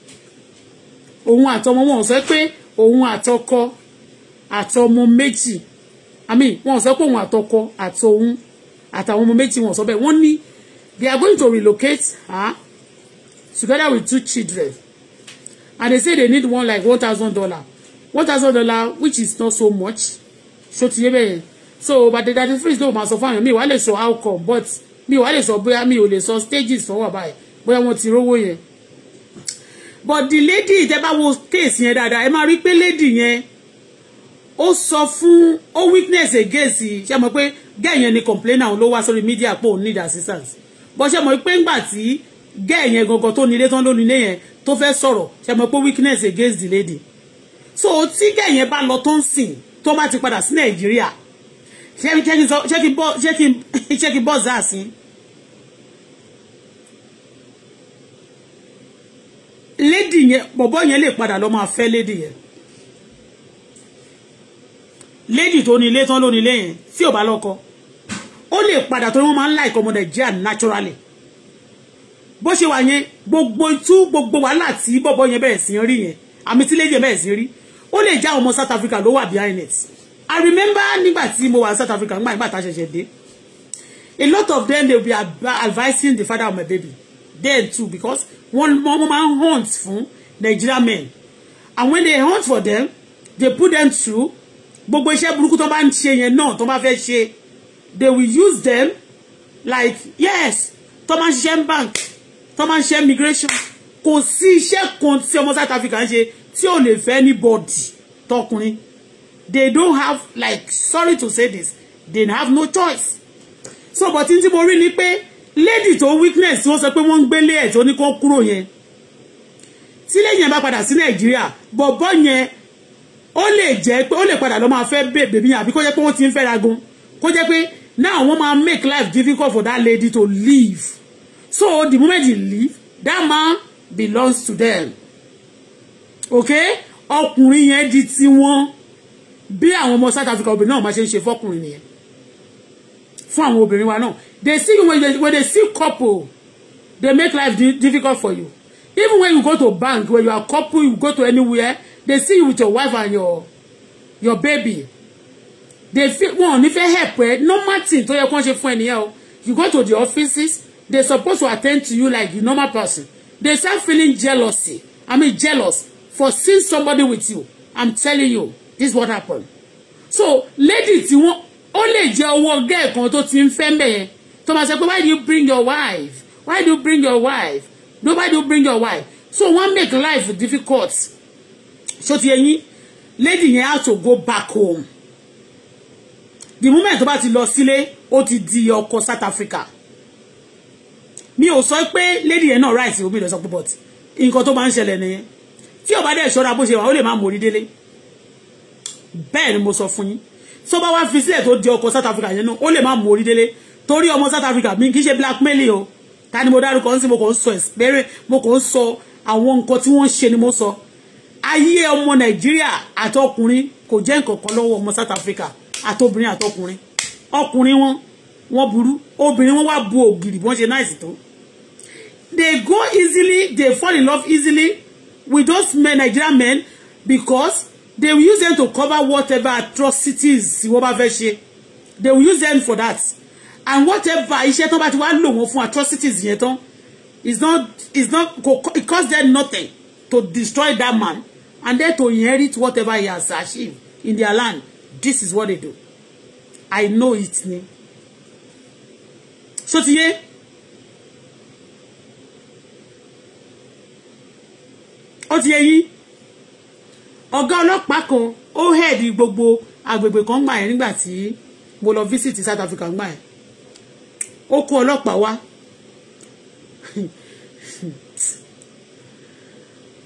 òun àtọmọ wọn sọ pé òun àtọkọ àtọmọ méjì i mean wọn sọ pé òun àtọkọ àtọhún àtàwọn ọmọ méjì wọn sọ bẹ́ẹ̀ wọ́n ní they are going to relocate her together with two children and they say they need one like one thousand dollar one thousand dollar which is not so much so tiye bẹ́ẹ̀ yẹn so but the thirty three No máa sọ fún àwọn mi wàá lè sọ how come but mi wàá lè sọ bóyá mi ò lè sọ stages fún wà báyìí bóyá wọn ti rówó yẹn but the lady tẹ bá wo case yẹn dáadáa ẹ máa rí pé lady yẹn ó sọ fún ó witness against ṣe mọ̀ pé gẹ́ẹ̀ yẹn ni complainer òun ló wá sórí media pé òun need assistance bó ṣe mọ̀ pé ńgbà tí gẹ́ẹ̀ yẹn gangan tó nílé tán ló nílé yẹn tó fẹ́ sọ̀rọ̀ ṣe mọ̀ pé witness against the lady so tí gẹ́ẹ̀ yẹn bá lọ tó ń sìn tó bá ti padà sí nàìjíríà ṣé kí n sọ ṣé kí n bọ́ ṣé kí n ṣé kí n bọ́ zaa sí. lédì yẹn bọ̀bọ̀ yẹn lè padà lọ máa fẹ́ lédì yẹn lédì tó ní ilé tán ló ní ilé yẹn tí ò bá lọ́kọ ó lè padà torí wọ́n máa ń láìkọ́ ọmọ nàìjíríà naturally bó ṣe wà yẹn gbogbo tú gbogbo wàhálà tí bọ̀bọ̀ yẹn bẹ̀rẹ̀ sí rí yẹn àmì tí lédì yẹn bẹ̀rẹ̀ sí South Africa ló wà behind it I remember nígbà tí mo wà ní South Africa nígbà nígbà tá a ṣẹ̀ṣẹ̀ dé a lot of them they will be advising the father of my baby then too because one mom man hunt fún Nigerian men and when they hunt for them they put them through gbogbo iṣẹ́ burúkú tó bá ń ṣe yẹn náà tó bá fẹ́ ṣe they will use them like yes tó máa ń ṣiṣẹ́ bank tó máa ń ṣe immigration kò sí iṣẹ́ kan tí ọmọ South Africa ń ṣe tí ò lè fẹ́ ní bọ́ọ̀dì tọkùnrin they don't have like sorry to say this they have no choice so but tí mo rí ni pé lady to weakness wọ́n sọ pé wọ́n ń gbélé ẹ̀ tó ní kó kúrò yẹn tí lẹ́yìn ẹ̀ bá padà sí nàìjíríà bọ̀bọ̀ yẹn ó lè jẹ́ pé ó lè padà lọ máa fẹ́ bèbè mi àbí kó jẹ́ pé wọ́n ti ń fẹ́ra gan kó jẹ́ pé now wọ́n máa make life difficult for that lady to leave so the moment you leave that man belongs to them okay ọkùnrin yẹn di tiwọn bí àwọn ọmọ South Africa obìnrin náà máa ṣe ń ṣe fọkùnrin nìyẹn fún àwọn obìnrin wa náà they see when they, when they see couple they make life difficult for you even when you go to bank when you are couple you go to anywhere they see you with your wife and your your baby they feel wọn ò ní help ẹ normal thing tó yẹ kó ṣe fún ẹnìyẹn o you go to the offices they suppose to attend to you like the normal person they start feeling jealousy i mean jealous for seeing somebody with you i'm telling you this is what happened so lady tí wọ́n ó lè jẹ́ ọwọ́ girl kan tó ti ń fẹ́ mbẹ̀ yẹn tó máa sọ pé why do you bring your wife why do you bring your wife no why do you bring your wife so wọ́n make life difficult so ti ẹ̀yin lady yẹn how to go back home the moment tó bá ti lọ sílé ó ti di ọkọ South Africa mi ò sọ pé lady yẹn náà right omi ìdọ̀sọ́ púpọ̀ tí nǹkan tó máa ń ṣẹlẹ̀ nìyẹn tí ó bá dẹ̀ ṣọ́ra bó ṣe wà ó lè máa mórí délé bẹ́ẹ̀ ni mo sọ fún yín tó bá wá fi sílẹ̀ tó di ọkọ̀ South Africa yẹn náà ó lè má mú orí délé torí ọmọ South Africa mi kì í ṣe blackmailing o ta ni mo dárúkọ ń sìn mo kàn ń sọ ẹ̀sìpẹ́rẹ́ mo kàn ń sọ àwọn nǹkan tí wọ́n ń ṣe ni mo sọ ayé ọmọ Nàìjíríà àtọkùnrin kò jẹ́ nǹkan kan lọ́wọ́ ọmọ South Africa àtobìnrin àtọkùnrin ọkùnrin wọn wọn burú obìnrin wọn wá bu ògiri bí wọ́n ṣe náìsì tó they go easily they fall in love easily with those men Nigerian men because they will use them to cover whatever atrocities wọ́n fẹ́ ṣe they will use them for that and whatever iṣẹ́ tán bá ti wá lò wọ́n fún atrocities yẹn tán is not is not it cost them nothing to destroy that man and then to inherit whatever he has achieved in their land this is what they do i know it ni so ti yé ó ti yé yín ọ̀gá ọlọ́pàá kan ó hẹ́ẹ̀dì gbogbo agbègbè kan gbà yẹn nígbà tí mo lọ visit South Africa gbà yẹn ó kó ọlọ́pàá wá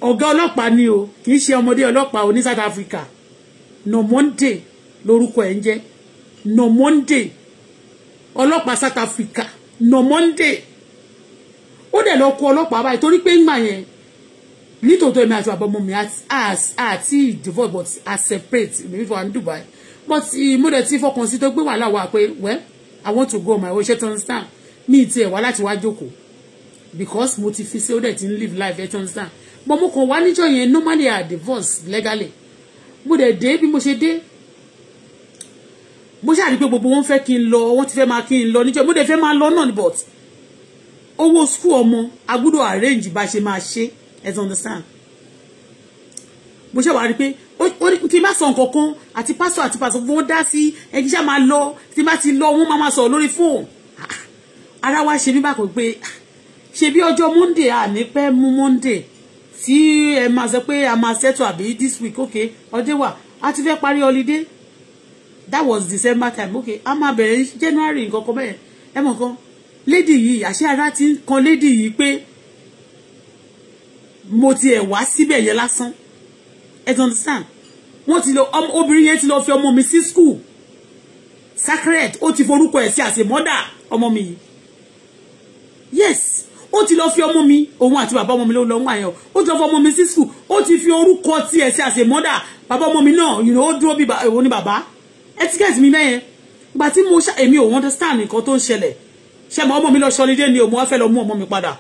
ọ̀gá ọlọ́pàá ni o kì í ṣe ọmọdé ọlọ́pàá o ní South Africa no monday lórúkọ ẹ̀ ń jẹ́ no monday ọlọ́pàá South Africa no monday ó dẹ̀ lọ kó ọlọ́pàá báyìí torí pé ń gbà yẹn Little nítòótọ́ èmi àti bàbá As, as, àti divorce but a separate mi wà ní Dubai but ìmúdẹ̀ tí fọkàn sí tó gbé wàhálà wà well I want to go my way ṣe tán sàn mi tiẹ̀ wá láti wá jókòó because motive ti fi ṣe live life You understand? but mo kàn wá níjọ́ yẹn normally I divorce legally mo dẹ̀ dé bí mo ṣe dé mo ṣáà rí pé gbogbo wọn fẹ́ kí n lọ wọ́n ti fẹ́ máa kí n lọ níjọ́ mo dẹ̀ fẹ́ máa lọ náà but owó school ọmọ a gbọ́dọ̀ arrange bá ṣe máa ṣe ẹ ti understand mo ṣe wá rí i pé ó ní tí n bá sọ nǹkan kan àti pásọ àti pásọ wọn dá sí ẹjí ṣá máa lọ tí n bá ti lọ wọn máa máa sọ lórí fóònù ara wa ṣe mí bá kò pé ṣe bí ọjọ́ monday àní pẹ́ mú monday tí ẹ máa sọ pé a máa settle àbí this week okay ọdẹ wà a ti fẹ́ parí holiday that was december time okay a máa bẹ̀rẹ̀ january nǹkan kan bẹ́ẹ̀ ẹ mọ̀ kan lady yìí àṣẹ ara ti ń kan lady yìí pé mo ti ẹ̀ wá síbẹ̀ yẹn lásán ẹ ti understand wọ́n ti lọ obìnrin yẹn ti lọ fi ọmọ mi sí school sacred ó ti forúkọ ẹ̀ sí àṣemọ́dà ọmọ mi yìí yes ó ti lọ fi ọmọ mi òun àti bàbá ọmọ mi ló lọ ń ó ti lọ fi ọmọ mi sí school ó ti fi orúkọ tiẹ̀ sí àṣemọ́dà bàbá ọmọ mi náà you know ó dúró bí òun ni bàbá etiquette mi mẹ́yẹn ìgbà tí mo ṣá èmi ò understand nǹkan tó ń ṣẹlẹ̀ ṣe mọ ọmọ mi lọ ṣọlidé ni òun wá fẹ́ lọ mú ọmọ mi padà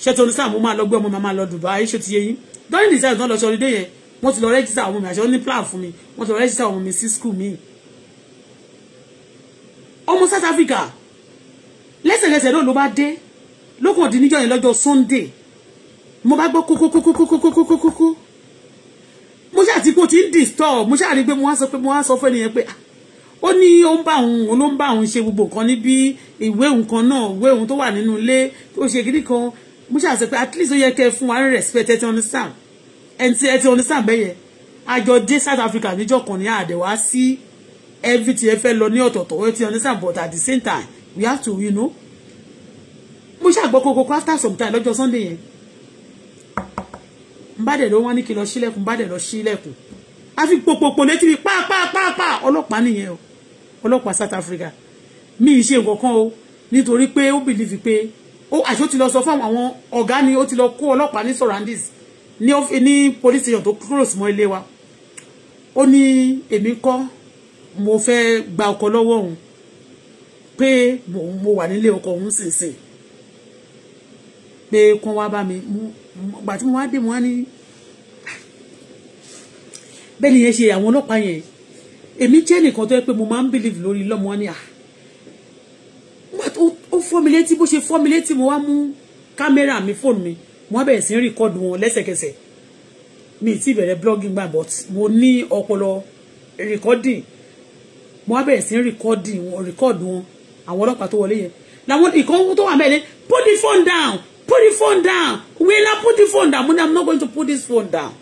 ṣé tí olùsàn mo máa lọ gbé ọmọ mi máa lọ Dubai ṣé ti yé yín during the time tó lọ sọrí dé yẹn wọ́n ti lọ rẹ́jísà ọmọ mi àṣẹ ó ní plan fún mi wọ́n ti lọ rẹ́jísà ọmọ mi sí school mi. ọmọ South Africa lẹ́sẹ̀kẹsẹ̀ náà ló bá dé lókùn ọ̀dín níjọ́ yẹn lọ́jọ́ Sunday mo bá gbọ́ kókókókókókókókókó mo ṣáà ti kó ti ń disturb mo ṣáà rí pé mo wá sọ pé mo wá sọ fún ẹnìyẹn pé ah ó ní ó ń bá òun òun ló ń bá òun ṣe gbogbo nǹkan níbi ìwé nǹkan náà ìwé òun tó wà nínú ilé ó ṣe gidi kan mo ṣàṣẹ pé at least ó yẹ kẹ́ fún wa respect ẹ ti understand ẹ ti ẹ ti understand bẹ́ẹ̀ yẹn àjọ dé South Africa níjọ́ kan ní àdẹ̀wá sí everything ẹ fẹ́ lọ ní ọ̀tọ̀ọ̀tọ̀ ẹ ti understand but at the same time we have to you know mo ṣàgbọ́ kokoko after some time lọ́jọ́ Sunday yẹn n bá dẹ̀ ló wọ́n ní kí lọ sílẹ̀kùn n bá dẹ̀ lọ sílẹ̀kùn a fi pòpòpò létí mi pàápàápàá ọlọ́pàá nìyẹn o ọlọ́pàá South Africa mi ì ṣe nǹkan kan o nítorí pé ó bìlífì pé ó àṣọ ti lọ sọ fún àwọn ọ̀gá ni ó ti lọ kó ọlọ́pàá ní surroundings ní ní police station tó close mọ́ ilé wa ó ní èmi kọ́ mo fẹ́ gba ọkọ lọ́wọ́ òun pé mo wà nílé ọkọ òun sìnsìn pé kán wá bá mi gbà tí mo wá dé mo wá ní bẹ́ẹ̀ ni yẹn ṣe àwọn ọlọ́pàá yẹn èmi jẹ́ nìkan tó yẹ pé mo máa ń believe lórí lọ́mọ ní ah, à ó fọ́ mi létí bó ṣe fọ́ mi létí mo wá mú kámẹ́rà mi fóònù mi mo wá bẹ̀rẹ̀ sí ń rìkọ́dù wọn lẹ́sẹ̀kẹsẹ̀ mi ti bẹ̀rẹ̀ blogging gbà but mo ní ọpọlọ recording mo wá bẹ̀rẹ̀ sí ń recording wọn record wọn àwọn ọlọ́pàá tó wọlé yẹn làwọn ìkan tó wà mẹ́lẹ̀ put the phone down put the phone down wíńlá put the phone down mo ní i'm not going to put this phone down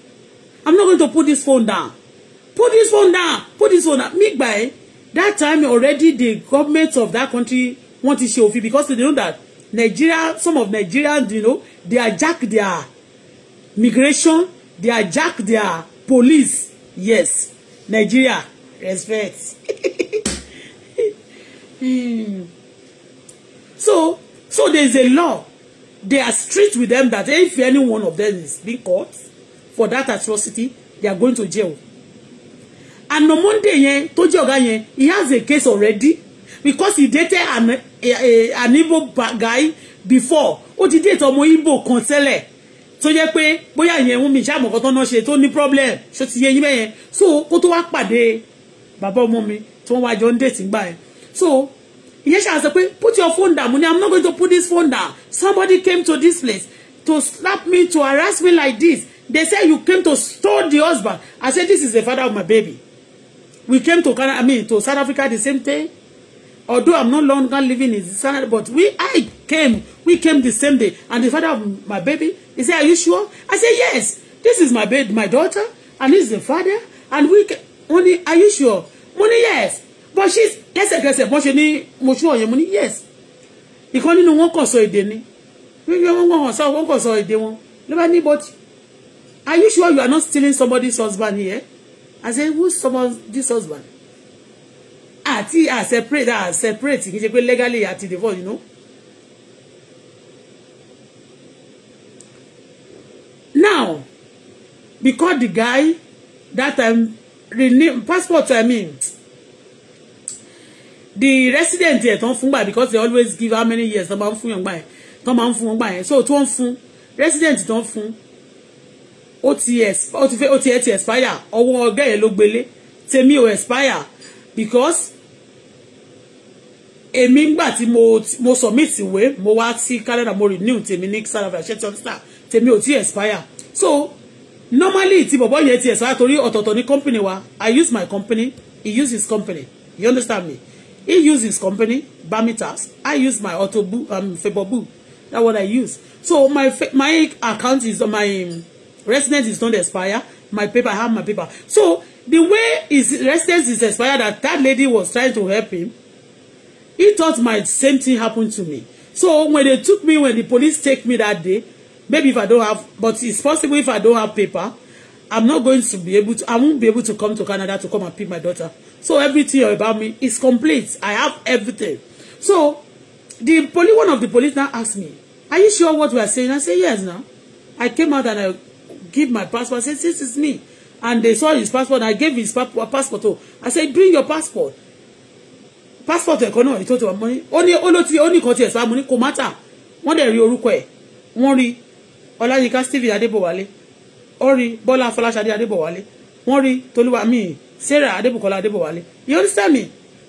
i'm not going to put this phone down put this phone down put this phone down mi gbà ẹ́ that time already the government of that country wọ́n ti ṣe òfin because they know that Nigeria some of Nigerians you know they are jack their migration they are jack their police yes Nigeria respect hmm. so so there is a law they are strict with them that if any one of them is being caught for that atrocity they are going to jail and on Monday yẹn tó jẹ́ ọ̀gá he has a case already because he dated an, a, a, an Igbo guy before ó ti date ọmọ Igbo kan tẹ́lẹ̀ tó jẹ́ pé bóyá ìyẹn ń mi ṣáàmù kan tó náà ṣe tó ní problem So ti yẹ yín so kó to wá pàdé bàbá ọmọ mi tí wọ́n wá jọ ń date gbà yẹn so he ṣáà sọ pé put your phone down I'm not going to put this phone down somebody came to this place to slap me to harass me like this they say you came to stone the husband I said this is the father of my baby we came to Canada I mean to South Africa the same thing although I'm no longer living in Canada, but we I came, we came the same day, and the father of my baby, he said, "Are you sure?" I said, "Yes. This is my baby, my daughter, and this is the father, and we money, Are you sure?" Money, yes, but she's lẹ́sẹ̀kẹsẹ̀ bọ́n ṣe ní mo ṣú ọ̀yẹ́ mo money. yes. He Ìkan nínú wọn kàn sọ èdè ni, wọ́n kàn sọ wọ́n kàn sọ èdè wọn. Ló bá ní but are you sure you are not stealing somebody's husband here? I said, who's someone this husband? àti à separate à separate kì í ṣe pé legally àti divorce you know. now because the guy that time renew passport i mean the resident ẹ̀ tán fún gbà because they always give how many years tán máa ń fún yàn gbà yẹn tán máa ń fún wọn gbà yẹn so tó ń fún resident tán fún ó ti ó ti fẹ́ ó ti ẹ̀ ti expire ọwọ́ ọgá yẹn ló gbélé tèmi ò expire because èmi ngbà ti mo mo submit ìwé mo wá sí Canada mo renew tèmi ní South Africa ṣe ti ọ́nítà tèmi ò expire so normally ti bobo yẹn ti expire torí ọ̀tọ̀ọ̀tọ̀ ní company wa I use my company he use his company you understand me he use his company Bamitas I use my auto book um, favour that what I use so my my account is my residence is not expire my paper I have my paper so the way his residence is expired that that lady was trying to help him he thought my same thing happened to me so when they took me when the police take me that day maybe if I don't have but it's possible if I don't have paper I'm not going to be able to I won't be able to come to Canada to come and pick my daughter so everything about me is complete I have everything so the police one of the police now asked me are you sure what we are saying I say yes now I came out and I give my passport I say this is me and they saw his passport I gave his passport to I said bring your passport passport ẹ̀kọ́ náà èyí tó ti wà mọ́ ní ó ní ó ló ti ó ní nǹkan ti ẹ̀ sáà mo ní kò má tà wọ́n dẹ̀ rí orúkọ ẹ̀ wọ́n rí ọláyínká stephen adébọ̀wálé ó rí bọ́lá afọláṣadé adébọ̀wálé wọ́n rí tolúwàmí sarah adébùkọ́lá adébọ̀wálé you understand me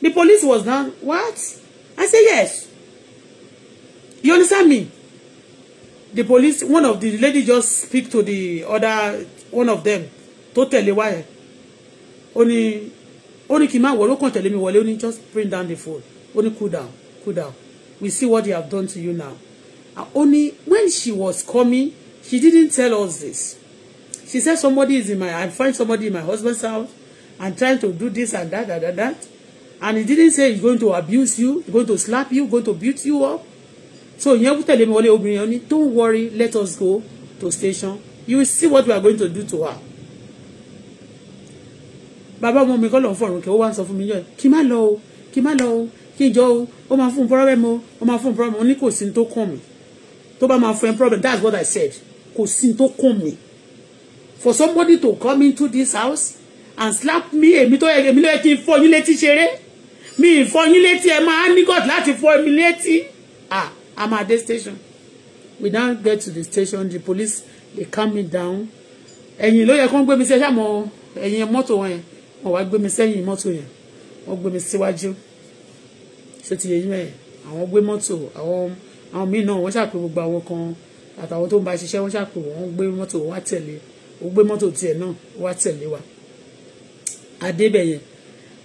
the police was down what i say yes you understand me the police one of the lady just speak to the other one of them tó tẹ̀lé wáyẹ̀ ó ní ó ní kí n má wọlé ó kàn tẹ̀lé mi wọlé ó ní just bring down the phone ó ní cool down cool down we see what they have done to you now ó ní when she was coming she didn't tell us this she said somebody is in my i find somebody in my husband's house and trying to do this and that and that, that and he didn't say he's going to abuse you he's going to slap you going to beat you up so ìyẹn kú tẹ̀lé mi wọlé obìnrin yẹn ní don't worry let us go to station you will see what we are going to do to her bàbá ọmọ mi kọ́ lọ́n fọ̀rùn kẹ́ ó wá ń sọ fún mi yọ kí má lọ o kí má lọ o kí n jọ o ó máa fún un problem ó máa fún un problem ní kò sí ní tó kàn mí tó bá máa fún un problem that's what I said kò sí ní tó kàn mí for somebody to come into this house and slap me èmi tó èmi ló yẹ kí n fọ yín létí ṣeré mi ì fọ yín létí ẹ máa ní God láti fọ èmi létí ah I'm at the station we now get to the station the police they calm me down ẹ̀yìn ló yẹ kó ń gbé mi sí ẹ ṣáà ẹ̀yìn mọ́tò wọn yẹn wọ́n wá gbé mi sẹ́yìn mọ́tò yẹn wọ́n gbé mi síwájú ṣé ti yẹ yín ẹ̀ àwọn gbé mọ́tò àwọn àwọn míì náà wọ́n ṣàpè gbogbo àwọn kan àtàwọn tó ń bá ṣiṣẹ́ wọ́n ṣàpè wọ́n gbé mọ́tò wá tẹ̀lé ó gbé mọ́tò tiẹ̀ náà wá tẹ̀lé wa adébẹ̀yẹn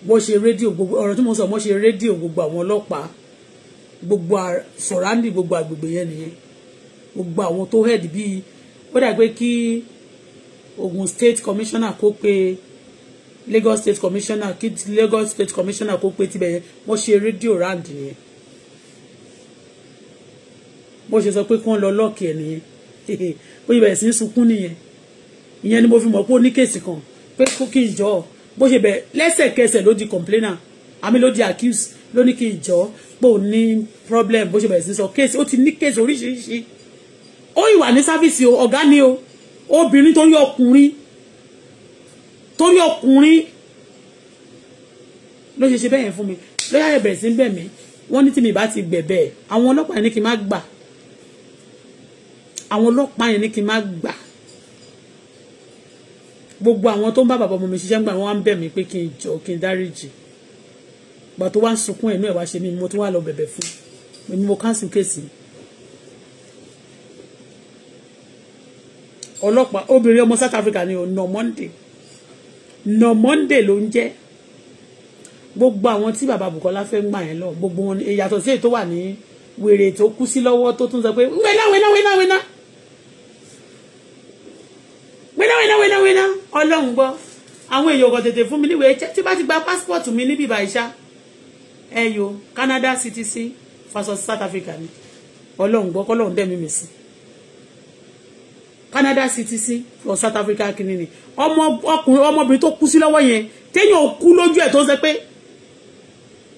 wọ́n ṣe rédíò gbogbo ọ̀rọ̀ tí mo sọ wọ́n ṣe rédíò gbogbo àwọn ọlọ́pàá gbogbo sọ̀ráǹdì gbogbo àgbègbè yẹn nìyẹn gbogbo àwọn tó hẹ̀dì bíi ó dà kí Ogun State Commissioner kó pe Lagos State Commissioner kí Lagos State Commissioner kó pé tibẹ̀ yẹn wọ́n ṣe rédíò round nìyẹn bó ṣe sọ pé kí wọ́n lọ lọ́ọ̀kì ẹ̀ nìyẹn bó ṣe bẹ̀rẹ̀ sí í sunkún nìyẹn ìyẹn ni mo fi mọ̀ pé ó ní kéèsì kan pé kó kí n jọ ọ bó ṣe bẹ̀ lẹ́sẹ̀kẹsẹ̀ ló di complainer àmì ló di accuse ló ní kí n jọ pé ò ní problem bó ṣe bẹ̀rẹ̀ sí sọ kéèsì ó ti ní kéèsì oríṣiríṣi ó ìwà ní sáfíìsì ọ̀gá ni o obìnrin tó ń yọ ọkùnrin torí ọkùnrin ló ṣe ṣe bẹ́ẹ̀ yẹn fún mi lọ́yà ẹ̀bẹ̀ sí bẹ̀ mí wọ́n ní tí mi bá ti gbẹ̀bẹ̀ àwọn ọlọ́pàá yẹn ní kí n má gbà àwọn ọlọ́pàá yẹn ní kí n má gbà gbogbo àwọn tó ń bá bàbá ọmọ mi ṣiṣẹ́ ń gbà wọ́n á ń bẹ̀ mí pé kí n jọ kí n dáríjì gbà tó wá ń sunkún ẹ̀mí ẹ̀ wá ṣe mí mo tún wà lọ bẹ̀bẹ̀ fún mi mo káńsì kéèsì ọlọ́pàá obìnrin ọmọ South Africa ni ọ̀nà Monday nà monday ló ń jẹ́ gbogbo àwọn tí bàbá Bukola fẹ́ ń gbà yẹn lọ gbogbo wọn ìyàtọ̀ sí èyí tó wà ní wèrè tó kú sí lọ́wọ́ tó tún sọ pé wẹ́nà wẹ́nà wẹ́nà wẹ́nà wẹ́nà wẹ́nà wẹ́nà wẹ́nà ọlọ́run gbọ́ àwọn èèyàn kan tètè fún mi níwèé tí bá ti gba pásítọ̀tù mi níbi ìbàṣà ẹ̀yọ Canada citizen fasọ South Africa ni ọlọ́run gbọ́ kọ́lọ́run dẹ́mi mi sí Canada citizen or South Africa kìíní ni ọmọ ọkùnrin ọmọbìnrin tó kú sí lọ́wọ́ yẹn téèyàn kú lójú ẹ̀ tó ń sọ pé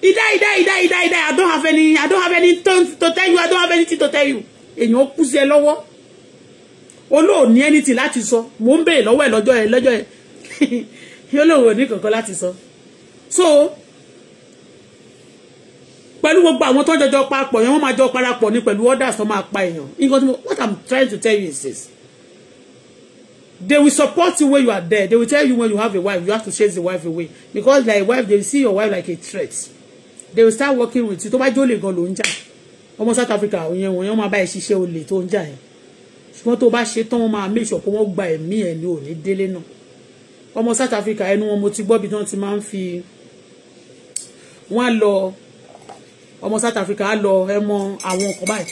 ìdá ìdá ìdá ìdá ìdá I don't have any I don't have any to tell you I don't have anything to tell you èèyàn kú sí ẹ lọ́wọ́ olóòní anything láti sọ mò ń béèrè lọ́wọ́ ẹ̀ lọ́jọ́ ẹ̀ lọ́jọ́ ẹ̀ yóò lòun ò ní kankan láti sọ so pẹ̀lú gbogbo àwọn tó jọjọ papọ̀ yẹn wọ́n máa jọ parapọ̀ ní pẹ̀lú orders tó máa pa èèyàn nǹkan tí mo what I'm trying to tell you is this They will support you when you are there. They will tell you when you have a wife, you have to chase the wife away. Because like wife, they will see your wife like a threat. They will start working with you. Tó my jólè gan ló ń jà. Ọmọ South Africa, òyìn òyìn ọmọ abáyé ṣiṣẹ́ olè tó ń jà yẹn. Ṣùgbọ́n tó bá ṣe tán, wọ́n máa come sure by me and you. ẹ̀ ní òní Almost South Africa I know mo ti gbọ́ bí wọ́n ti One law. Almost South Africa á law. ẹmọ àwọn ọkọ̀ báyìí.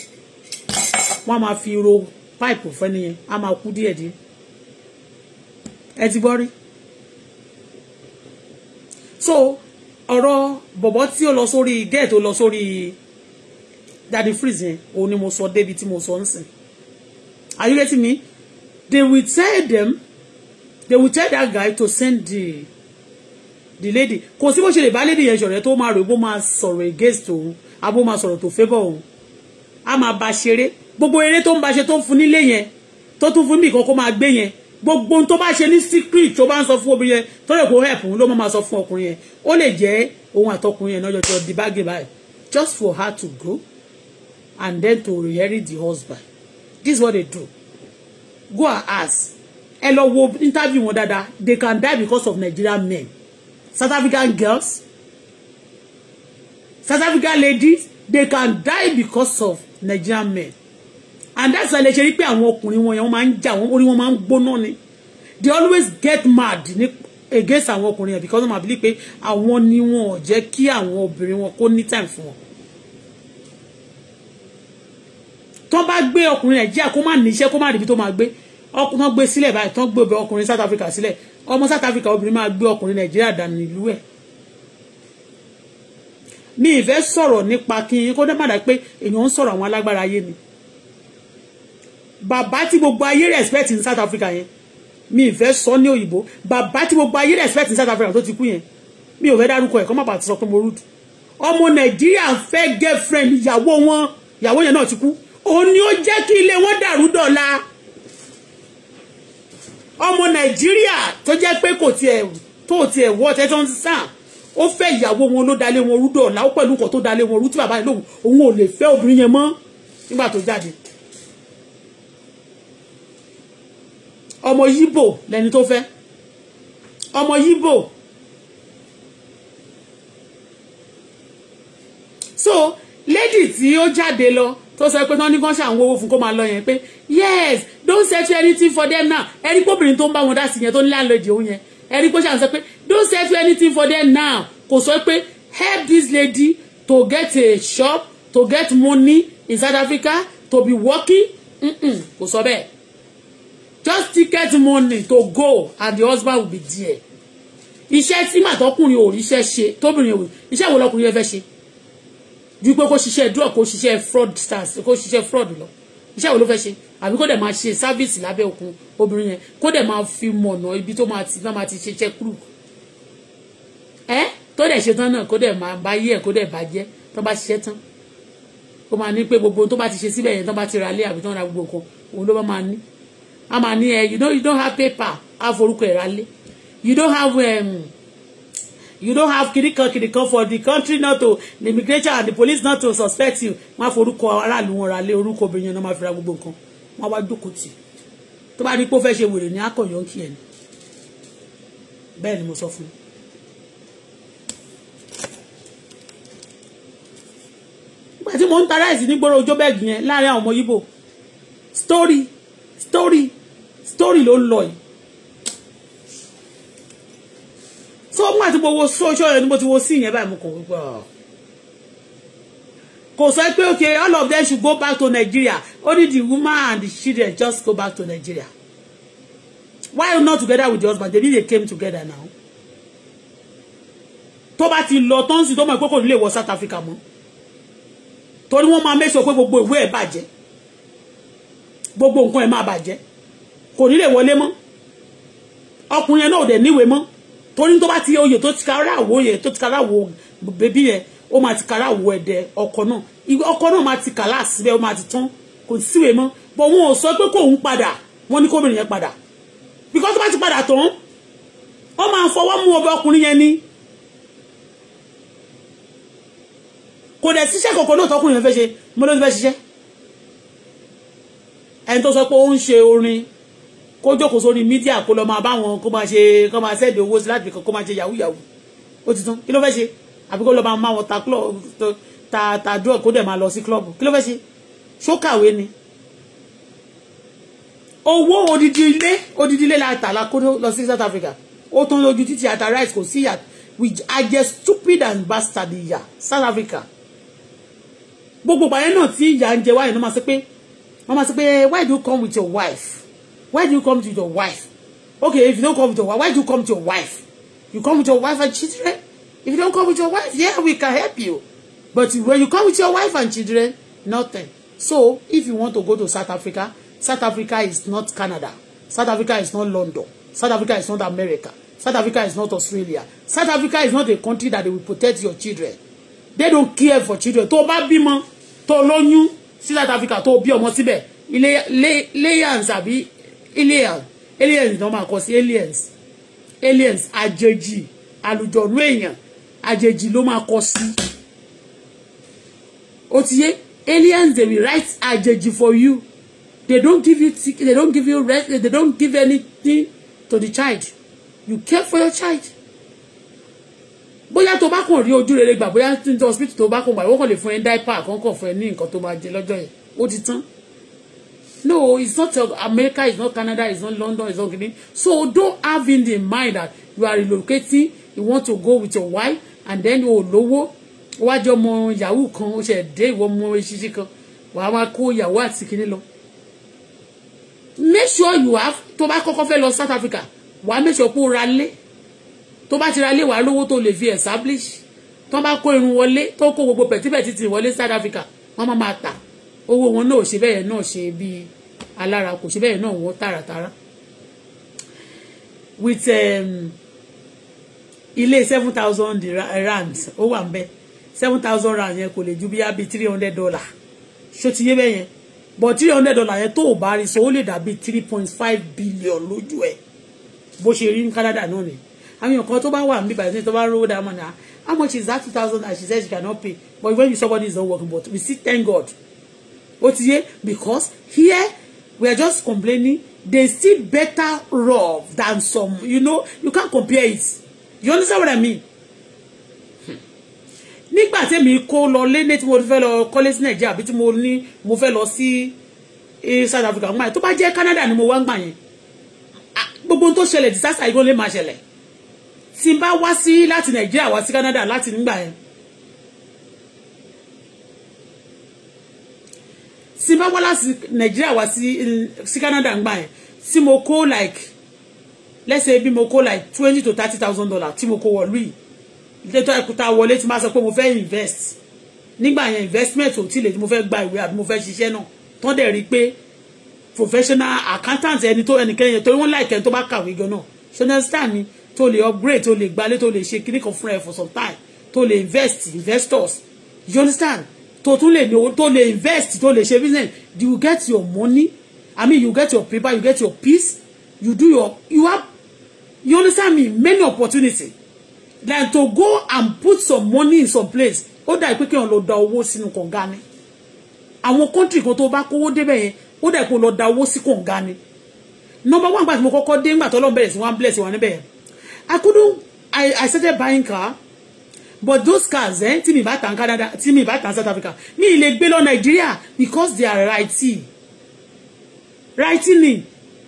Wọ́n á máa fi ro pipe for yẹn, I'm máa good díẹ̀díẹ̀ ẹ ti gbọ́ rí so ọ̀rọ̀ bọ̀bọ̀ tí ó lọ sórí gẹ́ẹ̀ tó lọ sórí daddy freeze yẹn òun ni mo sọ débi tí mo sọ ń sìn are you getting me they will tell them they will tell that guy to send the the lady kò sí bó ṣe lè bá lady yẹn ṣọ̀rẹ́ tó máa rò bó máa sọ̀rọ̀ against òun abó máa sọ̀rọ̀ tó favour òun a máa ba ṣeré gbogbo eré tó ń ba ṣe tó ń fún nílé yẹn tó tún fún mi kan kó máa gbé yẹn gbogbo ohun tó bá ṣe ní secret tó bá ń sọ fún obìnrin yẹn tó lè kó help òun ló máa sọ fún ọkùnrin yẹn ó lè jẹ́ òun àtọkùnrin yẹn náà jọjọ di báàgì báyìí just for her to go and then to inherit the husband this is what they do go and ask ẹ lọ wo interview wọn dáadáa they can die because of Nigerian men South African girls South African ladies they can die because of Nigerian men and that's why lè ṣe rí pé àwọn ọkùnrin wọn yẹn wọ́n máa ń jà wọ́n orí wọn ni they always get mad ní against àwọn ọkùnrin yẹn because wọ́n máa bí pé àwọn ni wọn ò jẹ́ kí àwọn obìnrin wọn kó ní time fún wọn. tó bá gbé ọkùnrin nàìjíríà kó má níṣẹ́ kó má ríbi tó máa gbé ọkùnrin gbé sílẹ̀ báyìí tó ń gbé ọkùnrin south africa sílẹ̀ ọmọ south africa obìnrin máa gbé ọkùnrin nàìjíríà dànù ìlú ẹ̀ mi ìfẹ́ sọ̀rọ̀ nípa kí n kó dẹ́ mọ̀dá pé èèyàn ń sọ̀rọ̀ àwọn alágbára ni bàbá tí gbogbo ayé respect in South Africa yẹn mi ìfẹ́ sọ ní òyìnbó bàbá tí gbogbo ayé respect in South Africa tó ti kú yẹn mi ò fẹ́ dárúkọ ẹ̀ kọ́ má bàa ti sọ pé mo rude ọmọ Nàìjíríà fẹ́ girlfriend ìyàwó wọn ìyàwó yẹn náà ti kú O ni ó jẹ́ kí ilé wọn dàrú dọ̀la ọmọ Nàìjíríà tó jẹ́ pé kò tiẹ̀ tó tiẹ̀ wọ́ tẹ́tọ́ ń sàn ó fẹ́ ìyàwó wọn ló dalé wọn rú dọ̀la ó pẹ̀lú nǹkan tó dalé wọn rú tí bàbá yẹn lòun òun ò lè fẹ́ obìnrin yẹn mọ́ nígbà tó jáde ọmọ yíbò lẹni tó fẹ́ ọmọ yíbò so lady tí ó jáde lọ tó sọ pé tán ní kán ṣàwọn owó fún kó máa lọ yẹn pé yes don't settle anything for them now ẹni pé obìnrin tó ń bá wọn dá sí yẹn tó ń láńlọ́ọ̀dì òun yẹn ẹni pé ṣàwọn sọ pé don't settle anything for them now kò sọ pé help this lady to get a shop to get money in South Africa to be working kò sọ bẹ́ẹ̀ just ticket money to go and the husband will be there iṣẹ́ tí màtọ́kùnrin ò ríṣẹ́ ṣe tóbìnrin ò iṣẹ́ wo lọkùnrin yẹn fẹ́ ṣe ju pé kó ṣiṣẹ́ drug kó ṣiṣẹ́ fraud stars kó ṣiṣẹ́ fraud lọ iṣẹ́ wo ló fẹ́ ṣe àbí kó dẹ̀ máa ṣe service, lábẹ́ òkun obìnrin yẹn kó dẹ̀ máa fi mọ̀nà ibi tó máa ti náà máa ti ṣe iṣẹ́ kúrú ẹ tó dẹ̀ ṣe tán náà kó dẹ̀ máa bá yí ẹ̀ kó dẹ̀ bàjẹ́ tó bá ṣiṣẹ́ tán ó máa ní pé gbogbo tó bá ti ṣe síbẹ̀ yẹn tó bá ti ra ilé àbí ra gbogbo nǹkan òun ló bá máa ní a máa ní you know you don't have paper a forúkọ ẹ̀ rálé you don't have um, you don't have kìnìkan kìnìkan for the country not to the immigration and the police not to suspect you Ma á forúkọ aráàlú wọn rálé orúkọ obìnrin yẹn náà máa fi ra gbogbo nǹkan wọ́n á wá jókòó tì tó bá ní pé ó fẹ́ ṣe wèrè ní akọ̀yọ́ ni mo sọ fún un. mo ń ta ráìsì nígboro ojó bẹ́ẹ̀gì yẹn láàrin àwọn ọmọ yíbò story story story ló ń lọ yìí so mú àti gbogbo sọ́ọ́sọ́ ẹni mo ti wo sí ìyẹn báyìí mo kàn wípé ọ̀ ah. kò sọ pé ok all of them should go back to Nigeria only the woman and the children just go back to Nigeria why not together with the husband they really came together now tó bá ti lọ tó ń sìn tó mọ̀ pé kò ní lè wọ South Africa mọ́ torí wọ́n máa mẹ́sàn pé gbogbo ìwé ẹ̀ bàjẹ́ gbogbo nǹkan ẹ̀ máa bàjẹ́ kò ní lè wọlé mọ́ ọkùnrin yẹn náà ò dẹ̀ níwèé mọ́ torí tó bá ti oyè tó ti kára àwo yẹn tó ti kára àwo bèbí yẹn ó máa ti kára àwo ẹ̀dẹ̀ ọkọ náà ọkọ náà máa ti kàlá síbẹ̀ ó máa ti tán kò síwèé mọ́ bọ̀ wọn ò sọ pé kò ń padà wọn ní kóbìnrin yẹn padà because tó bá ti padà tán ó máa fọwọ́ mú ọbẹ̀ ọkùnrin yẹn ni kò dẹ̀ ṣiṣẹ́ kòkó náà tọkùnrin yẹn fẹ́ ṣe mo ló ti fẹ́ ṣiṣẹ́ ẹni tó sọ pé ó ń ṣe orin kó jókòó sórí mídíà kó lọ máa bá wọn kó máa ṣe kó máa sẹ́ẹ̀dì owó sí láti fi kó máa ṣe yahoo yahoo ó ti tún kí ló fẹ́ ṣe àbí kó lọ máa máa wọn ta ta ta drug kó dẹ̀ máa lọ sí club kí ló fẹ́ ṣe ṣó kàwé ni owó odidi ilé odidi ilé la tà la kó lọ sí South Africa ó tún lójú títí ata rice kò sí ìyà which are just stupid and bastard ìyà South Africa gbogbo ìgbà yẹn náà tí ìyà ń jẹ wáyé ló máa sọ pé wọ́n máa sọ pé why do you come with your wife Why do you come with your wife? Okay, if you don't come with your wife, why do you come with your wife? You come with your wife and children? If you don't come with your wife, yeah, we can help you. But when you come with your wife and children, nothing. So, if you want to go to South Africa, South Africa is not Canada. South Africa is not London. South Africa is not America. South Africa is not Australia. South Africa is not a country that they will protect your children. They don't care for children. Tó bá bímọ, tó lóyún sí South Africa, tó bí ọmọ síbẹ̀. Layers alien aliens náà máa kọ sí aliens aliens àjèjì àlùjọ̀nú èèyàn àjèjì ló máa kọ sí ó ti yé aliens they will write àjèjì for you they don't give you they don't give you rest they don't give anything to the child you care for your child bóyá tó bá kàn rí ojú rere gbà bóyá tó ń tọ́ hospital tó bá kàn gbà wọ́n kàn lè fún ẹ ní diaper kan kàn fún ẹ ní nǹkan tó máa jẹ lọ́jọ́ yẹn ó ti tán No, it's not uh, America, it's not Canada, it's not London, it's not Guinea. So don't have in the mind that you are relocating, you want to go with your wife, and then you will wájú ọmọ yahoo kan, ó ṣe dé ìwọ ọmọ ìṣiṣẹ́ kan, wàá wá kó yahoo àti kìíní lọ. Make sure you have, tó bá kọ́kọ́ fẹ́ lọ South Africa, wàá make sure pé o ra lé. ti ra lé, wàá lówó tó fi establish. Tó bá kó irun wọlé, tó kó gbogbo pẹ̀típẹ̀tì tì wọlé South Africa, wọ́n máa máa tà. owó wọn náà ṣe bẹ́ẹ̀ náà ṣe bí alára kò ṣe bẹ́ẹ̀ náà with um, ilé seven thousand rand ó wà ń seven thousand rand yẹn kò lè ju three hundred dollar ṣó ti yé bẹ́ẹ̀ but three hundred dollar yẹn tó o bá so ó lè dàbí three point five billion lójú ẹ̀ bó ṣe rí ní Canada náà ni àwọn èèyàn kan tó bá wà ń bí bàtí tó bá rówó dáa mọ́ ni ah, how much is that two thousand and she said she cannot pay but when you somebody is not working but we still thank God ó ti yé because here we are just complaining they still better raw than some you know you can't compare it you understand what I mean nígbà tí èmi kó lọ lé ní tí mo fẹ́ lọ kọ́lé sí nàìjíríà àbí tí mo ní mo fẹ́ lọ sí eh, South Africa ń gbà yẹn tó bá jẹ́ Canada ni mo wá ń gbà yẹn ah, gbogbo ohun tó ṣẹlẹ̀ disaster yìí ló lè máa ṣẹlẹ̀ tí n bá wá sí láti nàìjíríà wá sí Canada láti nígbà yẹn tí bá wá láti nàìjíríà wá sí sí canada ń gbà yẹn mo kó like let's say bí mo kó like twenty to thirty thousand dollars tí mo kó wọ̀lú yìí lẹ́tọ́ ẹ̀kúta wọlé tí máa sọ pé mo fẹ́ invest nígbà yẹn investment ò tí lè mo fẹ́ gba ìwé àbí mo fẹ́ ṣiṣẹ́ náà tán dẹ̀ rí i professional accountant ẹni tó ẹnikẹ́ni yẹn torí wọ́n láìkẹ́ tó bá kàwé gan náà ṣẹ́nẹ́sì tá ni tó lè upgrade to lè gbalé tó lè ṣe kíní kan fúnra ẹ̀ for some time To lè invest investors you understand tó tún lè lówó tó lè invest tó lè ṣe business you get your money i mean you get your paper you get your peace you do your you have you understand me many opportunity like to go and put some money in some place ó dà pé kí wọn lọ da owó sínú kànga ni àwọn country kan tó bá kówó débẹ̀ yẹn ó dà pé lọ da owó sí kànga ni number one gbà tí mo kọ́kọ́ dé ńgbà tó lọ́n bẹ̀rẹ̀ sí wọn bless wọn níbẹ̀ i couldn't i i started buying car but those cars eh, tí mi bá tàn Canada tí mi bá tàn South Africa mi ì lè gbé lọ Nàìjíríà because they are righty righty ni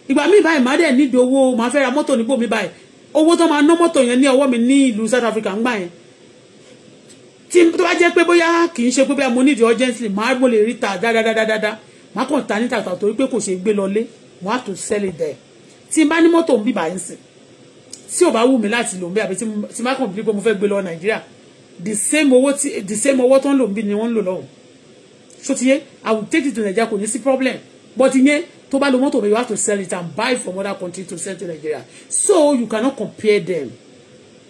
ìgbà mi báyìí má dẹ̀ nídìí owó màá fẹ́ ra mọ́tò níbò mi báyìí owó tó máa ná mọ́tò yẹn ní ọwọ́ mi ní ìlú South Africa ń gbà yẹn tí tó bá jẹ́ pé bóyá kì í ṣe pé bóyá mo nídìí urgently màá mo lè rí ta dáadáadáa màá kàn ta níta torí pé kò ṣe gbé lọlé wọ́n á tún sẹ́lẹ̀ dẹ̀ tí n bá ní mọ́tò ń bíbà yín sìn tí ò bá wù mí láti lò ń bẹ́ àbí tí n bá kàn bí pé mo fẹ́ gbé lọ Nàìjíríà the same owó tí the same owó tó ń lò ń bí ni wọ́n ń lò so ti yẹ i will take it to Nigeria kò ní sí problem but ìyẹn tó bá lo mọ́tò mi you have to sell it and buy from other country to sell to Nigeria so you cannot compare them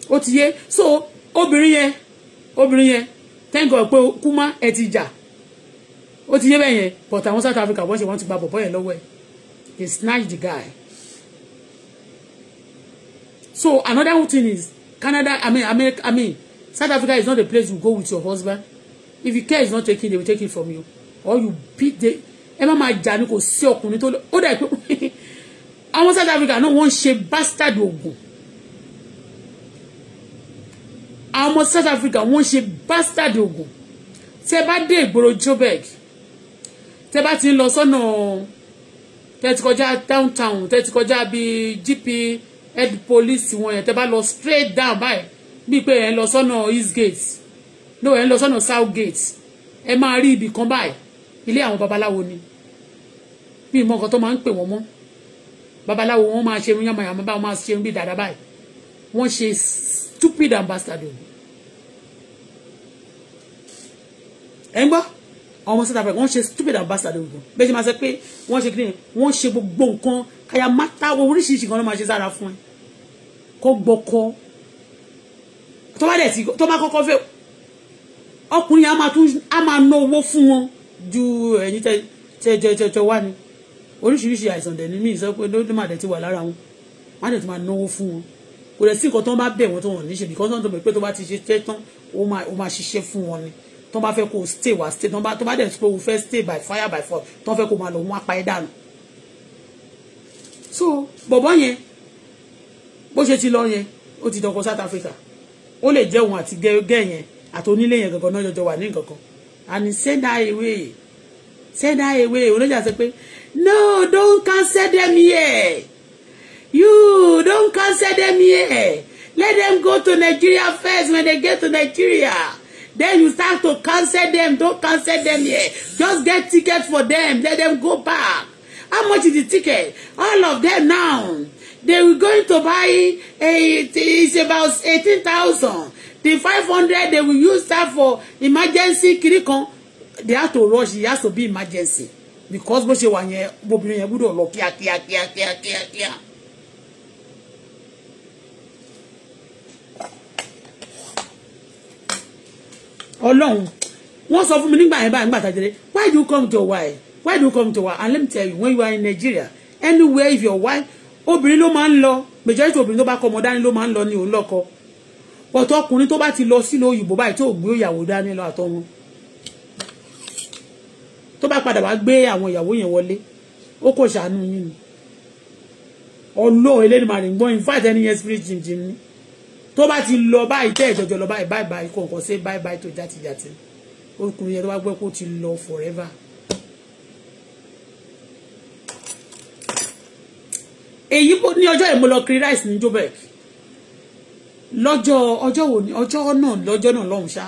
ó ti yẹ so obìnrin yẹn obìnrin yẹn thank God pé kúmá ẹ ti jà ó ti yé bẹ́ẹ̀ yẹn but àwọn South Africa wọ́n ṣe wọ́n ti gba bọ̀bọ́ yẹn lọ́wọ́ ẹ̀ they snatch the guy so another thing is Canada I mean America I mean South Africa is not the place you go with your husband if you care is not taking they will take it from you or you beat the Emma, my máa go see your sí ọkùnrin tó ó dà South Africa náà one shape ṣe bastard oògùn àwọn ọmọ South Africa wọ́n ń ṣe bastard will go. bá dé ìgboro Joburg tẹ́ bá ti ń lọ sọ́nà tẹ́ ti kọjá downtown tẹ́ ti kọjá bíi GP head police wọn yẹn tẹ́ bá lọ straight down by bíi pé ẹ lọ sọ́nà east gate no ẹ lọ sọ́nà south gate ẹ máa rí ibì kan báyìí ilé àwọn babaláwo ni bí ìmọ̀ nǹkan tó máa ń pè wọ́n mọ́ babaláwo wọn máa ṣe irun yàmà yàmà báwọn máa ṣe irun bíi dàda báyìí wọ́n ṣe stupid ambassador ẹ ń gbọ́ àwọn ọmọ south africa wọ́n ṣe stupid ambassador gan bẹ́ẹ̀ ṣe máa ṣe pé wọ́n ṣe kíni wọ́n ṣe gbogbo nǹkan kàyà mátáwọ oríṣiríṣi kan ló máa ṣe sára fún ẹ kó gbọ́kọ́ tó bá dẹ̀ ti tó bá kọ́kọ́ fẹ́ ọkùnrin a máa tún a máa ná owó fún wọn ju ẹ̀yin tẹ́jẹjẹjọ wá ni oríṣiríṣi àìsàn dẹ̀ ni mí sọ pé ló má dẹ̀ ti wà lára wọn má dẹ̀ ti máa náwó fún wọn kò dẹ̀ sí nǹkan tó ń bá bẹ̀ wọ́n tó wọ́n níṣe nìkan tó pé tó bá ti ṣe tẹ́ tán ó máa ṣiṣẹ́ fún wọn ni tó bá fẹ́ kó o stay wá stay tó bá dẹ̀ tó o fẹ́ stay by fire by force tó fẹ́ kó o máa lọ wọ́n apá ẹ̀ dànù. so bọ̀bọ̀ yẹn bó ṣe ti lọ yẹn ó ti dọ̀kọ South Africa ó lè jẹ́ òun àti gẹ́gẹ́ yẹn àti onílé yẹn gangan náà jọjọ wà ní nǹkan and send her away send her away oníjà sọ pé no don't cancel them here you don't cancel them here let them go to Nigeria first when they get to Nigeria then you start to cancel them don't cancel them here just get ticket for them let them go back how much is the ticket all of them now they were going to buy a, it's about eighteen thousand the five hundred they will use that for emergency kirikan they have to rush it has to be emergency because bó ṣe wà yẹn obìnrin yẹn gbúdọ̀ lọ kíákíá kíákíá kíákíá. ọlọ́run wọ́n sọ fún mi nígbà yẹn báyìí nígbà tàjẹ́rẹ́ why do you come to why why do you come to why and let me tell you when you are in Nigeria anywhere if your wife obìnrin ló máa ń lọ majority obìnrin tó bá kọ ọmọ dání ló máa ń lọ ní òun lọkọ ọ̀tọ̀ ọkùnrin tó bá ti lọ sílùú òyìnbó báyìí tó gbé ìyàwó dání lọ àtọmọ tó bá padà wá gbé àwọn ìyàwó yẹn wọlé ó kò ṣàánú yín ni ọlọ́ọ̀ eléyìí máa ń gbọ́ in fact ẹni yẹn spirit jim jim ni tó bá ti lọ báyìí tẹ́ ìjọjọ lọ báyìí báyìí báyìí kọ̀ọ̀kan ṣe báyìí báyìí tó játijáti okùnrin yẹn tó bá gbọ́ pé ó ti lọ forever èyí bó ní ọjọ́ ìmúlọ kiri rice ní jobek lọ́jọ́ ọjọ́ wo ni ọjọ́ náà lọ́jọ́ náà lọ́hùn ṣá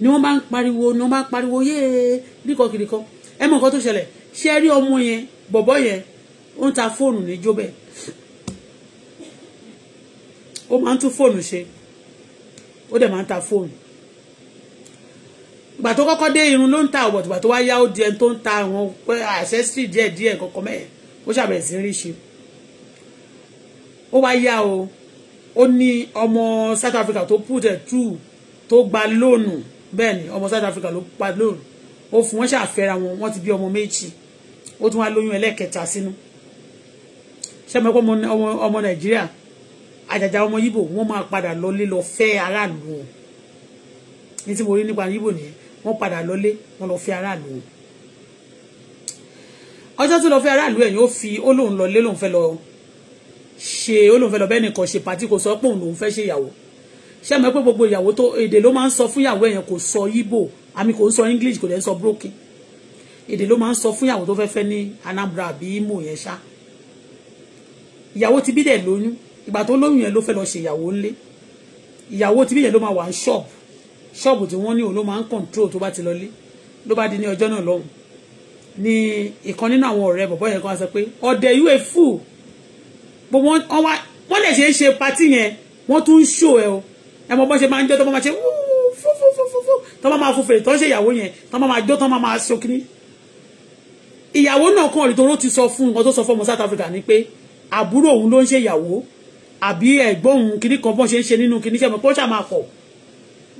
ni wọ́n bá ń pariwo ni wọ́n bá ń pariwo yéé kíríkọ̀kíríkọ̀ ẹ mọ̀ nǹkan tó ṣẹlẹ̀ ṣé ẹ rí ọmọ yẹn bọ̀bọ̀ yẹn ó ń ta fóònù ní jobek ó máa ń tún fóònù ṣe ó dẹ̀ máa ń ta fóònù ìgbà tó kọ́kọ́ dé irun ló ń ta àwọ̀ ìgbà tó wá yá ó di ẹni tó ń ta àwọn accessory díẹ̀díẹ̀ kọ̀ọ̀kan mẹ́ẹ̀ ó ṣàbẹ̀sí rí ó wá yá o ó ní ọmọ South Africa tó put it through tó gba lóònù bẹ́ẹ̀ ni ọmọ South Africa ló pa lóònù ó fún wọn ṣàfẹ́ra wọn wọ́n ti bí ọmọ méjì ó tún wá lóyún ẹlẹ́ẹ̀kẹta sínú ṣé mo pé ọmọ Nàìjíríà àjàjà ọmọ Yíbò wọ́n máa padà lọlé lọ fẹ́ aráàlú o ní tí mo rí nípa Yíbò nìyẹn wọ́n padà lọlé wọ́n lọ fẹ́ aráàlú o ọjọ́ tó lọ fẹ́ aráàlú ẹ̀yìn ó fi ó lóun lọlé lóun fẹ́ lọ ṣe ó lóun fẹ́ lọ bẹ́ẹ̀ nìkan ṣe pàtí kò sọ pé òun lòun fẹ́ ṣe ìyàwó ṣé ẹ mọ̀ pé gbogbo ìyàwó tó èdè ló máa ń sọ fún ìyàwó ẹ̀yẹn kò sọ Igbo àmì kò ń sọ English kò dẹ̀ ń sọ broken èdè ló máa ń sọ fún ìyàwó tó fẹ́ fẹ́ ní Anambra àbí Imo yẹn ṣá ìyàwó ti bí dẹ̀ lóyún ìgbà tó lóyún yẹn ló fẹ́ lọ ṣe ìyàwó ńlé ìyàwó ti bí yẹn ló máa wà ní ṣọ́ọ̀bù ṣọ́ọ̀bù tí wọ́n ní òun ló máa ń control tó bá ti lọlé ló bá di ní ọjọ́ náà lọ́hùn ni ìkan nínú àwọn ọ̀rẹ́ bọ̀bọ́ yẹn kan sọ pé ọ̀dẹ̀ you a fool bó wọ́n wá wọ́n lè ṣe é ṣe patí yẹn wọ́n tún ń ṣò ẹ o ẹ mọ bọ́n ṣe máa ń jọ́ tó máa ṣe fúfúfúfú tó máa fún fèrè tó ń ṣe ìyàwó yẹn tó máa jó tó máa ṣokiri ìyàwó náà kan ìtòrò ti sọ fún nǹkan tó sọ fún ọmọ South Africa ni pé àbúrò òun ló ń ṣe ìyàwó àbí ẹ̀gbọ́n òun kìíní kan bọ́n ṣe ń ṣe nínú kìíní ṣe mọ̀ pé ó ṣàmà pọ̀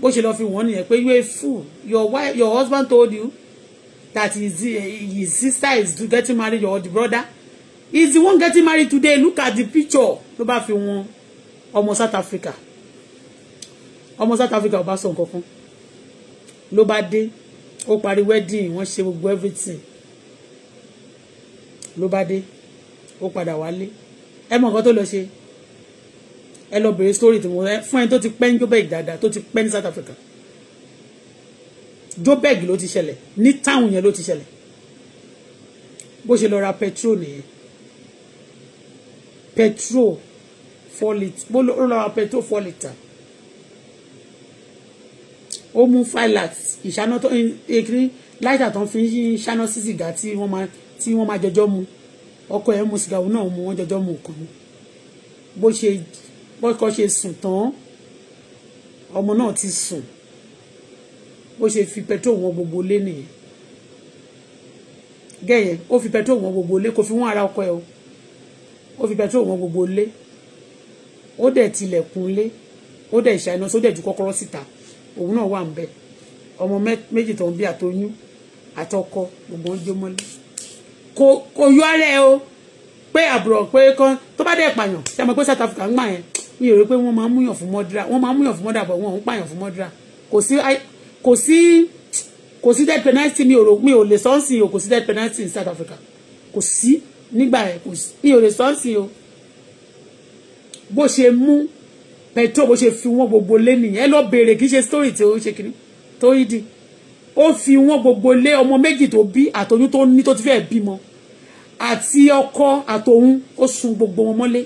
bó ṣe lọ fi wọ́n nìyẹn pé you a fool your wife your husband told you that his, his sister is getting married your brother is the one getting married today look at the picture ló bá fi wọn ọmọ South Africa ọmọ South Africa ò bá sọ nǹkan kan ló bá dé ó parí wedding wọ́n ṣe gbogbo everything ló bá dé ó padà wálé ẹ mọ nǹkan tó lọ ṣe ẹ lọ bèrè story tí mo rẹ fún ẹni tó ti pẹ́ ní Joburg to tó ti pẹ́ South Africa Joburg ló ti ṣẹlẹ̀ ní táwọn yẹn ló ti ṣẹlẹ̀ Bo ṣe lọ ra petrol nìyẹn petrol four litre mo ló ra petrol four litre ó mú five lakhs ìṣáná tó ekiri láìta tó ń fi ṣáná sí sìgá tí wọ́n máa tí wọ́n máa jọjọ́ mu ọkọ ẹ̀ mu sìgá òun náà mu wọ́n jọjọ́ mu nǹkan bó ṣe bọ́kọ ṣe sùn tán ọmọ náà ti sùn bó ṣe fi petrol wọn gbogbo lé nìyẹn gẹ́yẹn ó fi petrol wọn gbogbo lé kò fi wọ́n ara ọkọ ẹ̀ o ó fi pẹtrol wọn gbogbo lé ó dẹ̀ tilẹ̀kùn lé ó dẹ̀ ṣàìná sódẹ̀ ju kọ́kọ́rọ́ síta òun náà wà ń bẹ̀ ọmọ méjì tó ń bí àtọyún àtọkọ gbogbo ń jó mọ́lé kò yọ ara o pé àbúrò pé kan tó bá dẹ̀ pààyàn tí a pé South Africa ń gbà yẹn mi ò rí pé wọ́n máa ń múyàn fún mọ́dúrà wọ́n máa ń múyàn fún mọ́dúrà bọ̀ wọ́n ò ń pààyàn fún mọ́dúrà kò sí kò sí kò sí death penalty mi ò lè sọ́ọ̀sì o kò sí death penalty in South Africa kò sí nígbà yẹn kò sí mi ò lè sọ́ọ̀sì o bó ṣe mú pẹ̀tọ́ bó ṣe fi wọ́n gbogbo lé nìyẹn ẹ lọ bèrè kì í ṣe story tí ó ṣe kiri tó yí di ó fi wọ́n gbogbo lé ọmọ méjì tó bí àtọyún tó ní tó ti fẹ́ẹ́ bímọ àti ọkọ àtòun ó sun gbogbo wọn mọ́lé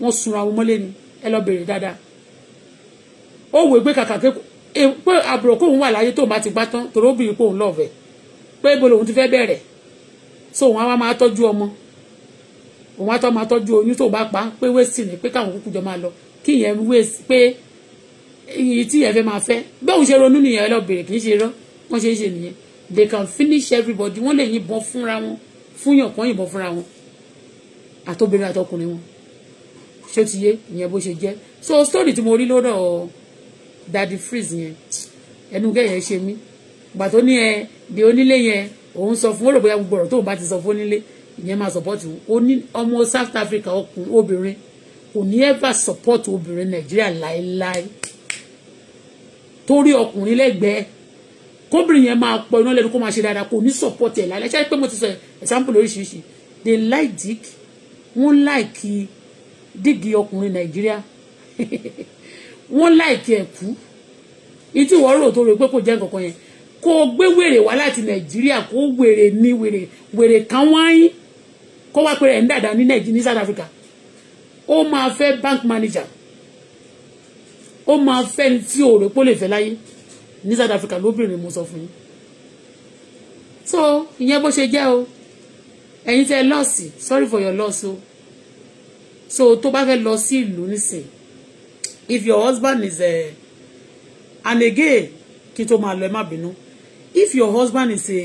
wọ́n sunra wọn mọ́lé ni ẹ lọ bèrè dáadáa ó wèé pé kàkà e, pé àbúrò kóun wà láyé tóun bá ti gbá tán tòró bìrì kóun lọ́ọ̀fẹ́ pé ibo lòun ti fẹ́ bẹ̀rẹ̀ so wọn á máa tọ́jú ọmọ òun àtọ́ máa tọ́jú oyún tó bá pa pé wéèsì ni pé káwọn kúkú jọ máa lọ kí ìyẹn wéèsì pé iyì tí ìyẹn fẹ́ máa fẹ́ bẹ́ẹ̀ òun ṣe ronú nìyẹn ẹlọ́bìnrin kì í ṣe rán wọ́n ṣe ń ṣe nìyẹn they can finish everybody wọ́n lè yìnbọn fúnra wọn fúnyàn kan yìnbọn fúnra wọn àtobìnrin àtọkùnrin wọn ṣé ti yé ìyẹn bó ṣe jẹ́ so story tí mo rí lọ́dọ̀ Daddy Freeze yẹn ẹnu gẹ́yẹn ṣe mí gbà tó ní ẹ di onílé yẹn òun sọ fún ó rò bóyá gbogbo ọ̀rọ̀ tóun bá ti sọ fún onílé ìyẹn máa support ó ní ọmọ South Africa ọkùnrin obìnrin kò ní ever support obìnrin Nàìjíríà láéláé torí ọkùnrin lẹ́gbẹ̀ẹ́ kóbìnrin yẹn máa pọ iná lẹ́nu kó máa ṣe dáadáa kò ní support ẹ̀ láéláé ṣáà pé mo ti sọ example oríṣiríṣi they like dick wọ́n like dígì ọkùnrin Nàìjíríà wọ́n like ẹ̀kú ìtí wọ́n rò tó rò pé kò jẹ́ nǹkan kan yẹn kó o gbé wèrè wá láti Nàìjíríà kó wèrè ní wèrè wèrè kan wáyé kó wá pé ẹ̀ ń dàda ní nàìjíríà ní South Africa ó máa fẹ́ bank manager ó máa fẹ́ ní tí òòrè pó lè fẹ́ láyé ní South Africa lóbìnrin mo sọ fún yín so ìyẹn bó ṣe jẹ́ o ẹ̀yin tẹ́ lọ́ọ̀sì sorry for your loss o so tó bá fẹ́ lọ sí ìlú nísìn if your husband is eh, a and again kí tó máa lọ ẹ má bínú if your husband is a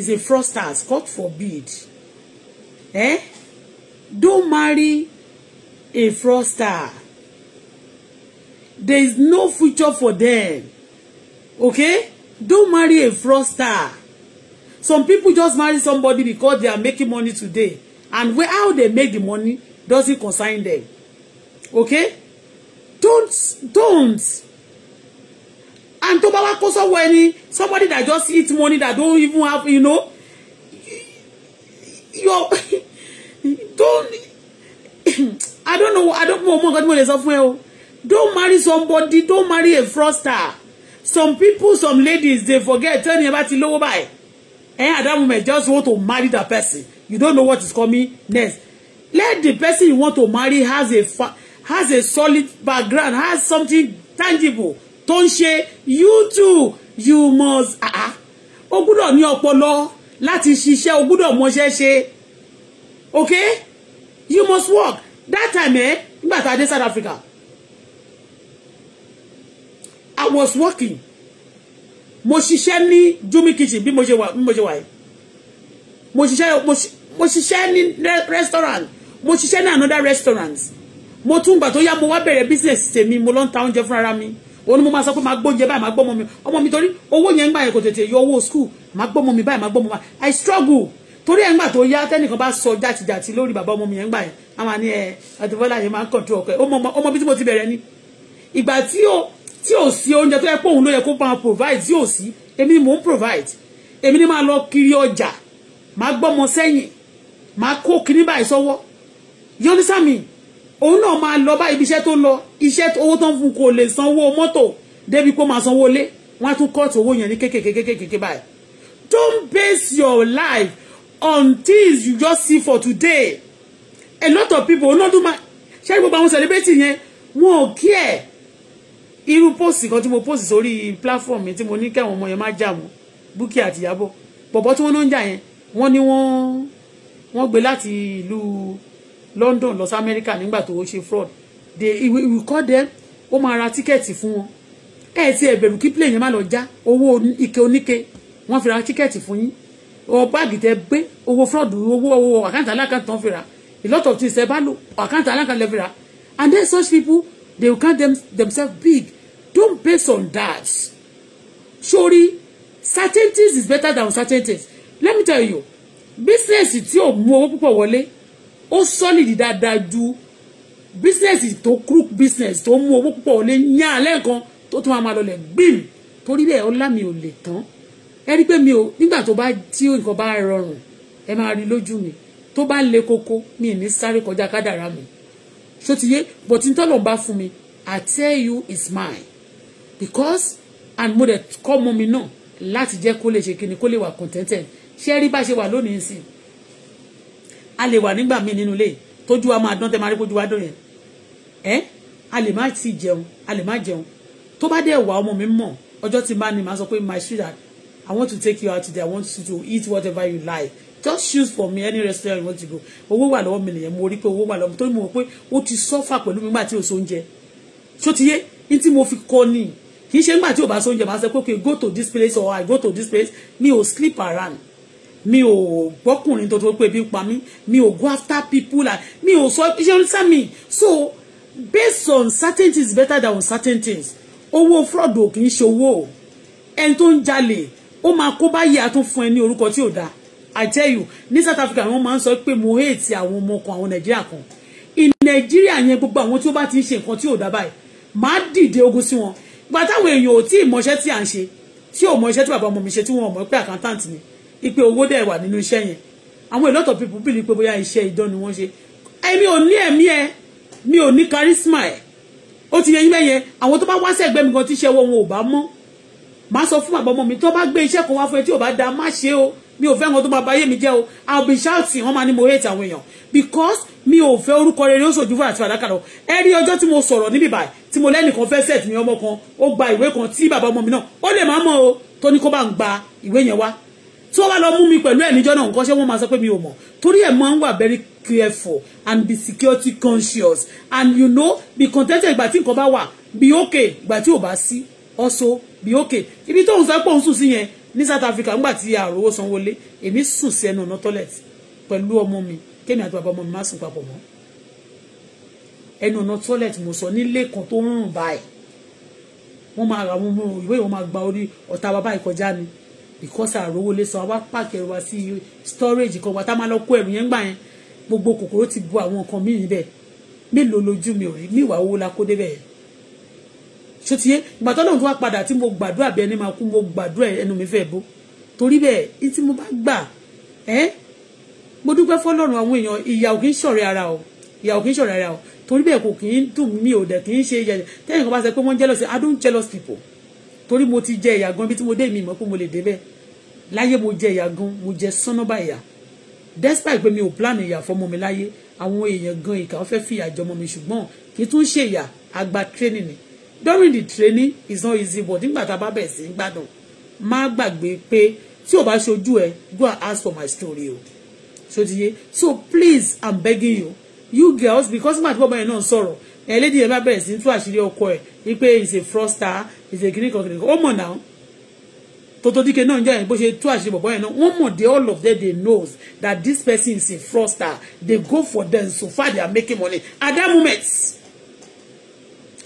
is a fraudster God forbid eh? Don't marry a fraudster. There is no future for them. Okay? Don't marry a fraudster. Some people just marry somebody because they are making money today. And where, how they make the money doesn't concern them. Okay? Don't, don't. And tó bá somebody that just eats money that don't even have, you know, your don't i don't know i don't know ọmọ nǹkan tí mo lè sọ don't marry somebody don't marry a fraudster some people some ladies they forget tell me about the lówó báyìí And eh, at that moment just want to marry that person you don't know what is coming next let the person you want to marry has a has a solid background has something tangible Don't ń you too you must ah uh ah. -uh. o gbọ́dọ̀ ní ọpọlọ láti ṣiṣẹ́ o gbúdọ̀ mọṣẹ́ ṣe ok you must work that time eh nígbà tá a dé South Africa I was working mo ṣiṣẹ́ ní Jumi kitchen bí mo ṣe wà bí mo ṣe wà yìí mo ṣiṣẹ́ mo ṣiṣẹ́ ní restaurant mo ṣiṣẹ́ ní another restaurant mo tún gbà tó yá mo wá bẹ̀rẹ̀ business tèmi mo lọ ń ta oúnjẹ fúnra mi òun ni mo máa sọ pé máa gbóúnjẹ báyìí máa gbọ́mọ mi ọmọ mi torí owó yẹn gbà yẹn kò tètè yọ owó school máa gbọ́mọ mi báyìí máa gbọ́mọ mi i struggle torí ẹ̀ ń gbà tó yá tẹ́nìkan bá sọ jàtìjàtì lórí bàbá ọmọ mi yẹn gbà yẹn a máa ní ẹ àtìbọ́lá yẹn máa ń kọ̀tù ọ̀kẹ́ ọmọ bí tí mo ti bẹ̀rẹ̀ ni ìgbà tí ò sí oúnjẹ tó yẹ pé òun ló yẹ kó máa provide tí ò sí èmi ni mò ń provide èmi ni máa lọ kiri ọjà máa gbọ́mọ sẹ́yìn máa kó kinní báyìí sọ́wọ́ you òun náà máa lọ bá ibi iṣẹ́ tó lọ iṣẹ́ owó tó ń fún kò lè sanwó mọ́tò débi kó máa sanwó lé wọ́n á tún kọ́ọ̀tù owó yẹn ní kékèkékèké báyìí don't base your life on things you just see for today a lot of people ọlọ́dún máa ṣé gbogbo àwọn celebrity yẹn wọn ò kí ẹ̀ irú post kan tí mo post sórí platform mi tí mo ní kẹ́wọn ọmọ yẹn má jà mọ́ Bukky àti Ìyábọ̀ bọ̀bọ̀ tí wọ́n náà ń jà yẹn wọ́n ní wọ́n wọ́n gbé láti ìlú. London lọ sí America nígbà tó ṣe fraud they we, we call them ó máa ra tíkẹ́ẹ̀tì fún wọn ẹ ti ẹ bẹ̀rù kí plane yẹn má lọ já owó ike oníke wọ́n fi ra tíkẹ́ẹ̀tì fún yín ọ̀ báàgì tẹ gbé owó fraud owó owó àkáǹtì alákàntì tán fi ra a lot of things ẹ bá lò àkáǹtì alákàntì lẹ́ fi ra and then such people they will count them, themselves big don't base on that sorry certainties is better than uncertainties let me tell you business tí ò mú owó púpọ̀ wọlé ó solid dáadáa ju bísínẹ́sì tó crook business tó mú owó púpọ̀ ò lè yán lẹ́ẹ̀kan tó tún máa lọlẹ̀ gbìm torí bẹ́ẹ̀ ọlá mi ò lè tán ẹ rí pé mi ò nígbà tó bá tí nǹkan bá rọrùn ẹ máa rí lójú mi tó bá le koko mi ní sáré kọjá kádàrá mi ṣó ti yé bọ̀tí tọ́lọ̀ bá fún mi I tell you it's mine because and mo dẹ̀ kọ́ mọ́ mi náà láti jẹ́ kó lè ṣe kíni kó lè wà contented ṣé rí bá ṣe wà lónìí sí i a lè wà nígbà míì nínú ilé tójú wa máa dán tẹ́ máa rí kójú wa dán yẹn ẹ́ a lè má ti jẹun a lè má jẹun tó bá dẹ̀ wà ọmọ mi mọ̀ ọjọ́ tí bá ní màá sọ pé my sweetheart I want to take you out today I want you to eat whatever you like just choose for me any restaurant you want to go owó wà lọ́wọ́ mi nìyẹn mo rí pé owó wà lọ́wọ́ mi torí mo rò pé ó ti sọ́fà pẹ̀lú mi nígbà tí ò sóúnjẹ ṣó ti yé ní tí mo fi kọ́ ni kì í ṣe nígbà tí ò bá sóúnjẹ máa sọ pé okay go to this place or I go to this place mi ò sleep around mi ò gbọ́kùnrin tó tó pé bí pa mí mi ò go after people like mi ò sọ iṣẹ́ oríṣà mi so based on certain things better than on certain things owó fraud ò kì í ṣe owó ẹni tó ń jalè ó máa kó báyìí àtún ẹ ní orúkọ tí ò dáa I tell you ní South Africa wọ́n máa ń sọ pé mo hate àwọn ọmọ àwọn Nàìjíríà kan in Nàìjíríà yẹn gbogbo àwọn tí ó bá ti ń ṣe nǹkan tí ò dáa báyìí máa dìde ogun sí wọn ìgbà táwọn èèyàn ò tí ì mọṣẹ́ tí à ń ṣe tí ò mọṣẹ́ tí bàbá ọmọ mi ṣe tí wọn ò mọ̀ pé accountant ni ipe owó dẹ̀ wà nínú iṣẹ́ yẹn àwọn a lot of people believe pé bóyá iṣẹ́ idán ni wọ́n ṣe èmi ò ní ẹ̀mí ẹ mi ò ní charisma ẹ̀ ó ti yẹ yín bẹ́yẹn àwọn tó bá wá sẹ́gbẹ́ mi gan tí iṣẹ́ wọn ò bá mọ́ máa sọ fún àbọ̀mọ́ mi tó bá gbé iṣẹ́ kan wá fún ẹ tí ò bá da má ṣe o mi ò fẹ́ wọn tó máa báyé mi jẹ́ o i'll be shouting wọ́n máa ní mo hate àwọn èèyàn because mi ò fẹ́ orúkọ rere ó ṣojú fún àti fàdákà lọ ẹ rí ọjọ́ tí mo sọ̀rọ̀ níbi báyìí tí mo lẹ́nìkan fẹ́ set mi ọmọ kan ó gba ìwé kan tí bàbá ọmọ mi náà ó lè má mọ̀ o tó ní kó bá ń gba ìwé yẹn wá tí wọ́n bá lọ mú mi pẹ̀lú ẹ̀ níjọ́ náà nǹkan ṣé wọ́n máa sọ pé mi ò mọ̀ torí ẹ̀ máa ń wà very careful and be security conscious and you know be contented ìgbà tí nǹkan bá wà be okay ìgbà tí ò bá sí also be okay ibi tó ń sọ pé òun sùn sí yẹn ní South Africa nígbà tí àròwó sanwóolé èmi sùn sí ẹnu ọ̀nà toilet pẹ̀lú ọmọ mi kémi àti bàbá ọmọ mi má sùn papọ̀ mọ́ ẹnu ọ̀nà toilet mo sọ nílé kan tó ń rùn báyìí wọ́n máa ra àwọn ìwé yìí wọ́n máa gba orí ọ̀tá bàbá ìkọjá ni because àròwó lè sọ àwa pààkì ẹrù wa sí storage kan wa tá a máa lọ kó ẹrù yẹn gbà yẹn gbogbo kòkòrò ti bu àwọn nǹkan míì níbẹ̀ mélòó lójú mi ò rí mí ìwà owó la kó débẹ̀ yẹn sotiye ìgbà tọ́lọ́run tó wá padà tí mo gbàdúrà bí ẹni máa kú mo gbàdúrà ẹnu mi fẹ́ bó torí bẹ́ẹ̀ tí mo bá gbà ẹ́ mo dúpẹ́ fọlọ́run àwọn èèyàn ìyà ò kì í ṣọ̀rẹ́ ara o ìyà ò kì í ṣọ̀rẹ́ ara o torí bẹ́ẹ̀ kò kì í dùn mí ò dẹ̀ kì í ṣe yẹ̀yẹ̀ tẹ́yìn kan bá sọ pé wọ́n jealous I don't jealous people torí mo ti jẹ ìyà gan bí tí mo dé mi mọ̀ pé mo lè débẹ̀ láyé mo jẹ ìyà gan mo jẹ sọ́nọ́bà ìyà despite pé mi ò plan ìyà fọmọ mi láyé àwọn èèyàn gan ìkà wọ́n fẹ́ fi ìyà jọmọ mi ṣùgbọ́n kì í tún ṣe ìyà àgbà training ni during the training is not easy but nígbà tá a bá bẹ̀ sí gbádùn má gbàgbé pé tí o bá ṣojú ẹ go ask for my story o ṣòtìyé so please i'm begging you you girls because nígbà tí bọ́bá yẹn náà sọ̀rọ̀ ẹ̀ lédi yẹn bá bẹ̀rẹ̀ sí tú àṣírí ọkọ ẹ̀ wípé he is a fraudster ìṣe kìnnì kan kìnnì kan ó mọ̀ náà totodike náà ń jẹ́ bó ṣe tú àṣírí bọ̀bọ̀ yẹn náà wọ́n mọ̀ they all of them they knows that this person is a fraudster they go for them so far they are making money at that moment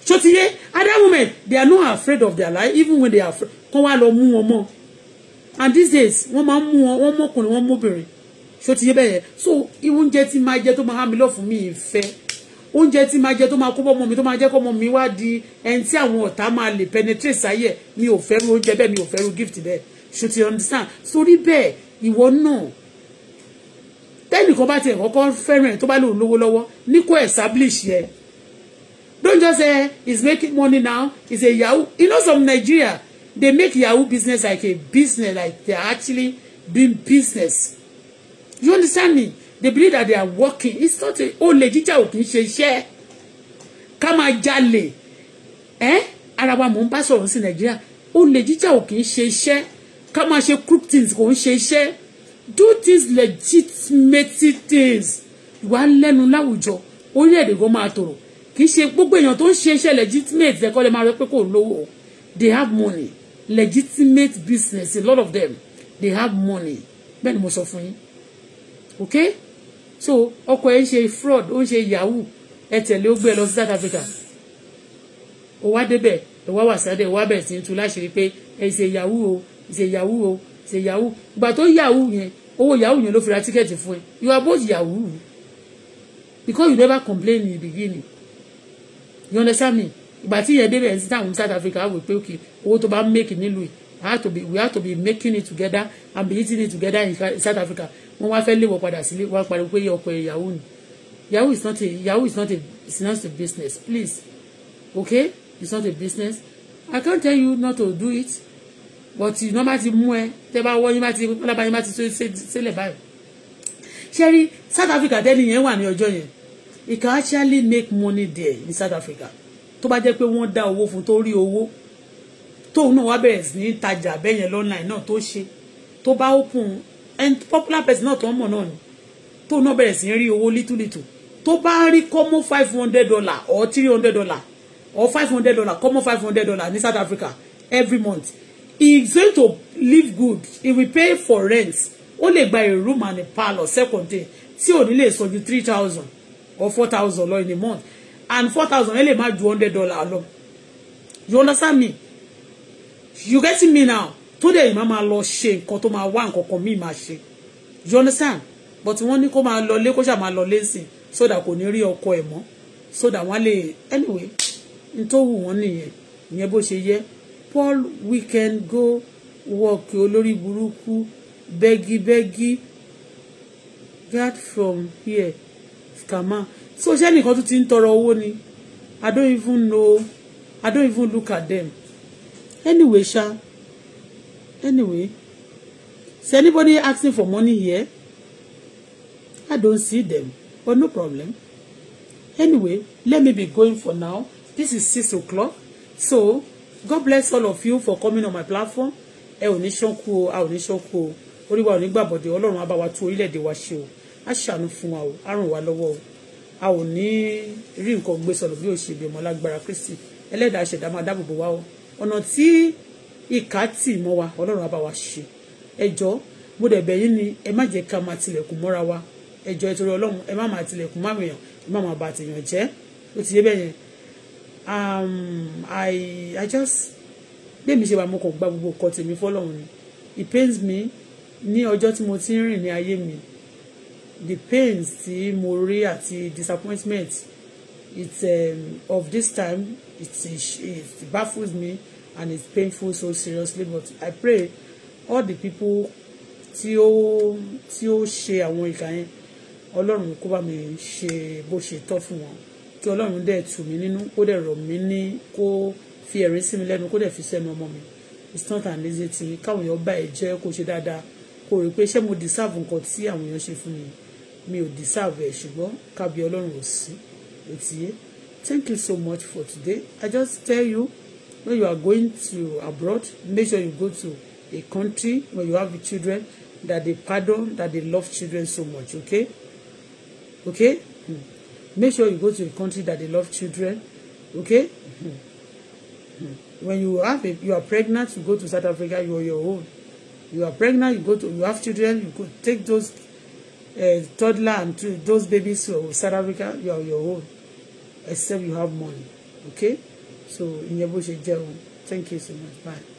sotiye at that moment they are not afraid of their life even when they are afraid kán wá lọ mú wọn mọ́ and these days wọ́n máa ń mú wọn wọ́n mọ́kùnrin wọ́n mọ́bìnrin sotiye bẹ́ẹ̀ so oúnjẹ tí máa jẹ tó máa há mi lọ fún mi ìfẹ́ oúnjẹ tí máa jẹ tó máa kó bọ́mọ mi tó máa jẹ́ kọ́mọ mi wá di ẹni tí àwọn ọ̀tá máa lè penetrate sáyẹ̀ mi ò fẹ́ràn oúnjẹ bẹ́ẹ̀ mi ò fẹ́ràn gift bẹ́ẹ̀ ṣó ti understand sórí bẹ́ẹ̀ ìwọ náà tẹ́nìkan bá tiẹ̀ kọ́kọ́ fẹ́ràn ẹ̀ tó bá lòun lówó lọ́wọ́ ní kó establish yẹ don't just say he's making money now he's a yahoo you know some Nigeria they make yahoo business like a business like they're actually doing business you understand me they believe that they are working it's not a oh jíjà ò kì í ṣe iṣẹ́ ká máa jalè ẹ́ ara wa mò ń bá sọ̀rọ̀ sí nàìjíríà olè jíjà ò kì í ṣe iṣẹ́ ká máa ṣe crook things kò ń ṣe iṣẹ́ do things legitimate things ìwà lẹ́nu láwùjọ orílẹ̀-èdè kan máa tòrò kì í ṣe gbogbo èèyàn tó ń ṣe iṣẹ́ legitimate ẹ̀kọ́ lè máa rẹ pé kò lówó they have money legitimate business a lot of them they have money bẹ́ẹ̀ ni mo sọ fún yín okay so ọkọ ẹ ń ṣe fraud ó ń ṣe yahoo ẹ tẹ̀lé ó gbé ẹ lọ sí South Africa ó wá débẹ̀ ẹ wá wà sáré ẹ wá bẹ̀rẹ̀ sí ní tu láṣìírí pé ẹ ṣe yahoo o ṣe yahoo o ṣe yahoo ìgbà tó yahoo yẹn owó yahoo yẹn ló fi ra tíkẹ́ẹ̀tì fún ẹ you are both yahoo because you never complain in the beginning you understand me ìgbà tí yẹn débẹ̀ sí táwọn South Africa á wò pé òkè owó tó bá ń make nílùú we have to be we have to be making it together and be eating it together in South Africa wọ́n wá fẹ́ lé wọ padà sílé wá pariwo pé ọkọ ẹ̀ yahoo ni yahoo is not a yahoo is not a it's not a business please okay it's not a business I can't tell you not to do it but iná bá ti mú ẹ tẹ bá wọ yín bá ti lábá yín bá ti sílẹ̀ báyìí ṣé rí South Africa tẹ́lẹ̀ yẹn wà ní ọjọ́ yẹn it can actually make money there in South Africa tó bá jẹ́ pé wọ́n dá owó fún tó rí owó tóun náà wá bẹ̀rẹ̀ sí ní tajà bẹ́yẹn lọ́nà náà tó ṣe tó bá open And popular person náà tó ń mọ̀ náà ni tó náà bẹ̀rẹ̀ sí rí owó little little tó bá rí common five hundred dollar or three hundred dollar or five hundred dollar common five hundred dollar ní South Africa every month he is going to live good he will pay for rent ó lè gba a room and a parlour second day tí ò ní lè sọ ju three thousand or four thousand lọ in a month and four thousand ẹ lè má ju hundred dollar lọ you understand me you get me now tó dẹ̀ yìí máa lọ ṣe nǹkan tó máa wá nǹkan kan míì máa ṣe you understand but ní kó máa lọ lé kó ṣáà máa lọ lé sí so that kò ní rí ọkọ ẹ mọ́ so that wọ́n lè anyway n tó wù nìyẹn ìyẹn bó ṣe yẹ Paul weekend go work olórí burúkú bẹ́gíbẹ́gí get from here scammer so ṣé nìkan tún ti ń tọrọ owó ni I don't even look at them anyway Anyway, is anybody asking for money here? I don't see them, but no problem. Anyway, let me be going for now. This is six o'clock. So, God bless all of you for coming on my platform. Ẹ ò ní ṣánkú o, a ò ní ṣánkú o. Orí wa ò ní gbàbọ̀dé, Ọlọ́run á bá orílẹ̀-èdè wa ṣe o. Á ṣàánú fún wa o, á ràn wá lọ́wọ́ o. A ò ní rí nǹkan gbé sọ̀rọ̀ bí òṣèlú ọmọ lágbára Kristi. Ẹlẹ́dàá ṣẹ̀dá máa dáàbò bò o. Ọ̀nà tí ìka tì mọ́ wa ọlọ́run á bá wa ṣe ẹjọ́ mo dẹ̀ bẹ̀yìn ni ẹ má jẹ́ ká máa tilẹ̀kùn mọ́ra wa ẹjọ́ ìtorí ọlọ́run ẹ má máa tilẹ̀kùn má mìíràn ẹ má máa bà tèèyàn jẹ́ ó ti yé bẹ́ẹ̀ yẹn um, i i just bí èmi ṣe wà mo kàn gba gbogbo nǹkan tèmi fọlọ́run ni it pains me ní ọjọ́ tí mo ti ń rìn ní ayé mi the pains tí mo rí àti disappointment it's um, of this time it, it, it baffles me and it's painful so seriously but I pray all the people tí ó tí ó ṣe àwọn ìkà yẹn ọlọ́run kó bá mi ṣe bó ṣe tọ́ fún wọn kí ọlọ́run dẹ̀ tù mí nínú kó dẹ̀ rọ̀ mí ní kó fi ẹ̀rín sí mi lẹ́nu kó dẹ̀ fi sẹ́nu ọmọ mi it's not an easy thing káwọn èèyàn bá ẹ jẹ́ kó ṣe dáadáa kó rí i pé ṣé mo deserve nǹkan tí àwọn èèyàn ṣe fún mi mi ò deserve ẹ̀ ṣùgbọ́n kábí ọlọ́run ò sí òtíye thank you so much for today I just tell you when you are going to abroad make sure you go to a country where you have children that they pardon that they love children so much okay okay hmm. make sure you go to a country that they love children okay hmm. Hmm. when you have a, you are pregnant you go to South Africa you are your own you are pregnant you go to you have children you go take those uh, toddler and two, those babies to South Africa you are your own except you have money okay so ìyẹn bó ṣe jẹ́ o thank you so much bye.